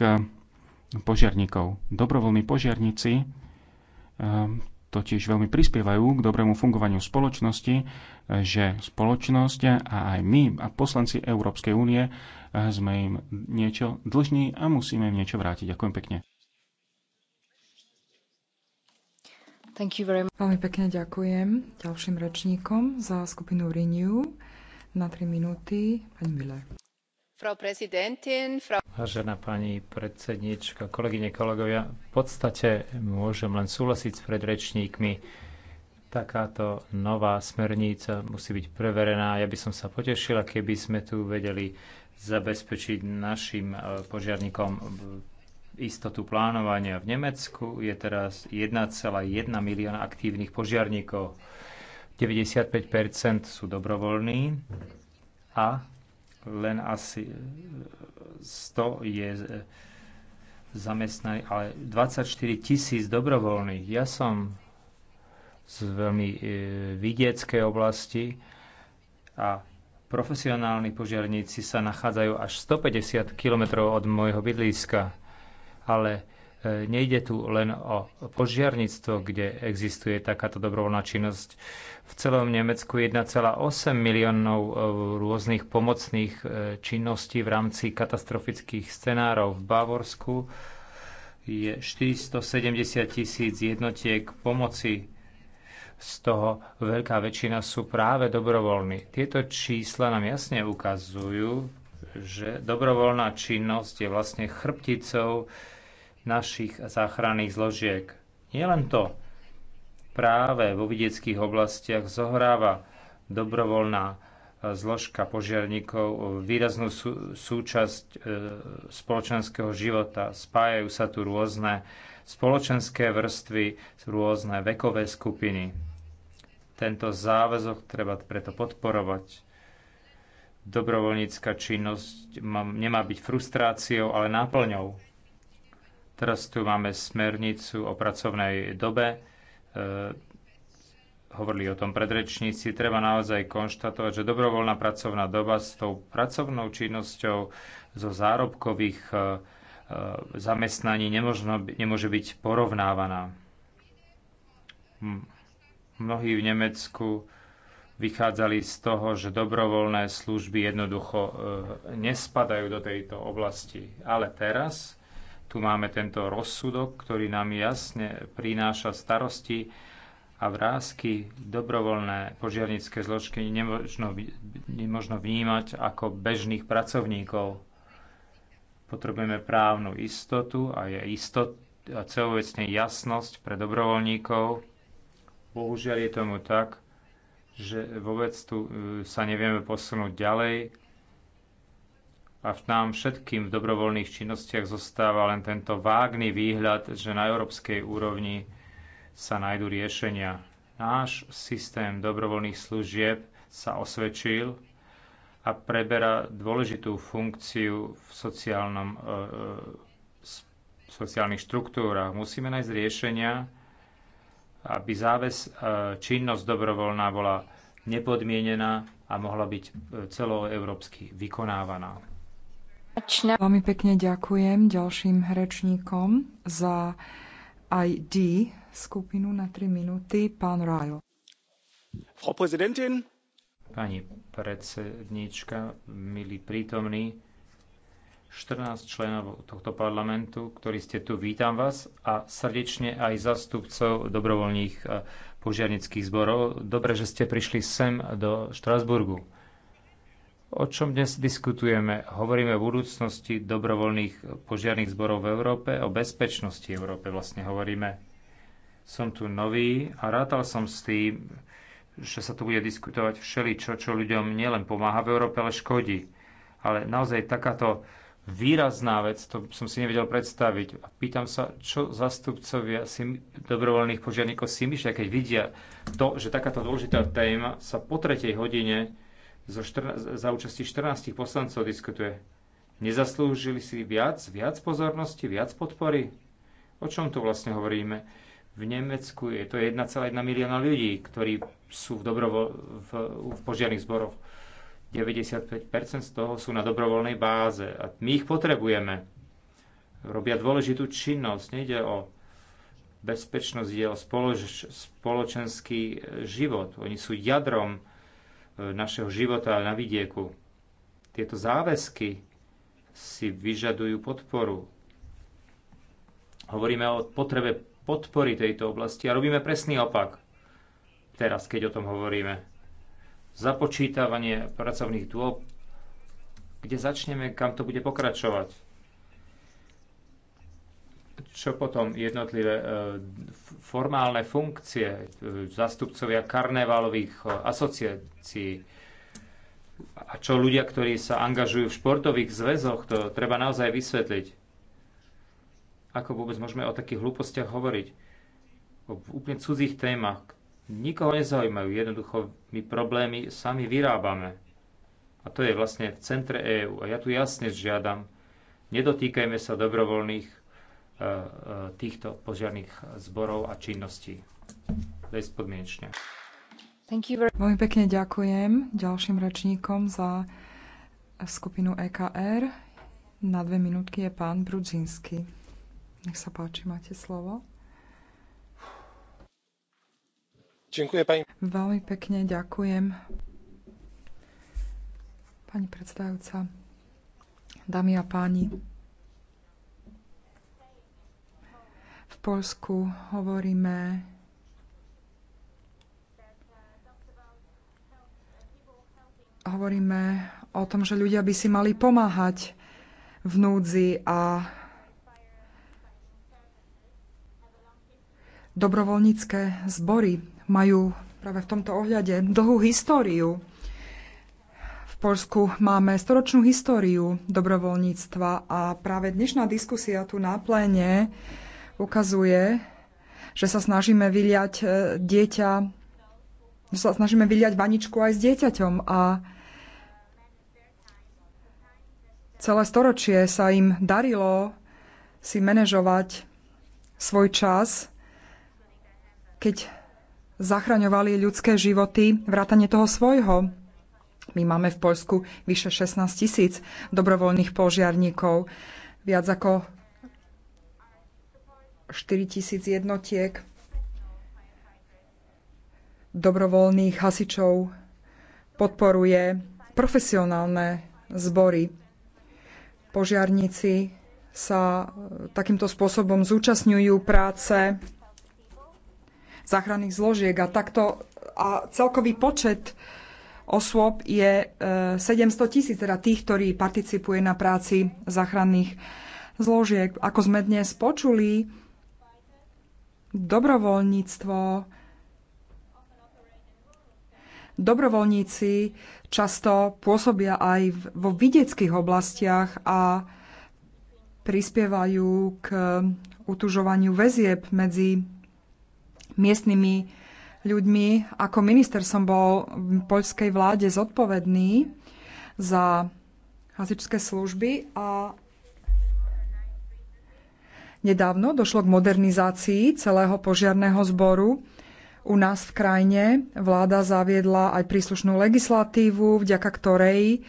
požiarníkov. Dobrovoľní požiarníci totiž veľmi prispievajú k dobrému fungovaniu spoločnosti, že spoločnosť a aj my a poslanci Európskej únie sme im niečo dlžní a musíme im niečo vrátiť. Ďakujem pekne. Veľmi pekne ďakujem ďalším rečníkom za skupinu Renew. Na 3 minúty pani Miller. Vážená pani predsednička, kolegyne, kolegovia, v podstate môžem len súhlasiť s predrečníkmi. Takáto nová smernica musí byť preverená. Ja by som sa potešila, keby sme tu vedeli zabezpečiť našim eh, požiarníkom istotu plánovania. V Nemecku je teraz 1,1 milióna aktívnych požiarníkov. 95% sú dobrovoľní a len asi 100 je zamestnaných, ale 24 tisíc dobrovoľných. Ja som z veľmi e, vidieckej oblasti a profesionálni požiarníci sa nachádzajú až 150 km od môjho bydliska ale e, nejde tu len o požiarnictvo, kde existuje takáto dobrovoľná činnosť. V celom Nemecku 1,8 miliónov e, rôznych pomocných e, činností v rámci katastrofických scenárov. V Bavorsku je 470 tisíc jednotiek pomoci z toho veľká väčšina sú práve dobrovoľní. Tieto čísla nám jasne ukazujú, že dobrovoľná činnosť je vlastne chrbticou našich záchranných zložiek. Nielen to, práve vo vidieckých oblastiach zohráva dobrovoľná e, zložka požiarníkov e, výraznú súčasť e, spoločenského života. Spájajú sa tu rôzne spoločenské vrstvy, rôzne vekové skupiny. Tento záväzok treba preto podporovať. Dobrovoľnícka činnosť nemá byť frustráciou, ale náplňou Teraz tu máme smernicu o pracovnej dobe. E, hovorili o tom predrečníci. Treba naozaj konštatovať, že dobrovoľná pracovná doba s tou pracovnou činnosťou zo zárobkových e, e zamestnaní nemožno, nemôže byť porovnávaná. Mnohí v Nemecku vychádzali z toho, že dobrovoľné služby jednoducho e, nespadajú do tejto oblasti. Ale teraz tu máme tento rozsudok, ktorý nám jasne prináša starosti a vrázky dobrovoľné požiarnické zložky nemožno, nemožno vnímať ako bežných pracovníkov. Potrebujeme právnu istotu a je istot, a celovecne jasnosť pre dobrovoľníkov. Bohužiaľ je tomu tak, že vôbec tu e, sa nevieme posunúť ďalej a v nám všetkým v dobrovoľných činnostiach zostáva len tento vágný výhľad, že na európskej úrovni sa nájdú riešenia. Náš systém dobrovoľných služieb sa osvedčil a preberá dôležitú funkciu v sociálnom, e, e sociálnych štruktúrach. Musíme nájsť riešenia, aby záväz, e, činnosť dobrovoľná bola nepodmienená a mohla byť e, celoeurópsky vykonávaná. Veľmi pekne ďakujem ďalším rečníkom za ID skupinu na 3 minúty, pán Ryle. Frau Präsidentin. Pani predsedníčka, milí prítomní, 14 členov tohto parlamentu, ktorí ste tu, vítam vás a srdečne aj zastupcov dobrovoľných eh, požiarnických zborov. Dobre, že ste prišli sem do Štrasburgu. O čom dnes diskutujeme? Hovoríme o budúcnosti dobrovoľných požiarných zborov v Európe, o bezpečnosti Európe vlastne hovoríme. Som tu nový a rátal som s tým, že sa tu bude diskutovať všeličo, čo ľuďom nielen pomáha v Európe, ale škodí. Ale naozaj takáto výrazná vec, to som si nevedel predstaviť. A pýtam sa, čo zastupcovia si, dobrovoľných požiarníkov si myšľa, keď vidia to, že takáto dôležitá téma sa po tretej hodine zo za účasti 14 poslancov diskutuje. Nezaslúžili si viac, viac pozornosti, viac podpory? O čom tu vlastne hovoríme? V Nemecku je to 1,1 milióna ľudí, ktorí sú v, dobrovo- v, v požiarných zboroch. 95% z toho sú na dobrovoľnej báze a my ich potrebujeme. Robia dôležitú činnosť, nejde o bezpečnosť, ide o spoloč- spoločenský život. Oni sú jadrom našeho života na vidieku. Tieto záväzky si vyžadujú podporu. Hovoríme o potrebe podpory tejto oblasti a robíme presný opak. Teraz, keď o tom hovoríme. Započítavanie pracovných dôb, kde začneme, kam to bude pokračovať čo potom jednotlivé e, formálne funkcie e, zastupcovia karnevalových e, asociácií a čo ľudia, ktorí sa angažujú v športových zväzoch, to treba naozaj vysvetliť. Ako vôbec môžeme o takých hlúpostiach hovoriť? O úplne cudzích témach. Nikoho nezaujímajú. Jednoducho my problémy sami vyrábame. A to je vlastne v centre EÚ. A ja tu jasne žiadam, nedotýkajme sa dobrovoľných E, e, týchto požiarných zborov a činností. Bezpodmienečne. Veľmi pekne ďakujem ďalším rečníkom za skupinu EKR. Na dve minútky je pán Brudzinski. Nech sa páči, máte slovo. Ďakujem, pani. Veľmi pekne ďakujem. Pani predsedajúca, dámy a páni, Polsku hovoríme hovoríme o tom, že ľudia by si mali pomáhať v núdzi a dobrovoľnícke zbory majú práve v tomto ohľade dlhú históriu. V Polsku máme storočnú históriu dobrovoľníctva a práve dnešná diskusia tu na pléne ukazuje, že sa snažíme vyliať e, dieťa, že sa snažíme vyliať vaničku aj s dieťaťom a celé storočie sa im darilo si manažovať svoj čas, keď zachraňovali ľudské životy, vrátane toho svojho. My máme v Poľsku vyše 16 tisíc dobrovoľných požiarníkov. Viac ako 4000 jednotiek dobrovoľných hasičov, podporuje profesionálne zbory. Požiarníci sa takýmto spôsobom zúčastňujú práce záchranných zložiek a takto a celkový počet osôb je 700 e, tisíc, teda tých, ktorí participuje na práci záchranných zložiek. Ako sme dnes počuli, dobrovoľníctvo. Dobrovoľníci často pôsobia aj vo vidieckých oblastiach a prispievajú k utužovaniu väzieb medzi miestnymi ľuďmi. Ako minister som bol v poľskej vláde zodpovedný za hasičské služby a Nedávno došlo k modernizácii celého požiarného zboru. U nás v krajine vláda zaviedla aj príslušnú legislatívu, vďaka ktorej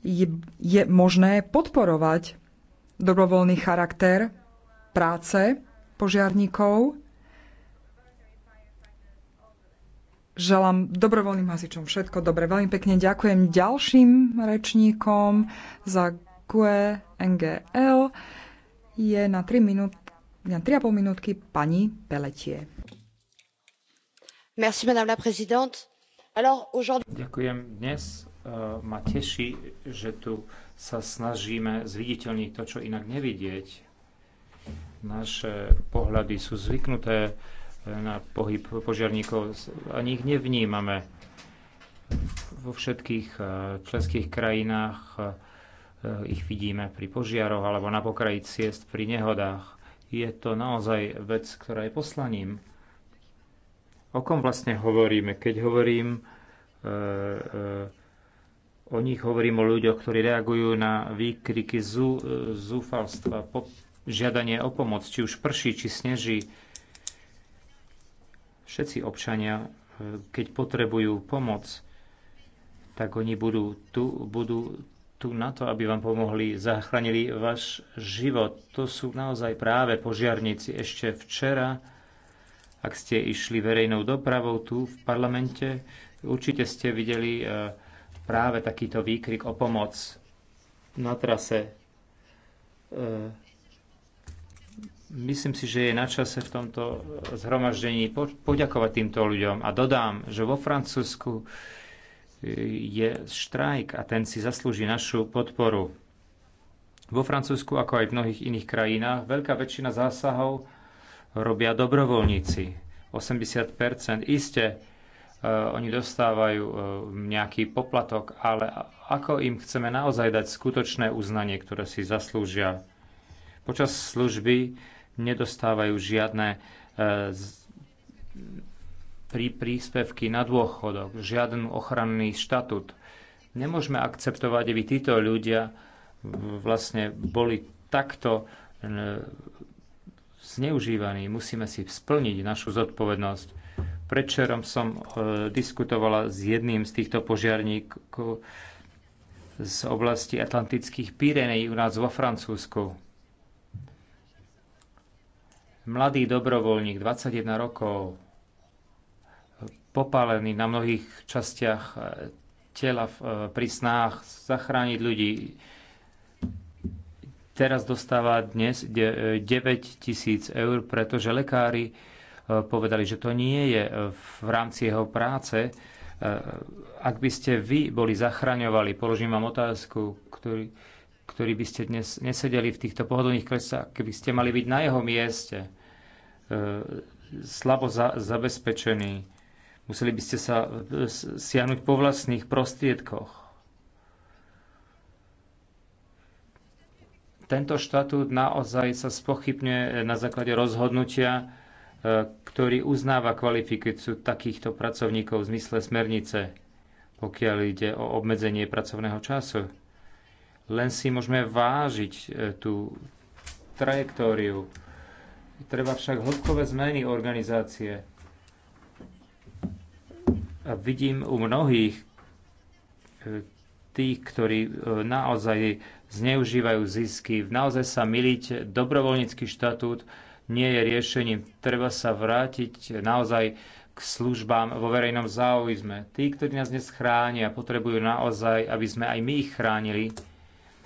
je, je možné podporovať dobrovoľný charakter práce požiarníkov. Želám dobrovoľným hasičom všetko dobre. Veľmi pekne ďakujem ďalším rečníkom za QNGL. E NGL je na 3 minút, na 3,5 minútky pani Peletie. Merci, madame la présidente. Alors, aujourd'hui... Ďakujem. Dnes uh, ma teší, že tu sa snažíme zviditeľniť to, čo inak nevidieť. Naše pohľady sú zvyknuté e, na pohyb požiarníkov, a nich nevnímame. Vo všetkých e, členských krajinách ich vidíme pri požiaroch alebo na pokraji ciest pri nehodách. Je to naozaj vec, ktorá je poslaním. O kom vlastne hovoríme? Keď hovorím, e, e, o nich hovorím o ľuďoch, ktorí reagujú na výkriky zú, e, zúfalstva, po, žiadanie o pomoc, či už prší, či sneží. Všetci občania, e, keď potrebujú pomoc, tak oni budú tu, budú tu na to, aby vám pomohli, zachránili váš život. To sú naozaj práve požiarníci. Ešte včera, ak ste išli verejnou dopravou tu v parlamente, určite ste videli eh, práve takýto výkrik o pomoc na trase. Eh, myslím si, že je na čase v tomto eh, zhromaždení poďakovať týmto ľuďom. A dodám, že vo Francúzsku je štrajk a ten si zaslúži našu podporu. Vo Francúzsku, ako aj v mnohých iných krajinách, veľká väčšina zásahov robia dobrovoľníci. 80 uh, e, oni dostávajú e, nejaký poplatok, ale ako im chceme naozaj dať skutočné uznanie, ktoré si zaslúžia? Počas služby nedostávajú žiadne e, pri príspevky na dôchodok, žiaden ochranný štatút. Nemôžeme akceptovať, aby títo ľudia vlastne boli takto e, zneužívaní. Musíme si splniť našu zodpovednosť. Predčerom som e, diskutovala s jedným z týchto požiarníkov z oblasti Atlantických Pyrenejí u nás vo Francúzsku. Mladý dobrovoľník, 21 rokov, popálený na mnohých častiach e, tela e, pri snách zachrániť ľudí. Teraz dostáva dnes 9 e, tisíc eur, pretože lekári povedali, že to nie je v rámci jeho práce. Ak by ste vy boli zachraňovali, položím vám otázku, ktorý, ktorý by ste dnes nesedeli v týchto pohodlných kresách, keby ste mali byť na jeho mieste, slabo za, zabezpečený, Museli by ste sa e, siahnuť po vlastných prostriedkoch. Tento štatút naozaj sa spochybňuje e, na základe rozhodnutia, e, ktorý uznáva kvalifikáciu takýchto pracovníkov v zmysle smernice, pokiaľ ide o obmedzenie pracovného času. Len si môžeme vážiť tú trajektóriu. Treba však hĺbkové zmeny organizácie a vidím u mnohých e, tých, ktorí e, naozaj zneužívajú zisky. Naozaj sa miliť, dobrovoľnícky štatút nie je riešením. Treba sa vrátiť naozaj k službám vo verejnom záujme. Tí, ktorí nás dnes chránia, potrebujú naozaj, aby sme aj my ich chránili,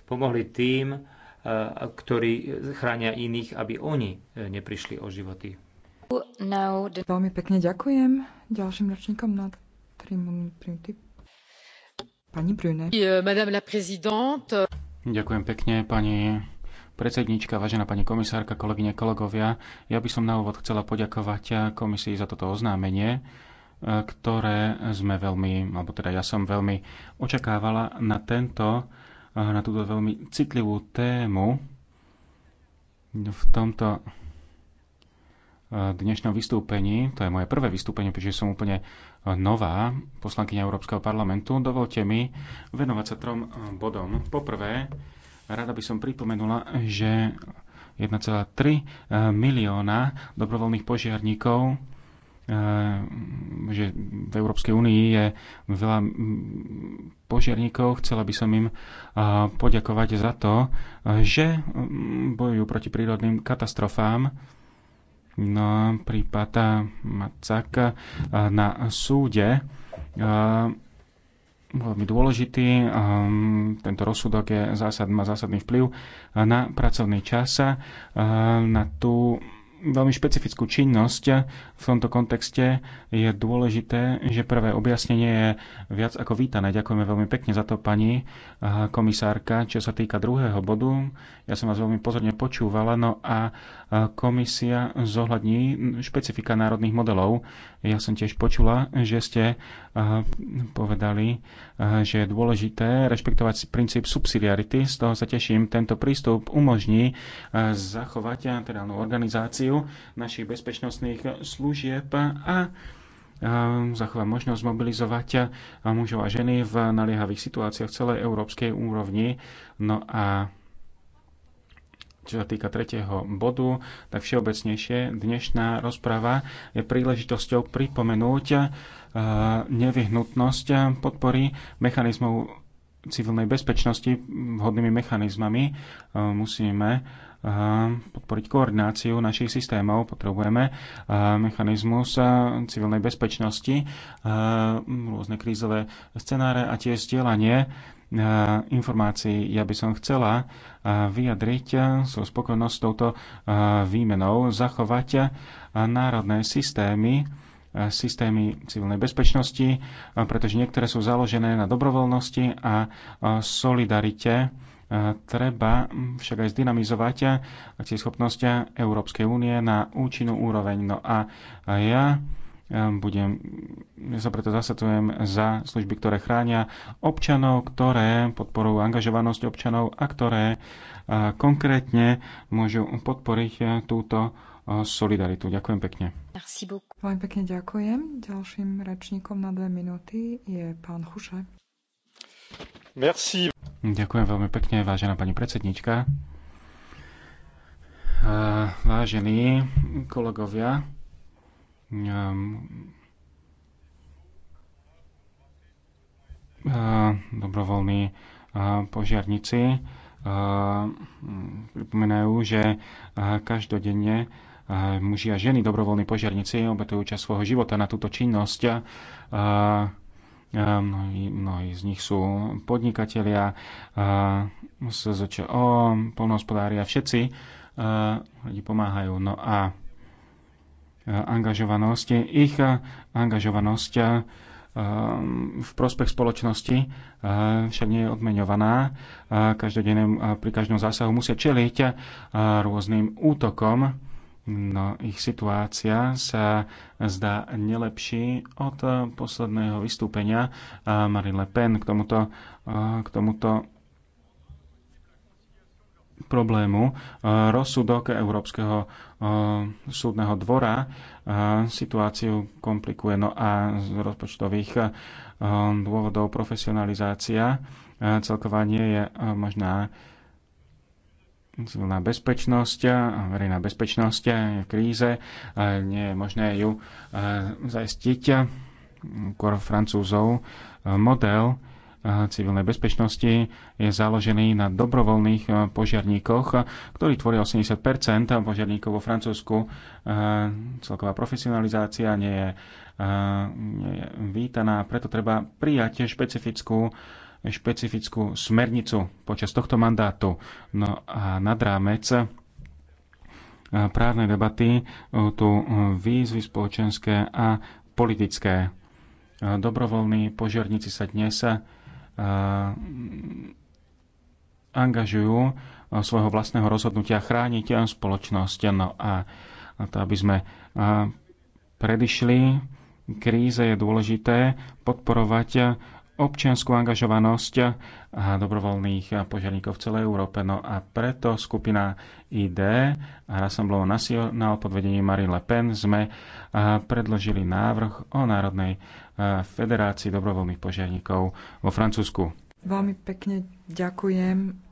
pomohli tým, e, ktorí chránia iných, aby oni neprišli o životy. Veľmi pekne ďakujem ďalším ročníkom na Pani Brune. E, Ďakujem pekne, pani predsednička, vážená pani komisárka, kolegyne, kolegovia. Ja by som na úvod chcela poďakovať komisii za toto oznámenie, e, ktoré sme veľmi, alebo teda ja som veľmi očakávala na tento, e, na túto veľmi citlivú tému v tomto dnešnom vystúpení. To je moje prvé vystúpenie, pretože som úplne nová poslankyňa Európskeho parlamentu, dovolte mi venovať sa trom eh, bodom. Poprvé, rada by som pripomenula, že 1,3 eh, milióna dobrovoľných požiarníkov eh, že v Európskej únii je veľa mm, požiarníkov. Chcela by som im poďakovať za to, že mm, bojujú proti prírodným katastrofám No, prípad Macaka na súde veľmi dôležitý. Tento rozsudok je zásad, má zásadný vplyv na pracovný čas, na tú veľmi špecifickú činnosť. V tomto kontexte je dôležité, že prvé objasnenie je viac ako vítané. Ďakujeme veľmi pekne za to, pani eh, komisárka. Čo sa týka druhého bodu, ja som vás veľmi pozorne počúvala, no a eh, komisia zohľadní špecifika národných modelov. Ja som tiež počula, že ste eh, povedali, že je dôležité rešpektovať princíp subsidiarity. Z toho sa teším. Tento prístup umožní zachovať teda organizáciu koordináciu našich bezpečnostných služieb a zachová možnosť mobilizovať mužov a ženy v naliehavých situáciách v celej európskej úrovni. No a čo sa týka tretieho bodu, tak všeobecnejšie dnešná rozprava je príležitosťou pripomenúť nevyhnutnosť podpory mechanizmov civilnej bezpečnosti vhodnými mechanizmami e, musíme e, podporiť koordináciu našich systémov. Potrebujeme e, mechanizmus civilnej bezpečnosti, rôzne krízové scenáre a tiež zdieľanie informácií. Ja by som chcela vyjadriť svoju spokojnosť s touto výmenou, zachovať národné systémy E, systémy civilnej bezpečnosti, e, pretože niektoré sú založené na dobrovoľnosti a e, solidarite. Treba však aj zdynamizovať tie schopnosti Európskej únie na účinnú úroveň. No a ja budem, ja sa preto zasadzujem za služby, ktoré chránia občanov, ktoré podporujú angažovanosť občanov a ktoré konkrétne môžu podporiť túto solidaritu. Ďakujem pekne. Veľmi pekne ďakujem. Ďalším rečníkom na dve minúty je pán Chuše. Merci. Ďakujem veľmi pekne, vážená pani predsednička. Vážení kolegovia, um, dobrovoľní požiarníci pripomínajú, že každodenne muži a ženy, dobrovoľní požiarníci, obetujú čas svojho života na túto činnosť. Mnohí, mnohí z nich sú podnikatelia, SZČO, polnohospodári a všetci ľudí pomáhajú. No a angažovanosť, ich angažovanosť v prospech spoločnosti však nie je odmeňovaná. Každodenne pri každom zásahu musia čeliť rôznym útokom No, ich situácia sa zdá nelepší od posledného vystúpenia eh, Marine Le Pen k tomuto, eh, k tomuto problému. Eh, rozsudok Európskeho súdneho dvora situáciu komplikuje. No a z rozpočtových dôvodov profesionalizácia celkovanie nie je možná civilná bezpečnosť, verejná bezpečnosť je v kríze, nie je možné ju e, zaistiť. Kor francúzov e, model e, civilnej bezpečnosti je založený na dobrovoľných požiarníkoch, ktorí tvoria 80 požiarníkov vo Francúzsku. Celková profesionalizácia nie je, nie je vítaná, preto treba prijať špecifickú špecifickú smernicu počas tohto mandátu. No a nad rámec eh, právnej debaty eh, tu eh, výzvy spoločenské a politické. Dobrovoľní požiarníci sa dnes angažujú svojho vlastného rozhodnutia chrániť spoločnosť. No a to, aby sme predišli kríze, je dôležité podporovať občianskú angažovanosť a dobrovoľných požiarníkov v celej Európe. No a preto skupina ID a Rassemblement National pod vedením Marine Le Pen sme predložili návrh o Národnej federácii dobrovoľných požiarníkov vo Francúzsku. Veľmi pekne ďakujem.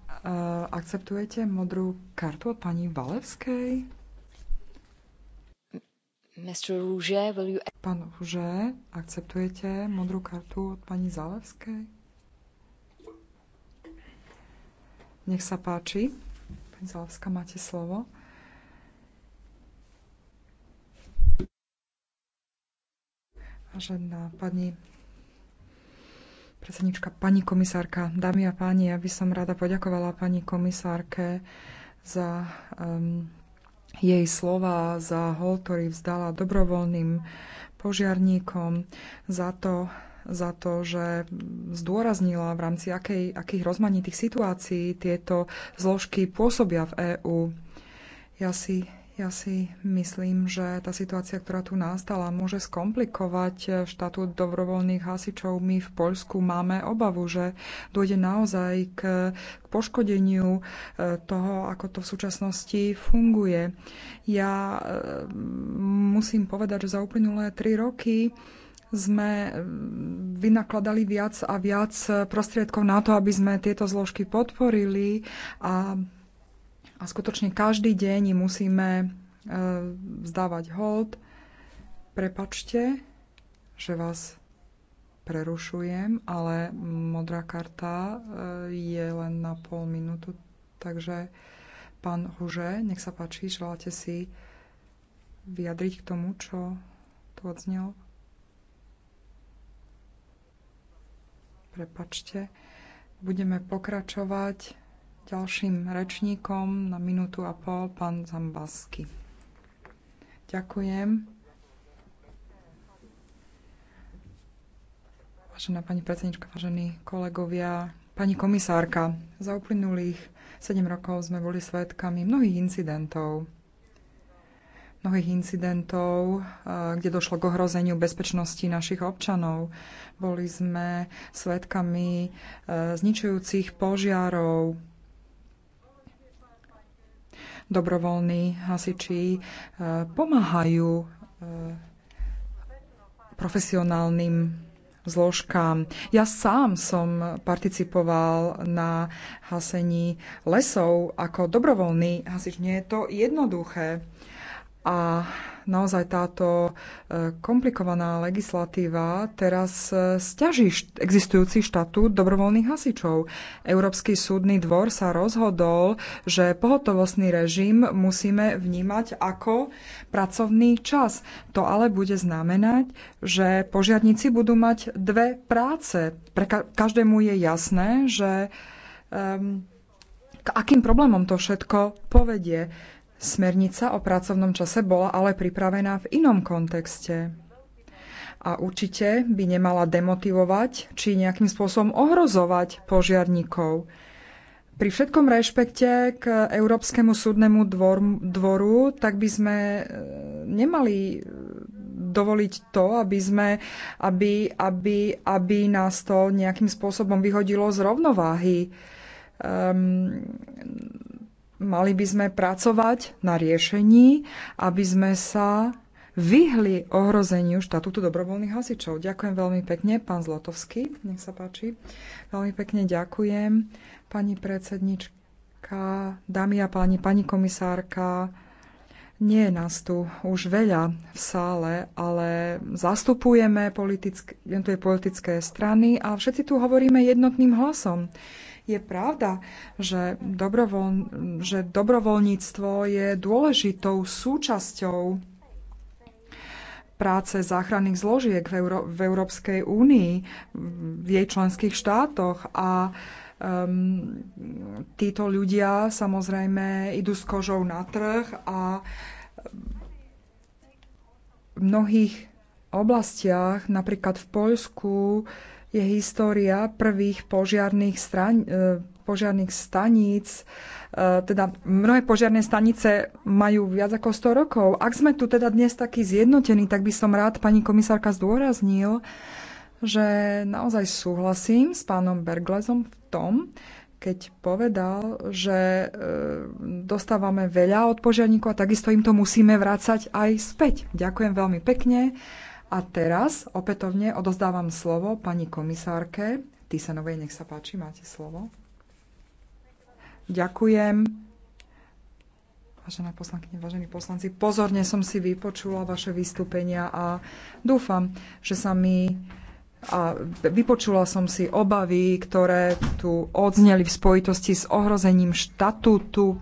Akceptujete modrú kartu od pani Valevskej? Mr. Rouge, will you... Pán Rouge, akceptujete modrú kartu od pani Zalevskej? Nech sa páči. Pani Zalevská, máte slovo. Vážená pani predsednička, pani komisárka, dámy a páni, ja by som rada poďakovala pani komisárke za um, jej slova za hol, ktorý vzdala dobrovoľným požiarníkom, za to, za to, že zdôraznila v rámci akej, akých rozmanitých situácií tieto zložky pôsobia v EÚ. Ja si ja si myslím, že tá situácia, ktorá tu nastala, môže skomplikovať štatút dobrovoľných hasičov. My v Poľsku máme obavu, že dôjde naozaj k, k poškodeniu e, toho, ako to v súčasnosti funguje. Ja e, musím povedať, že za uplynulé tri roky sme e, vynakladali viac a viac prostriedkov na to, aby sme tieto zložky podporili a a skutočne každý deň musíme e, vzdávať hold. Prepačte, že vás prerušujem, ale modrá karta e, je len na pol minútu. Takže pán Huže, nech sa páči, želáte si vyjadriť k tomu, čo tu odznelo? Prepačte. Budeme pokračovať. Ďalším rečníkom na minútu a pol pán Zambasky. Ďakujem. Vážená pani predsednička, vážení kolegovia, pani komisárka, za uplynulých 7 rokov sme boli svedkami mnohých incidentov, mnohých incidentov, eh, kde došlo k ohrozeniu bezpečnosti našich občanov. Boli sme svedkami eh, zničujúcich požiarov, dobrovoľní hasiči e, pomáhajú e, profesionálnym zložkám. Ja sám som participoval na hasení lesov ako dobrovoľný hasič. Nie je to jednoduché. A naozaj táto e, komplikovaná legislatíva teraz e, stiaží existujúci štatút dobrovoľných hasičov. Európsky súdny dvor sa rozhodol, že pohotovostný režim musíme vnímať ako pracovný čas. To ale bude znamenať, že požiadníci budú mať dve práce. Pre každému je jasné, že um, k akým problémom to všetko povedie. Smernica o pracovnom čase bola ale pripravená v inom kontexte a určite by nemala demotivovať či nejakým spôsobom ohrozovať požiarníkov. Pri všetkom rešpekte k Európskemu súdnemu dvor, dvoru, tak by sme e, nemali e, dovoliť to, aby, sme, aby, aby, aby nás to nejakým spôsobom vyhodilo z rovnováhy. Um, mali by sme pracovať na riešení, aby sme sa vyhli ohrozeniu štatútu dobrovoľných hasičov. Ďakujem veľmi pekne, pán Zlotovský, nech sa páči. Veľmi pekne ďakujem, pani predsednička, dámy a páni, pani komisárka. Nie je nás tu už veľa v sále, ale zastupujeme politické, politické strany a všetci tu hovoríme jednotným hlasom. Je pravda, že, dobrovoľ, že dobrovoľníctvo je dôležitou súčasťou práce záchranných zložiek v, Euró- v Európskej únii, v jej členských štátoch a um, títo ľudia samozrejme idú s kožou na trh a v mnohých oblastiach, napríklad v Poľsku, je história prvých požiarných, straň, e, požiarných staníc. E, teda mnohé požiarné stanice majú viac ako 100 rokov. Ak sme tu teda dnes takí zjednotení, tak by som rád pani komisárka zdôraznil, že naozaj súhlasím s pánom Berglezom v tom, keď povedal, že e, dostávame veľa od požiarníkov a takisto im to musíme vrácať aj späť. Ďakujem veľmi pekne. A teraz opätovne odozdávam slovo pani komisárke Tisanovej. Nech sa páči, máte slovo. Ďakujem. Vážené poslankyne, vážení poslanci, pozorne som si vypočula vaše vystúpenia a dúfam, že sa mi a vypočula som si obavy, ktoré tu odzneli v spojitosti s ohrozením štatútu.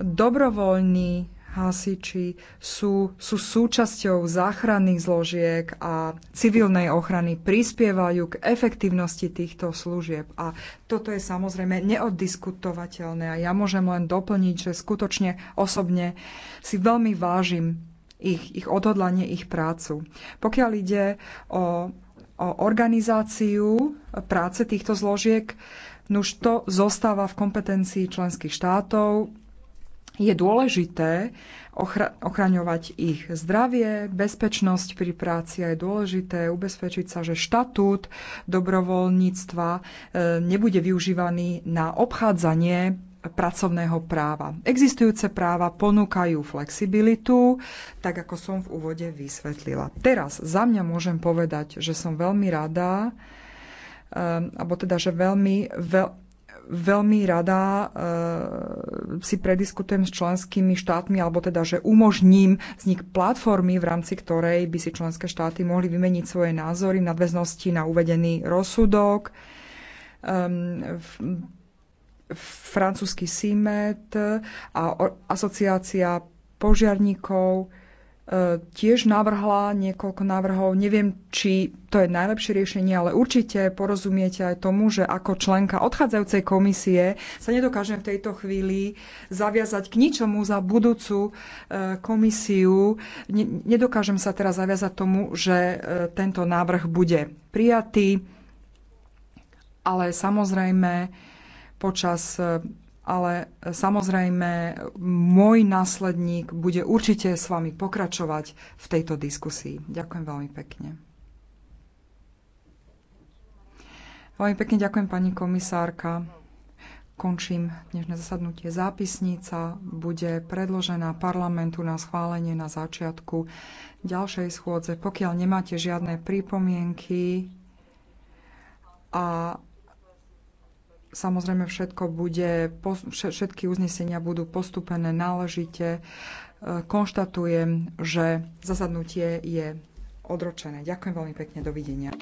Dobrovoľný hasiči sú, sú súčasťou záchranných zložiek a civilnej ochrany, prispievajú k efektívnosti týchto služieb. A toto je samozrejme neoddiskutovateľné a ja môžem len doplniť, že skutočne osobne si veľmi vážim ich, ich odhodlanie, ich prácu. Pokiaľ ide o, o organizáciu práce týchto zložiek, Nuž to zostáva v kompetencii členských štátov je dôležité ochra- ochraňovať ich zdravie, bezpečnosť pri práci a je dôležité ubezpečiť sa, že štatút dobrovoľníctva e, nebude využívaný na obchádzanie pracovného práva. Existujúce práva ponúkajú flexibilitu, tak ako som v úvode vysvetlila. Teraz za mňa môžem povedať, že som veľmi rada, e, alebo teda, že veľmi, veľ, veľmi rada eh, si prediskutujem s členskými štátmi, alebo teda, že umožním vznik platformy, v rámci ktorej by si členské štáty mohli vymeniť svoje názory v nadväznosti na uvedený rozsudok. Ehm, francúzsky SIMET a asociácia požiarníkov tiež navrhla niekoľko návrhov. Neviem, či to je najlepšie riešenie, ale určite porozumiete aj tomu, že ako členka odchádzajúcej komisie sa nedokážem v tejto chvíli zaviazať k ničomu za budúcu e, komisiu. Nedokážem sa teraz zaviazať tomu, že e, tento návrh bude prijatý, ale samozrejme počas e, ale e, samozrejme môj následník bude určite s vami pokračovať v tejto diskusii. Ďakujem veľmi pekne. Veľmi pekne ďakujem pani komisárka. Končím dnešné zasadnutie. Zápisnica bude predložená parlamentu na schválenie na začiatku ďalšej schôdze. Pokiaľ nemáte žiadne prípomienky a Samozrejme, všetko bude, všetky uznesenia budú postupené náležite. E, konštatujem, že zasadnutie je odročené. Ďakujem veľmi pekne, dovidenia.